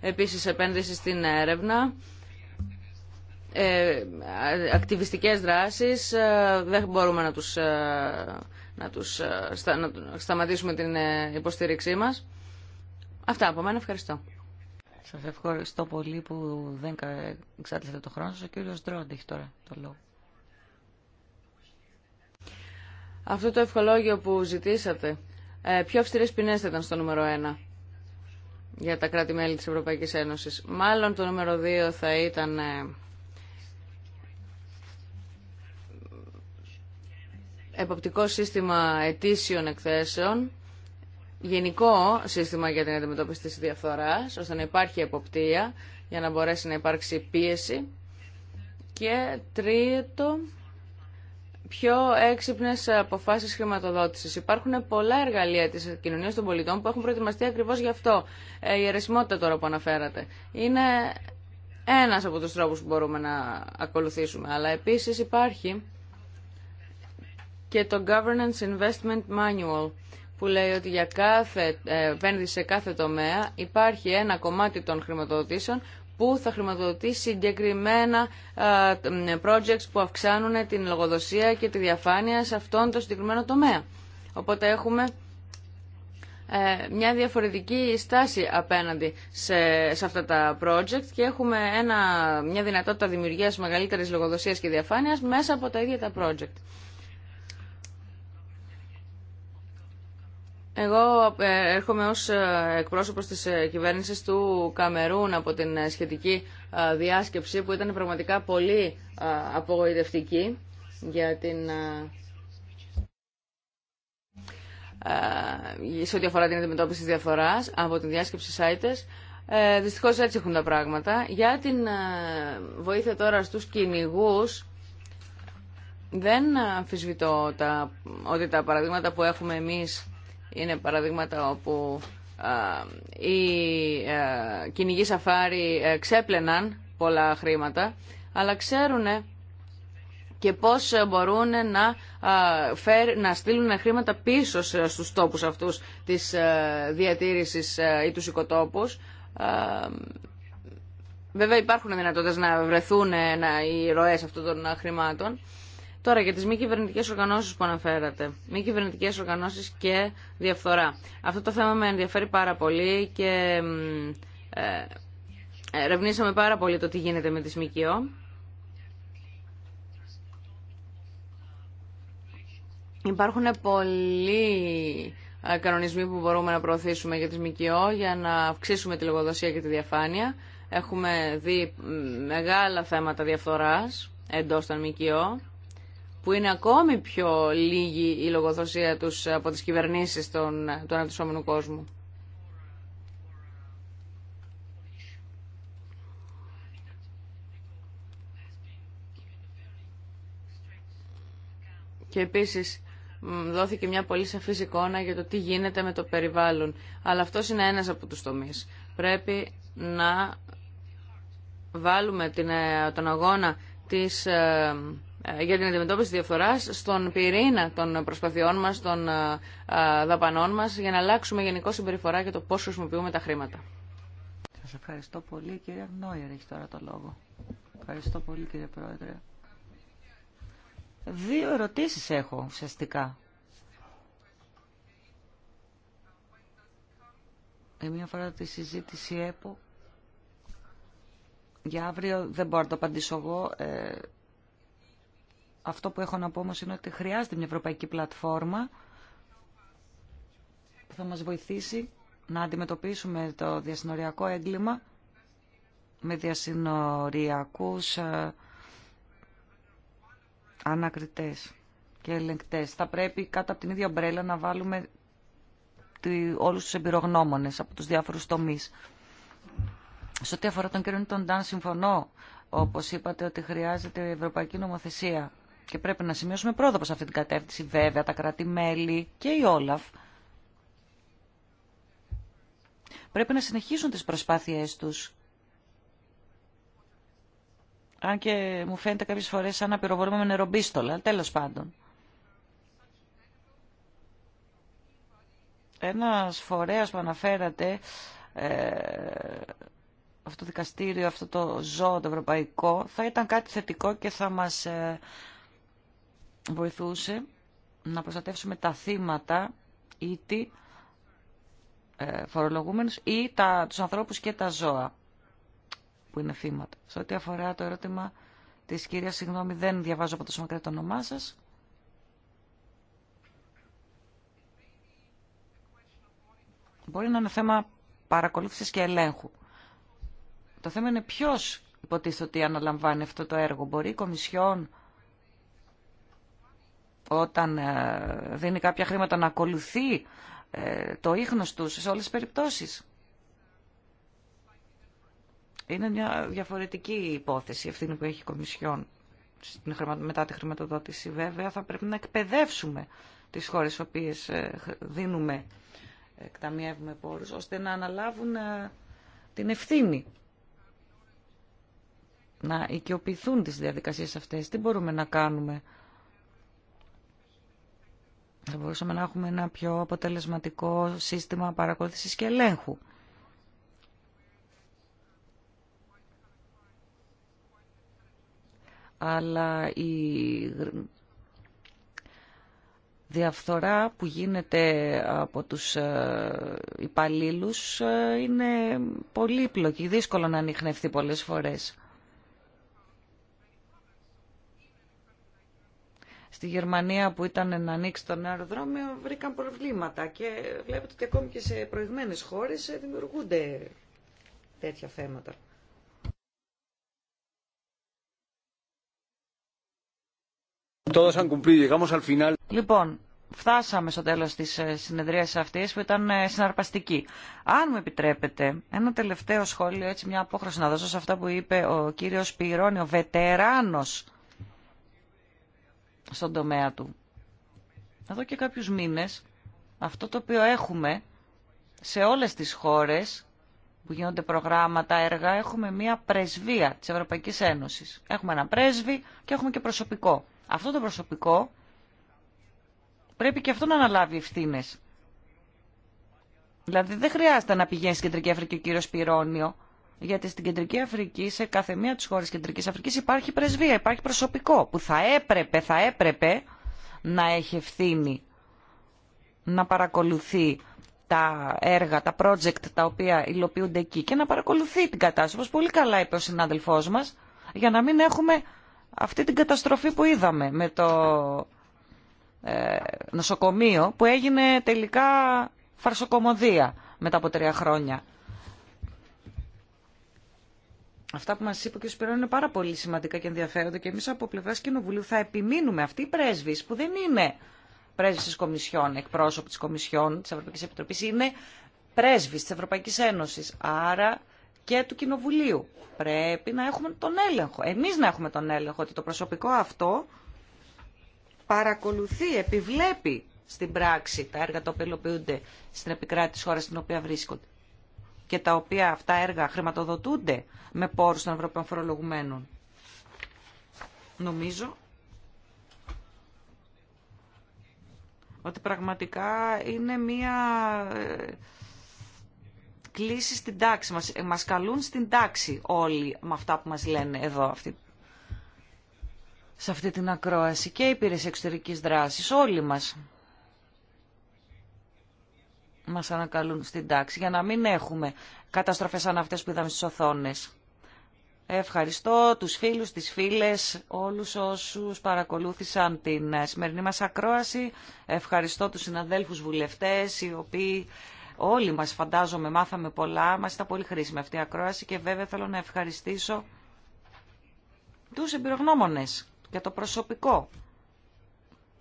Επίση, επένδυση στην έρευνα ε, ακτιβιστικές δράσεις ε, δεν μπορούμε να τους, ε, να τους ε, στα, να σταματήσουμε την υποστήριξή μας. Αυτά από μένα. Ευχαριστώ. Σας ευχαριστώ πολύ που δεν εξάρτησατε το χρόνο σας. Ο κύριος Ντρόντ έχει τώρα το λόγο. Αυτό το ευχολόγιο που ζητήσατε, πιο αυστηρέ ποινές θα ήταν στο νούμερο 1 για τα κράτη-μέλη της Ευρωπαϊκής Ένωσης. Μάλλον το νούμερο 2 θα ήταν εποπτικό σύστημα ετήσιων εκθέσεων, γενικό σύστημα για την αντιμετώπιση της διαφθοράς, ώστε να υπάρχει εποπτεία για να μπορέσει να υπάρξει πίεση. Και τρίτο, πιο έξυπνες αποφάσεις χρηματοδότησης. Υπάρχουν πολλά εργαλεία της κοινωνίας των πολιτών που έχουν προετοιμαστεί ακριβώς γι' αυτό. Ε, η αιρεσιμότητα τώρα που αναφέρατε είναι ένας από τους τρόπους που μπορούμε να ακολουθήσουμε. Αλλά επίσης υπάρχει και το Governance Investment Manual που λέει ότι για κάθε ε, επένδυση σε κάθε τομέα υπάρχει ένα κομμάτι των χρηματοδοτήσεων που θα χρηματοδοτεί συγκεκριμένα ε, projects που αυξάνουν την λογοδοσία και τη διαφάνεια σε αυτόν τον συγκεκριμένο τομέα. Οπότε έχουμε ε, μια διαφορετική στάση απέναντι σε, αυτά τα project και έχουμε μια δυνατότητα δημιουργίας μεγαλύτερης λογοδοσίας και διαφάνειας μέσα από τα ίδια τα project. Εγώ ε, έρχομαι ως ε, εκπρόσωπος της ε, κυβέρνησης του Καμερούν από την σχετική διάσκεψη που ήταν πραγματικά πολύ απογοητευτική για την σε ό,τι αφορά την αντιμετώπιση της διαφοράς από την διάσκεψη ΣΑΙΤΕΣ. δυστυχώς έτσι έχουν τα πράγματα. Για την βοήθεια τώρα στους κυνηγού. δεν αμφισβητώ τα, ότι τα παραδείγματα που έχουμε εμείς είναι παραδείγματα όπου οι κυνηγοί σαφάρι ε, ξέπλαιναν πολλά χρήματα, αλλά ξέρουν και πώς μπορούν να, φέρ, να στείλουν χρήματα πίσω στους τόπους αυτούς της ε, διατήρησης ε, ή τους οικοτόπους. Βέβαια υπάρχουν δυνατότητες να βρεθούν οι ροές αυτών των χρημάτων. Τώρα για τις μη κυβερνητικέ οργανώσεις που αναφέρατε. Μη κυβερνητικέ οργανώσεις και διαφθορά. Αυτό το θέμα με ενδιαφέρει πάρα πολύ και ε, ερευνήσαμε πάρα πολύ το τι γίνεται με τις ΜΚΟ. Υπάρχουν πολλοί ε, κανονισμοί που μπορούμε να προωθήσουμε για τις ΜΚΟ για να αυξήσουμε τη λογοδοσία και τη διαφάνεια. Έχουμε δει μεγάλα θέματα διαφθοράς εντός των ΜΚΟ που είναι ακόμη πιο λίγη η λογοδοσία τους από τις κυβερνήσεις των, του αναπτυσσόμενου κόσμου. Και επίσης δόθηκε μια πολύ σαφής εικόνα για το τι γίνεται με το περιβάλλον. Αλλά αυτό είναι ένας από τους τομείς. Πρέπει να βάλουμε την, ε, τον αγώνα της ε, ε, για την αντιμετώπιση διαφθορά, στον πυρήνα των προσπαθειών μας, των ε, ε, δαπανών μας, για να αλλάξουμε γενικώ συμπεριφορά και το πώ χρησιμοποιούμε τα χρήματα. Σας ευχαριστώ πολύ. κύριε κυρία έχει τώρα το λόγο. Ευχαριστώ πολύ κύριε Πρόεδρε. Δύο ερωτήσεις έχω ουσιαστικά. Η μία φορά τη συζήτηση ΕΠΟ για αύριο δεν μπορώ να το απαντήσω εγώ. Ε, αυτό που έχω να πω όμως είναι ότι χρειάζεται μια ευρωπαϊκή πλατφόρμα που θα μας βοηθήσει να αντιμετωπίσουμε το διασυνοριακό έγκλημα με διασυνοριακούς ε, ανακριτές και ελεγκτές. Θα πρέπει κάτω από την ίδια μπρέλα να βάλουμε όλους τους εμπειρογνώμονες από τους διάφορους τομείς. Σε ό,τι αφορά τον κύριο Νίτον Ντάν, συμφωνώ, όπως είπατε, ότι χρειάζεται ευρωπαϊκή νομοθεσία και πρέπει να σημειώσουμε πρόοδο σε αυτή την κατεύθυνση βέβαια τα κράτη-μέλη και η Όλαφ. Πρέπει να συνεχίσουν τις προσπάθειές τους. Αν και μου φαίνεται κάποιες φορές σαν να πυροβολούμε με νερομπίστολα, τέλος πάντων. Ένας φορέας που αναφέρατε, ε, αυτό το δικαστήριο, αυτό το ζώο το ευρωπαϊκό, θα ήταν κάτι θετικό και θα μας ε, βοηθούσε να προστατεύσουμε τα θύματα ή τη ε, φορολογούμενους ή τα, τους ανθρώπους και τα ζώα που είναι θύματα. Σε ό,τι αφορά το ερώτημα της κυρίας, συγγνώμη δεν διαβάζω από τόσο μακριά το όνομά σας. Μπορεί να είναι θέμα παρακολούθησης και ελέγχου. Το θέμα είναι ποιος υποτίθεται ότι αναλαμβάνει αυτό το έργο. Μπορεί η Κομισιόν όταν ε, δίνει κάποια χρήματα να ακολουθεί ε, το ίχνος τους σε όλες τις περιπτώσεις. Είναι μια διαφορετική υπόθεση η ευθύνη που έχει η Κομισιόν μετά τη χρηματοδότηση. Βέβαια θα πρέπει να εκπαιδεύσουμε τις χώρες στις οποίες ε, δίνουμε, εκταμιεύουμε πόρους, ώστε να αναλάβουν την ευθύνη να οικειοποιηθούν τις διαδικασίες αυτές. Τι μπορούμε να κάνουμε θα μπορούσαμε να έχουμε ένα πιο αποτελεσματικό σύστημα παρακολούθησης και ελέγχου. Αλλά η διαφθορά που γίνεται από τους ε, υπαλλήλους ε, είναι πολύπλοκη, δύσκολο να ανοιχνευτεί πολλές φορές. στη Γερμανία που ήταν να ανοίξει τον αεροδρόμιο βρήκαν προβλήματα και βλέπετε ότι ακόμη και σε προηγμένες χώρες ε, δημιουργούνται τέτοια θέματα. Λοιπόν, φτάσαμε στο τέλος της ε, συνεδρίας αυτής που ήταν ε, συναρπαστική. Αν μου επιτρέπετε, ένα τελευταίο σχόλιο, έτσι μια απόχρωση να δώσω σε αυτά που είπε ο κύριος ο βετεράνος στον τομέα του. Εδώ και κάποιους μήνες αυτό το οποίο έχουμε σε όλες τις χώρες που γίνονται προγράμματα, έργα, έχουμε μία πρεσβεία της Ευρωπαϊκής Ένωσης. Έχουμε ένα πρέσβη και έχουμε και προσωπικό. Αυτό το προσωπικό πρέπει και αυτό να αναλάβει ευθύνες. Δηλαδή δεν χρειάζεται να πηγαίνει στην Κεντρική Αφρική ο κύριος Πυρώνιο γιατί στην Κεντρική Αφρική, σε κάθε μία τη χώρες Κεντρική Αφρική υπάρχει πρεσβεία, υπάρχει προσωπικό που θα έπρεπε, θα έπρεπε να έχει ευθύνη να παρακολουθεί τα έργα, τα project τα οποία υλοποιούνται εκεί και να παρακολουθεί την κατάσταση, όπως πολύ καλά είπε ο συνάδελφός μας, για να μην έχουμε αυτή την καταστροφή που είδαμε με το ε, νοσοκομείο που έγινε τελικά φαρσοκομωδία μετά από τρία χρόνια. Αυτά που μας είπε ο κ. Σπυρών είναι πάρα πολύ σημαντικά και ενδιαφέροντα και εμεί από πλευρά Κοινοβουλίου θα επιμείνουμε Αυτή οι πρέσβη, που δεν είναι πρέσβης της Κομισιόν, εκπρόσωποι τη Κομισιόν, της Ευρωπαϊκής Επιτροπής, είναι πρέσβη τη Ευρωπαϊκή Ένωση, άρα και του Κοινοβουλίου. Πρέπει να έχουμε τον έλεγχο, Εμεί να έχουμε τον έλεγχο, ότι το προσωπικό αυτό παρακολουθεί, επιβλέπει στην πράξη τα έργα τα οποία υλοποιούνται στην επικράτηση χώρα στην οποία βρίσκονται και τα οποία αυτά έργα χρηματοδοτούνται με πόρους των Ευρωπαίων φορολογουμένων. Νομίζω ότι πραγματικά είναι μία ε, κλίση στην τάξη μας. Ε, μας καλούν στην τάξη όλοι με αυτά που μας λένε εδώ αυτή σε αυτή την ακρόαση και η υπηρεσία εξωτερικής δράσης, όλοι μας μας ανακαλούν στην τάξη για να μην έχουμε καταστροφές σαν αυτές που είδαμε στις οθόνες. Ευχαριστώ τους φίλους, τις φίλες, όλους όσους παρακολούθησαν την ε, σημερινή μας ακρόαση. Ευχαριστώ τους συναδέλφους βουλευτές, οι οποίοι όλοι μας φαντάζομαι μάθαμε πολλά. Μας ήταν πολύ χρήσιμη αυτή η ακρόαση και βέβαια θέλω να ευχαριστήσω τους εμπειρογνώμονες και το προσωπικό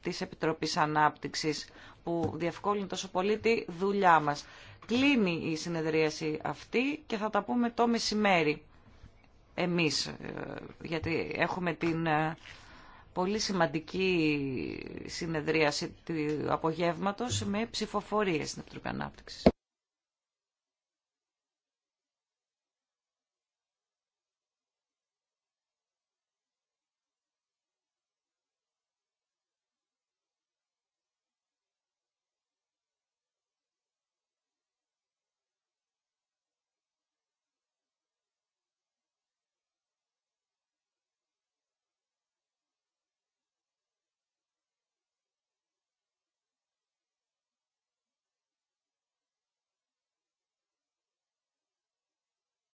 της Επιτροπής Ανάπτυξης που διευκόλυνε τόσο πολύ τη δουλειά μας. Κλείνει η συνεδρίαση αυτή και θα τα πούμε το μεσημέρι εμείς, ε, γιατί έχουμε την ε, πολύ σημαντική συνεδρίαση του απογεύματος με ψηφοφορίες στην Επιτροπή